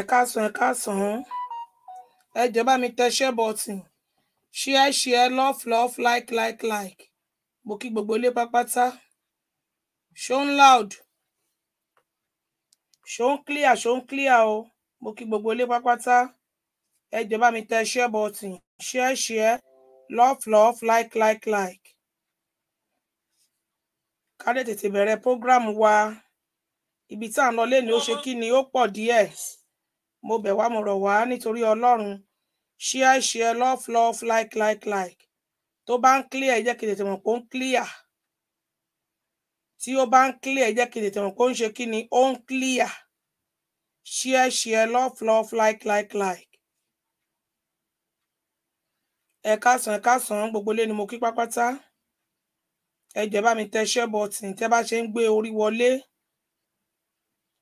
ẹ káàsán ẹ káàsán ẹ jẹ́ bá mi tẹ share button share share love love like like like mo kí gbogbo ilé pápátá ṣóun loud ṣóun clear ṣóun clear o mo kí gbogbo ilé pápátá ẹ jẹ́ bá mi tẹ share button share share love love like like like ká lè tètè bẹ̀rẹ̀ program wa ibi tá à ń lọ lé ní ó ṣe kí ni ó pọ̀ díẹ̀ mo bẹ̀ wá mo rọ̀ wá nítorí ọlọ́run share share love love like like like tó bá ń clear jẹ́ kí n tètè mọ̀ pé ó ń clear tí ó bá ń clear jẹ́ kí n tètè pé ó ń ṣe kí ni ó ń clear share share love love like like like ẹ káàsán ẹ káàsán gbogbo ilé ni mo kí pápátá ẹ jẹ́ bá mi tẹ share button tẹ́ bá ṣe ń gbé orí wọlé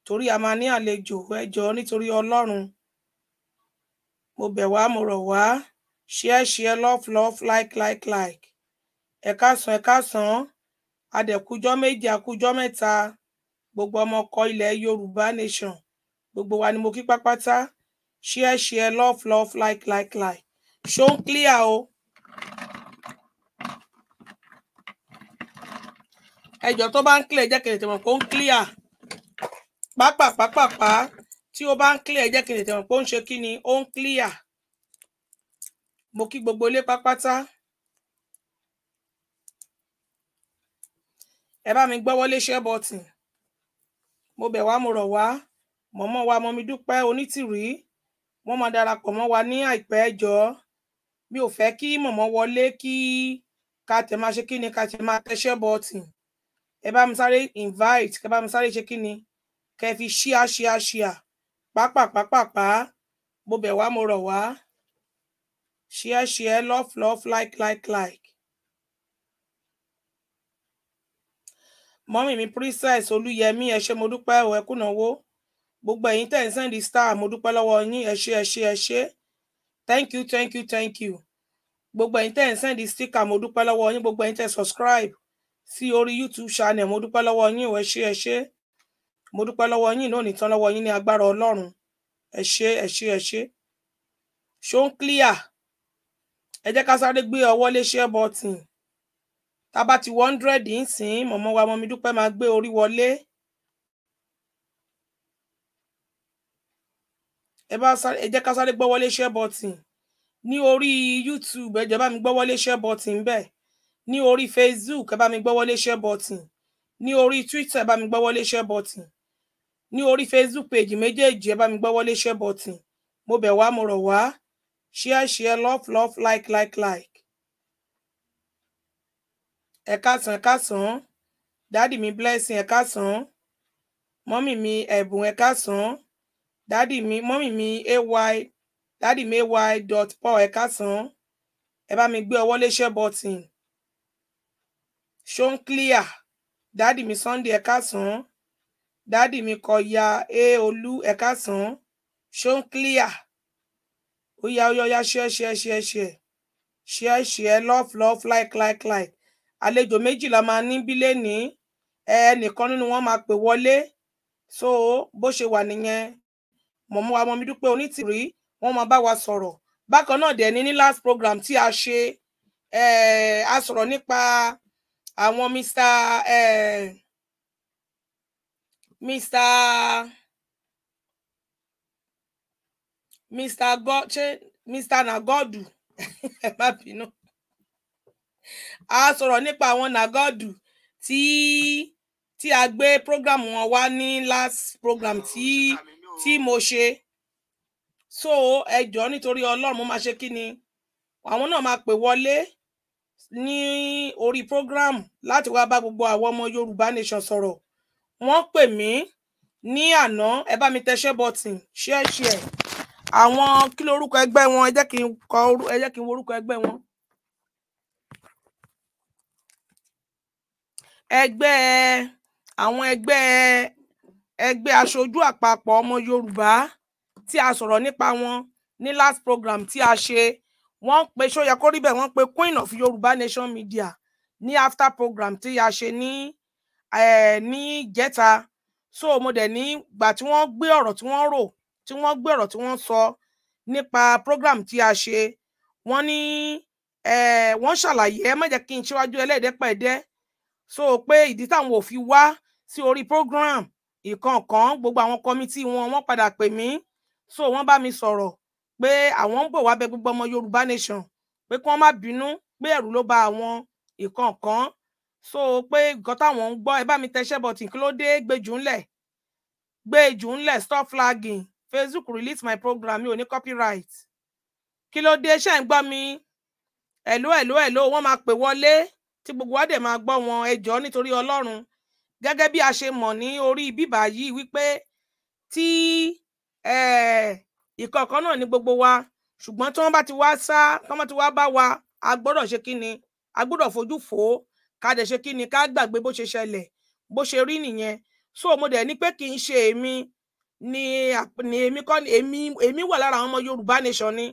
torí a máa ní àlejò ẹ jọ̀ọ́ nítorí Ọlọ́run mo bẹ̀ wá mo rọ̀ wá share share love love like like like ẹ káàsán ẹ káàsán adẹ̀kújọ́ méje àkújọ́ mẹ́ta gbogbo ọmọ ọkọ ilẹ̀ Yorùbá nation gbogbo wa ni mo kí pápátá share share love love like like like ṣó ń clear o. ẹjọ́ tó bá ń clear jẹ́ kẹ̀lẹ́tẹ̀ mọ̀ kó ń clear pápápápápá tí ó bá ń clear jẹ́ kí n lè tẹ̀wọ̀n pé ó ń ṣe kí ni ó ń clear mo kí gbogbo ilé pápátá ẹ bá mi gbọ́ wọlé share button mo bẹ̀ wá mo rọ̀ wá mọ̀mọ́ wa mọ̀mí dúpẹ́ onítìrí wọ́n máa darapọ̀ mọ́ wa ní àìpẹ́ jọ mi ò fẹ́ kí mọ̀mọ́ wọlé kí ká tẹ̀ máa ṣe kí ni ká tẹ̀ máa tẹ share ẹ bá mi sáré invite ẹ bá mi sáré ṣe kí ni kẹ́ fi ṣíà ṣíà ṣíà pápápápápá mo bẹ̀ wá mo rọ̀ wá ṣíà ṣíà love love like like like. mọ́mì mi princess olúyẹmí ẹ ṣé mo dúpẹ́ ọ̀ ẹ kúnáwó gbogbo ẹ̀yin tẹ̀ ń sẹ́ndì star mo dúpẹ́ lọ́wọ́ yín ẹ ṣé ẹ thank you thank you thank you gbogbo ẹ̀yin tẹ̀ ń sẹ́ndì sticker mo dúpẹ́ lọ́wọ́ yín gbogbo ẹ̀yin tẹ̀ subscribe sí orí youtube channel mo dúpẹ́ lọ́wọ́ yín ẹ ṣé mo dúpẹ́ lọ́wọ́ yín lónìí tán lọ́wọ́ yín ní agbára Ọlọ́run ẹ ṣé ẹ ṣé ẹ ṣé ṣó clear ẹ jẹ́ ká sáré gbé ọwọ́ lé share button tá a bá ti one hundred ń sìn wa mọ́mi dúpẹ́ máa gbé orí wọlé ẹ bá sáré ẹ jẹ́ ká sáré gbọ́ wọlé share button ní orí YouTube ẹ jẹ́ bá mi gbọ́ wọlé share button bẹ́ẹ̀ ní orí Facebook ẹ bá mi gbọ́ wọlé share button ní orí Twitter ẹ bá mi gbọ́ wọlé share button ní orí facebook page méjèèjì ẹ bá mi gbọ́wọ́ lé share button mo bẹ̀ wá mo rọ̀ wá share share love love like like like ẹ káàsán ẹ káàsán dádì mi blessing ẹ káàsán mọ́mì mi ẹ̀bùn ẹ káàsán dádì mi mọ́mì mi ay dádì mi ay dot paul ẹ káàsán ẹ bá mi gbé ọwọ́ lé share button ṣó ń clear dádì mi sunday ẹ káàsán dádì mi kọ ya e olú ẹ̀ka sàn ṣó ń clear ó ya ó yọya ṣe ṣe ṣe ṣe ṣe ṣe love love like like like àlejò méjìlá máa ní bílé ní ẹnìkan nínú wọn máa pè wọlé so bó ṣe wà nìyẹn mọ̀mú wa mọ̀mí dúpẹ́ onítìrí wọ́n máa bá wa sọ̀rọ̀ bákan náà dẹ̀ ní ní last program tí a ṣe a sọ̀rọ̀ nípa àwọn mr. Eh, Mr. Mr. Godche, Mr. Nagodu, ẹ má bínú. A sọ̀rọ̀ nípa àwọn Nagodu tí tí a gbé program wọn wá ní last program tí tí mo ṣe. So ẹ jọ̀ọ́ nítorí Ọlọ́run mo máa ṣe kí ni àwọn náà máa pè wọlé ní orí program láti wá bá gbogbo àwọn ọmọ Yorùbá nation sọ̀rọ̀ wọ́n pè mí ní àná ẹ bá mi tẹṣẹ́ bọ́tìn ṣẹ́ẹ̀ṣì ẹ̀ àwọn kí lorúkọ ẹgbẹ́ wọn ẹ jẹ́ kí n kọ ẹ jẹ́ kí n worúkọ ẹgbẹ́ wọn. ẹgbẹ́ àwọn ẹgbẹ́ ẹgbẹ́ aṣojú àpapọ̀ ọmọ Yorùbá tí a sọ̀rọ̀ nípa wọn ní last program tí a ṣe wọ́n pe ṣó yẹ kó rí bẹ́ẹ̀ wọ́n pe Queen of Yorùbá Nation Media ní after program tí a ṣe ní ní jẹ́ta so mo dẹ̀ ní gbà tí wọ́n gbé ọ̀rọ̀ tí wọ́n rò tí wọ́n gbé ọ̀rọ̀ tí wọ́n sọ nípa program tí a ṣe wọ́n ní wọ́n ṣàlàyé ẹ má jẹ́ kí n ṣíwájú ẹlẹ́ẹ̀dẹ́ pẹ̀ẹ́dẹ́ so pé ìdí táwọn ò fi wá sí orí program ìkọ̀ọ̀kan gbogbo àwọn kọ́mítì wọn wọ́n padà pè mí so wọ́n bá mi sọ̀rọ̀ pé àwọn ń bọ̀ wá bẹ̀ gbogbo ọmọ Yorùbá nation pé kí wọ́n má bínú pé ẹ̀rù ló bà àwọn ìkọ̀ọ̀kan so pé nǹkan táwọn ń gbọ́ ẹ bá mi tẹṣẹ́ bọ̀tì kí ló dé gbé jù ńlẹ̀ gbé ńlẹ̀ stop flagging facebook release my program mi ò ní copyright kí ló dé ṣe ń gbọ́ mi ẹ̀ló ẹ̀ló ẹ̀ló wọ́n máa pè wọlé tí gbogbo wa dẹ̀ máa gbọ́ wọn ẹjọ́ nítorí ọlọ́run gẹ́gẹ́ bí a ṣe mọ̀ ní orí bíbà yìí wípé tí ìkọ̀ọ̀kan náà ní gbogbo wa ṣùgbọ́n tí wọ́n bá ti wá sá tí wọ́n bá ti wá bá wa a gbọ́dọ̀ ṣe kí ni a gbọ́dọ̀ fojú fò ká dẹ̀ ṣe kí ni ká gbàgbé bó ṣe ṣẹlẹ̀ bó ṣe rí nìyẹn so mo dẹ̀ ní pé kì í ṣe èmi ni ni èmi kọ́ ni èmi èmi wà lára àwọn ọmọ Yorùbá nation ni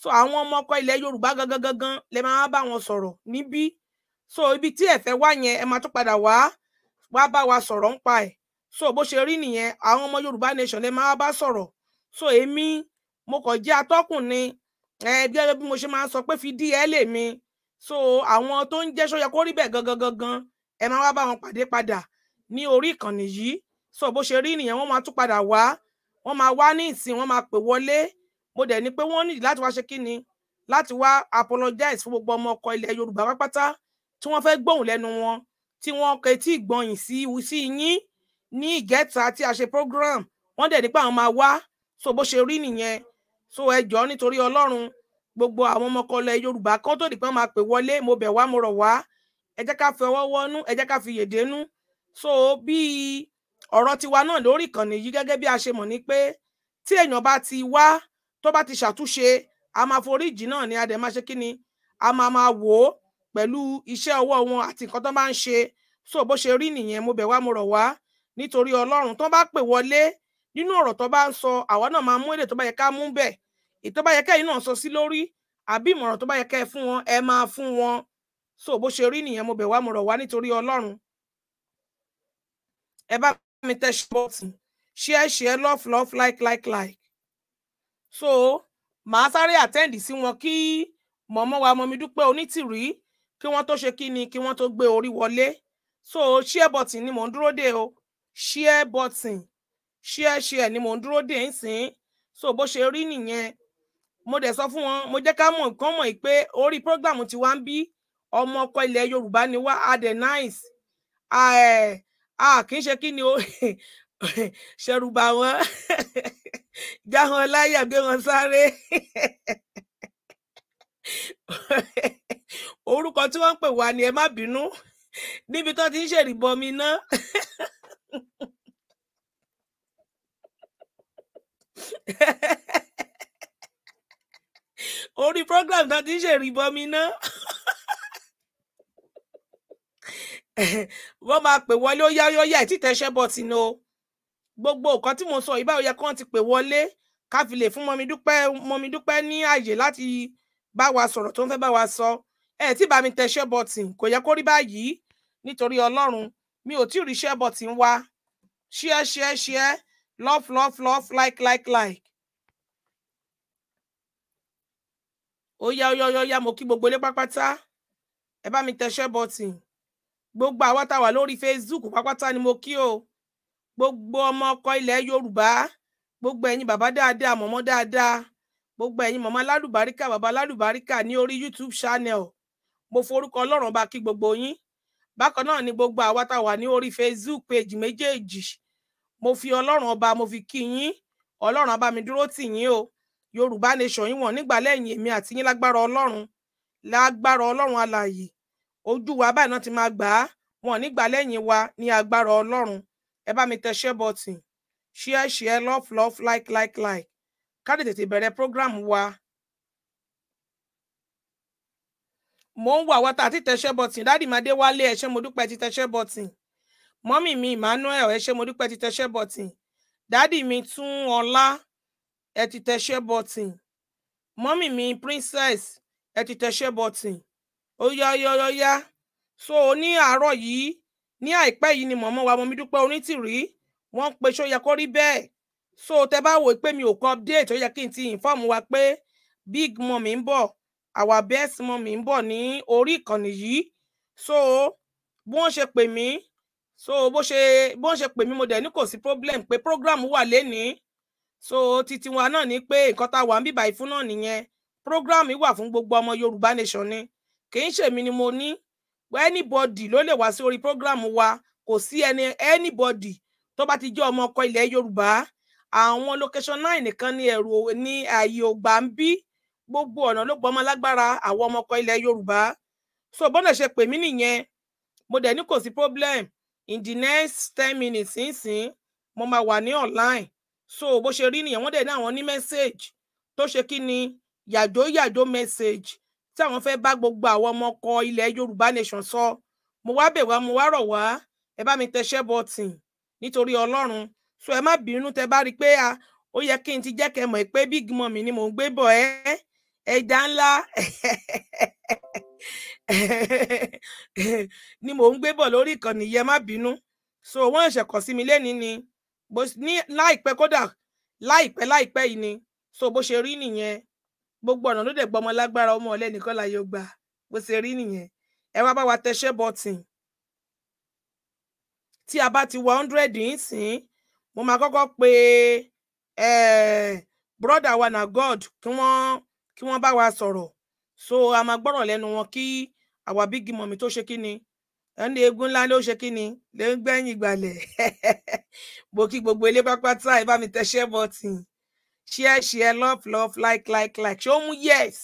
so àwọn ọmọ ọkọ ilẹ̀ Yorùbá gangan gangan lè máa bá wọn sọ̀rọ̀ níbí so ibi tí ẹ fẹ́ yẹn ẹ máa tún padà wá wá bá wa sọ̀rọ̀ ń pa ẹ̀ so bó ṣe rí nìyẹn àwọn ọmọ Yorùbá nation lè máa bá sọ̀rọ̀ so èmi mo kàn jẹ́ atọ́kùn ni ẹ gẹ́gẹ́ bí mo ṣe máa sọ pé fi dí ẹ mi so àwọn tó ń jẹ́ sọ́yà kó rí bẹ́ẹ̀ gangan gangan ẹ máa wá bá wọn pàdé padà ní orí ìkànnì yìí so bó ṣe rí nìyẹn wọ́n máa tún padà wá wọ́n máa wá ní ìsìn wọ́n máa pè wọlé mo dẹ̀ ní pé wọ́n nídìí láti wá ṣe kí ni láti wá apologize fún gbogbo ọmọ ọkọ ilẹ̀ Yorùbá pátápátá tí wọ́n fẹ́ gbóhùn lẹ́nu wọn tí wọ́n kẹtí ìgbọ̀nyìn sí sí yín ní ìgẹ́ta tí a ṣe program wọ́n dẹ̀ nípa àwọn máa wá so bó ṣe rí nìyẹn so ẹ jọ̀ọ́ nítorí Ọlọ́run gbogbo àwọn ọmọkọlẹ̀ yorùbá kan tó dìpọn máa pè wọlé mo bẹ̀ wá mo rọ̀ wá ẹ jẹ́ ká fi ọwọ́ wọnú ẹ jẹ́ ká fi yèdè nú so bí ọ̀rọ̀ tiwa náà lórí ìkànnì yìí gẹ́gẹ́ bí a ṣe mọ̀ ni pé tí èèyàn bá ti wá tó bá ti ṣàtúnṣe a máa foríjì náà ni a máa ṣe kí ni a máa máa wò ó pẹ̀lú iṣẹ́ ọwọ́ wọn àti nǹkan tó bá ń ṣe so bó ṣe rí nìyẹn mo bẹ̀ wá mo rọ̀ wá nítorí ọlọ́run tó bá pè wọlé nínú ọ̀rọ̀ tó bá ń sọ àwa náà máa mú èdè tó bá yẹ ká mú bẹ́ẹ̀ ìtọ́ bá yẹ kẹ́yìn náà sọ sí lórí àbí ìmọ̀ràn tó bá yẹ kẹ́ fún wọn ẹ máa fún wọn so bó ṣe rí nìyẹn mo bẹ̀ wá mo rọ̀ wá nítorí Ọlọ́run ẹ bá mi tẹ ṣọ́ọ̀tì share share love love like like like so màá sáré àtẹ́ǹdì sí wọn kí mọ̀mọ́ wa mọ̀mí dúpẹ́ onítìrí kí wọ́n tó ṣe kí ni kí wọ́n tó gbé orí wọlé so share button ni mò ń dúró dè o share button share share ni mò ń dúró dè ń sìn so bó ṣe rí nìyẹn mo dẹ̀ sọ fún wọn mo jẹ́ ká mọ̀ nǹkan mọ̀ pé orí program ti wá ń bí ọmọ ọkọ ilẹ̀ yorùbá ni wá a dẹ̀ nice a kì í ṣe kí ni o ṣẹrùbà wọn já wọn láyà gbé wọn sáré orúkọ tí wọ́n ń pè wá ni ẹ má bínú níbi tó ti ń ṣèrìbọmi náà. Hehehehe orí program náà ti ń ṣèrìbọmi náà wọ́n máa pè wọlé ó yá yóò yá ẹ̀ títẹ̀ ṣẹ́ bọ̀ tìǹà o gbogbo nǹkan tí mo sọ yìí báwo yẹ kán ti pè wọlé ká fi lè fún mọmi dúpẹ́ mọmi dúpẹ́ ní àyè láti bá wa sọ̀rọ̀ tó ń fẹ́ bá wa sọ ẹ tí bá mi tẹ̀ ṣẹ́ bọ̀tìn kò yẹ kó rí báyìí nítorí Ọlọ́run mi ò tí ì rí ṣẹ́ bọ̀tìn wa ṣíẹ́ ṣíẹ́ ṣíẹ́ love love love like like like ó yá ó yá ó yá ó yá mo kí gbogbo ilé pápátá ẹ bá mi tẹṣẹ bọtì gbogbo àwa tá lórí Facebook pápátá ni mo kí o gbogbo ọmọ ọkọ ilẹ̀ Yorùbá gbogbo ẹ̀yin bàbá dáadáa mọmọ dáadáa gbogbo ẹ̀yin mọmọ alálùbáríkà bàbá alálùbáríkà ní orí YouTube channel mo forúkọ Ọlọ́run bá kí gbogbo yín bákan náà ni gbogbo àwa tá wà ní orí Facebook page méjèèjì mo fi Ọlọ́run ọba mo fi kí yín Ọlọ́run á mi dúró tì yín o yorùbá nation yìí wọn nígbà lẹ́yìn èmi àti yín lágbára ọlọ́run lágbára ọlọ́run alààyè ojú wa báyìí náà ti máa gbà á wọn nígbà lẹ́yìn wa ní agbára ọlọ́run ẹ bá mi tẹ share button share share love love like like like káde tètè bẹ̀rẹ̀ program wa. mo ń wà wọ́tà àti tẹ share button dáàdì máa dé wálé ẹ ṣé mo dúpẹ́ ti tẹ share button mọ́mì mi emmanuel ẹ ṣé mo dúpẹ́ ti tẹ share button dáàdì mi tún ọlá ẹ ti tẹ share button mi princess ẹ ti tẹ share button ó yá ó yá ó yá so ní àárọ̀ yìí ní àìpẹ́ yìí ni mọ̀mọ́ wa Mọmídúpẹ́ Onítìrí wọ́n pe ṣó yẹ kó rí bẹ́ẹ̀ so tẹ bá wò pé mi ò kọ update ó yẹ kí n ti inform wa pé big mommy ń bọ̀ our best mommy ń bọ̀ ní orí ìkànnì yìí so bí wọ́n ṣe pè mí so bó ṣe bó ṣe pè mí mo dẹ̀ ní kò sí problem pé program wà lénìí so títí wa náà ni pé nǹkan tá a wà ń bíbá ìfún náà nìyẹn program wà fún gbogbo ọmọ Yorùbá nation ni kì í ṣèmi ni mo ní anybody ló lè wá sí orí program wa kò sí ẹni anybody tó bá ti jẹ́ ọmọ ọkọ ilẹ̀ Yorùbá àwọn location nine nìkan ní ẹ̀rù ní ààyè ògbà ń bí gbogbo ọ̀nà ló gbọ́ ọmọ lágbára àwọn ọmọ ọkọ ilẹ̀ Yorùbá so bọ́nà ṣe pè mí nìyẹn mo dẹ̀ ní kò sí problem in the next ten minutes sínsìn mo máa wà ní online so bó ṣe rí nìyẹn wọ́n dẹ̀ ní àwọn ní message tó ṣe kí ni yàjó yàjó message tí àwọn fẹ́ bá gbogbo àwọn ọmọ ọkọ ilẹ̀ Yorùbá nation sọ mo wá bẹ̀ wá mo wá rọ̀ wá ẹ bá mi tẹṣẹ́ bọ̀tìn nítorí Ọlọ́run so ẹ má bínú tẹ bá rí i pé a ó yẹ kí n ti jẹ́ kẹ́ mọ̀ pé big mummy ni mò ń gbé bọ̀ ẹ́ ẹja ńlá ni mò ń gbé bọ̀ lórí ìkànnì yẹ má bínú so wọ́n ṣẹ̀kọ̀ sí mi lẹ́ni ni. ni bó ní láìpẹ́ kódà láìpẹ́ láìpẹ́ yìí ni so bó ṣe rí nìyẹn gbogbo ọ̀nà ló dẹ̀ gbọmọ lágbára ọmọ ọlẹ́nìkan láyé ó gbà bó ṣe rí nìyẹn ẹ wá bá wa tẹṣẹ́ bọ́tìn tí a bá ti wọ hundred yìí mo máa kọ́kọ́ pe broda wa na god kí wọ́n kí wọ́n bá wa sọ̀rọ̀ so a máa gbọ́rọ̀ lẹ́nu wọn kí àwa bígi mọ̀mí tó ṣe kí ni ẹni egun ńlá ló ṣe kí ni lè ń gbẹ̀yìn ìgbàlẹ̀ mo kí gbogbo ilé pápátá ẹ mi tẹṣẹ́ bọ́tìn share share love love like like like ṣó mú yes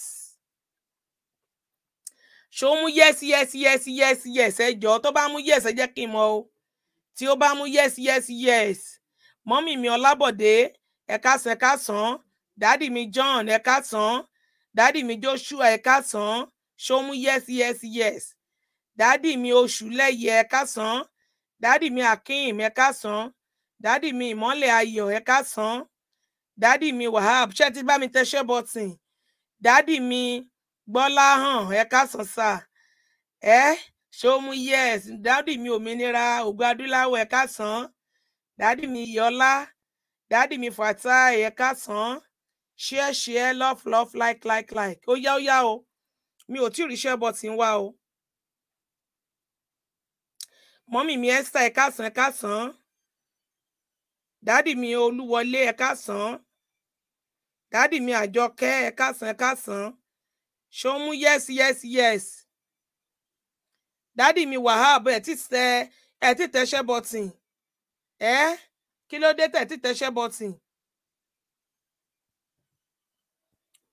ṣó mú yes yes yes yes yes ẹ jọ̀ọ́ tó bá mú yes ẹ jẹ́ kí n mọ̀ o tí ó bá mú yes yes yes mọ́mì mi ọlábọ̀dé ẹ̀ka sàn ẹ̀ka sàn dádì mi john ẹ̀ka sàn dádì mi joshua ẹ̀ka sàn ṣó mú yes yes yes dádì mi oṣù lẹ́yẹ ẹ̀ka sàn dádì mi akin ẹ̀ka sàn dádì mi ìmọ́lẹ̀ ayọ̀ ẹ̀ka sàn dádì mi wahab ṣé ti bá mi tẹṣẹ́ bọ́tìn dádì mi gbọ́láhàn ẹ̀ka sàn sà ẹ́ ṣòmù yes dádì mi òmìnira ògùn adúláwọ̀ ẹ̀ka sàn dádì mi yọlá dádì mi fàtà ẹ̀ka sàn share share love love like like like ó yá ó yá o mi ò tí ì ríṣẹ́ bọ́tìn wá o mọ́mì mi Esther ẹ káàsán ẹ káàsán dádì mi Olúwọlé ẹ káàsán dádì mi Àjọkẹ́ ẹ káàsán ẹ káàsán ṣòmú yes yes yes dádì mi Wahab ẹ ti tẹ ẹ ti tẹṣẹ bọtìn ẹ kí ló dé tẹ ti tẹṣẹ bọtìn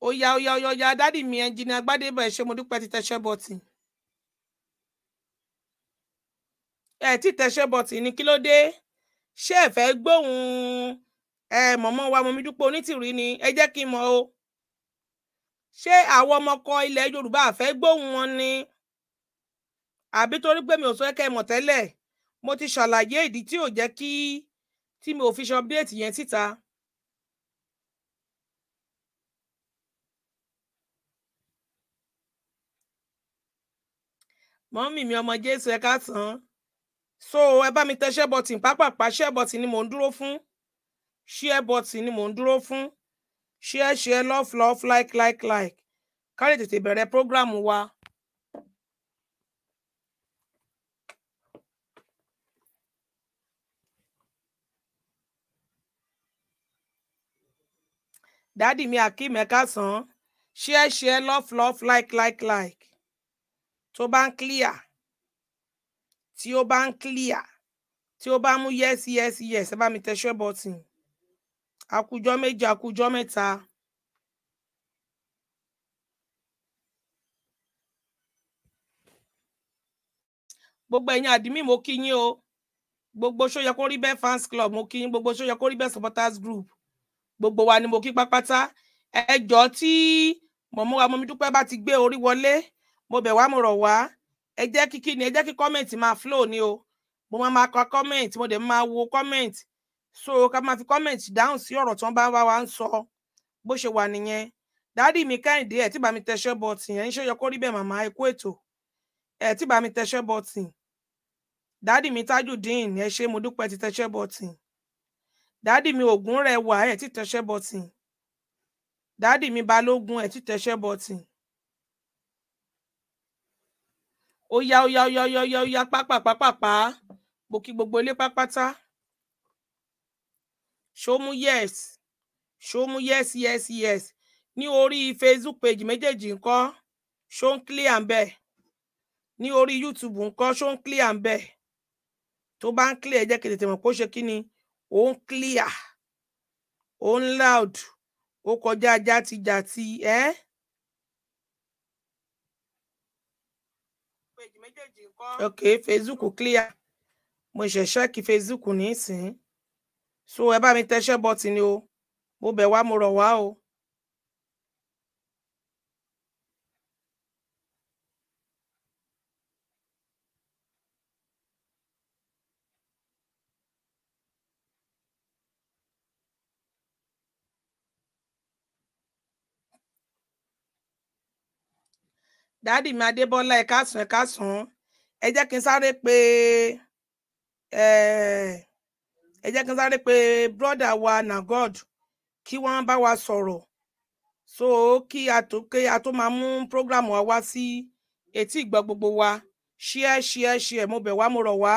oya oya, ó dádì mi ẹnjìnì agbádébọ̀ ẹ ṣé mo dúpẹ́ ti tẹṣẹ bọtìn. ẹ tí tẹṣẹ bọtì ni kí ló dé ṣé ẹ fẹ́ gbóhùn ẹ mọmọ wa mọmí dúpọ onítìrí ni ẹ jẹ́ kí n mọ̀ o ṣé àwọn ọmọkọ ilẹ̀ Yorùbá àfẹ́ gbóhùn wọn ni àbí torí pé mi ò sọ ẹkẹ mọ̀ tẹ́lẹ̀ mo ti ṣàlàyé ìdí tí ò jẹ́ kí tí mi ò fi ṣe update yẹn síta. mọ́mì mi ọmọ jésù ẹ̀ka sàn so ẹ bá mi tẹ share button pápápá share button ni mò ń dúró fún share button ni mò ń dúró fún share share love love like like like ká lè tètè bẹ̀rẹ̀ program wa. dádì mi akeem ẹ̀ka sàn share share love love like like like tó bá ń clear tí ó bá ń clear tí ó bá mú yes yes yes ẹ bá mi tẹ share button àkùjọ méjì àkùjọ mẹ́ta. gbogbo ẹ̀yin àdìmí mo kí yín o gbogbo sóyẹ kó rí bẹ́ẹ̀ fans club mo kí yín gbogbo sóyẹ kó rí bẹ́ẹ̀ supporters group gbogbo wa ni mo kí pápátá ẹjọ́ tí mọ̀mú wa Mọ́midúpẹ́ bá ti gbé orí wọlé mo bẹ̀ wá mo rọ̀ wá ẹ jẹ́ kí kí ni ẹ jẹ́ kí kọ́mẹ̀ntì máa flow ni o mo máa máa kọ kọ́mẹ̀ntì mo dẹ̀ máa wo comment, so ká máa fi kọ́mẹ̀ntì dáhùn sí ọ̀rọ̀ tí wọ́n bá wá wa ń sọ bó ṣe wà nìyẹn dáàdì mi kẹ́hìndé ẹ̀ tí bá mi tẹ̀sẹ̀ bọ̀tì yẹn ń ṣe yọ kó rí bẹ́ẹ̀ màmá ẹ kú ètò ẹ̀ tí bá mi tẹ̀sẹ̀ bọ̀tì dáàdì mi tajudeen ẹ ṣe mo dúpẹ́ ti tẹ̀sẹ̀ bọ̀tì dáàdì mi ògún rẹ̀ wà ẹ̀ tí tẹ̀sẹ̀ bọ̀tì dáàdì mi balógun ẹ̀ tí tẹ̀sẹ̀ bọ̀tì ó yá ó yá ó yá ó yá ó yá ó yá pápápápápá mo kí gbogbo ilé pápátá ṣómú yes ṣómú yes yes yes ní orí facebook page méjèèjì ńkọ́ ṣó ń clear à ń bẹ ní orí youtube ńkọ́ ṣó ń clear à ń bẹ tó bá ń clear jẹ́ kí tètè mọ̀ pé ó ṣe kí ni ó ń clear ó ń loud ó kọjá játijàti ẹ́ eh? méjèèjì kọ́. ok facebook clear mo ṣe ṣẹ́ẹ̀kì facebook nísìnyí so ẹ bá mi tẹṣẹ́ bọ́tì ni o mo bẹ̀ wá mo rọ̀ wá o. dáàdì mi adébọlá ẹ káàsán ẹ káàsán ẹ jẹ́ kí n sáré pé ẹ jẹ́ kí n sáré pé brọdà wa na god kí wọ́n bá wa sọ̀rọ̀ so kí a tó kí a tó máa mú program wa wá sí etí ìgbọ́ gbogbo wa share share share mo bẹ̀ wá mo rọ̀ wá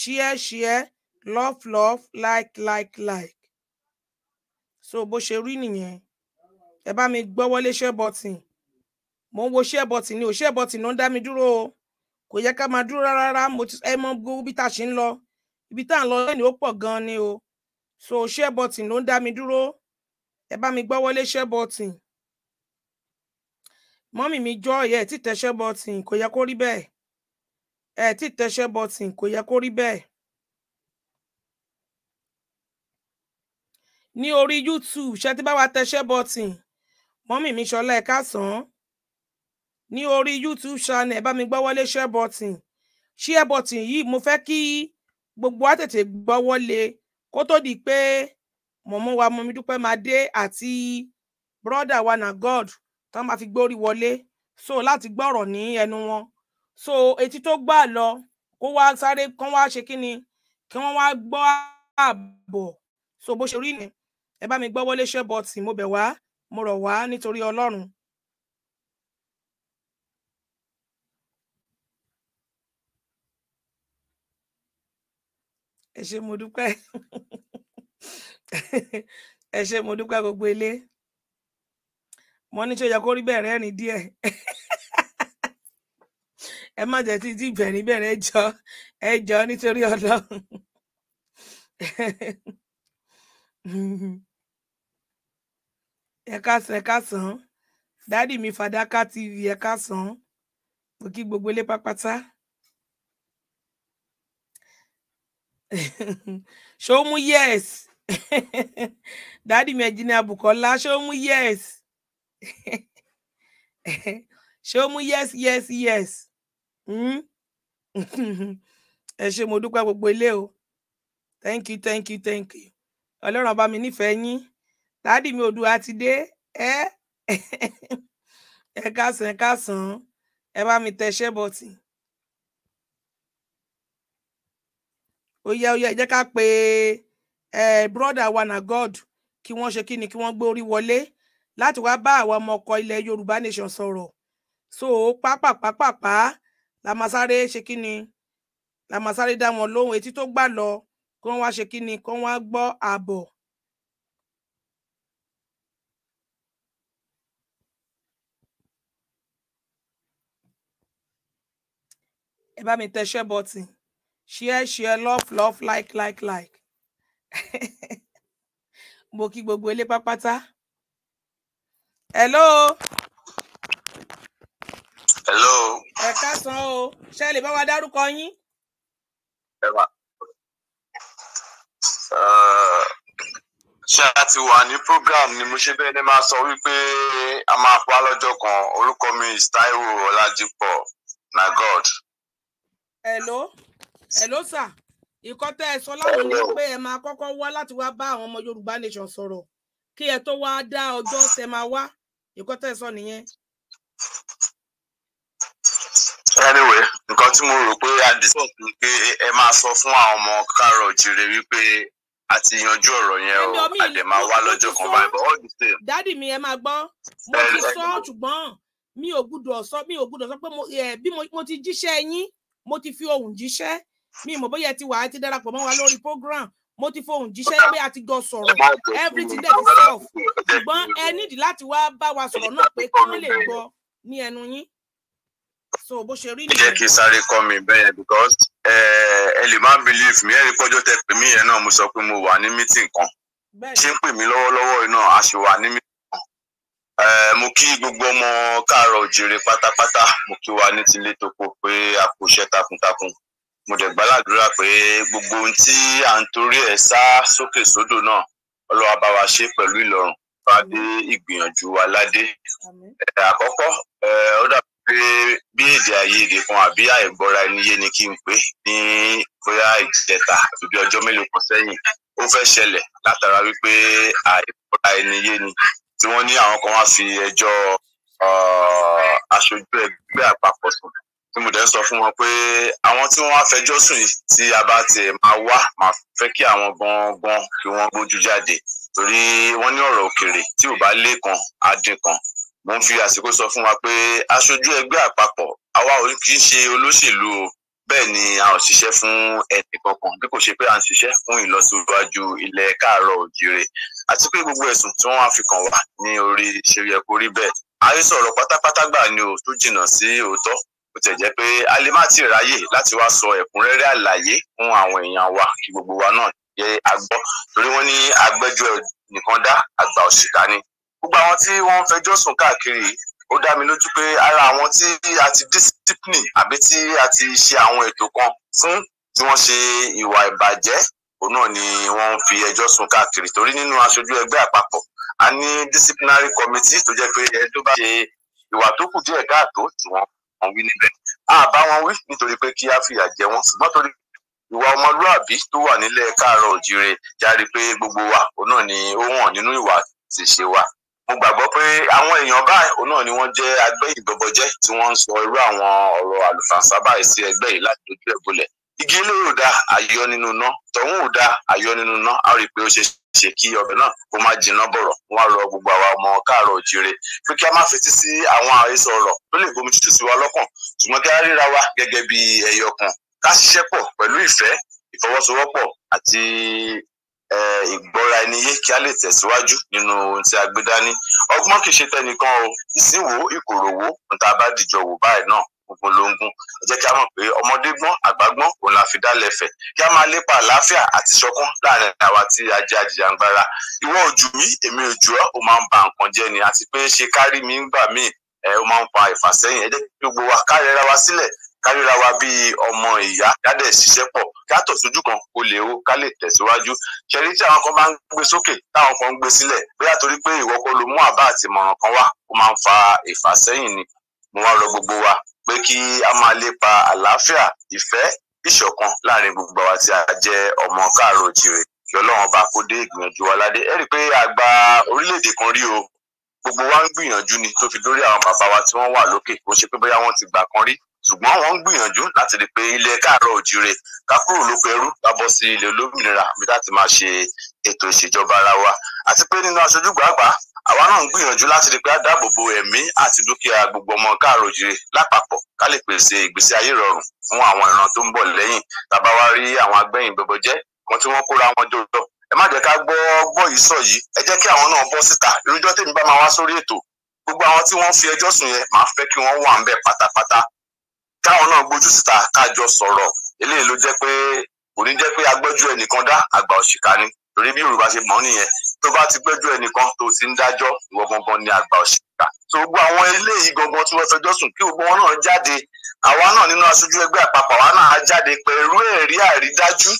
share share love love like like like so bó ṣe rí nìyẹn ẹ bá mi gbọ́wọ́ léṣẹ́ button mo ń wo share button ni o share button ló ń dá mi dúró o kò yẹ ká máa dúró rárá mo ti ẹ mọ gbogbo bí tá a ṣe ń lọ ibi tá à ń lọ lẹ́nu ó pọ̀ gan-an ni o so share button ló ń dá mi dúró ẹ bá mi gbọ́ wọlé share button mọ́mì mi jọ ẹ̀ tí tẹ share button kò yẹ kó rí bẹ́ẹ̀ ẹ̀ tí tẹ share button kò yẹ kó rí bẹ́ẹ̀. ní orí youtube ṣe ti bá wa tẹ share button mọ́mì mi ṣọlá ẹ̀ ká sàn án ní orí youtube channel bá mi gbọ́ wọlé share button share button yìí mo fẹ́ kí gbogbo wa tètè gbọ́ wọlé kó tó di pé mọ̀mọ́ wa mọ̀mí dúpẹ́ máa dé àti brọ́dà wa na god tán máa fi gbórí wọlé so láti gbọ́ ọ̀rọ̀ ní ẹnu wọn so etí tó gbà lọ kó wá sáré kán wá ṣe kíni kí wọ́n wá gbọ́ ààbọ̀ so bó ṣe rí ni ẹ bá mi gbọ́ wọlé share button mo bẹ̀ wá mo rọ̀ wá nítorí ọlọ́run ẹ ṣé mo dúpẹ́ ẹ ṣé mo dúpẹ́ gbogbo ilé mo ní ṣe yẹ kó rí bẹ̀rẹ̀ rìn díẹ̀ ẹ má jẹ́ tí tí ìbẹ̀rẹ̀ bẹ̀rẹ̀ jọ ẹ jọ nítorí Ọlọ́run ẹ káàsán ẹ káàsán dádì mi Fàdákà TV ẹ káàsán mo kí gbogbo ilé pápátá. Show me yes dádì mi ẹ̀jìnìá Show me yes show me yes yes yes hmm? ẹ ṣe mo dúpẹ́ gbogbo ilé o thank you thank you thank you ọlọ́run ọba mi nífẹ̀ẹ́ yín dádì mi de eh dé ka ẹ kásán ẹ kásán ẹ bá mi tẹ ṣẹ́ ó yẹ ó yẹ jẹ́ ká pe broda wa na god kí wọ́n ṣe kí ni kí wọ́n gbé orí wọlé láti wá bá àwọn ọmọ ọkọ ilẹ̀ yorùbá nation sọ̀rọ̀ so pápápápápá la máa sáré ṣe kí ni la máa sáré dá wọn lóhùn etí tó gbà lọ kí wọ́n wá ṣe kí ni kí wọ́n wá gbọ́ ààbọ̀. ẹ bá mi tẹ share button share share love love like like like mo kí gbogbo ilé pápátá hello. hello. ẹ káàsán o ṣé lè bá wa dárúkọ yín. ẹ wá ṣé a ti wà ní program ni mo ṣe bẹ́ẹ̀ ni máa sọ wípé a máa pa lọ́jọ́ kan orúkọ mi is Taiwo Ọlájípọ̀ na God. hello hello sir ìkọ́ tẹ́ ẹ sọ láwọn ní pé ẹ máa kọ́kọ́ wá láti wá bá àwọn ọmọ Yorùbá nation sọ̀rọ̀ kí ẹ tó wá dá ọjọ́ tẹ́ máa wá ìkọ́ tẹ́ ẹ sọ nìyẹn. anyway nǹkan tí mo rò pé adisọ́ọ̀ ni pé ẹ máa sọ fún àwọn ọmọ kárọ̀ òjìrè wípé a ti yanjú ọ̀rọ̀ yẹn o àdè máa wá lọ́jọ́ kan báyìí but all the same. dádì mi ẹ máa gbọ́ mo ti sọ ṣùgbọ́n mi ò gbúdọ̀ sọ mi ò gbúdọ̀ sọ pé bí mo ti jíṣẹ́ yín mo ti fi ohùn jíṣẹ́ mi mọ̀ bóyá ẹ ti wà á ti darapọ̀ mọ́ wa lórí program mo ti fohùn jíṣẹ́ pé a ti gan sọ̀rọ̀ everything that is self ṣùgbọ́n ẹ nídìí láti wá bá wa sọ̀rọ̀ náà pé kí wọ́n lè gbọ́ ní ẹnu yín so bó ṣe rí nìyẹn. jẹ́ kí sáré kọ́ mi bẹ́ẹ̀ because ẹ lè má believe mi ẹ rí pọ́jọ́ tẹ pè mí yẹn náà mo sọ pé mo wà ní meeting kan ṣé ń pè mí lọ́wọ́lọ́wọ́ iná a sì wà ní meeting kan mo kí gbogbo ọmọ káàárọ̀ oòjíire pátápátá mo kí wa ní tilé tó kó pé a kò ṣe takuntakun mo dẹ̀ gbàládùra pé gbogbo ohun tí à ń torí ẹ̀ sá sókè sódò náà ọlọ́wà bá wa ṣe pẹ̀lú ìlọrùn bá dé ìgbìyànjú aládé àkọ́kọ́ ó dàbí pé bí èdè àìyedè kan àbí àìgbọ́ra ẹni yé ni kí n pè ní bóyá ìjẹta àbí bí ọjọ́ mélòó kan sẹ́yìn ó fẹ́ ṣẹlẹ̀ látara wípé àìgbọ́ra ẹni yé ni tí wọ́n ní àwọn kan wá fi ẹjọ́ aṣojú ẹgbẹ́ àpapọ̀ sùn tí mo dẹ̀ ń sọ fún wọn pé àwọn tí wọ́n á fẹjọ́ sùn tí a bá ti máa wá máa fẹ́ kí àwọn gangan kí wọ́n gbójú jáde torí wọ́n ní ọ̀rọ̀ òkèrè tí ò bá lé kan á dín kan mo ń fi àsìkò sọ fún wa pé aṣojú ẹgbẹ́ àpapọ̀ àwa ò kì í ṣe olóṣèlú o bẹ́ẹ̀ ni a ò ṣiṣẹ́ fún ẹnì kankan bí kò ṣe pé a ń ṣiṣẹ́ fún ìlọsíwájú ilẹ̀ káàárọ̀ òjìire àti pé gbogbo ẹ̀sùn tí wọ́n á fi kàn wá ní orí ṣe yẹ kó rí bẹ́ẹ̀ àhesọ̀rọ̀ pátápátá gbà ni ò tó jìnnà sí òótọ́ bó tẹ̀ jẹ́ pé a lè má ti ráyè láti wá sọ ẹ̀kúnrẹ́rẹ́ àlàyé fún àwọn èèyàn wa kí gbogbo wa náà yẹ agbọ́ torí wọ́n ní agbẹ́jọ́ nìkan dá àgbà òṣìkà ni gbogbo àwọn tí wọ́n fẹjọ́ sùn káàkiri ó dá mi lójú pé ara àwọn tí a ti discipline àbí tí a ti ṣe àwọn ètò kan fún tí wọ́n ṣe ìwà ìbàjẹ́ òun náà ni wọ́n fi ẹjọ́ sùn káàkiri torí nínú aṣojú ẹgbẹ́ àpapọ̀ a ní disciplinary committee tó jẹ́ pé ẹni tó bá ṣe ìwà tó kù díẹ̀ káàtó tí wọ́n wọn wí níbẹ̀ a bá wọn wí nítorí pé kí á fìyà jẹ wọn ṣùgbọ́n torí ìwà ọmọlúàbí tó wà nílẹ̀ káàárọ̀ òjire járe pé gbogbo wa òun náà ni ó hàn nínú ìwà àṣìṣe wa mo gbàgbọ́ pé àwọn èèyàn báyìí òun náà ni wọ́n jẹ́ agbẹ́yìn bọbọjẹ́ tí wọ́n ń sọ irú àwọn ọ̀rọ̀ àlùfàǹsá báyìí sí ẹgbẹ́ yìí láti dojú ẹ̀ bolẹ̀ igi ilé ò da àyọ nínú iná tọ̀hún ò da àyọ nínú iná a rí i pé ó ṣe ṣe kí ọbẹ̀ náà kó má jinná bọ̀rọ̀ wọn rọ gbogbo àwa ọmọ káàárọ̀ òjire pé kí a má fetí sí àwọn àhesọ ọ̀rọ̀ tó lè gbomi tútù sí wa lọ́kàn ṣùgbọ́n kí a ríra wa gẹ́gẹ́ bí ẹyọ kan ká ṣiṣẹ́ pọ̀ pẹ̀lú ìfẹ́ ìfọwọ́sowọ́pọ̀ àti ìgbọ́ra ẹni yé kí a lè tẹ̀síwájú nínú ohun tí a gbé dání ọgbọ́n kì í ṣe tẹnìkan o ìsínwó ìkòròwó ohun tá a bá dìjọ wò báyìí náà gbogbo lóńgùn ẹ jẹ́ kí a mọ̀ pé ọmọdé gbọ́n àgbà gbọ́n òun la fi dálẹ̀ fẹ̀ kí a máa lépa àlàáfíà àti ṣọ̀kan láàrin àwa tí a jẹ́ ajìjàngbara ìwọ ojú mi èmi ojú ọ ó máa ń ba nǹkan jẹ́ ni àti pé ṣe kárí mi ń gbà míì ẹ ó máa ń fa ìfàsẹ́yìn ẹ jẹ́ kí gbogbo wa kárẹra wa sílẹ̀ kárẹra wa bíi ọmọ ìyá kádẹ ṣiṣẹ́ pọ̀ yàtọ̀ sójú kan o lè o ká lè tẹ̀síwájú ṣẹlí tí àwọn kan bá ń gbé sókè táwọn kan ń gbé sílẹ̀ bóyá torí pé ìwọ ló mú àbá àti ìmọ̀ràn kan wá ó máa ń fa ìfàsẹ́yìn ni mo wá rọ gbogbo wa pé kí a máa lépa àlàáfíà ìfẹ́ ìṣọ̀kan láàrin gbogbo àwa tí a jẹ́ ọmọ káàárọ̀ òjìrè lọ́lọ́run bá kó dé ìgbìyànjú wa ládé ẹ rí i pé àgbà orílẹ̀-èdè kan rí o gbogbo wa ń gbìyànjú ni tó fi dórí àwọn bàbá wa tí wọ́n wà lókè kó ṣe pé bóyá wọ́n ti gbà kan rí ṣùgbọ́n wọ́n ń gbìyànjú láti rí i pé ilẹ̀ káàárọ̀ òjìrè ká kúrò lóko ẹrú ká bọ́ sí ilẹ̀ olómìnira àbí láti máa ṣe ètò ìṣèjọba ara wa àti pé nínú aṣojú gbàgbà àwa náà ń gbìyànjú láti rí pé a dáàbò bo ẹ̀mí àti dúkìá gbogbo ọmọ káàró jire lápapọ̀ ká lè pèsè ìgbésí ayé rọrùn fún àwọn ìran tó ń bọ̀ lẹ́yìn tàbá wá rí àwọn agbẹ́yìn bọ̀bọ̀ jẹ́ wọn tí wọ́n kóra wọn jọjọ ẹ má jẹ́ ká gbọ́ gbọ́ yìí sọ yìí ẹ jẹ́ kí àwọn náà bọ́ síta irújọ́ tèmi bá máa wá sórí ètò gbogbo àwọn tí wọ́n fi ẹjọ́ sùn yẹn máa fẹ́ kí wọ́n wà ń bẹ̀ pátápátá káwọn náà gbójú síta kájọ sọ̀rọ̀ eléyìí ló jẹ́ pé kò ní jẹ́ pé agbẹ́jú ẹnìkan dá àgbà òṣìkà ni torí bí Yorùbá ṣe mọ̀ nìyẹn tó bá ti gbẹ́jọ́ ẹnìkan tó ti ń dájọ́ ìwọ gangan ni àgbà òṣìkà tó gbogbo àwọn eléyìí gangan tí wọ́n fẹjọ́ sùn kí gbogbo wọn náà jáde àwa náà nínú aṣojú ẹgbẹ́ àpapọ̀ àwa náà á jáde pẹ̀lú ẹ̀rí àrídájú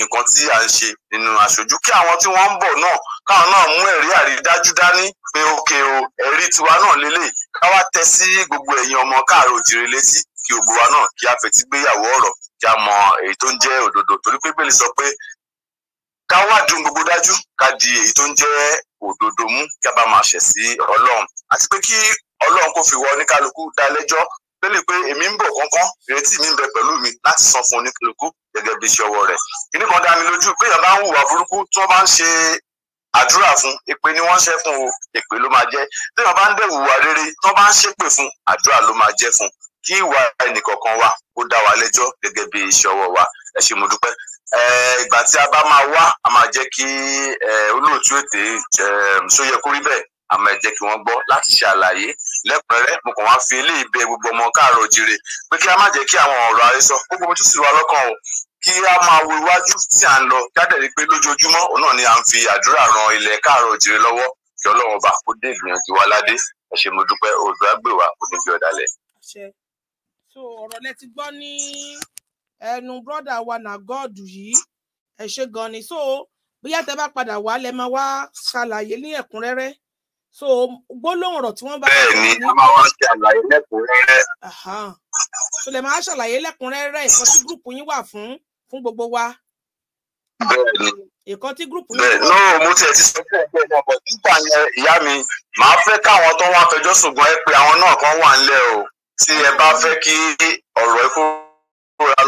nǹkan tí à ń ṣe nínú aṣojú kí àwọn tí wọ́n ń bọ̀ náà káwọn náà mú ẹ̀rí àrídájú dání pé òkè o ẹ̀rí tiwa náà lélẹ̀ káwá tẹ sí gbogbo ẹ̀yin ọmọ káàrọ̀ òjìrè létí kí gbogbo wa náà kí a fetí gbéyàwó ọ̀rọ̀ kí a mọ èyí tó ń jẹ́ òdodo torí pé bẹ́ẹ̀ lè sọ pé ká wá dùn gbogbo dájú ká di èyí tó ń jẹ́ òdodo mú kí a bá máa ṣẹ̀ sí ọlọ́run àti pé kí ọlọ́run kò fi wọ oníkálukú dá lẹ́jọ́ lórí pé èmi ń bọ̀ kánkán ìrètí mi ń bẹ pẹ̀lú mi láti san fún oníkálukú gẹ́gẹ́ bí iṣẹ́ ọwọ́ rẹ̀ kíní kan dá mi lójú pé èèyàn ń hùwà burúkú tí wọ́n bá ń ṣe àdúrà fún èpè ni wọ́n ń ṣe fún o èpè ló máa jẹ́ tí wọ́n bá ń dẹ̀ hùwà rere tí wọ́n bá ń ṣépè fún àdúrà ló máa jẹ́ fún kí ìwà ẹnìkọ̀ọ̀kan wa kó dá wa lẹ́jọ́ gẹ́gẹ́ bí iṣẹ́ ọwọ́ wa ẹ ṣé mo dúpẹ́ ìgbà tí a bá máa wá a máa jẹ́ kí olóòtú ètè sóyẹ kórí bẹ́ẹ̀ a máa jẹ́ kí wọ́n gbọ́ láti ṣe àlàyé lẹ́kùnrẹ́rẹ́ mo kàn wá fi eléyìí bẹ̀ gbogbo ọmọ káàárọ̀ oòjíire pé kí a má jẹ́ kí àwọn ọ̀rọ̀ àhesọ gbogbo ojú sì wá lọ́kàn o kí a máa wo iwájú tí à ń lọ jáde rí pé lójoojúmọ́ òun náà ni à ń fi àdúrà ran ilẹ̀ káàárọ̀ oòjíire lọ́wọ́ kí Ọlọ́run ọba kó dé ìgbìyànjú wa ládé ẹ ṣé mo dúpẹ́ Oòduà gbè wá oníbi ọ̀dàlẹ̀. ọ̀rọ̀ lẹ ti gbọ́ ní ẹnu brọ́dà wa nà gọ́ọ̀dù yìí ẹ ṣe gan ni so bóyá tẹ bá padà wá lẹ máa wá ṣàlàyé ní ẹ̀kúnrẹ́rẹ́ so gbólóhùn ọ̀rọ̀ tí wọ́n bá. bẹ́ẹ̀ni a máa wá ṣàlàyé lẹ́kùnrẹ́rẹ́. so lè máa ṣàlàyé lẹ́kùnrẹ́rẹ́ ìkan tí gúrùpù yín wà fún fún gbogbo wa. bẹ́ẹ̀ni ìkan tí gúrùpù yín. bẹ́ẹ̀ náà mo tiẹ̀ ti sọ fún ẹgbẹ́ náà bọ̀ nígbà yẹn ìyá mi màá fẹ́ káwọn tó wá fẹjọ́ ṣùgbọ́n ẹ pé àwọn náà kan wà ńlẹ̀ o tí ẹ bá fẹ́ kí ọ̀rọ̀ ẹ kúrò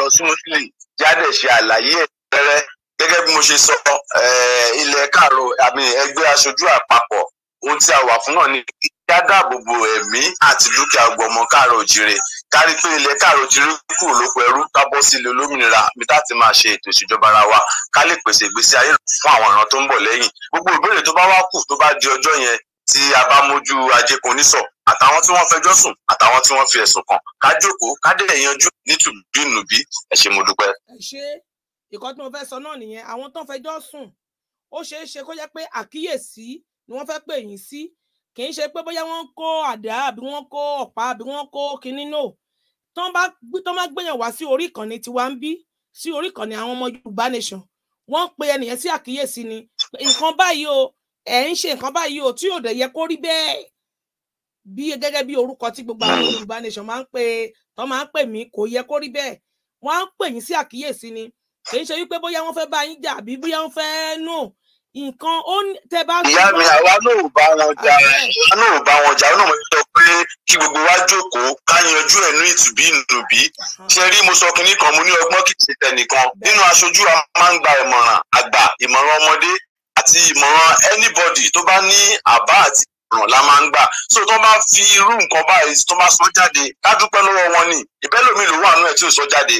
lọ sí muslim jáde ṣe àlàyé ẹ̀rẹ́ gẹ́gẹ́ bí mo ṣe sọ ilẹ̀ káàrọ̀ àmì ẹgbẹ́ aṣojú àpapọ̀ ohun tí a wà fún náà ni kí a dáàbòbò ẹ̀mí àti dúkìá gbọmọ káàrọ̀ òjìrè kárí pé ilẹ̀ káàrọ̀ òjìrè kù lóko ẹrú ká bọ́ sí ilé olómìnira bí tá máa ṣe ètò ìṣèjọba ara wa ká lè pèsè ìgbésí ayé fún àwọn ìran tó ń bọ̀ lẹ́yìn gbogbo ìbéèrè tó bá wá kù tó bá di ọjọ́ yẹn tí a bá mójú ajé kan nísọ̀ àtàwọn tí wọ́n fẹjọ́ sùn àtàwọn tí wọ́n fi ẹ̀sùn kàn ká jókòó ká dẹ̀ yanjú nítùbínúbí ẹ ṣé mo dúpẹ́. ẹ ṣe ìkọ́ tí mo fẹ́ sọ náà nìyẹn àwọn tó ń fẹjọ́ sùn ó ṣeé ṣe kó jẹ́ pé àkíyèsí ni wọ́n fẹ́ pè yín sí kì í ṣe pé bóyá wọ́n kó àdá àbí wọ́n kó ọ̀pá àbí wọ́n kó kinní náà tó ń bá gbéyàn wá sí orí ìkànnì tiwa ń bí sí orí ìkànnì àwọn ọmọ Yorùbá nation wọ́n pe ẹnìyẹn sí àkíyèsí ni nǹkan báyìí o ẹ̀ ń ṣe nǹkan báyìí o tí ò dẹ̀ yẹ kó rí bẹ́ẹ̀ bí gẹ́gẹ́ bí orúkọ tí gbogbo àwọn Yorùbá nation máa ń pè tó máa ń pè mí kò yẹ kó rí bẹ́ẹ̀ wọ́n á pè yín sí àkíyèsí ni kì í ṣe wípé bóyá wọ́n fẹ́ bá yín jà àbí bóyá wọ́n fẹ́ nù nǹkan ó tẹ bá. ìyá mi àwa náà ò bá wọn jà àwa náà ò bá wọn jà àwa náà sọ pé kí gbogbo wa jókòó ká yanjú ẹnu ìtùbí ìnùbí ṣe rí mo sọ kinní kan mo ní ọgbọ́n kì í ṣe tẹnìkan nínú aṣojú a máa ń gba ìmọ̀ràn àgbà ìmọ̀ràn ọmọdé àti ìmọ̀ràn anybody tó bá ní àbá àti ọ̀ràn la máa ń gbà so tó bá fi irú nǹkan báyìí tó bá sọ jáde ká dúpẹ́ lọ́wọ́ wọn ni ìbẹ́lòmíì ló wà nú ẹ̀ tí ò sọ jáde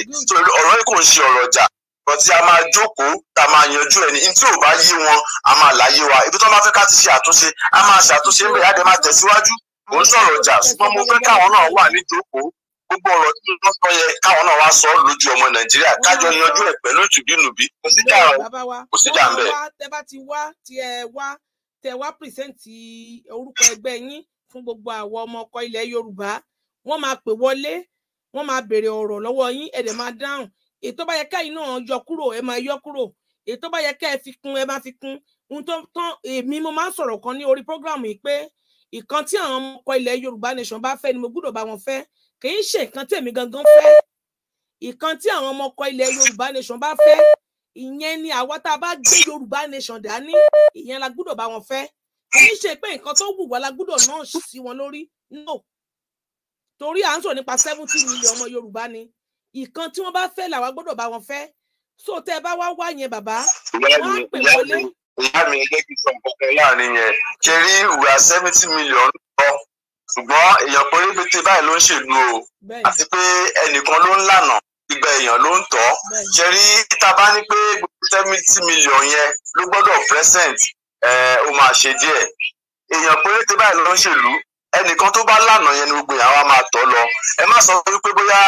ọ̀rọ̀ yìí kò ń ṣe ọ̀rọ̀ ọjà ọ̀rọ̀ tí a máa jókòó tá a máa yanjú ẹni ní tí ò bá yé wọn a máa láyé wa ibi tó bá fẹ́ ká ti ṣe àtúnṣe a máa ṣàtúnṣe ń bẹ̀ yá dé máa tẹ̀síwájú kò ń sọ̀rọ̀ ọjà ṣùgbọ́n mo fẹ́ káwọn náà wà ní jókòó gbogbo ọ̀rọ̀ tí wọ́n sọ yẹ káwọn náà wá sọ lójú ọmọ nàìjíríà kájọ yanjú ẹ̀ pẹ̀lú ìtùbínùbí kò síjà kò síjà ń bẹ̀. tẹ bá ti wá tí ẹ wá tẹ wá pìrìsẹ́ǹtì orúkọ ẹgbẹ́ yín fún gbogbo àwọn ọmọ ọkọ ilẹ̀ Yorùbá wọ́n máa pè wọlé wọ́n máa béèrè ọ̀rọ̀ lọ́wọ́ yín ẹ̀ dẹ̀ máa dáhùn ètò bá yẹ kẹ́yìn náà yọ kúrò ẹ máa yọ kúrò ètò bá yẹ kẹ́ ẹ fi kún ẹ máa fi kún ohun tó tán èmi mo máa ń sọ̀rọ̀ kan ní orí program yìí pé ìkan tí àwọn ọmọ ọkọ ilẹ̀ Yorùbá nation bá fẹ́ ni mo gbúdọ̀ bá wọn fẹ́ kì í ṣe ìkan tèmi gangan fẹ́ ìkan tí àwọn ọmọ ọkọ ilẹ̀ Yorùbá nation bá fẹ́ ìyẹn ni àwa tá a bá gbé yorùbá nation dání ìyẹn la gbúdọ̀ bá wọn fẹ́ kì í ṣe pé nǹkan tó wù wá la gbúdọ̀ náà sí wọn lórí no torí à ń sọ nípa seventy million ọmọ yorùbá ni ìkan tí wọ́n bá fẹ́ làwa gbọ́dọ̀ bá wọn fẹ́ so tẹ́ ẹ bá wá wá yẹn bàbá wọ́n á pè wọlé. ìyá mi ẹgbẹ́ ti sọ nǹkan kan láàrin yẹn ṣe rí ìwà seventy million lọ ṣùgbọ́n èèyàn pérébete báyìí ló ń ṣèlú o àti pé ẹnìkan ló ń lànà igba èèyàn ló ń tọ́ ṣe rí tá a bá ní pé seventy million yẹn ló gbọ́dọ̀ present ó máa ṣe díẹ̀ èèyàn péréte báyìí ló ń ṣèlú ẹnìkan tó bá lànà yẹn ni gbogbo yẹn àwa máa tọ́ lọ ẹ má sọ wípé bóyá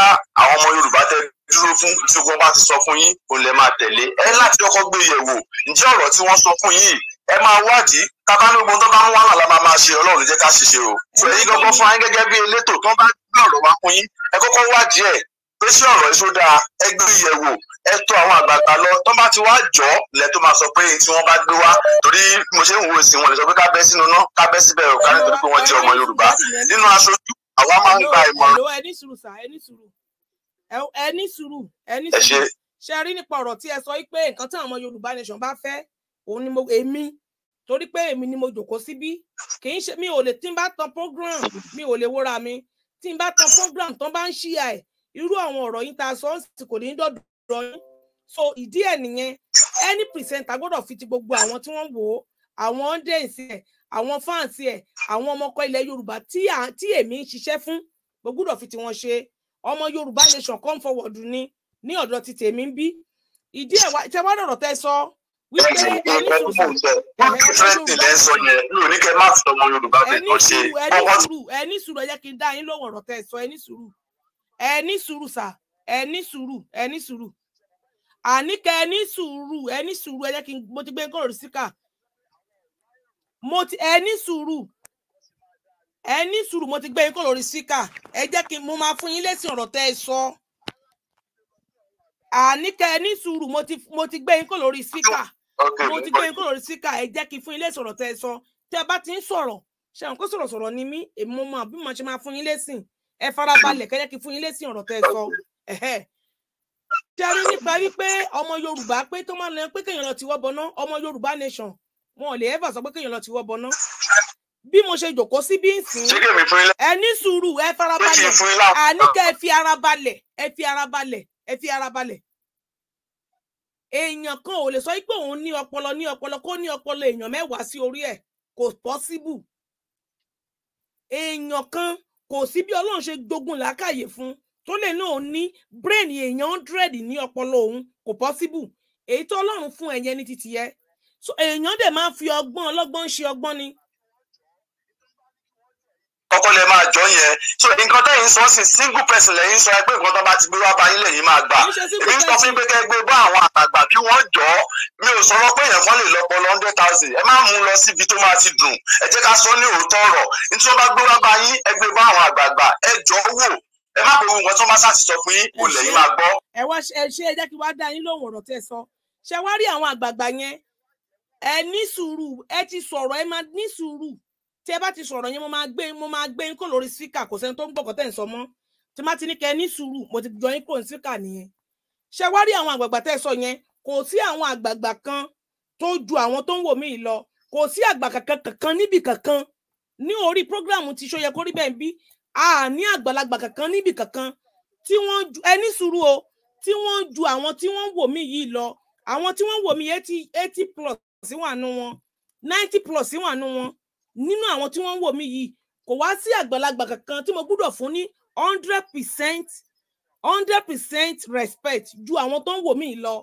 àwọn ọmọ Yorùbá tẹ dúró fún tí wọn bá ti sọ fún yín òun lè máa tẹ̀lé ẹ láti kọ́kọ́ gbé yẹ̀wò ǹjẹ́ ọ̀rọ̀ tí wọ́n sọ fún yìí ẹ máa wádìí tabanúgbò tó bá ń wà lára máa ṣe Ọlọ́run jẹ́ ká ṣiṣẹ́ o ẹ̀yin gbọ́gbọ́ fún ayé gẹ́gẹ́ bí elétò tó bá gbé ọ̀rọ̀ wá fún yín ẹ kọ́kọ́ wádìí ẹ̀ pé sí ọ̀rọ̀ èso dáa ẹ gbé ìyẹ̀wò ẹ tó àwọn àgbààgbà lọ tó bá ti wá jọ lẹ tó máa sọ pé tí wọ́n bá gbé wá torí mo ṣe ń wo èsì wọn lè sọ pé ká bẹ́ sínú náà ká bẹ́ síbẹ̀ ò ká nítorí pé wọ́n jẹ́ ọmọ Yorùbá nínú aṣojú àwa máa ń gba ìmọ̀ràn. ẹ ní sùúrù sà ẹ ní sùúrù ẹ ní sùúrù ẹ ní sùúrù ṣe rí nípa ọ̀rọ̀ tí ẹ sọ pé nǹkan tí àwọn Yorùbá nation bá fẹ́ òun ni mo èmi torí pé èmi ni mo jòkó síbí kì í ṣe mi ò lè tí n bá tan program mi ò lè wóra mi tí n bá tan program tán bá ń ṣíyà ẹ̀ irú àwọn ọ̀rọ̀ yín tá a sọ ń sì kò ní í dọ̀dọ̀ yín so ìdí ẹ̀ nìyẹn any presenter gbọ́dọ̀ fi ti gbogbo àwọn tí wọ́n wò ó àwọn audience ẹ̀ àwọn fans ẹ̀ àwọn ọmọkọ ilẹ̀ Yorùbá tí èmi ń ṣiṣẹ́ fún mo gbọ́dọ̀ fi tiwọn ṣe ọmọ Yorùbá nation come forward ni ní ọ̀dọ̀ ti tèmi ń bí ìdí ẹ̀ wá ìtẹ́wá lọ̀rọ̀ tẹ́ sọ wípé ẹni sùúrù ẹni sùúrù ẹni sùúrù ẹni sùúrù ẹ jẹ́ kí n dá yín lóhùn ọ̀rọ̀ tẹ́ sọ ẹni sùúrù ẹ ní sùúrù sà ẹ ní sùúrù ẹ ní sùúrù àníkẹ́ ẹ ní sùúrù ẹ ní sùúrù ẹ jẹ́ kí n mo ti gbé kóró síkà mo ti ẹ ní sùúrù ẹ ní sùúrù mo ti gbé yín kóró síkà ẹ jẹ́ kí mo máa fún yín lẹ́sìn ọ̀rọ̀ tẹ́ ẹ sọ àníkẹ́ ẹ ní sùúrù mo ti gbé yín kóró síkà mo ti gbé yín kóró síkà ẹ jẹ́ kí n fún yín lẹ́sìn ọ̀rọ̀ tẹ́ ẹ sọ tẹ́ ẹ bá ti ń sọ̀rọ̀ ṣe àwọn kó sọ̀rọ̀ sọ̀rọ̀ ni mí èmi mo mọ àbí mo ṣe máa fún yín lẹ́sìn ẹ farabalẹ̀ kẹjẹ kí fún yín lé sí ọ̀rọ̀ tẹ́ sọ tẹrí nípa wípé ọmọ yorùbá pé tó máa lọ pé kéèyàn lọ ti wọ́ bọ́ná ọmọ yorùbá nation wọn ò lè ever sọ pé kéèyàn lọ ti wọ́ bọ́ná bí mo ṣe jókòó sí bí nsìn ẹ ní sùúrù ẹ farabalẹ̀ àníkẹ́ ẹ fi ara balẹ̀ ẹ fi ara balẹ̀ ẹ fi ara balẹ̀ èèyàn kan ò lè sọ pé òun ní ọpọlọ ní ọpọlọ kó ní ọpọlọ èèyàn mẹ́wàá sí orí ẹ̀ kò possible èèyàn kan kò sí bí ọlọ́run ṣe dogun làákàyè fún tó lè náà ní brain èèyàn hundred ní ọpọlọ òun kò possible èyí tó ọlọ́run fún ẹ̀yẹ ní títì yẹ èèyàn dẹ̀ máa fi ọgbọ́n ọlọ́gbọ́n ṣe ọgbọ́n ni kọ́kọ́ lẹ máa jọ yẹn so nǹkan tẹ́yìn sọ sí single person lẹ́yìn sọ ẹgbẹ́ nǹkan tó bá ti gbé wá báyìí lẹ́yìn máa gbà èmi sọ fún pé kẹ́ gbé bá àwọn àgbà kí wọ́n jọ mi ò sọ̀rọ̀ pé èèyàn kan lè lọ́pọ̀ lọ hundred thousand ẹ má mú un lọ síbi tó máa ti dùn ẹ jẹ́ ká sọ ní òótọ́ ọ̀rọ̀ nítorí wọ́n bá gbé wá báyìí ẹ gbé bá àwọn àgbààgbà ẹ jọ wò ẹ má pẹ̀lú nǹkan tó máa ṣàti sọ fún yín kò lẹ́yìn máa gbọ́. ẹ wá ẹ ṣe ẹ jẹ́ kí wàá dá yín lóhùn ọ̀rọ̀ tẹ́ sọ ṣe wá rí àwọn àgbààgbà yẹn ẹ ní sùúrù ẹ ti sọ̀rọ̀ ẹ máa ní sùúrù tí ẹ bá ti sọ̀rọ̀ yẹn mo máa gbé mo máa gbé yín kó lórí síkà kò sẹ́ni tó ń gbọ̀kọ́ tẹ̀ ń sọ mọ́ tí má ti ní kẹ́ ní sùúrù mo ti jọ yín kúrò ní síkà nìyẹn ṣe wá rí àwọn àgbààgbà tẹ́ sọ yẹn kò sí àwọn àgbààgbà kan tó ju àwọn tó ń wò mí lọ kò sí àgbà kankan kankan níbì kankan ní orí prógráàmù ti ṣóyẹ kó bẹ́ẹ̀ bí a ní àgbàlagbà kankan níbì kankan tí wọ́n ju ẹni sùúrù o tí wọ́n ju àwọn tí wọ́n wò mí yìí lọ àwọn tí wọ́n wò mí eighty eighty plus sí wà nù wọn ninety plus sí wà nù wọn nínú àwọn tí wọ́n ń wò mí yìí kò wá sí àgbàlagbà kankan tí mo gbúdọ̀ fún ní hundred percent hundred percent respect ju àwọn tó ń wò mí lọ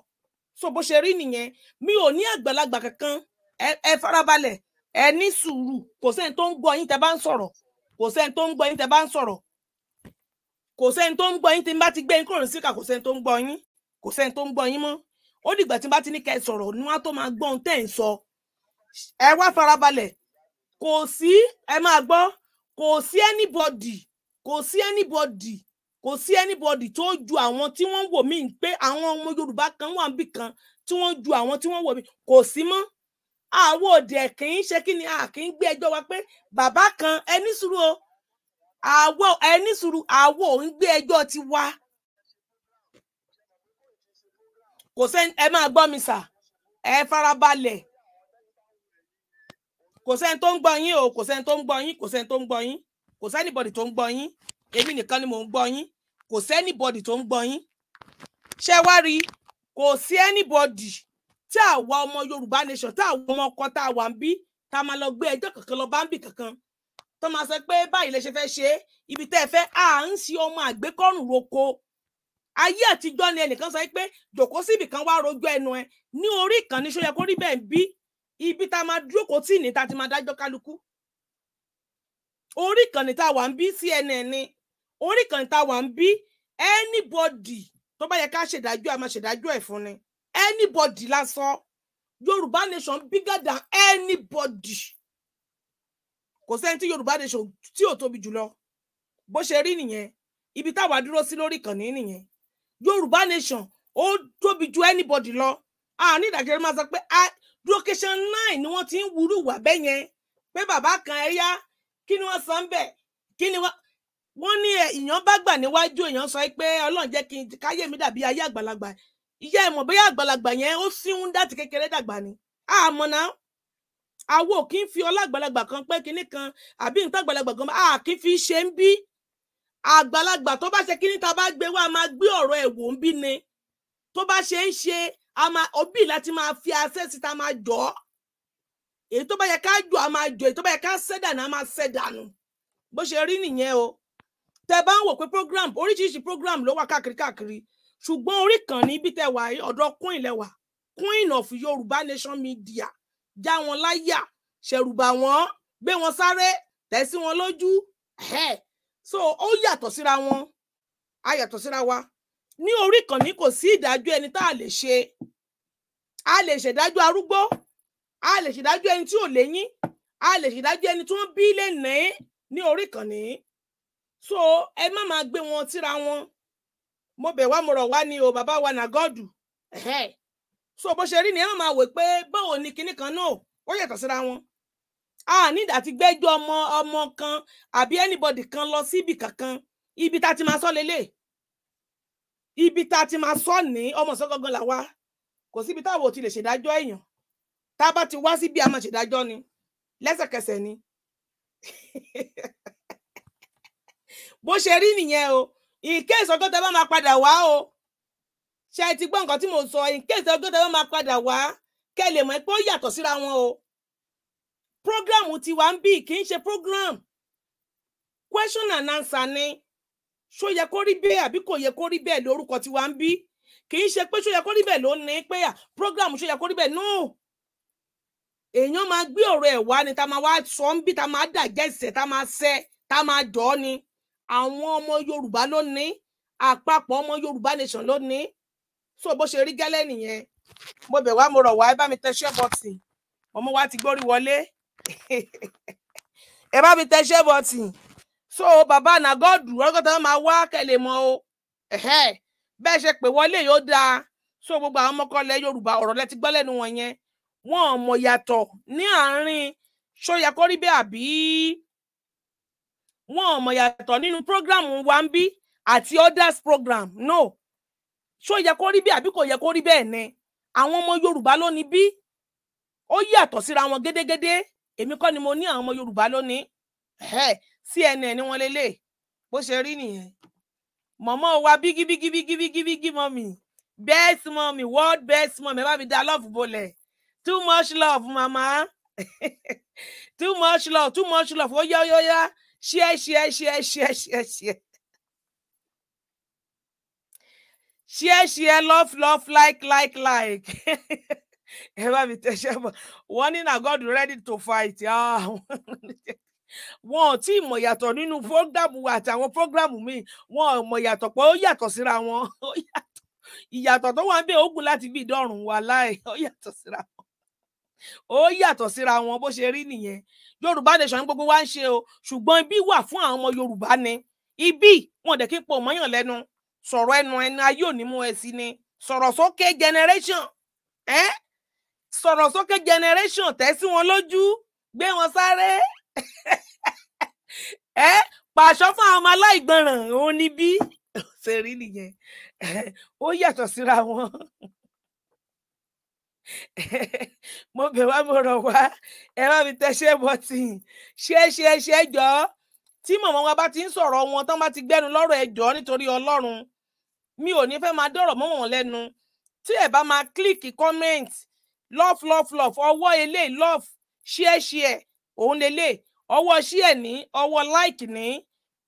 so bó ṣe rí nìyẹn mi ò ní àgbàlagbà kankan ẹ farabalẹ̀ ẹ ní sùúrù kò sẹ́ni tó ń gbọ́ yín tẹ́ bá ń sọ̀rọ̀ kò sẹ́ni tó ń gbọ́ yín tẹ́ bá ń sọ̀rọ̀ kò sẹ́ni tó ń gbọ́ yín tí n bá ti gbé yín kúrò ní síkà kò sẹ́ni tó ń gbọ́ yín kò sẹ́ni tó ń gbọ́ yín mọ́ ó dìgbà tí n bá ti ní kẹ́ ẹ ni wọ́n á tó máa gbọ́ ohun tẹ́ ẹ̀ ń sọ ẹ wá farabalẹ̀ kò sí ẹ máa gbọ́ kò sí anybody kò sí anybody kò sí anybody tó ju àwọn tí wọ́n wò mí pé àwọn ọmọ Yorùbá kan wà níbì kan tí wọ́n ju àwọn tí wọ́n wò mí kò sí mọ́ àwọn òde kì í ṣe kí ni a kì í gbé ẹjọ́ wa pé bàbá kan ẹni sùúrù o àwọ ẹni sùúrù àwọ ò ń gbé ẹjọ́ ti wá kò sẹ́ni ẹ máa gbọ́ mi sà ẹ farabalẹ̀ kò sẹ́ni tó ń gbọ́ yín o kò sẹ́ni tó ń gbọ́ yín kò sẹ́ni tó ń gbọ́ yín kò sẹ́nibọ̀dì tó ń gbọ́ yín èmi nìkan ni mò ń gbọ́ yín kò sẹ́nibọ̀dì tó ń gbọ́ yín ṣé wá rí kò sí ẹnibọ̀dì tí àwa ọmọ Yorùbá nation tí àwọn ọmọ ọkọ tá a wà ń bí tá a máa lọ gbé ẹjọ́ kankan lọ bá ń bì kankan tó máa sọ pé báyìí lè ṣe fẹ́ ṣe ibi tẹ́ ẹ fẹ́ à ń ṣe ọmọ àgbékọ́rùn roko ayé àtijọ́ ni ẹnìkan sọ pé jòkó síbì wá rojọ́ ẹnu ẹ ní orí ìkànnì ṣó yẹ kó rí bẹ́ẹ̀ ń bí ibi tá a máa dúró kò tí ì ní tá a ti máa dájọ́ kálukú orí kan ní tá a wà ń bí CNN ni orí kan ní tá a wà ń bí anybody tó bá yẹ ká ṣèdájọ́ ẹ̀ máa ṣèdájọ́ ẹ̀ fún ni anybody lásán Yorùbá nation bigger than anybody kò sẹ́ni tí Yorùbá nation tí ò tóbi jùlọ bó ṣe rí nìyẹn ibi táwa dúró sí lórí ìkànnì nìyẹn Yorùbá nation ó tóbi ju anybody lọ àní ìdàgẹ́rẹ́ máa sọ pé location nine ni wọ́n ti ń wúrú wà bẹ́ẹ̀ yẹn pé bàbá kan ẹ yá kí ni wọ́n san bẹ́ẹ̀ kí ni wọ́n ní èèyàn bá gbà níwájú èèyàn sọ pé ọlọ́run jẹ́ kí káyé mi dàbí ayé àgbàlagbà ìyá ẹ̀ mọ̀ bóyá àgbàlagbà yẹn ó síhun dá ti kékeré dàgbà ni àmọ́ náà àwo kì í fi ọlágbàlagbà kan pé kinní kan àbí nǹkan àgbàlagbà kan a kì í fi ṣe ń bí àgbàlagbà tó bá ṣe kinní ta bá gbé wá máa gbé ọ̀rọ̀ ẹ̀ ń bí ni tó bá ṣe ń ṣe òbí láti máa fi asẹ́ síta máa jọ ọ́ èyí tó bá yẹ ká jọ a máa jọ èyí tó bá yẹ ká ṣẹ́ dànù a máa ṣẹ́ dànù bó ṣe rí nìyẹn o tẹ bá ń wò pé program oríṣiríṣi program ló wà káàkiri káàkiri ṣùgbọ́n orí kan níbi tẹ wà ọ̀dọ̀ queen lẹ́wà queen of yorùbá nation media já wọn láyà ṣẹ̀rùbà wọn gbé wọn sáré tẹ̀ sí wọn lójú so ó yàtọ̀ síra wọn a yàtọ̀ síra wa ní orí kan ní kò sí ìdájọ́ ẹni tá a lè ṣe a lè ṣèdájọ́ arúgbó a lè ṣèdájọ́ ẹni tí ò léyìn a lè ṣèdájọ́ ẹni tí wọ́n bí lè ní ní orí kànnì so ẹ má máa gbé wọn tíra wọn mo bẹ̀ wá mo rọ̀ wá ni o bàbá wa nà gọ́ọ̀dù so bó ṣe rí ni ẹ má máa wò pé báwo ni kinní kan náà ó yàtọ̀ síra wọn a nídà àti gbẹ́jọ́ ọmọ ọmọ kan àbí anybody kan lọ síbi kankan ibi tá a ti máa sọ lélẹ̀ ibi tá a ti máa sọ ní ọmọ sọ làwa kò síbi táwọn ò ti lè ṣèdájọ́ èèyàn tá a bá ti wá síbi àmọ́ ṣèdájọ́ ni lẹ́sẹ̀kẹsẹ̀ ni bó ṣe rí nìyẹn o ìké ìsọgbọ́n tẹ bá máa padà wá o ṣe ti gbọ́ nǹkan tí mo sọ ìké ìsọgbọ́n tẹ bá máa padà wá kẹ́ lè mọ̀ pé ó yàtọ̀ síra wọn o program ti wà ń bì kì í ṣe program question and answer ni ṣó yẹ kó rí bẹ́ẹ̀ àbí kò yẹ kó rí bẹ́ẹ̀ lórúkọ ti wà ń bì kì í ṣe pé ṣó yẹ kó rí bẹ́ẹ̀ ló ní pé program ṣó yẹ kó rí bẹ́ẹ̀ no èèyàn máa gbé ọ̀rọ̀ ẹ̀ wá ni tá máa wá sọ ń bí tá máa dàgẹ́sẹ̀ tá máa sẹ́ tá máa dọ̀ ọ́ ni àwọn ọmọ Yorùbá ló ní àpapọ̀ ọmọ Yorùbá nation ló ní so bó ṣe rí gẹ́lẹ́ nìyẹn mo bẹ̀ wá mo rọ̀ wá ẹ bá mi tẹ ṣẹ́ bọ́tì ọmọ wa ti gbórí wọlé ẹ bá mi tẹ ṣẹ́ bọ́tì so bàbá na God rọ́gọ́tà máa wá kẹ́lẹ́ mọ́ o bẹ́ẹ̀ ṣe pè wọlé yóò dáa so gbogbo àwọn ọmọkọ́lẹ̀ yorùbá ọ̀rọ̀ lẹ́tí gbọ́ lẹ́nu wọn yẹn wọn ò mọ̀ yàtọ̀ ní àárín ṣóyà kórìbẹ́ àbí wọn ò mọ̀ yàtọ̀ nínú program wa ń bí àti others program no ṣóyà kórìbẹ́ àbí kò yẹ kórìbẹ́ ẹ̀ ni àwọn ọmọ yorùbá ló ní bí ó yàtọ̀ síra wọn gédégédé èmi kọ́ ni mo ní àwọn ọmọ yorùbá lónìí cnn ni wọ́n lélẹ̀ bó ṣe rí nìyẹn. mọ̀mọ́ wa bígí bígí bígí bígí bígí mommy. best mommy, world best mommy. ẹ bá mi dá love bolẹ̀ too much love mama too much love too much love Oh yeah, yeah, yeah. share share share share share share share share love love like like like Everybody, bá mi tẹ̀sẹ̀ bọ̀ ready to fight. Ah. wọn ò tí ì mọ̀ yàtọ̀ nínú fúrógrámù àtàwọn fúrógrámù míì wọn ò mọ̀ yàtọ̀ pé ó yàtọ̀ síra wọn ìyàtọ̀ tó wà ń bẹ ogun láti bí ìdọ́rùn wà láì ó yàtọ̀ síra wọn ó yàtọ̀ síra wọn bó ṣe rí nìyẹn yorùbá nation gbogbo wa ń ṣe o ṣùgbọ́n ibi wà fún àwọn ọmọ yorùbá ni ibi wọn dẹ̀ kí n pọ̀ mọ́yàn lẹ́nu sọ̀rọ̀ ẹnu ẹnu ayé òní mú ẹ sí ni sọ̀rọ̀ sókè generation ẹ́ sọ̀rọ̀ sókè generation tẹ̀ sí wọn lójú gbé wọn sáré ẹ pàṣọ fún àwọn ọmọ aláìgbọràn òun ni bí ṣe rí nìyẹn ó yàtọ̀ síra wọn mo bẹ̀ wá mo rọ̀ wá ẹ bá mi tẹṣẹ́ bọ́tìn ṣé ṣe ṣe jọ tí mọ̀mọ́ wa bá ti ń sọ̀rọ̀ wọn tán bá ti gbẹ́nu lọ́rọ̀ ẹ jọ nítorí ọlọ́run mi ò ní fẹ́ máa dọ̀rọ̀ mọ́ wọn lẹ́nu tí ẹ bá máa kílíkì comment love love love ọwọ́ eléyìí love share share òun lélẹ̀ ọwọ́ ṣí ẹ̀ ní ọwọ́ láìkì ní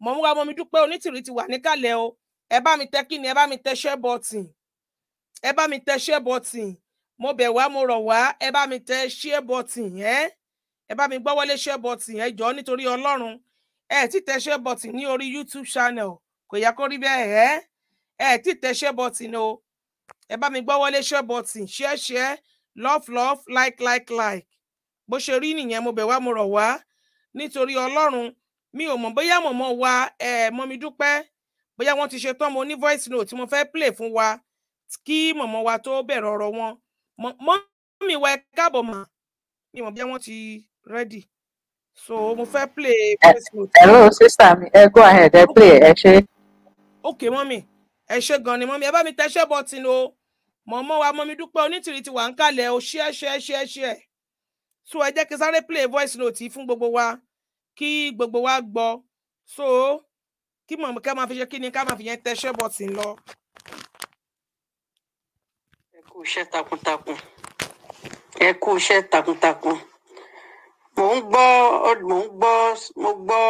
mọ̀múra mọ̀mí dúpẹ́ onítìrí ti wà níkàlẹ̀ o ẹ bá mi tẹ kí ni ẹ bá mi tẹ share button ẹ bá mi tẹ share button mo bẹ̀ wá mo rọ̀ wá ẹ bá mi tẹ share button ẹ ẹ bá mi gbọ́wọ́lé share ẹ jọ̀ọ́ nítorí ọlọ́run ẹ ti tẹ share button ní orí YouTube channel kò yẹ kó rí bẹ́ẹ̀ ẹ ẹ ti tẹ share button o ẹ bá mi gbọ́wọ́lé share button share share love love like like like bó ṣe rí nìyẹn mo bẹ̀ wá mo rọ̀ wá nítorí ọlọ́run mi ò mọ̀ bóyá mọ̀mọ́ wa mọ́mi dúpẹ́ bóyá wọ́n ti ṣe tán mo ní voice note mo fẹ́ play fún wa kí mọ̀mọ́ wa tó bẹ̀rẹ̀ ọ̀rọ̀ wọn mọ́mí wa ẹ káàbọ̀ mà mi mọ̀ bóyá wọ́n ti ready so mo fẹ́ play voice note. hello sister mi ẹ go ahead ẹ play ẹ ṣe. ok mọ́mí ẹ ṣe gan ni mọ́mí ẹ bá mi tẹ́ṣẹ́ bọ́tìn o mọ̀mọ́ wa mọ́mí dúpẹ́ onítìrì ti wà ń kalẹ̀ o ṣe é ṣe é ṣe é ṣe é so ẹ jẹ́ kí n sáré play voice note fún gbogbo wa kí gbogbo wa gbọ́ so kí mọ̀ ká máa fi ṣe kí ni ká máa fi yẹn tẹ ṣẹ́ bọ̀tì lọ. ẹ kú iṣẹ́ takuntakun ẹ kú iṣẹ́ takuntakun mò ń gbọ́ mò ń gbọ́ mo gbọ́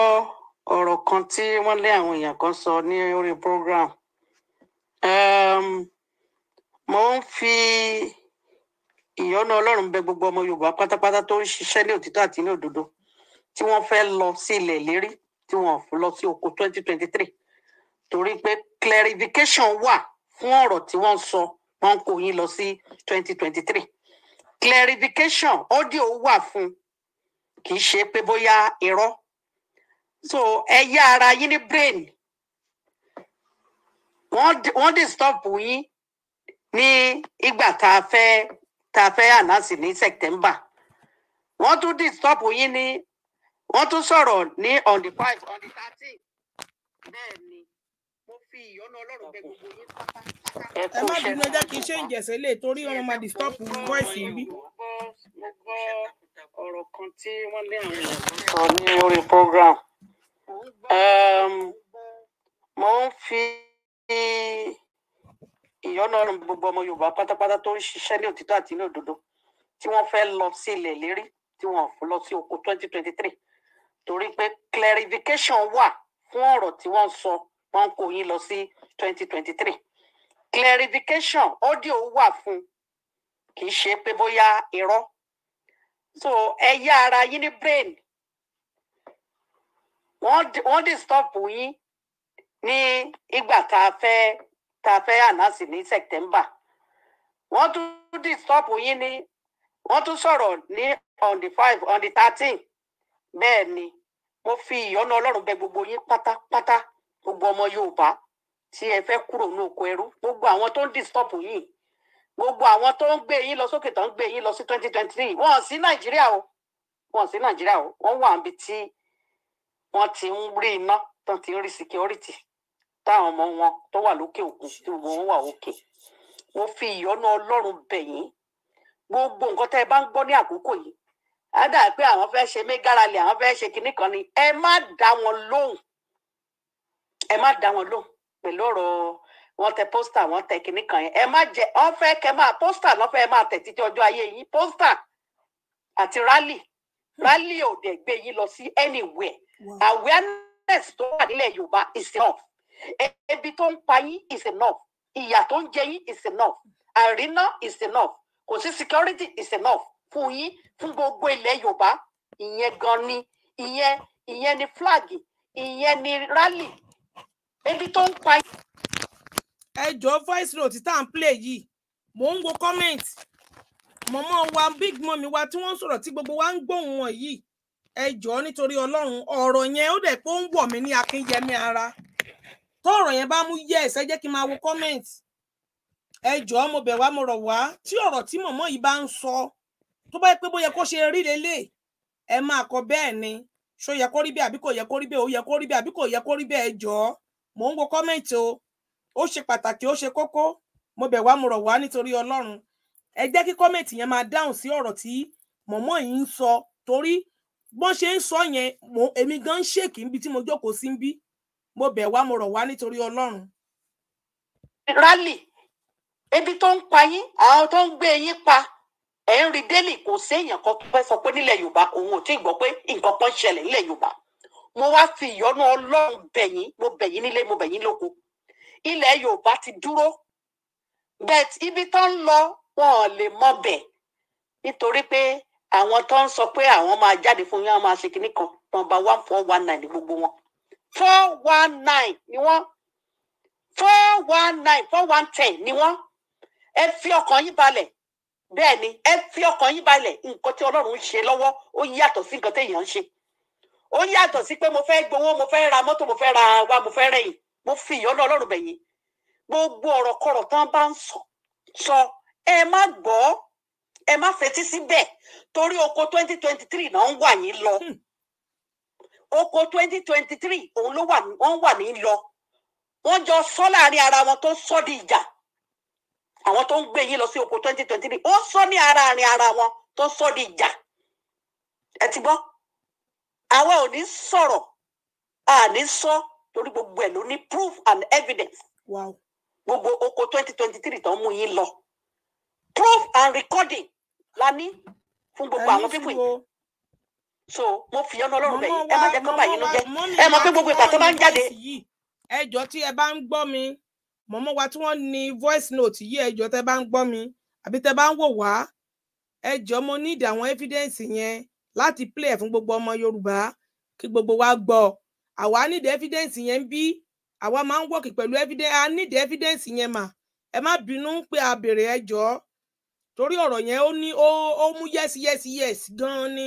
ọ̀rọ̀ kan tí wọ́n lé àwọn èèyàn kan sọ ní orí program um, mo ń fi ìyọ́nú ọlọ́run ń bẹ gbogbo ọmọ yorùbá pátápátá tó ń ṣiṣẹ́ ní òtítọ́ àti ní òdodo tí wọ́n fẹ́ lọ sí ilẹ̀ lérí tí wọ́n lọ sí oko twenty twenty three torí pé clarification wà fún ọ̀rọ̀ tí wọ́n sọ wọ́n kò yín lọ sí twenty twenty three clarification audio wà fún kì í ṣe pé bóyá irọ́ so ẹ yá ara yín ní brain wọ́n dé stop yín ní ìgbà tá a fẹ́ tá a fẹ́ ànáàsì ní september wọ́n tún disturb yín ní wọ́n tún sọ̀rọ̀ ní on the five on the thirteen bẹ́ẹ̀ ni mo fi ìyọ́nú ọlọ́run bẹ gbogbo yín pátá. ẹ má bínú ẹ kí n ṣe ń jẹ̀sẹ̀ lè torí wọn máa disturb voice yìí. mo gbọ́ ọ̀rọ̀ kan tí wọ́n ní àwọn èèyàn sọ ní orí program mo ń um, fi ìyọ́nú ọ̀run gbogbo ọmọ yorùbá pátápátá tó ń ṣiṣẹ́ ní òtítọ́ àti ní òdodo tí wọ́n fẹ́ lọ sí ilẹ̀ lérí tí wọ́n lọ sí oko twenty twenty three torí pé clarification wà fún ọ̀rọ̀ tí wọ́n sọ wọ́n ń kó yín lọ sí twenty twenty three clarification audio wà fún kì í ṣe pé bóyá irọ́ so ẹ ara yín ní brain wọ́n disturb yín ní ìgbà tá a fẹ́ tá a fẹ́ ànáàsì ní September wọ́n tún disturb yín ní wọ́n tún sọ̀rọ̀ ní on the five on the thirteen bẹ́ẹ̀ ni mo fi ìyọ́nú Ọlọ́run bẹ̀ gbogbo yín pátápátá gbogbo ọmọ Yorùbá tí ẹ fẹ́ kúrò ní oko ẹrú gbogbo àwọn tó ń disturb yín gbogbo àwọn tó ń gbé yín lọ sókè tó ń gbé yín lọ sí twenty twenty three wọ́n sí Nàìjíríà o wọ́n sí Nàìjíríà o wọ́n wà níbi tí wọ́n ti ń rí iná tó ti ń rí security táwọn ọmọ wọn tó wà lókè òkun tí wọn wà òkè mo fi ìyọ́nú Ọlọ́run bẹ̀ gbogbo nǹkan tẹ́ ẹ bá ń gbọ́ ní àkókò yìí á pé àwọn fẹ́ ṣe mégáralẹ̀ àwọn fẹ́ ṣe kinní kan ni ẹ má dá wọn lóhùn ẹ má dá wọn lóhùn pẹ̀lú ọ̀rọ̀ wọn tẹ pósítà wọn tẹ kinní kan yẹn ẹ má jẹ wọn fẹ́ máa pósítà lọ fẹ́ máa tẹ títí ọjọ́ ayé yín pósítà àti rálì rálì ò dẹ̀ gbé yín lọ sí anywhere awareness tó wà nílẹ̀ Yorùbá is enough ebi tó ń pa yín is enough ìyà tó ń jẹ yín is enough àríná is enough kò sí security is enough fún yín fún gbogbo ilẹ̀ yorùbá ìyẹn gan ni ìyẹn ìyẹn ni flag ìyẹn ni rally ebi tó ń pa yín. ẹ jọ voice note tá à ń play yìí mò ń wo comment mọ̀mọ́ wa big mommy. wa tí wọ́n ń sọ̀rọ̀ tí gbogbo wa ń gbóhùn wọn yìí ẹ jọ nítorí ọlọ́run ọ̀rọ̀ yẹn ó dẹ̀ pé ó ń wọ̀ mí ní akínyẹmí ara tọ́rọ̀ yẹn bá mú yes ẹ jẹ́ kí n máa wo comment ẹ jọ̀ọ́ mo bẹ̀ wá mo rọ̀ wá tí ọ̀rọ̀ tí mọ̀mọ́ yìí bá ń sọ tó bá yẹ pé bó yẹ kó ṣe rí lélẹ̀ ẹ máa kọ bẹ́ẹ̀ ni ṣó yẹ kó rí bẹ́ẹ̀ àbí kò yẹ kó rí bẹ́ẹ̀ ó yẹ kó rí bẹ́ẹ̀ àbí kò yẹ kó rí bẹ́ẹ̀ ẹ mò ń wo comment o ó ṣe pàtàkì ó ṣe kókó mo bẹ̀ wá mo rọ̀ wá nítorí Ọlọ́run ẹ jẹ́ kí comment yẹn máa dáhùn sí ọ̀rọ̀ tí mọ̀mọ́ yìí ń sọ torí bọ́n ṣe ń sọ yẹn èmi gan ń ṣèkì níbi tí mo jókòó sí ń bí mo bẹ̀ wá mo rọ̀ wá nítorí ọlọ́run. rálì ebi tó ń pa yín àwọn tó ń gbé yín pa ẹ̀ ń rí délì kò séèyàn kan tó fẹ́ sọ pé nílẹ̀ yorùbá òun ò tí ì gbọ́ pé nǹkan kan ṣẹlẹ̀ nílẹ̀ yorùbá mo wá fi ìyọ́nú ọlọ́run bẹ̀ yín mo bẹ̀ yín nílé mo bẹ̀ yín lóko ilẹ̀ yorùbá ti dúró bet ibi tó ń lọ wọn ò lè mọ bẹ̀ nítorí pé àwọn tó ń sọ pé àwọn máa jáde fún yín àwọn máa ṣe kinní kan wọn bá one four one nine gbogbo wọn four one nine ni wọ́n four one nine four one ten ni wọ́n ẹ fi ọkàn yín balẹ̀ bẹ́ẹ̀ ni ẹ fi ọkàn yín balẹ̀ nǹkan tí ọlọ́run ń ṣe lọ́wọ́ ó yàtọ̀ sí nǹkan téèyàn ń ṣe ó yàtọ̀ sí pé mo fẹ́ gbowó mo fẹ́ ra mọ́tò mo fẹ́ ra wa mo fẹ́ rẹ̀yìn mo fi ìyọ́nú ọlọ́run bẹ̀yìn gbogbo ọ̀rọ̀ kọ̀rọ̀ tán bá ń sọ sọ ẹ má gbọ́ ẹ má fetí síbẹ̀ torí oko twenty twenty three náà ń wà yín lọ. Hmm oko twenty twenty three òun ló wà wọ́n wà ní lọ wọ́n jọ sọ láàrin ara wọn tó sọ di ìjà àwọn tó ń gbé yín lọ sí oko twenty twenty three ó sọ ní ara àárín ara wọn tó sọ di ìjà ẹ ti gbọ́ àwa ò ní sọ̀rọ̀ a ní sọ torí gbogbo ẹ̀ ló ní proof and evidence wow. gbogbo oko twenty twenty three tó ń mú yín lọ proof and recording la ní fún gbogbo àwọn pípọ̀ yìí so mo fi ọ̀nà ọlọ́run bẹ̀ yín ẹ má jẹ́ kó bà yín ló jẹ́ ẹ mọ̀ pé gbogbo ìgbà tó bá ń jáde. ẹjọ́ tí ẹ bá ń gbọ́ mi mọ̀mọ́ wa tí wọ́n ní voice note yí ẹjọ́ tẹ́ bá ń gbọ́ mi àbí tẹ́ bá ń wò wá ẹjọ́ mo ní ìdí àwọn evidence yẹn láti play ẹ̀ fún gbogbo ọmọ yorùbá kí gbogbo wa gbọ́ àwa need evidence yẹn bí àwa máa ń work pẹ̀lú evidence a need evidence yẹn mà ẹ má bínú pé a béèrè ẹjọ́ torí ọ̀rọ̀ yẹn ó ní ó mú yes yes yes gan-an ni.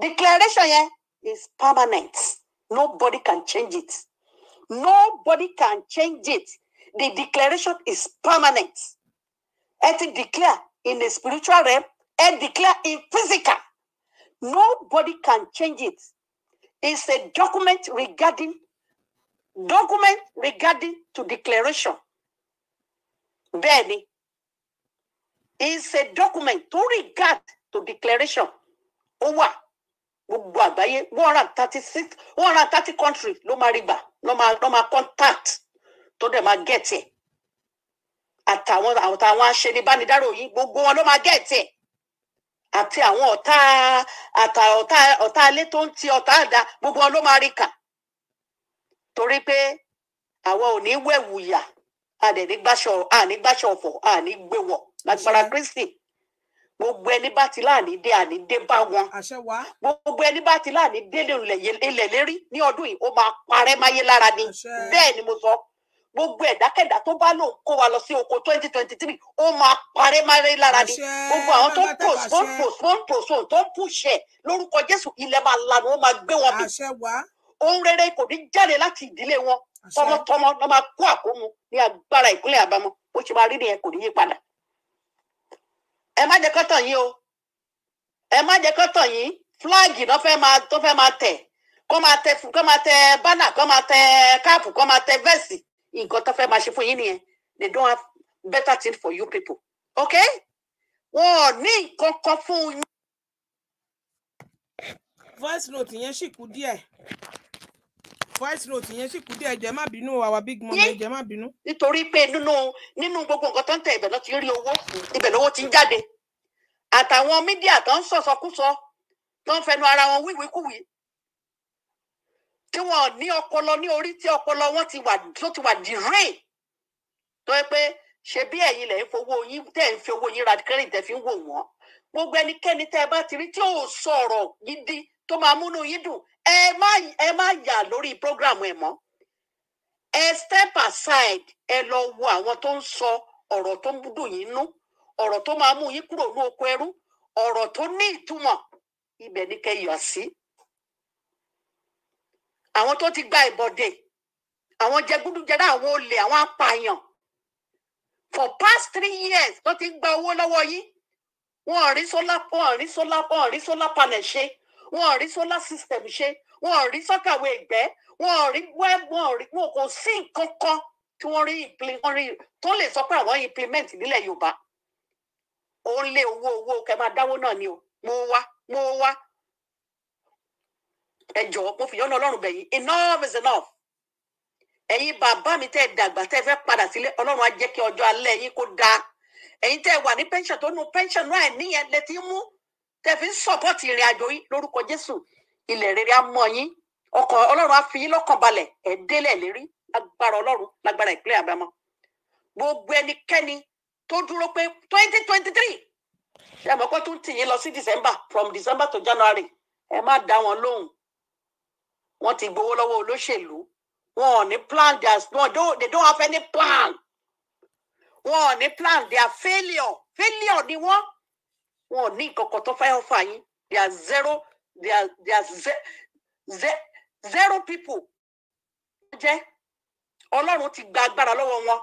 Declaration is permanent. Nobody can change it. Nobody can change it. The declaration is permanent. It declare in the spiritual realm and declare in physical. Nobody can change it. It's a document regarding document regarding to declaration. Bẹ́ẹ̀ni, it's a document to regard to declaration. Ó gbogbo àgbáyé one hundred and thirty six one hundred and thirty country ló máa rí gbà ló máa ló máa contact tó dẹ̀ máa gẹ̀ẹ́tì ẹ̀ àtàwọn àtàwọn aṣenibánidáró yìí gbogbo wọn ló máa gẹ̀ẹ́tì ẹ̀ àti àwọn ọ̀tá àtà ọ̀tá ọ̀tá ilé tó ń ti ọ̀tá àdá gbogbo wọn ló máa rí kà torí pé àwa ò ní wẹ̀wù yà àdẹ̀ nígbàṣọ ànígbàṣọ ọ̀fọ̀ ànígbèwọ̀ lágbára Kristi gbogbo ẹni bá ti láàní dé àní dé bá wọn gbogbo ẹni bá ti láàní délé ilẹ̀ lérí ní ọdún yìí ó máa parẹ́ máyé lára ni bẹ́ẹ̀ ni mo sọ gbogbo ẹ̀dákẹ́dá tó bá lòun kó wa lọ sí oko twenty twenty three ó máa parẹ́ máyé lára ni gbogbo àwọn tó ń postpone postpone postpone tó ń pùṣẹ̀ lórúkọ Jésù ilẹ̀ máa lanu ó máa gbé wọn bí ohun rere kò ní jáde láti ìdílé wọn tọmọtọmọ ló máa kó àkómú ní agbára ìpínlẹ̀ àbámọ́ bó ṣe máa rí nìyẹn kò ní yí padà ẹ má jẹ́ kán tàn yín o ẹ má jẹ́ kán tàn yín fúláàgì náà fẹ́ máa tó fẹ́ máa tẹ̀ kó máa tẹ kó máa tẹ bánà kó máa tẹ káàpù kó máa tẹ vẹ́ẹ̀sì nǹkan tó fẹ́ máa ṣe fún yín nìyẹn they don't have better thing for you people okay wọn ò ní nǹkan kan fún yín. voice note yẹn sì kú díẹ̀ voice note yẹn sì kú díẹ̀ jẹ́ má bínú àwa big mom ẹ jẹ́ má bínú. nítorí pé nínú nínú gbogbo nǹkan tó ń tẹ ibẹ̀ ló ti rí owó ibẹ̀ lówó ti ń jáde àtàwọn mídíà tó ń sọ̀sọkúsọ tó ń fẹnu ara wọn wíwíkúwìí tí wọn ní ọpọlọ ní orí tí ọpọlọ wọn ti wà tó ti wà dìrè tó yẹ pé ṣe bí ẹ̀yin lẹ ń fowó yín tẹ ń fi owó yín ra credit tẹ fi ń wò wọn gbogbo ẹnikẹ́ni tẹ bá ti rí tí ò sọ̀rọ̀ gidi tó máa múnú yín dùn ẹ má ẹ má yà lórí program ẹ mọ́ ẹ step aside ẹ lọ wo àwọn tó ń sọ ọ̀rọ̀ tó ń dùn yín nú ọ̀rọ̀ tó máa mú yín kúrò ní oko ẹrú ọ̀rọ̀ tó ní ìtumọ̀ ibẹ̀ ni kẹ́ yọ̀ sí. àwọn tó ti gba ìbọ̀dé àwọn jẹgúdújẹrá àwọn olè àwọn apààyàn for past three years tó ti ń gba owó lọ́wọ́ yín wọ́n rí solar wọ́n rí solar wọ́n rí solar panel ṣe wọn ò rí solar system ṣe wọn ò rí sọ́kàwé ìgbẹ́ wọn ò rí wẹ́ẹ̀ wọn ò rí wọn kò sí nǹkan kan tí wọ́n rí wọ́n tó lè sọ pé àwọn implement nílẹ̀ Yorùbá ó ń lé owó owó kẹ máa dáwó náà ni o mo wá mo wá ẹ jọ̀ọ́ mo fìyọ́nà Ọlọ́run bẹ̀yìn enough is enough ẹ̀yin bàbá mi tẹ́ dàgbà tẹ́ fẹ́ padà sílé Ọlọ́run á jẹ́ kí ọjọ́ alẹ́ yín kó dáa ẹ̀yin tẹ́ wà ní pension tó nu pension náà ẹ̀ níyẹn lẹ́tí mú tẹ̀fí ń sọ̀pọ̀tì ìrìn àjò yín lórúkọ Jésù ilẹ̀ rere á mọ yín ọkọ̀ Ọlọ́run á fi yín lọ́kàn balẹ̀ ẹ̀ délẹ̀ lérí lágbára Ọlọ́run lágbára ìpínlẹ̀ Àbámọ́ gbogbo ẹnikẹ́ni tó dúró pé twenty twenty three ṣe mọ̀ pé tó ń tì yín lọ sí December from December to January ẹ má dá wọn lóhùn wọn ti gbowó lọ́wọ́ olóṣèlú wọn ò ní plan their wọn they don't have any plan wọn ò ní plan their failure failure ni wọn wọn ò ní nǹkan kan tó fẹ́ ọ̀fà yín they are zero they are they are ze ze zero people jẹ́ ọlọ́run ti gba agbára lọ́wọ́ wọn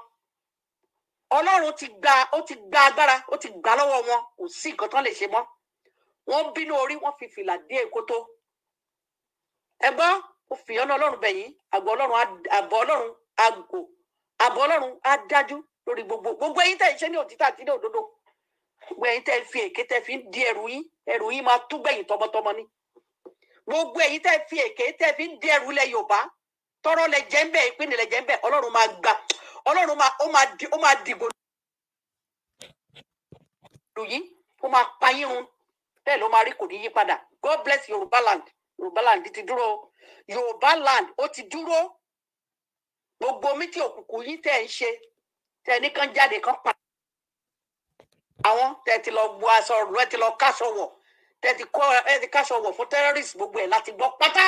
ọlọ́run ti gba ó ti gba agbára ó ti gbà lọ́wọ́ wọn kò sí nǹkan tán lè ṣe mọ́ wọ́n bínú orí wọ́n fi fìlà dé èkótó ẹ gbọ́ ó fi ọ́nà ọlọ́run bẹ̀ yín àgọ́ ọlọ́run àbọ̀ ọlọ́run àgò àbọ̀ ọlọ́run á dájú lórí gbogbo gbogbo eyín tẹ̀ ń ṣe ní òtítà àti ní òdodo gbogbo tẹ́ fi èké tẹ́ fi di ẹrù yín ẹrù yín máa tú tọmọtọmọ ni gbogbo èyí tẹ́ fi èké tẹ́ fi di ẹrù lẹ Yorùbá tọrọ lẹ jẹ ń bẹ ìpínlẹ̀ lẹ jẹ ń bẹ máa gbà máa ó máa di ó máa dìgbò lù yín ó máa pa yín ló máa rí kò ní yí padà God àwọn tẹ́tí lọ bu aṣọ rẹ ti lọ káṣọ wọ̀ tẹ́tí kọ́ ẹ ti káṣọ wọ̀ fún terrorist gbogbo ẹ̀ láti gbọ́ pátá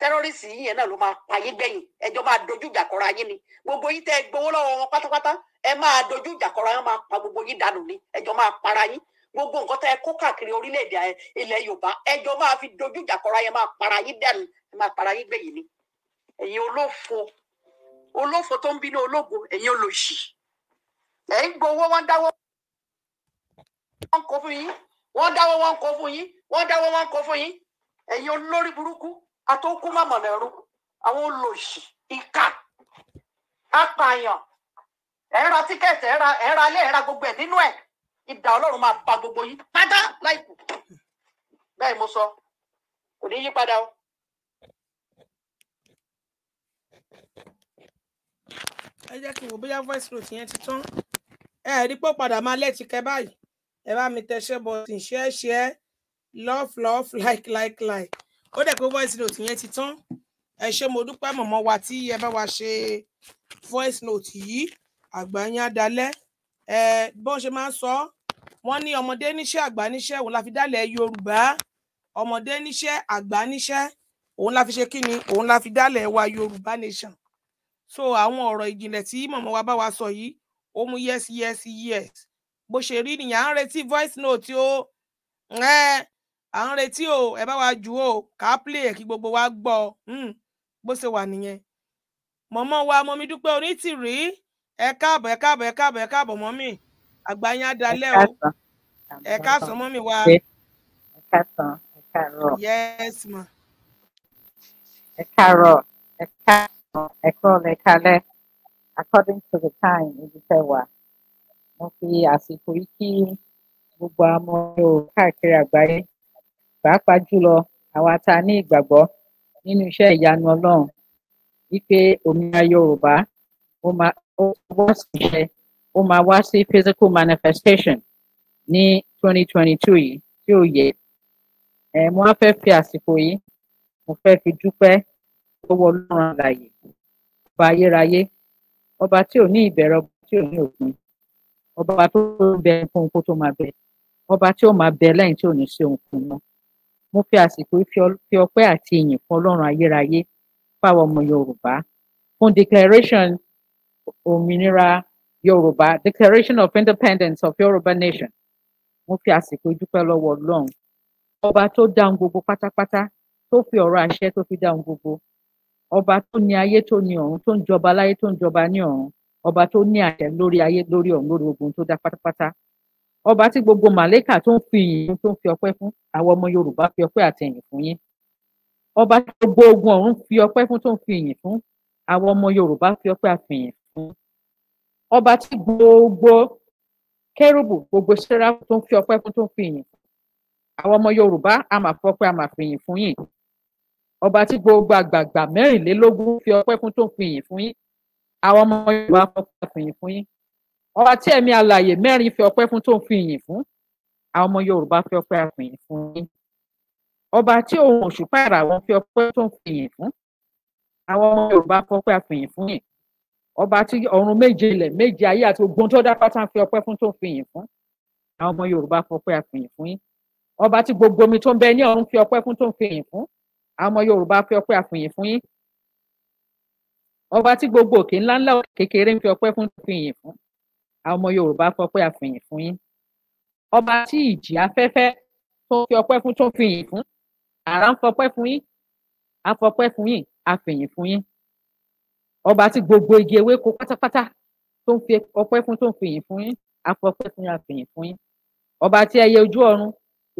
terrorist yìí yẹn náà ló máa payé gbẹ̀yìn ẹjọ́ máa dojú ìjà kọra yín ni gbogbo yín tẹ́ ẹ gbowó lọ́wọ́ wọn pátápátá ẹ máa dojú ìjà kọra yín máa pa gbogbo yín dànù ni ẹjọ́ máa para yín gbogbo nǹkan tẹ́ ẹ kó káàkiri orílẹ̀-èdè ilẹ̀ yorùbá ẹjọ́ máa fi dojú ìjà kọra yín máa para yín dànù ẹ máa para yín gbẹ̀yìn ni ẹ̀yin olófo olófo tó ń bínú ológo ẹ̀yin olóṣì ẹ̀ gbowó wọn dáwọ́ wọ́n kó fún yín wọ́n dáwọ́ wọ́n kó fún yín wọ́n dáwọ́ wọ́n kó fún yín ẹ̀yin olórí burúkú àtòkú mọ̀mọ́nà ẹ̀rú àwọn olòṣì ìka apààyàn ẹ̀ra tíkẹ́ẹ̀tì ẹ̀ra ẹ̀ra alẹ́ ẹ̀ra gbogbo ẹ̀ nínú ẹ̀ ìdá ọlọ́run máa pa gbogbo yín pátá láìpù bẹ́ẹ̀ mo sọ kò ní yí padà o. ẹ jẹ́ kí n wò bóyá voice note yẹn ti tán ẹ rí pé padà máa lẹ́ẹ̀tì kẹ báyìí ẹ bá mi tẹṣẹ bọtìn share share love love like like like ó dẹ̀ pé voice note yẹn ti tán ẹ ṣé mo dúpẹ́ mọ̀mọ́ wa tí ẹ bá wa ṣe voice note yìí àgbà yẹn á dalẹ̀ ẹ bó ṣe máa ń sọ wọ́n ní ọmọdé níṣẹ́ àgbà níṣẹ́ òun la fi dálẹ̀ Yorùbá ọmọdé níṣẹ́ àgbà níṣẹ́ òun la fi ṣe kí ni òun la fi dálẹ̀ wa Yorùbá nation so àwọn ọ̀rọ̀ ìjìnlẹ̀ tí mọ̀mọ́ wa bá wa sọ yìí ó mú yes yes yes bó ṣe rí nìyẹn ń retí voice note o à ń retí o ẹ bá wa jù o ká play ẹ kí gbogbo wa gbọ́ hmm. bó ṣe wà nìyẹn mọ̀mọ́ wa mọ̀mí dúpẹ́ onítìrí ẹ káàbọ̀ ẹ káàbọ̀ ẹ káàbọ̀ ẹ káàbọ̀ mọ́mì àgbà yín á dalẹ́ o ẹ káàsán mọ́mì wa. ẹ káàsán ẹ káàárọ̀. yes ma. ẹ káàárọ̀ ẹ káàsán ẹ kúrò lẹ́kálẹ́ according to the time ibi tẹ́ wà wọ́n fi àsìkò yìí kí gbogbo àmọ́ ò káàkiri àgbáyé pàápàá jùlọ àwa tá a ní ìgbàgbọ́ nínú iṣẹ́ ìyanu ọlọ́run wípé òmìnira yorùbá ó máa wá sí iṣẹ́ ó máa wá sí physical manifestation ní 2022 yìí tí ó yẹ ẹ mo wá fẹ́ fi àsìkò yìí mo fẹ́ fi dúpẹ́ owó ọlọ́run àlàyé ọba ayérayé ọba tí ò ní ìbẹ̀rẹ̀ ọba tí ò ní òpin ọba tó bẹ fún ohun kó tó máa bẹ ọba tí ó máa bẹ lẹ́yìn tí ò ní sí ohun kan náà mo fi àsìkò fi ọpẹ́ àti ìyìn fún Ọlọ́run ayérayé fáwọn ọmọ Yorùbá fún declaration òmìnira Yorùbá declaration of independence of Yorùbá nation mo fi àsìkò ìdúpẹ́ lọ́wọ́ Ọlọ́run ọba tó dá ohun gbogbo pátápátá tó fi ọ̀rọ̀ àṣẹ tó fi dá gbogbo ọba tó ní ayé tó ní ọ̀run tó ń jọba láyé tó ń jọba ní ọ̀run ọba tó ní àṣẹ lórí ayé lórí ọ̀run lórí ogun tó dá pátápátá ọba tí gbogbo màlẹ́kà tó ń fi ìyìn tó ń fi ọpẹ́ fún àwọn ọmọ yorùbá fi ọpẹ́ àtẹ̀yìn fún yín ọba tí gbogbo ogun ọ̀run fi ọpẹ́ fún tó ń fi ìyìn fún àwọn ọmọ yorùbá fi ọpẹ́ àfihàn fún ọba tí gbogbo kérúbù gbogbo sẹ́ráfù tó ń fi ọpẹ́ fún tó ń fi ìyìn àwọn ọmọ yorùbá a máa fọpẹ́ a máa fi ìyìn fún yín ọba tí gbogbo àgbààgbà mẹ́rìnlélógún fi ọpẹ́ fún tó ń fi ìyìn fún yín àwọn ọmọ yorùbá fọpẹ́ fìyìn fún yín ọba tí ẹ̀mí alààyè mẹ́rin fi ọpẹ́ fún tó ń fìyìn fún àwọn ọmọ yorùbá fi ọpẹ́ fìyìn fún yín ọba tí òun òṣùpá ìràwọ̀ fi ọpẹ́ tó ń fìyìn fún àwọn ọmọ yorùbá fọpẹ́ fìyìn fún yín ọba tí ọ̀run méje ilẹ̀ méje ayé àti ogun tó dá pátá fi ọpẹ́ fún tó ń fìyìn fún àwọn ọmọ yorùbá fọpẹ́ fìyìn fún yín ọba tí gbogbo omi tó ń bẹ ní ọ̀run fi ọpẹ́ fún tó ń fìyìn fún àwọn ọmọ yorùbá fi ọpẹ́ fìyìn fún yín ọba tí gbogbo òkè ńláńlá òkè kékeré ń fi ọpẹ́ fún fìyìn fún àwọn ọmọ yorùbá fọpẹ́ àfìyìn fún yín ọba tí ìjì afẹ́fẹ́ tó ń fi ọpẹ́ fún tó ń fìyìn fún àrà ń fọpẹ́ fún yín afọpẹ́ fún yín àfìyìn fún yín ọba tí gbogbo igi ewéko pátápátá tó ń fi ọpẹ́ fún tó fìyìn fún yín afọpẹ́ fún yín àfìyìn fún yín ọba tí ẹyẹ ojú ọ̀run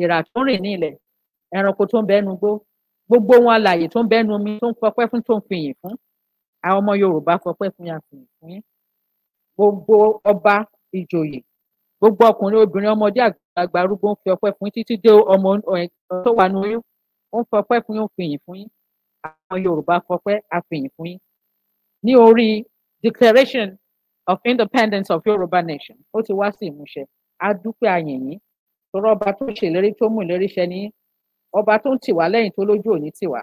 ìrà tó rìn ní ilẹ̀ ẹranko tó ń bẹnu gbó gbogbo wọn alààyè tó ń bẹnu omi tó ń fọpẹ́ fún tó fìyìn fún àwọn ọmọ yorùbá fọpẹ́ fún yàtọ̀ fún gbogbo ọba ìjòyè gbogbo ọkùnrin obìnrin ọmọdé àgbàlagbà arúgbó ń fi ọpẹ́ fún yín títí dé ọmọ eh, tó wà nínú yín ó ń fọpẹ́ fún yín ó ń fìyìn fún yín àwọn yorùbá fọpẹ́ àfìyìn fún yín ní orí declaration of independence of yorùbá nation ó ti wá sí ìmúṣẹ adúpẹ́ àyìnyín tọrọ ọba tó ṣèlérí tó mú ìlérí ṣẹ ní ọba tó ń tì wá lẹ́yìn tó lójú òní tì wá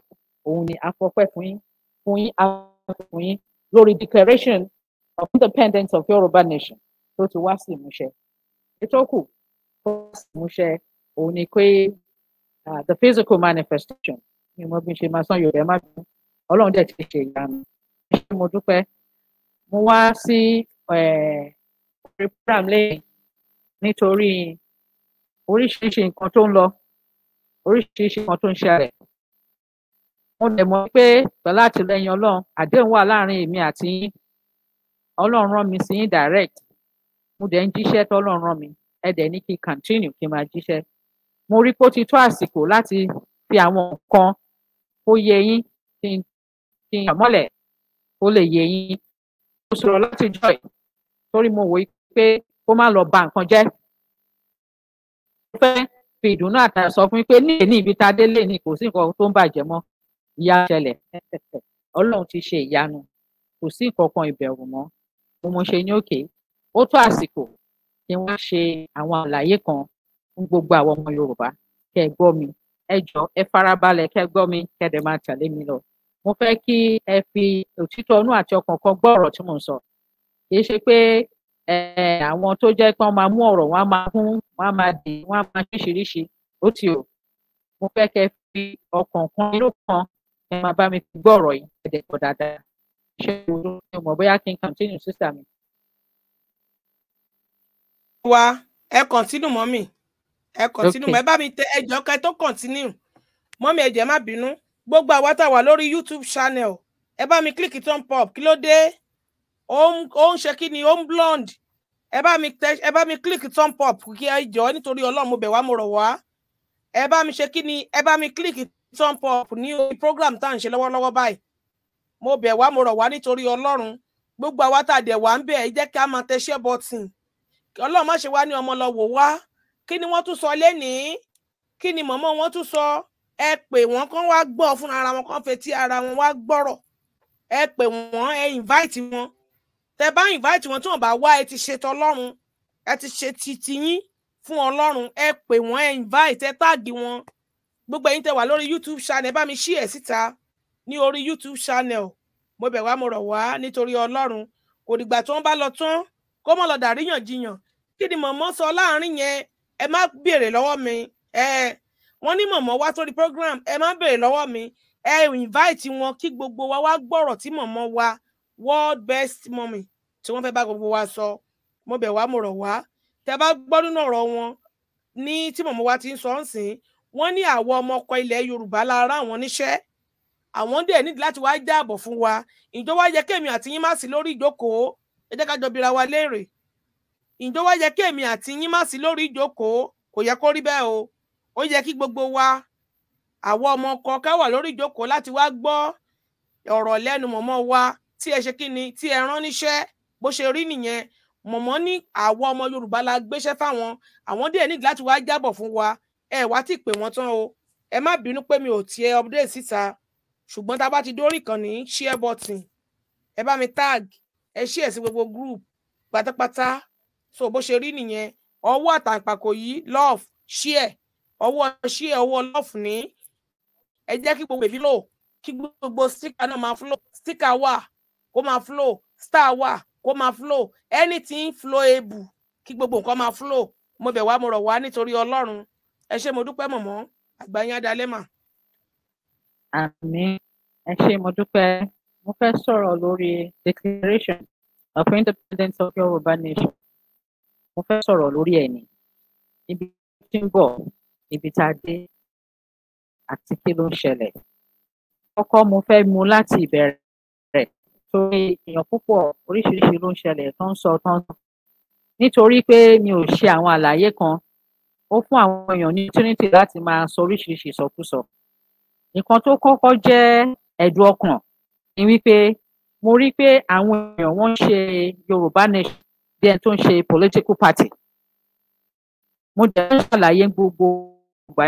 òun ni afọpẹ́ fún yín fún yín Glory declaration of independence of Yorùbá nation tó ti wá sí ìmúṣẹ ètò kù tó wá sí ìmúṣẹ òun ni the physical manifestation ni mo fi ṣe máa san Yorùbá má fi Ọlọ́run dẹ̀ ti ṣe ìyanu ṣé mo dúpẹ́ mo wá sí orí program lẹ́yìn nítorí oríṣiríṣi nǹkan tó ń lọ oríṣiríṣi nǹkan tó ń ṣẹlẹ̀ mo dẹ̀ mọ̀ pé pẹ̀lú àtìlẹyìn ọlọ́run àdéhùn wà láàrin èmi àti yín ọlọ́run rán mi sí yín direct mo dẹ̀ ń jíṣẹ́ tọ́lọ́run rán mi ẹ dẹ̀ ní kí n continue kí n máa jíṣẹ́ mo rí pé ó ti tó àsìkò láti fi àwọn nǹkan kó yé yín kí n kí n àmọ́lẹ̀ kó lè yé yín mo sọ̀rọ̀ láti jọ ẹ̀ torí mo wòye pé kó má lọ ba nǹkan jẹ́ mo fẹ́ fi ìdùnnú àtàrà sọ fún yín pé ní èní ibi tá a délé ni kò sí nǹkan tó ń bàjẹ́ mọ́ ìyá ṣẹlẹ̀ ọlọ́run ti ṣe ìyanu kò sí ìkọ̀kan ìbẹ̀rù mọ́ mo mọ ṣe ní òkè ó tó àsìkò kí wọ́n ṣe àwọn àlàyé kan fún gbogbo àwọn ọmọ yorùbá kẹ́ ẹ gbọ́ mi ẹ jọ ẹ farabalẹ̀ kẹ́ ẹ gbọ́ mi kẹ́ ẹ dẹ̀ máa tẹ̀lé mi lọ mo fẹ́ kí ẹ fi òtítọ́ inú àti ọkàn kan gbọ́ ọ̀rọ̀ tí mò ń sọ kì í ṣe pé àwọn tó jẹ́ pé wọ́n máa mú ọ̀rọ̀ wọn máa hún wọn máa dì wọ́n máa ṣíṣiríṣi ó ti o mo fẹ́ kẹ́ fi ọkàn kan inú kan ẹ máa bá mi fi gbọ́ ọ̀rọ̀ yìí ẹ̀dẹ̀ pọ̀ dáadáa ṣé o ló mọ̀ bóyá kí n continue sísà mi. wa ẹ kọ̀ntínú mọ́mì ẹ kọ̀ntínú mọ́ ẹ bá mi tẹ ẹjọ́ kẹ tó kọ̀ntínú mọ́mì ẹ jẹ́ má bínú gbogbo àwa tá a wà lórí YouTube channel ẹ bá mi kílìkì tó pop kí ló dé ó ń ṣe kí ni ó ń blond ẹ bá mi tẹ ẹ bá mi kílìkì tó pop kí ẹ jọ nítorí Ọlọ́run mo bẹ̀ wá mo rọ̀ wá ẹ bá mi ṣe kí ni ẹ bá mi kílìkì thumb up ní orí program tá à ń ṣe lọ́wọ́lọ́wọ́ báyìí mo bẹ̀ wá mo rọ̀ wá nítorí ọlọ́run gbogbo àwa tá a dẹ̀ wá ń bẹ̀ ẹ jẹ́ kí a máa tẹṣẹ́ bọ́tìn ọlọ́run má ṣe wá ní ọmọ lọ wò wá kí ni wọ́n tún sọ lénìí kí ni mọ̀mọ́ wọn tún sọ ẹ pè wọ́n kán wá gbọ́ fúnra ara wọn kán fetí ara wọn wá gbọ́rọ̀ ẹ pè wọ́n ẹ invite wọn tẹ bá invite wọn tí wọn bá wá ẹ ti ṣe tọlọ́run ẹ ti ṣe titi yín fún ọlọ́run ẹ pè wọ́n ẹ invite ẹ táàgì wọn gbogbo ẹ̀yin tẹ́ wà lórí youtube channel bá mi ṣí ẹ síta ní orí youtube channel mo bẹ̀ wá mo rọ̀ wá nítorí ọlọ́run kò dìgbà tó ń bá lọ tán kó mọ̀ lọ dàríyànjiyàn kí ni mọ̀mọ́ sọ láàrin yẹn ẹ má béèrè lọ́wọ́ mi wọ́n ní mọ̀mọ́ wá sórí program ẹ má béèrè lọ́wọ́ mi ẹ invite wọn kí gbogbo wa wá gbọ́rọ̀ tí mọ̀mọ́ wa world best mummy tí wọ́n fẹ́ bá gbogbo wa sọ mo bẹ̀ wá mo rọ̀ wá tẹ́ bá gbọ́ nínú ọ̀rọ̀ wọn ní tí mọ̀mọ́ wa ti ń sọ ọ́n sìn wọ́n ní àwọn ọmọkọ ilẹ̀ yorùbá la rán àwọn níṣẹ́ àwọn dẹ̀ nídìí láti wáá dáàbò fún wa ìjọ wá yẹ kémi àti yín má sí lórí ìjókòó ẹ ká jọ wa léèrè ìjọ wá yẹ kémi àti yín má sí lórí ìjókòó kò yẹ kó rí bẹ́ẹ̀ o ó yẹ kí gbogbo wa àwọn ọmọ kan ká wà lórí ìjókòó láti wá gbọ́ ọ̀rọ̀ lẹ́nu mọ̀mọ́ wa tí ẹ ṣe kí ni tí ẹ rán níṣẹ́ bó ṣe rí nìyẹn mọ̀mọ́ ní àwọn ọmọ yorùbá la gbéṣẹ́ fáwọn àwọn díẹ̀ nídìí láti wá jábọ̀ fún wa ẹ wá ti pè wọ́n tán o ẹ má bínú pé mi ò tiẹ̀ update síta ṣùgbọ́n tá a bá ti dórí ìkànnì share button ẹ bá mi tag ẹ share sí gbogbo group pátápátá so bó ṣe rí nìyẹn ọwọ́ àtàǹpàkò yìí love share ọwọ́ share ọwọ́ love ní ẹ jẹ́ kí gbogbo èfílò kí gbogbo sticker náà máa flow sticker wà kó máa flow star wà kó máa flow anything flowable kí gbogbo nǹkan máa flow mo bẹ̀ wá mo rọ̀ wá nítorí ọlọ́run ẹ ṣé mo dúpẹ́ mọ̀mọ́ àgbáyé adalẹ́mà. àmín ẹ ṣé mo dúpẹ́ mo fẹ́ sọ̀rọ̀ lórí declaration of independence of Yorùbá nation mo fẹ́ sọ̀rọ̀ lórí ẹ̀ ní ibi tí ń bọ̀ ibi tá a dé àti kí ló ń ṣẹlẹ̀ kọ́kọ́ mo fẹ́ mú láti ìbẹ̀rẹ̀ torí èèyàn púpọ̀ oríṣiríṣi ló ń ṣẹlẹ̀ tó ń sọ tó ń sọ nítorí pé mi ò ṣe àwọn àlàyé kan ó fún àwọn èèyàn ní trinity láti máa sọ oríṣiríṣi ìsọkúsọ nǹkan tó kọ́kọ́ jẹ́ ẹ̀dùn ọkàn ni wípé mo rí pé àwọn èèyàn wọ́n ṣe yorùbá nation bí ẹni tó ń ṣe political party mo jẹ́ ń ṣàlàyé gbogbo ìgbà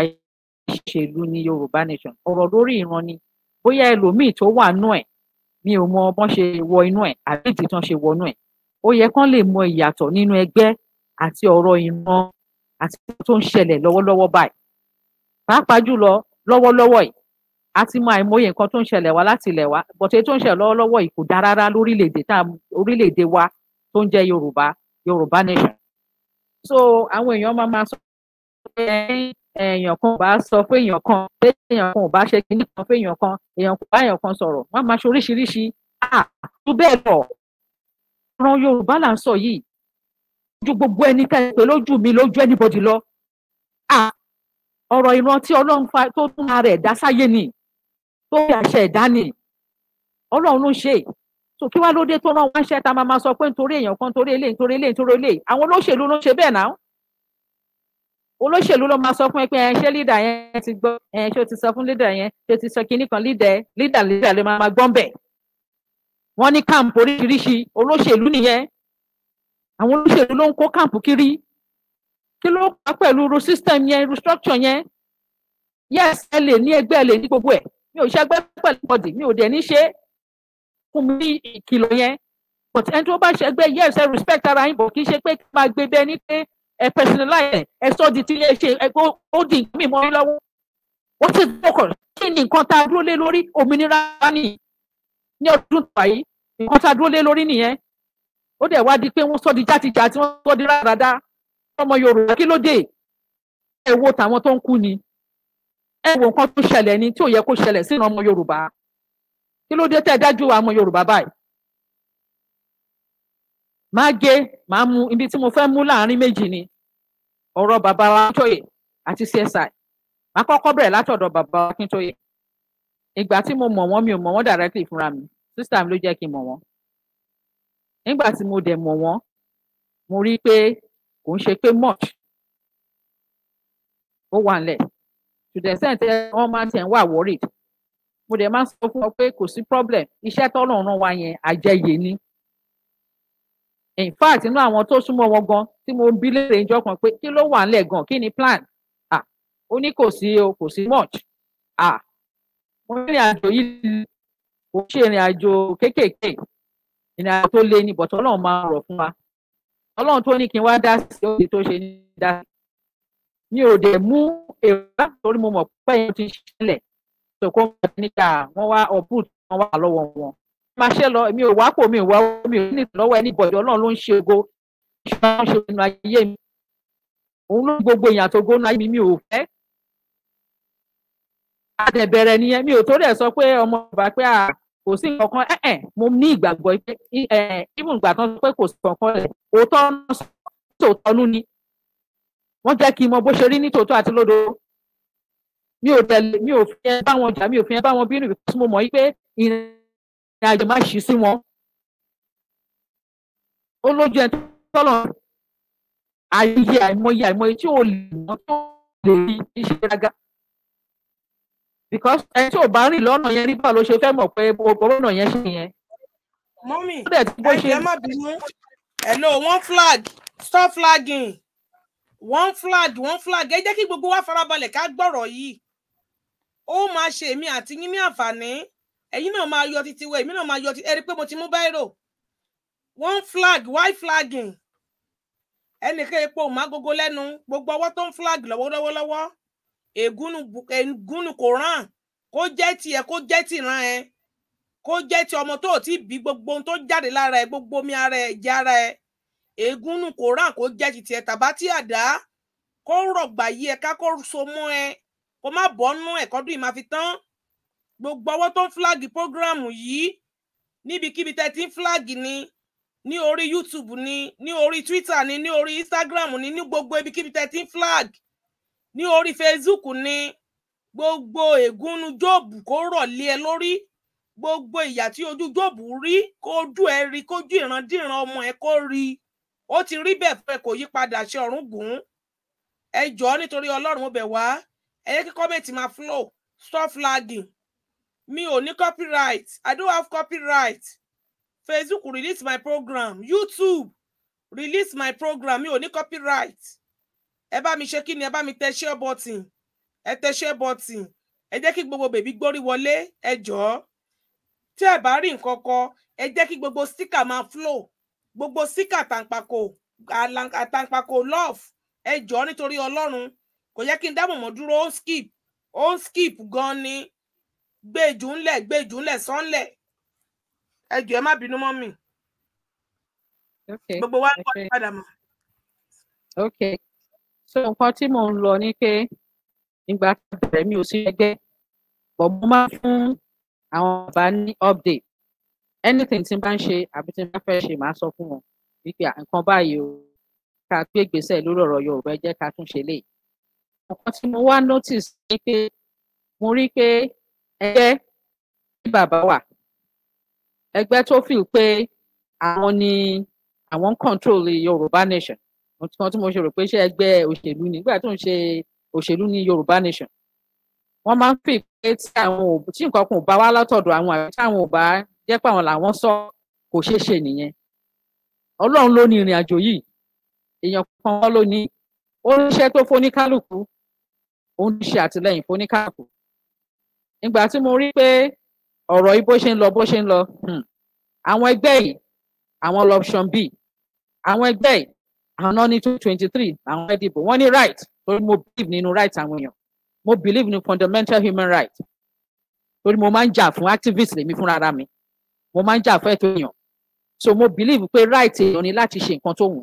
ìṣèlú ní yorùbá nation ọ̀rọ̀ lórí ìran ni bóyá ẹlòmíì tó wà nú ẹ̀ mi ò mọ bọ́n ṣe wọ inú ẹ̀ àbí ìdí tán ṣe wọnú ẹ̀ ó yẹ kán lè mọ ìyàtọ̀ nínú ẹgbẹ́ àti ọ̀rọ̀ ìran àti tó ń ṣẹlẹ̀ lọ́wọ́lọ́wọ́ báyìí pàápàá jùlọ lọ́wọ́lọ́wọ́ yìí a ti mọ àìmọye nǹkan tó ń ṣẹlẹ̀ wá láti ilẹ̀ wa bọ̀tẹ́ tó ń ṣẹlẹ̀ lọ́wọ́lọ́wọ́ yìí kò dáa rárá lórílẹ̀‐èdè tá orílẹ̀‐èdè wa tó ń jẹ́ Yorùbá Yorùbá nation so àwọn èèyàn máa ma sọ pé èèyàn kan ò bá sọ pé èèyàn kan pé èèyàn kan ò bá ṣe kíní kan pé èèyàn kan èèyàn kò bá èèyàn kan sọ̀rọ̀ wọ́n máa ṣe oríṣiríṣi à tó bẹ́ẹ̀ lọ ọ̀rọ̀ Yorùbá là ń sọ yìí ju gbogbo ẹni tẹ̀pẹ́ lójú mi lójú anybody lọ ọ̀rọ̀ ìran tí ọlọ́run fa tó tún ara ẹ̀dá sáyé ni tó fi àṣẹ ẹ̀dá ni ọlọ́run ló ṣe so kí wá ló dé tó rán wáṣẹ́ tá a máa sọ pé nítorí èèyàn kan nítorí eléyìí nítorí eléyìí nítorí eléyìí àwọn olóṣèlú ló ń ṣe bẹ́ẹ̀ náà olóṣèlú ló máa sọ fún ẹ pé ẹ ṣé lídà yẹn ti gbọ́ ẹ ṣé o ti sọ fún lídà yẹn ṣé o ti sọ kinní kan lídà lídà lídà lè máa gbọ́n bẹ̀ wọ́n ní káàmpù oríṣiríṣi olóṣèlú nìyẹn àwọn olóṣèlú ló ń kó kàǹpù kiri kí ló pa pẹ̀lú irú system yẹn irú structure yẹn yes ẹ lè ní ẹgbẹ́ ẹ lè ní gbogbo ẹ̀ mi ò ṣẹgbẹ́ pẹ̀lú bọ́dì mi ò dẹ̀ ní ṣe fún mi ní ìkìlọ̀ yẹn but ẹni tó bá ṣẹgbẹ́ yes ẹ respect ara yín bọ̀ kì í ṣe pé kí n máa gbé bẹ́ẹ̀ ní pé ẹ personalize ẹ sọ di ti ilé ṣe ẹ ó di nǹkan mi mọ́ mi lọ́wọ́ wọ́n ti dọ́kọ̀ kí ni nǹkan tá a dúró lé lórí òmìnira ní ní ọdún tó wáyé nǹkan tá a dúró lé lórí nìyẹn ó dẹ̀ wá di pé wọ́n sọ́ di játijàti wọ́n sọ́ di ráráda ọmọ yorùbá kí ló dé ẹ wo tàwọn tó ń kú ni ẹ wo nǹkan tó ṣẹlẹ̀ ni tí ò yẹ kó ṣẹlẹ̀ sínú ọmọ yorùbá kí ló dé tẹ́ dájú àwọn yorùbá báyìí máa gé máa mu ibi tí mo fẹ́ mú láàrin méjì ni ọ̀rọ̀ bàbá wa akíntóye àti csi máa kọ́kọ́ bẹ̀rẹ̀ látọ̀dọ̀ bàbá wa akíntóye ìgbà tí mo mọ̀ wọ́n mi ò mọ̀ wọ́n directly fúnra mi sísá mi ló jẹ́ kí n mọ̀ wọ́n nígbà tí mo dẹ̀ mọ̀ wọ́n mo rí i pé kò ń ṣe pé much ó wà nílẹ̀ to the extent ẹ wọ́n máa tiẹ̀ ń wà worried mo dẹ̀ máa sọ fún ọ pé kò sí problem iṣẹ́ tọ́lọ́run wa yẹn àjẹyè ni in fact inú àwọn tó súnmọ́ wọn gan tí mo bí léèrè ìjọ kan pé kí ló wà nílẹ̀ gan kí ni plan ah ó ní kò sí o kò sí much ah mo rìnrìn àjò yìí kò ṣe ìrìn àjò kéékèèké ìrìnàjò tó le ni but ọlọ́run máa rọ̀ fún wa ọlọ́run tó ní kí n wá dá sí òde tó ṣe ní dá sí mi ò dẹ̀ mú èrò láti torí mo mọ̀ pé ẹ̀yìn ti ṣẹlẹ̀ sọ̀kọ́ nígbà wọ́n wá ọ̀bùn wọ́n wà lọ́wọ́ wọn máa ṣe lọ mi ò wá pò mi ò wá ò ní lọ́wọ́ ẹni bọ̀dọ̀ ọlọ́run ló ń ṣe ogo ṣùgbọ́n ṣe nínú ayé mi òun ló gbogbo èèyàn tó gbóná ayé mi mi ò fẹ́ àtẹ̀bẹ̀rẹ̀ nìyẹn mi ò tó dẹ̀ sọ pé ọmọ bàbá pé à kò sí nǹkan kan ẹ ẹ mo ní ìgbàgbọ́ pé ẹ even ìgbà kan pé kò sí nǹkan rẹ̀ òótọ́ náà sòótọ́ nú ni wọ́n jẹ́ kí n mọ bó ṣe rí ní tòótọ́ àti lódo mi ò tẹ̀lé mi ò fi ẹ bá wọn jà mi ò fi ẹ bá wọn bínú because mo mọ̀ yí pé ìrìn àjò má ṣí sí wọn ó lójú ẹ tọ́lọ̀ ayé àìmọye àìmọye tí ò lè mọ́ tó lè rí iṣẹ́ dáadáa because ẹni tí ò bá rìn lọ́nà yẹn nígbà ló ṣe fẹ́ mọ̀ pé corona yẹn ṣe yẹn. mọ́mì ẹ̀jẹ̀ má bínú hello one flag stop flagging one flag one flag ẹ jẹ́ kí gbogbo wa farabalẹ̀ ká gbọ́rọ̀ yìí ó máa ṣe èmi àti yín ní àǹfààní ẹ̀yin náà máa yọ títí wẹ̀ èmi náà máa yọ títí ẹ rí i pé mo ti mú báírò one flag why flagging ẹnìkan epo ò má gogo lẹ́nu gbogbo ọwọ́ tó ń flag lọ́wọ́lọ́wọ́ lọ́wọ́. Lọ́wọ́ Egunu kò ràn kó jẹ́ tiẹ̀ kó jẹ́ tìran ẹ kó jẹ́ ti ọmọ tó ti bí gbogbo ohun tó jáde lára ẹ gbogbo omi ara ẹ jẹ ara ẹ ègúnù kò ràn kó jẹ́ ti tiẹ̀ tàbá tí àdá kó rọ̀gbà yí ẹ ká kó so mọ́ ẹ kó má bọ́nú ẹ kọ́dún yìí fi tán gbogbo ọwọ́ tó ń fúláàgì prógráàmù yìí níbikíbi tẹ́ ti ń fúláàgì ni ní orí YouTube ni ní orí Twitter ni ní orí Instagram ni ní gbogbo ibikíbi tẹ́ ti ń fúláàgì ní orí Facebook ní gbogbo ègúnnu jóòbù kó rọ̀ lé ẹ lórí gbogbo ìyà tí ojú jóòbù rí kójú ẹ rí kójú ìrandíran ọmọ ẹ kó rí ó ti rí bẹ́ẹ̀ fún ẹ kò yí padà ṣe ọ̀run gùn ẹ jọ̀ọ́ nítorí Ọlọ́run mo bẹ̀ wá ẹ yẹ kí kọ́mẹ̀tì máa flow stop flagging mi ò ní copyright I don't have copyright Facebook release my program YouTube release my program mi ò ní copyright ẹ bá mi ṣe kí ni ẹ bá mi tẹ share button ẹ tẹ share button ẹ jẹ́ kí gbogbo bèbí gbórí wọlé ẹ jọ̀ọ́ tí ẹ bá rí nǹkan kan ẹ jẹ́ kí gbogbo sticker máa flow gbogbo sticker àtàǹpàkò àtàǹpàkò love ẹ jọ̀ọ́ nítorí Ọlọ́run kò yẹ kí n dáàbò mọ́ dúró ó skip ó skip gan ni gbèjú ńlẹ̀ gbèjú ńlẹ̀ sánlẹ̀ ẹ jọ̀ọ́ ẹ má bínú mọ́ mi gbogbo wa ń bọ̀ padà mọ́ so nǹkan tí mò ń lọ ni pé ìgbà tó bẹ̀rẹ̀ mi ò sí ẹgbẹ́ but mo máa fún àwọn ọba ní update anything tí n bá ń ṣe àbí tí n bá fẹ́ ṣe màá sọ fún wọn wípé nǹkan báyìí o ká gbé ìgbésẹ̀ lórí ọ̀rọ̀ Yorùbá ẹ jẹ́ ká tún ṣe léyìí nǹkan tí mo wá notice ni pé mo rí pé ẹgbẹ́ tí bàbá wà ẹgbẹ́ tó fìl pé àwọn ni àwọn ń control Yorùbá nation kan tí mo ṣe rò pé ṣé ẹgbẹ́ òṣèlú ni nígbà tó ń ṣe òṣèlú ní Yorùbá Nation wọ́n máa ń fi pé tí àwọn tí nǹkan kan ò bá wá látọ̀dọ̀ àwọn àbí tí àwọn ò bá jẹ́ pé àwọn làwọn sọ kò ṣeé ṣe nìyẹn Ọlọ́run ló ní ìrìn àjò yìí èèyàn kan ló ní ó ń ṣe tó fóníkálùkù ó ń ṣe àtìlẹ́yìn fóníkálùkù nígbà tí mo rí pé ọ̀rọ̀ yìí bó ṣe ń lọ bó ṣe ń lọ hmm, àwọn ẹgbẹ́ yìí àwọn lọ́pṣọ̀n bíi àwọn ẹgbẹ́ yìí àwọn náà ní two twenty three àwọn ẹdìbò wọn ní right torí mo believe nínú right àwọn èèyàn mo believe nínú fundamental human right torí mo máa ń jà fún activist lèmi fúnra ara mi mo máa ń jà fún ẹ̀tọ́ èèyàn so mo believe pé right èèyàn ni láti ṣe nǹkan tó wù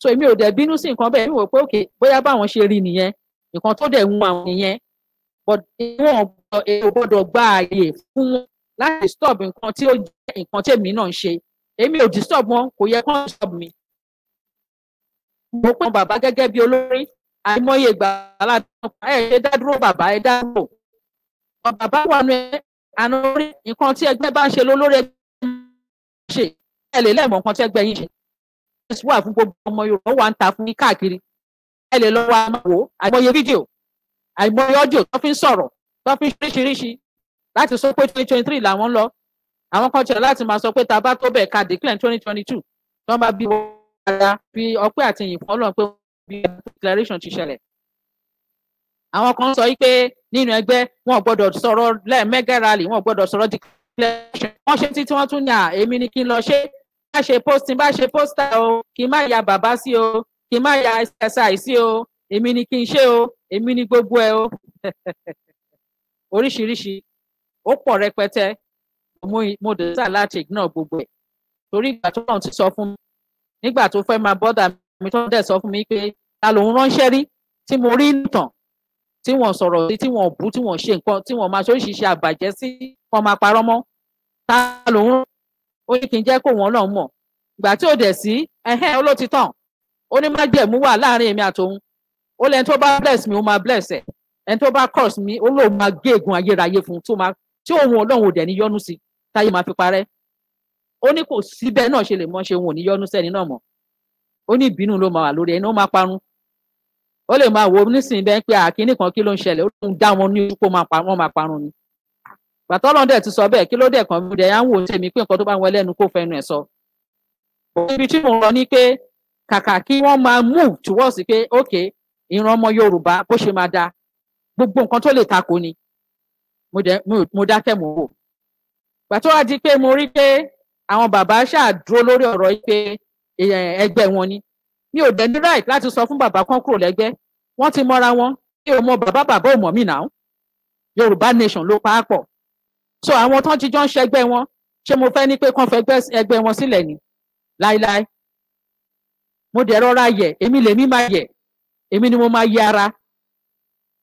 so èmi ò dẹ̀ bínú sí nǹkan bẹ́ẹ̀ mi wò pé ok bóyá báwọn ṣe rí nìyẹn nǹkan tó dẹ̀ ń àwọn nìyẹn but wọn ò gbọ́dọ̀ gba ààyè fún wọn láti stop nǹkan tí ó jẹ́ nǹkan tèmi náà ń ṣe èmi ò disturb wọn kò yẹ kán disturb mi mo pé bàbá gẹ́gẹ́ bí olórí àìmọye ìgbà aládùn ẹ ṣe dádúró bàbá ẹ dádúró bàbá wà nù ẹ àná orí nǹkan tí ẹgbẹ́ bá ń ṣe lólórí ẹgbẹ́ ṣe ẹ lè lẹ́mọ̀ nǹkan tí ẹgbẹ́ yín ṣe ẹ̀sùn wà fún gbogbo ọmọ Yorùbá wà ń ta fún yín káàkiri ẹ lè lọ́wọ́ àmọ́ àìmọye fídíò àìmọye ọ́díò tó fi ń sọ̀rọ̀ tó fi ń ṣeríṣiríṣi láti sọ pé twenty twenty three làwọn ń lọ àwọn kan tiẹ̀ láti máa sọ pé tá a bá tó bẹ̀ ká declare twenty twenty two tó máa bí wọn ara fi ọpẹ́ àti ìyìn fún Ọlọ́run pé bí declaration ti ṣẹlẹ̀ àwọn kan sọ wípé nínú ẹgbẹ́ wọn ò gbọ́dọ̀ sọ̀rọ̀ lẹẹmẹgẹrali wọn ò gbọ́dọ̀ sọ̀rọ̀ declaration wọn ṣe títí wọn tún ní à èmi ni kí n lọ ṣe bá ṣe posting bá ṣe poster o kí n má ya bàbá sí o kí n má ya exercise sí o èmi ni kí n ṣe o èmi ni gbogbo ẹ o oríṣiríṣi ó pọ̀ rẹpẹtẹ mo dé sá láti ignore gbogbo ẹ torí ìgbà tó náà ti sọ fún mi nígbà tó fẹ́ máa bọ́dà mi tó dẹ̀ sọ fún mi pé ta lòun ránṣẹ́ rí tí mo rí nìtàn tí wọ́n sọ̀rọ̀ sí tí wọ́n bú tí wọ́n ṣe nǹkan tí wọ́n máa ṣoríṣiṣẹ́ àbàjẹ́ sí wọ́n máa parọ́ mọ́ ta lòun ó ní kí n jẹ́ kó wọn náà mọ̀ ìgbà tí ò dẹ̀ sí ẹ̀hẹ́n ó ló ti tàn ó ní májẹ̀mú wà láàrin èmi àtòun ó lẹ́ni tó bá bless mi ó máa bless ẹ̀ ẹni tó bá curse mi ó lóun máa gé ègún ayérayé fún tó máa tí òun ọlọ́run ò dẹ̀ ní yọ́nú sí táyé máa fi parẹ́ ó ní kò síbẹ̀ náà ṣe lè mọ ṣe òun ò ní yọnu sẹ́ni náà mọ̀ ó ní ìbínú ló máa wà lórí ẹni ó máa parun ó lè máa wò nísìnyí bẹ́ẹ̀ pé àkíní kan kí ló ń ṣẹlẹ̀ ó lóun dá wọn ní ojú pé wọ́n máa parun ni pàtọ́lọ́n dẹ̀ ti sọ bẹ́ẹ̀ kí ló dẹ̀ kàn mí dẹ̀ yá ń wò tèmi pé nǹkan tó bá wọn lẹ́nu kó fẹnu ẹ̀ sọ ibi tí mo rọ ni pé kàkà kí wọ́n máa move towards pé ok ìran ọmọ Yorùbá bó ṣe máa da gbogbo nǹkan tó lè takò ni mo dákẹ́ mo wò pàtó wá di pé mo rí pé àwọn bàbá ṣáà dúró lórí ọ̀rọ̀ yìí pé ẹgbẹ́ wọn ni mi ò dẹ̀ ní right láti sọ fún bàbá kan kúrò lẹ́gbẹ́ wọ́n ti mọ́ra wọn mi ò mọ bàbá bàbá ò mọ̀ mí náà Yorùbá nation ló pa á pọ̀ so àwọn tán jíjọ ń ṣẹgbẹ́ wọn ṣé mo fẹ́ ní pé kán fẹ́ ẹgbẹ́ wọn sílẹ̀ ni láíláí mo dẹ̀ rọra yẹ èmi lèmi máa yẹ èmi ni mo máa yẹ ara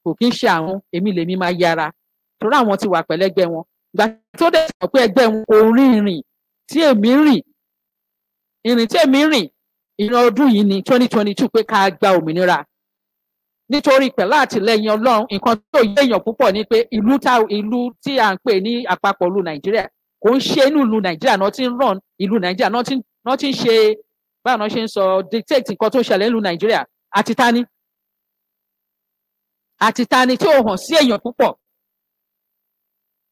kò kí ń ṣe àwọn èmi lèmi máa yẹ ara torí àwọn ti wà pẹ̀lẹ́gbẹ́ wọn ìgbà tó dẹ̀ sọ pé ẹgbẹ́ wọn kò rìn tí èmi rìn ìrìn tí èmi rìn ìran ọdún yìí ní twenty twenty two pé ká gba òmìnira nítorí pẹ̀lú àtìlẹyìn ọlọ́run nǹkan tó yé èèyàn púpọ̀ ni pé ìlú tá ìlú tí à ń pè ní àpapọ̀ ìlú nàìjíríà kò ń ṣe inú ìlú nàìjíríà náà ti ń ràn ìlú nàìjíríà náà ti ń ṣe báwọn ṣe ń sọ dictate nǹkan tó ṣẹlẹ̀ ìlú nàìjíríà àti tani àti tani tí ò hàn sí èèyàn púpọ̀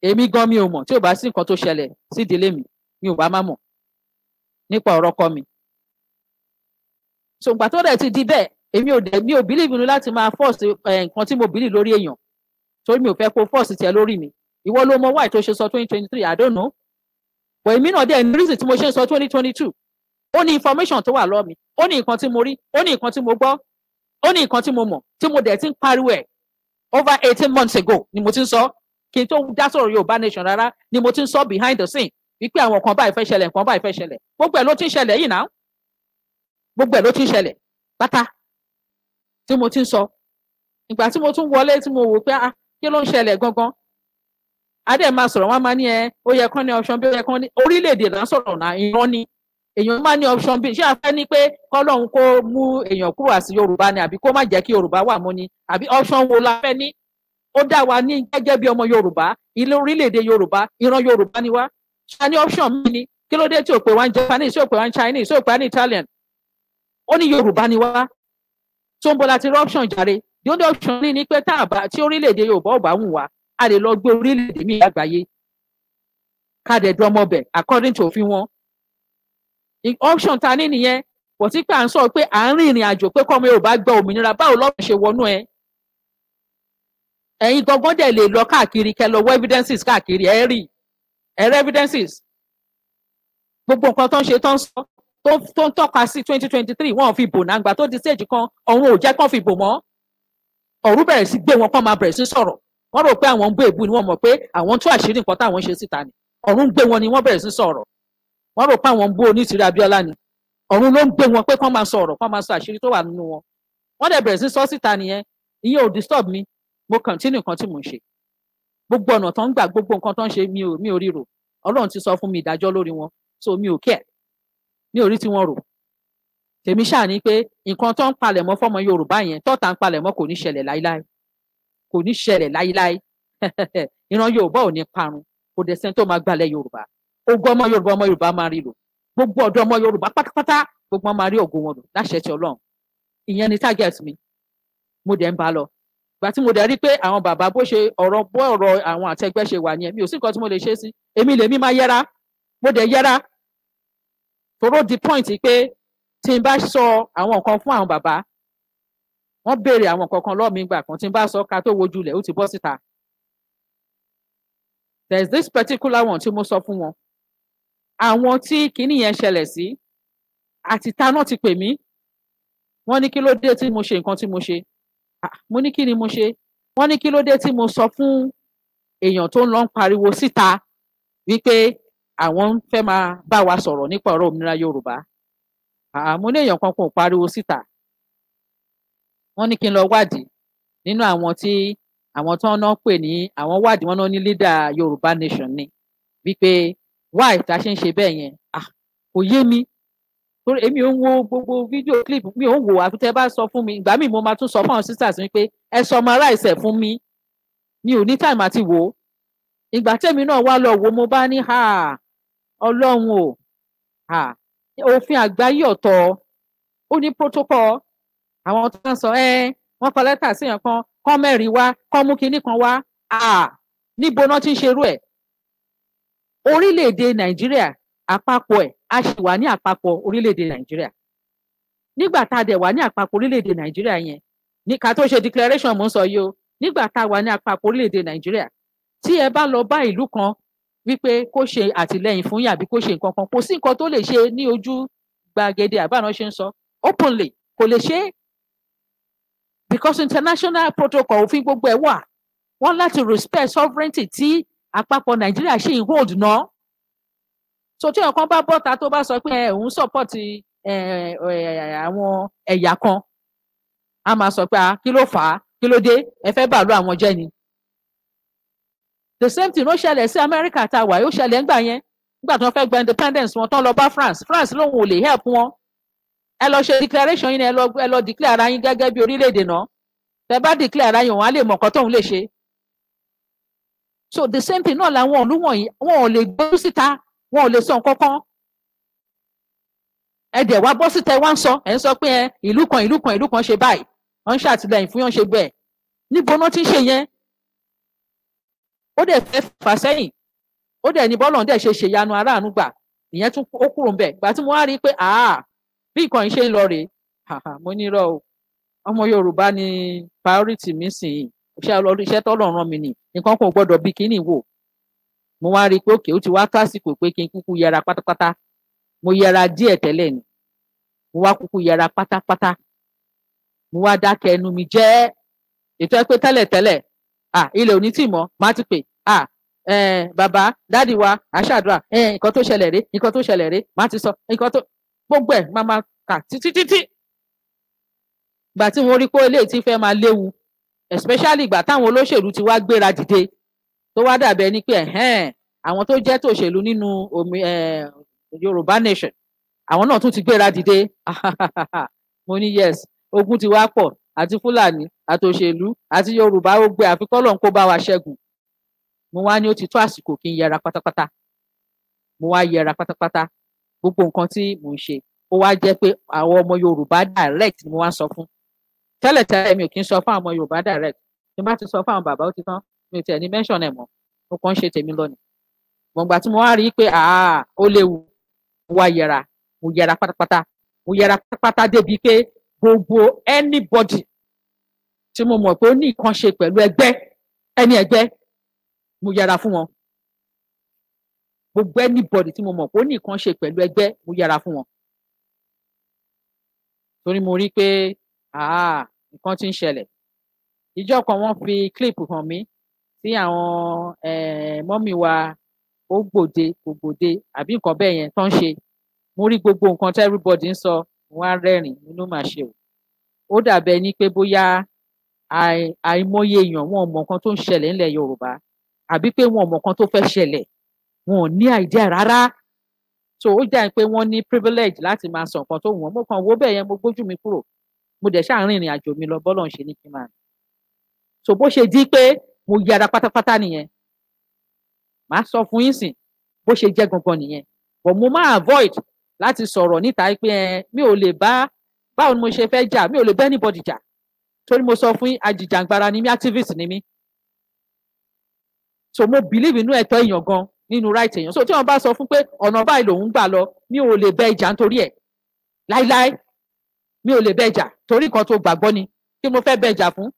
èmi gan mi ò mọ̀ tí ò bá sí nǹkan tó ṣẹlẹ̀ sídìílé mi mi ò bá má mọ̀ nípa ọ̀rọ̀ ọkọ mi ṣùgbọ́n tó dẹ̀ ti di bẹ́ẹ̀ èmi ò dẹ̀ mi ò bílíìfù ní láti máa fọ́ọ̀sì nǹkan tí mo bílíìfù lórí èèyàn torí mi ò fẹ́ kó fọ́ọ̀sì tiẹ̀ lórí mi ìwọ ló mọ wáì tó ṣe sọ twenty twenty three I don't know but èmi náà dẹ̀ ní reason tí mo ṣe ń sọ twenty twenty two ó ní information tó wà lọ́ọ̀ mi ó ní nǹkan tí mo rí ó ní nǹkan tí mo gbọ́ ó ní nǹkan tí mo mọ̀ tí mo dẹ̀ ti ń pariwo ẹ̀ over eighteen months ago ni mo ti ń sọ kí n tó dá sọ̀rọ̀ Yorùbá nation rárá ni mo ti ń sọ behind the scene wípé àwọn kan báyìí fẹ́ ṣẹlẹ̀ kan báyìí fẹ́ ṣẹlẹ̀ gbogbo ẹ̀ ló ti ń ṣẹlẹ̀ yìí náà gbogbo ẹ̀ ló ti ń ṣẹlẹ̀ pátá tí mo ti ń sọ ìgbà tí mo tún wọlé tí mo wò pé ah kí ló ń ṣẹlẹ̀ gangan adé máa sọ̀rọ̀ wọn máa ní ẹ ó yẹ kán ní option b ó yẹ kán ní orílẹ̀-èdè náà sọ̀rọ̀ náà ìran ni èèyàn máa ní option b ṣé a fẹ́ ní pé kọ́lọ́hún kó mú èèyàn kúrò àti yorùbá ni àbí kó má jẹ́ kí yorùbá wà mọ́ ni àbí option wo la fẹ́ ní ó dá wa ní gẹ́gẹ́ bí ọmọ yorùbá ilé orílẹ̀-èdè yorùbá ìran yorùbá ni wá ṣá ní option mi ni kí ló dé tí ò pé wá ń Japanese tí ò pé wá ń Chinese tí ò pé wá ń Italian ó ní Yorùbá ni wá tó ń bọ̀ láti rí option jàre the only option ní ni pé tá a bá tí orílẹ̀-èdè Yorùbá ò bá wù wá a lè lọ gbé orílẹ̀-èdè míì lágbàáyé ká dẹ̀ dún according to òfin wọn option ta ní nìyẹn kò sí pé à ń sọ pé à ń rin ìrìn àjò pé kọ́mọ Yorùbá gba òmìnira báwo lọ́rùn ṣe wọnú ẹ ẹ̀yin gangan dẹ̀ lè lọ káàkiri kẹ lọ wọ evidences káàkiri ẹ rí ẹ̀rọ evidences gbogbo nǹkan tó ń ṣe tó ń sọ tó ń tọ́ka sí twenty twenty three wọn ò fi bò náà gbà tó di stage kan ọ̀run ò jẹ́ kán fi bò mọ́ ọ̀rú bẹ̀rẹ̀ sí gbé wọn kán máa bẹ̀rẹ̀ sí sọ̀rọ̀ wọ́n rò pé àwọn ń bú èbú ni wọ́n mọ̀ pé àwọn ń tú àṣírí nǹkan táwọn ń ṣe síta ni ọ̀run ń gbé wọn ni wọ́n bẹ̀rẹ̀ sí sọ̀rọ̀ wọ́n rò pé àwọn ń bú onítìrí Abíọ́lá ni ọ̀run ló ń gbé wọn pé kán máa sọ̀rọ̀ kán máa sọ àṣírí tó wà nínú wọn wọ́n dẹ̀ bẹ̀rẹ̀ sí sọ síta nìyẹn ìyẹn ò disturb mi mo continue nǹkan tí mò ń ṣe gbogbo ọ̀nà tó ń gbà gbogbo nǹkan tó ń ṣe mi ò mi ò ríro ọlọ́run ti sọ fún mi ìdájọ́ lórí wọn so mi ò kẹ́ mi ò rí tiwọn rò tèmi ṣáà ni pé nǹkan tó ń palẹ̀mọ́ fọmọ yorùbá yẹn tọ́ta ń palẹ̀mọ́ kò ní ṣẹlẹ̀ láíláí kò ní ṣẹlẹ̀ láíláí ìran yorùbá ò ní parun kò dẹ̀ sẹ́ni tó máa gbalẹ̀ yorùbá ogun ọmọ yorùbá ọmọ yorùbá máa rí lò gbogbo ọ̀dọ́ ọmọ yorùbá pátápátá gbogbo wọn máa rí ògo wọn lò láṣẹ ti ọlọ́run ìyẹn ni target mi mo dẹ̀ ń bá lọ gbà tí mo dẹ̀ rí pé àwọn bàbá bó ṣe ọ̀rọ̀ bó ọ̀rọ̀ àwọn àtẹgbẹ́ ṣe wà yẹn mi ò sí nǹkan tí mo lè ṣe sí èmi lèmi máa yẹra mo dẹ̀ yẹra tòró di point pé tí n bá sọ àwọn nǹkan fún àwọn bàbá wọ́n béèrè àwọn nǹkan kan lọ́ọ̀mí gbà kan tí n bá sọ ká tó wojú lẹ̀ ó ti bọ́ síta there is this particular one tí mo sọ fún wọn àwọn tí kinní yẹn ṣẹlẹ̀ sí àti ta náà ti pè mí wọ́n ní kí ló dé tí mo ṣe nǹkan tí mo ṣe Ah, mo ní kí ni mo ṣe wọ́n ní kí ló dé tí mo sọ fún èèyàn tó ń lọ pariwo síta wípé àwọn ń fẹ́ máa bá wa sọ̀rọ̀ nípa ọ̀rọ̀ òmìnira Yorùbá ah, mo ní èèyàn kan kò pariwo síta wọ́n ní kí n lọ wádìí nínú àwọn tí àwọn tó ń pè ní àwọn wádìí wọn náà ní leader Yorùbá nation ni wípé why ta ṣe ń ṣe bẹ́ẹ̀ yẹn ah, kò yé mi torí èmi ò ń wo gbogbo fídíò clip mi ò ń wò àfi tẹ́ bá sọ fún mi ìgbà míì mo máa tún sọ fún àwọn sisters mi pé ẹ summarize ẹ fún mi mi ò ní time àti wò ó ìgbà tẹ́mi náà wá lọ wò mo bá ní ọlọ́run o òfin àgbáyé ọ̀tọ̀ ó ní protocol àwọn tó ń sọ ẹ wọ́n kọ lẹ́tà síyàn kan kọ́ mẹ́rin wá kọ́ mú kinní kan wá níbo náà ti ń ṣerú ẹ̀ orílẹ̀-èdè nàìjíríà àpapọ̀ ẹ̀ a sì wà ní àpapọ̀ orílẹ̀-èdè nàìjíríà nígbà tá a dẹ̀ wà ní àpapọ̀ orílẹ̀-èdè nàìjíríà yẹn ní ká tó ṣe declaration mò ń sọ yìí o nígbà tá a wà ní àpapọ̀ orílẹ̀-èdè nàìjíríà tí ẹ bá lọ bá ìlú kan wípé kó ṣe àtìlẹyìn fún yàbí kó ṣe nǹkan kan kò sí nǹkan tó lè ṣe ní ojú gbàgede àbáná ṣe ń sọ openly kò lè ṣe é because international protocol òfin gbogbo ẹ wà wọn láti respect sovereignty tí àpapọ̀ nàìjíríà ṣì ń hold náà. No? so tí ọ̀kan bá bọ́ta tó bá sọ pé òun support àwọn ẹ̀yà kan a máa sọ pé ah, kí ló fà á kí ló dé ẹ fẹ́ bàálù àwọn jẹ́ ni the same thing ó ṣẹlẹ̀ sí Amẹ́ríkà tá a wà yóò ṣẹlẹ̀ ńgbà yẹn nígbà tí wọ́n fẹ́ gba independence wọn tán lọ bá France France lòun ò lè help wọn ẹ lọ ṣe declaration yín ẹ lọ ẹ lọ declare ara yín gẹ́gẹ́ bí orílẹ̀-èdè náà tẹ́ bá declare ara yín òun á lè mọ̀ nǹkan tóun lè ṣe so the same thing náà làwọn òlú wọ̀nyí wọn ò lè gbójú síta wọn ò lè sọ nǹkan kan ẹ dẹ̀ wá bọ́ síta ẹ wá ń sọ ẹ ń sọ pé ẹ ìlú kan ìlú kan ìlú kan ṣe báyìí wọ́n ń ṣàtìlẹ́yìn fún yọ́n ṣe bẹ́ẹ̀ níbo náà ti ń ṣe yẹn ó dẹ̀ fẹ́ fà sẹ́yìn ó dẹ̀ ní bọ́lọ̀ dẹ̀ ṣe ṣèyanu aráàánú gbà ìyẹn tún ó kúrò ńbẹ̀ gbà tí mo wá rí i pé àá bí nǹkan yìí ṣe ń lọ rèé mo ní rọ o ọmọ Yorùbá ni priority mi sìn yìí iṣẹ́ ọlọ́run iṣẹ́ tọ́lọ́run mi nì nǹkan kan ò gbọ́dọ̀ bí kíní wò mo wá rí i pé òkè ó ti wá tásìkò pé kí n kúkú yẹra pátápátá mo yẹra díẹ̀ tẹ́lẹ̀ ni mo wá kúkú yẹra pátápátá mo wá dákẹ́ ẹnu mi jẹ́ ètò ẹ pé tẹ́lẹ̀ tẹ́lẹ̀ à ilẹ̀ ò ní tì mọ́ má ti pè à bàbá dáàdi wa àṣàdúrà nǹkan tó ṣẹlẹ̀ rèé nǹkan tó ṣẹlẹ̀ rèé má ti sọ nǹkan tó gbogbo ẹ̀ má má kà títí títí ìgbà tí mo rí pé eléyìí ti fẹ́ máa léwu especially ìgbà táwọn olóṣèlú ti wá gbéra dìde tó wá dàbẹ ni pé ẹhẹn àwọn tó jẹ́ tòṣèlú nínú yorùbá nation àwọn náà tún ti gbéra dìde mo ní yes ogun ti wá pọ̀ àti fúlàní àtòṣèlú àti yorùbá ó gbé àfikọ́lọ̀ ń kó bá wa ṣẹ́gun mo wá ní ó ti tó àsìkò kí n yẹra pátápátá mo wá yẹra pátápátá gbogbo nǹkan tí mò ń ṣe ó wá jẹ́ pé àwọn ọmọ yorùbá direct ni mo wá sọ fún tẹ́lẹ̀tẹ́lẹ̀ mi ò kí ń sọ fún àwọn ọmọ yorùbá direct tí n bá ti sọ fún àwọn bàbá ó ti tán mi tẹ̀ ní mention ẹ̀ mọ́ mo kàn ṣe tèmi lọ ni gbọ̀ngbà tí mo wá rí i pé ó léwu mo wá yẹra mo yẹra pátápátá mo yẹra pátápátá débi pé gbogbo anybody tí mo mọ̀ pé ó ní nǹkan ṣe pẹ̀lú ẹgbẹ́ ẹni ẹgbẹ́ mo yẹra fún wọn gbogbo anybody tí mo mọ̀ pé ó ní nǹkan ṣe pẹ̀lú ẹgbẹ́ mo yẹra fún wọn torí mo rí i pé nǹkan ti ń ṣẹlẹ̀ ìjọ kan wọ́n fi clip hàn mí tí àwọn eh, mọ́mì wa ó gbòde kò gbòde àbí nǹkan bẹ́ẹ̀ yẹn tó ṣe mo rí gbogbo nǹkan tí everybody ń sọ wọn á rẹ́rìn inú mà ṣe o ó dàbẹ̀ ni pé bóyá àìmọye èèyàn wọn ò mọ nǹkan tó ń ṣẹlẹ̀ ńlẹ̀ Yorùbá àbí pé wọn ò mọ nǹkan tó fẹ́ ṣẹlẹ̀ wọn ò ní idea rárá so ó dà pé wọ́n ní privilege láti máa sọ nǹkan tó wù wọ́n mo kàn wo bẹ́ẹ̀ yẹn mo gbójú mi kúrò mo dẹ̀ ṣáà rìnrìn àjò mi lọ bọ́lọ̀ ń ṣe ní kí máa so bó ṣe di pé mo yára pátápátá nìyẹn màá sọ fún yín sìn bó ṣe jẹ́ gangan nìyẹn but mo máa avoid láti sọ̀rọ̀ níta pé ẹ mi ò lè bá báwo ni mo ṣe fẹ́ jà mi ò lè bá anybody jà torí mo sọ fún yín ajìjàngbara ni mí activist ni mí so mo believe inú ẹ̀tọ́ èèyàn gan nínú right èèyàn so tí wọ́n bá sọ fún pé ọ̀nà báyìí lòun gbà lọ mi ò lè bẹ ìjà nítorí ẹ̀ láíláí mi ò lè bẹ ìjà torí nǹkan tó gbàgbọ́ ni kí mo fẹ́ bẹ ìjà fún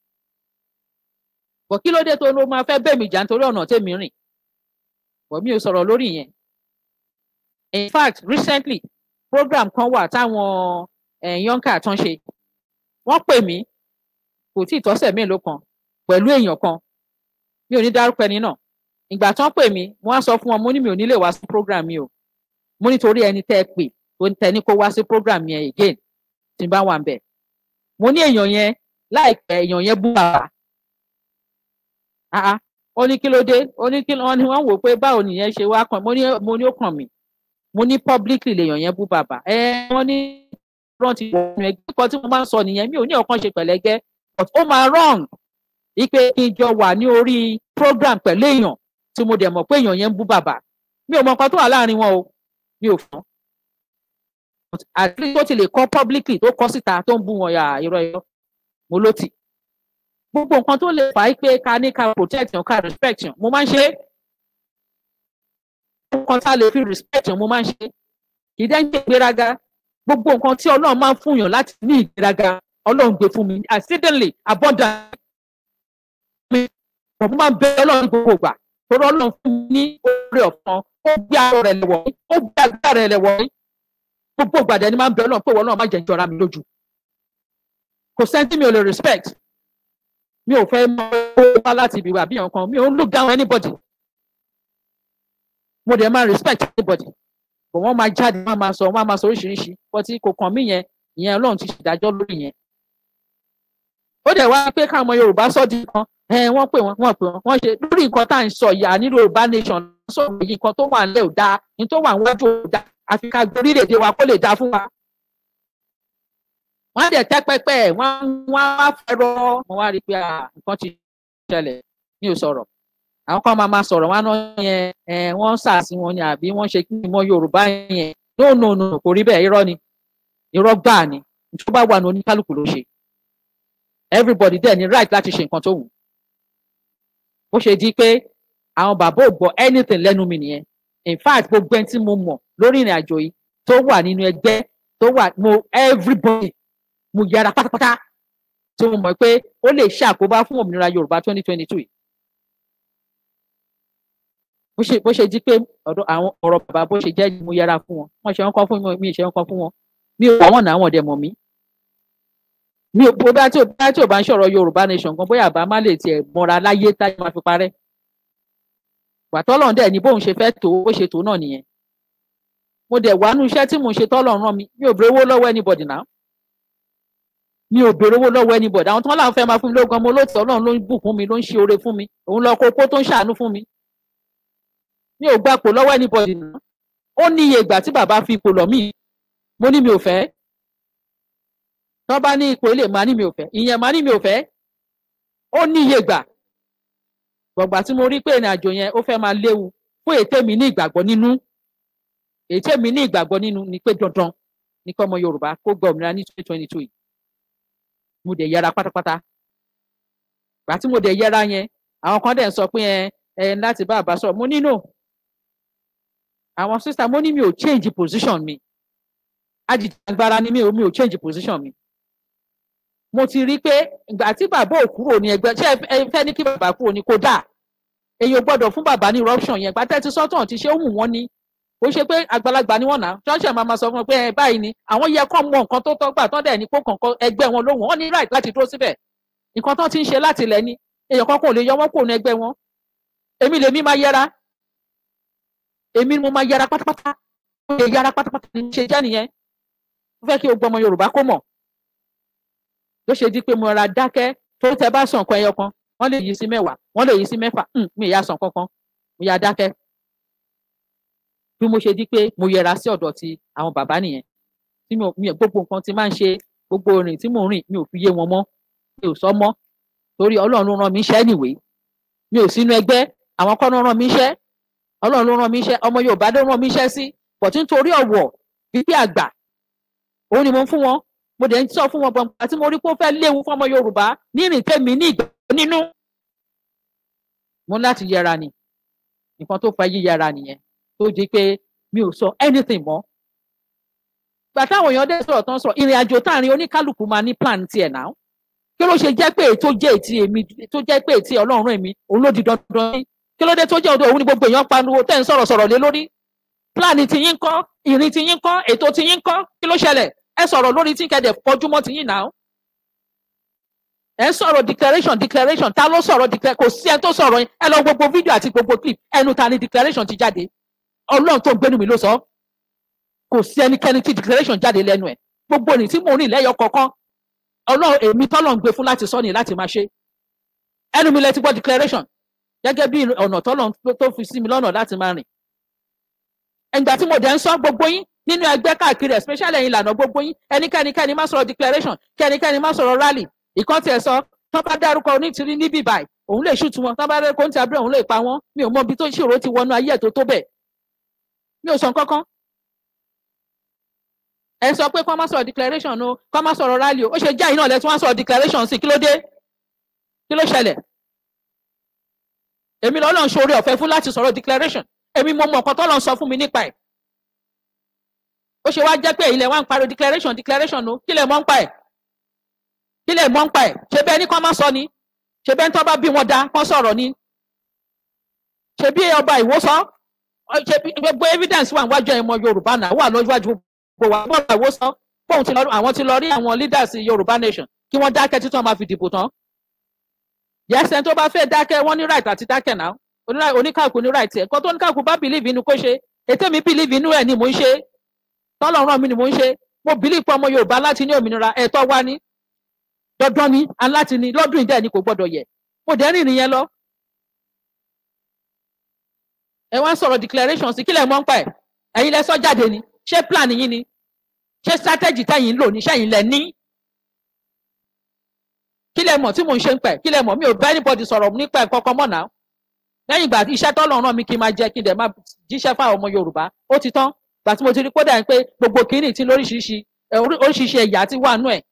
bọ̀ kí ló dé tó ló máa fẹ́ bẹ̀ mí jà nítorí ọ̀nà tèmi rìn bọ̀ mi ò sọ̀rọ̀ lórí yẹn in fact recently program kan wà táwọn eh, yonka tán ṣe wọ́n pè mí kò tí ì tọ́sẹ̀ mélòó kan pẹ̀lú èèyàn kan mi ò ní dárúkọ ẹni náà ìgbà tán pè mí mo wá sọ fún wọn mo ní mi ò ní wá sí program mi o mo nítorí ẹni tẹ́ ẹ pè tó ń tẹni kó wá sí program yẹn again tí n bá wà ń bẹ̀ mo ní èèyàn yẹn láìpẹ́ èèyàn yẹn bú bàbá Ah, ah. ó ní kí ló dé ó ní kí wọ́n ní wọ́n wò pé báwo nìyẹn ṣe wá kàn mo ní mo ní ó kàn mí mo ní publicly lèèyàn yẹn bú bàbá ẹ wọ́n ní wọ́n ti wọ ọmọ ẹgbẹ́ kan tí mo máa ń sọ nìyẹn mi ò ní ọ̀kan ṣe pẹ̀lẹ́gẹ́ but ó máa wrong ipe kí n jọ wà ní orí program pẹ̀lú èèyàn tí mo dẹ̀ mọ̀ pé èèyàn yẹn ń bú bàbá mi ò mọ nǹkan tó wà láàrin wọn o mi ò fún àti tó ti lè kọ publicly tó kọ síta tó ń bú wọn yà irọ́ irọ́ mo ló tì gbogbo nǹkan tó lè fà á pé ká ní ká protect yàn ká respect yàn mo máa ń ṣe nǹkan tá a lè fi respect yàn mo máa ń ṣe kì í dẹ́ ń ṣe ìgbéraga gbogbo nǹkan tí ọlọ́run máa ń fún yàn láti ní ìgbéraga ọlọ́run gbé fún mi accidentally abundant mi mo máa ń bẹ ọlọ́run gbogbo ìgbà torí ọlọ́run fún mi ní oore ọ̀kan ó gbé àárọ̀ rẹ̀ lẹ̀wọ̀ ó gbé àgbà rẹ̀ lẹ̀wọ̀ gbogbo ìgbà dẹ̀ ni máa ń bẹ ọlọ́run pé ọlọ́run má jẹ́ ìjọra mi lójú kò sẹ́ńtì mi ò lè respect mi ò fẹ́ mọ owó wá láti ibi wà bí nǹkan mi ò ń look down anybody mo dẹ̀ máa respect anybody but wọ́n máa jáde wọ́n máa sọ wọ́n máa sọ oríṣiríṣi but kò kàn mí yẹn ìyẹn ọlọ́run ti ṣèdájọ́ lórí yẹn ó dẹ̀ wá pé káwọn yorùbá sọ di kan wọ́n pè wọ́n wọ́n pè wọ́n wọ́n ṣe lórí nǹkan tá à ń sọ yìí àní yorùbá nation sọ̀rọ̀ yìí kan tó wà nílẹ̀ ò dáa ní tó wà níwájú ò dáa àfi ká gbé orílẹ̀-èdè wa kó lè dáa fún wa wọ́n dẹ̀ tẹ́ pẹpẹ wọ́n wọ́n wá fẹ́rọ wọ́n wá rí i pé nǹkan ti ṣẹlẹ̀ mi ò sọ̀rọ̀ àwọn kan máa ma sọ̀rọ̀ wọn náà yẹn wọ́n sàásì wọn ni àbí wọ́n ṣe kí ni mọ́ Yorùbá yẹn no no no kò rí bẹ́ẹ̀ irọ́ ni irọ́ gbáà ni tó bá wà ní oníkálukú ló ṣe everybody there ni right láti ṣe nǹkan tó wù ó ṣe di pé àwọn bàbá ò gbọ́ anything lẹ́nu mi nìyẹn in fact gbogbo ẹni tí mo mọ̀ lórí ìrìn àjò yìí tó wà nínú ẹgbẹ́ tó wà mo everybody mo yára pátápátá tí mo mọ̀ pé ó lè ṣàkóbá fún òmìnira yorùbá twenty bó ṣe bó ṣe di pé ọ̀dọ̀ àwọn ọ̀rọ̀ bàbá bó ṣe jẹ́ mo yára fún wọn wọ́n ṣe wọn kọ́ fún mi mi ṣe wọn kọ́ fún wọn mi ò wọ́n náà wọ́n dẹ̀ mọ̀ mí mi ò bó tí ò bá tí ò bá ń sọ̀rọ̀ yorùbá nation gan bóyá àbá má lè tiẹ̀ mọ́ra láyé táyé máa fi parẹ́ gbàtọ́lọ́run ni bóun ṣe fẹ́ tó bó ṣe tó náà nìyẹn mo dẹ̀ wá iṣẹ́ tí mò ṣe tọ́lọ́run rán mi mi ò bèrè owó lọ́wọ́ anybody náà mi ò béèrè owó lọ́wọ́ anybody àwọn tí wọ́n láwọn fẹ́ máa fún mi lóògùn ọmọ olóòtú ọlọ́run ló ń bùkún mi ló ń ṣe oore fún mi òun lọ kó kó tó ń ṣàánú fún mi mi ò gbapò lọ́wọ́ anybody náà ó ní iye ìgbà tí bàbá fi ipò lọ̀ mí mo ní mi ò fẹ́ tó bá ní ipò ilé màá ní mi ò fẹ́ ìyẹn màá ní mi ò fẹ́ ó ní iye ìgbà gbọ̀ngbà tí mo rí pé ìrìn àjò yẹn ó fẹ́ máa léwu fún ètè mi ní ìgbàgbọ́ nínú ètè mi ní ìgbàgbọ́ nínú ni pé dandan ni kọ́ ọmọ Yorùbá kó gba òmìnira ní twenty twenty two yìí mo dẹ̀ yẹra pátápátá gbà tí mo dẹ̀ yẹra yẹn àwọn kan dẹ̀ ń sọ pé ẹ ẹ láti bá àbá sọ̀rọ̀ mo ní no àwọn sísá mo ní mi ò change position mi ajìjàgbara ni mi ò mi ò change position mi mo ti rí i pé ìgbà tí bàbá ò kúrò ní ẹgbẹ́ ṣé ẹ fẹ́ ní kí bàbá kúrò ní kódà èyí ò gbọ́dọ̀ fún bàbá ní eruption yẹn gbàtẹ́ ti sọ́tàn ti ṣé ó wù wọ́n ní kò ṣe pé àgbàlagbà ni wọn nà ṣọ́ọ̀ṣẹ̀ máa ma sọ fún un pé ẹ báyìí ni àwọn yẹ kọ́ mọ nǹkan tó tọ́gbà tán dẹ̀ ní kó kọ̀ọ̀kan ẹgbẹ́ wọn lóhùn wọn ní right láti dúró síbẹ̀ nǹkan tán ti ń ṣe láti ilẹ̀ ni èèyàn kan kò lè yọ wọ́n kò nu ẹgbẹ́ wọn èmi lèmi máa yẹra èmi mo máa yẹra pátápátá mo lè yẹra pátápátá ní ṣe jẹ́ nìyẹn mo fẹ́ kí o gbọmọ Yorùbá kó mọ̀ ló ṣe di pé mo ra dákẹ́ tó tẹ bá sàn kan ẹyọ kan wọ́n lè yí sí mẹ́wàá wọ́n lè yí sí mẹ́fà hmm, mi ìyá sàn kankan mo yà dákẹ́ bí mo ṣe di pé mo yẹra sí ọ̀dọ̀ ti àwọn bàbá nìyẹn tí mi ò mi gbogbo nǹkan tí máa ń ṣe gbogbo rìn tí mò ń rìn mi ò fi yé wọn mọ́ mi ò sọ mọ́ torí Ọlọ́run ló rán mi iṣẹ́ nìwé mi ò sínú ẹgbẹ́ àwọn kọ́ ló rán mi iṣẹ́ Ọlọ́run ló rán mi iṣẹ́ ọmọ Yorùbá ló rán mi iṣẹ́ sí pọ̀tí nítorí ọ̀wọ̀ bíbí àgbà òun ni mo ń fún wọn mo dẹ̀ ń sọ fún wọn gbọ̀ngbà tí mo rí pé ó fẹ́ léwu fún Yorùbá ní ìrìn tèmi ní ìgbà nínú mo láti yẹra ni nǹkan tó fa yíyẹra nìyẹn tó di pé mi ò sọ anything mọ́ gbàtà àwọn èèyàn dé sọ̀rọ̀ tán sọ̀rọ̀ ìrìn àjò táàrin oníkálukú máa ní plan tiẹ̀ náà kí ló ṣe jẹ́ pé èyí tó jẹ́ ètí èmi tó jẹ́ pé ètí ọlọ́run èmi òun ló di dandan ní kí ló dé tó jẹ́ ọ̀dọ̀ òun ni gbogbo èèyàn pariwo tẹ́ ń sọ̀rọ̀ sọ̀rọ̀ lé lórí plan tiyín kọ́ ìrìn tiyín kọ́ ètò tiyín kọ́ kí ló ṣẹlẹ̀ ẹ sọ̀rọ̀ lórí tí kẹ́dẹ̀ kọjúmọ́ tiyín náà ẹ sọ̀rọ̀ declaration declaration ta ló sọ̀rọ̀ declaration kò sí ẹ tó sọ̀rọ̀ yẹn ẹ lọ gbogbo fídíò àti gbogbo clip ẹnu ta ni declaration ti jáde ọlọ́run tó ń gbénu mi ló sọ kò sí ẹnikẹ́ni tí declaration jáde lẹ́nu ẹ̀ gbogbo ní tí mo rìn lẹ́yọ kọ̀ọ̀kan ọlọ́run èmi tọ́lọ̀ ń gbé fún láti sọ ni láti máa ṣe ẹnu mi lẹ ti gbọ́ declaration gẹ́gẹ́ bí ọ̀nà tọ́lọ̀ tó fi sí mi lọ́nà láti máa rìn ẹ̀ǹgbà tí mo dẹ̀ ń sọ gbogbo yín nínú ẹgbẹ́ káàkiri especially ẹ̀yin ìlànà gbogbo yín ẹnikẹ́nikẹ́ni má sọ̀rọ̀ declaration kẹ́nikẹ́ni má sọ̀rọ̀ rally ìkan tiẹ̀ sọ tán bá dárúkọ onítìrí níbí báyìí òun lè ṣùtù wọn tán bá dárúkọ onítìrí àbúrò òun lè pa wọn mi ò mọ ibi tó ṣòro ti wọnú ayé ẹ̀ tó tó bẹ́ẹ̀ mi ò sọ nǹkan kan ẹ sọ pé kọ́ má sọ̀rọ̀ declaration o kọ́ má sọ̀rọ̀ rally o ó ṣe jẹ́ iná ọ̀lẹ́ tí wọ́n sọ̀rọ̀ declaration sí kí ló dé kí ló ṣẹlẹ̀ èmi lọ́lọ́ ń ṣoore ọ̀fẹ́ fún láti sọ̀rọ̀ declaration èmi mo mọ ọ̀kan tó lọ sọ fún mi nípa ẹ̀ ó ṣe wá jẹ́ pé ilẹ̀ wa ń pariwo declaration declaration o kí lẹ̀ mọ́ ń pa ẹ̀ kí lẹ̀ mọ́ ń pa ẹ̀ ṣe bẹ́ẹ̀ ní kọ́ má sọ ni ṣe bẹ́ẹ̀ ní tọ́ bá bí wọn da kọ́ sọ̀rọ̀ ni ṣe bí ọba ìwó sọ gbogbo evidence wà níwájú ẹ̀mọ yorùbá náà wà lọ́jọ́wájú gbogbo wa bọ́ọ̀lù àwòsàn fóun ti lọ rí àwọn ti lọ rí àwọn leaders yorùbá nation kí wọ́n dákẹ́ títí wọ́n máa fi dìbò tán yẹ́sẹ̀ tó bá fẹ́ dákẹ́ wọ́n ní right àti dákẹ́ náà oníkàkù ní right ẹ̀ kó tó oníkàkù bá believe inú kó ṣe ètè mi believe inú ẹ̀ ni mò ń ṣe tọ́lọ́run mi ni mò ń ṣe mo believe pé ọmọ yorùbá láti ní òmìnira ẹ̀tọ́ wa ní dandan ni aláti ní lọ́dún ìdẹ́ ni kò gbọ́dọ̀ yẹ mo dẹ́ rìnrìn yẹn lọ ẹ wá sọ̀rọ̀ declaration sí kílẹ̀ mọ́ ń pa ẹ̀ ẹ̀yin lẹ sọ jáde ni ṣé plan yín ni ṣé strategy tẹ̀yin lò ní sẹ́yìn lẹ ní kílẹ̀ mọ̀ tí mò ń ṣe ń pẹ̀ kílẹ̀ mọ̀ mi ò bá anybody sọ̀rọ̀ nípa ẹ̀ kankan mọ̀ náà lẹ́yìn ìgbà iṣẹ́ tọ́lọ̀ ràn mí kí n máa jẹ kí n dẹ̀ máa jíṣẹ́ fáwọn ọmọ Yorùbá ó ti tán gbà tí mo ti rí kódà pé gbogbo kìíní ti lóríṣiríṣi oríṣiríṣi ẹ̀yà ti wà nú ẹ̀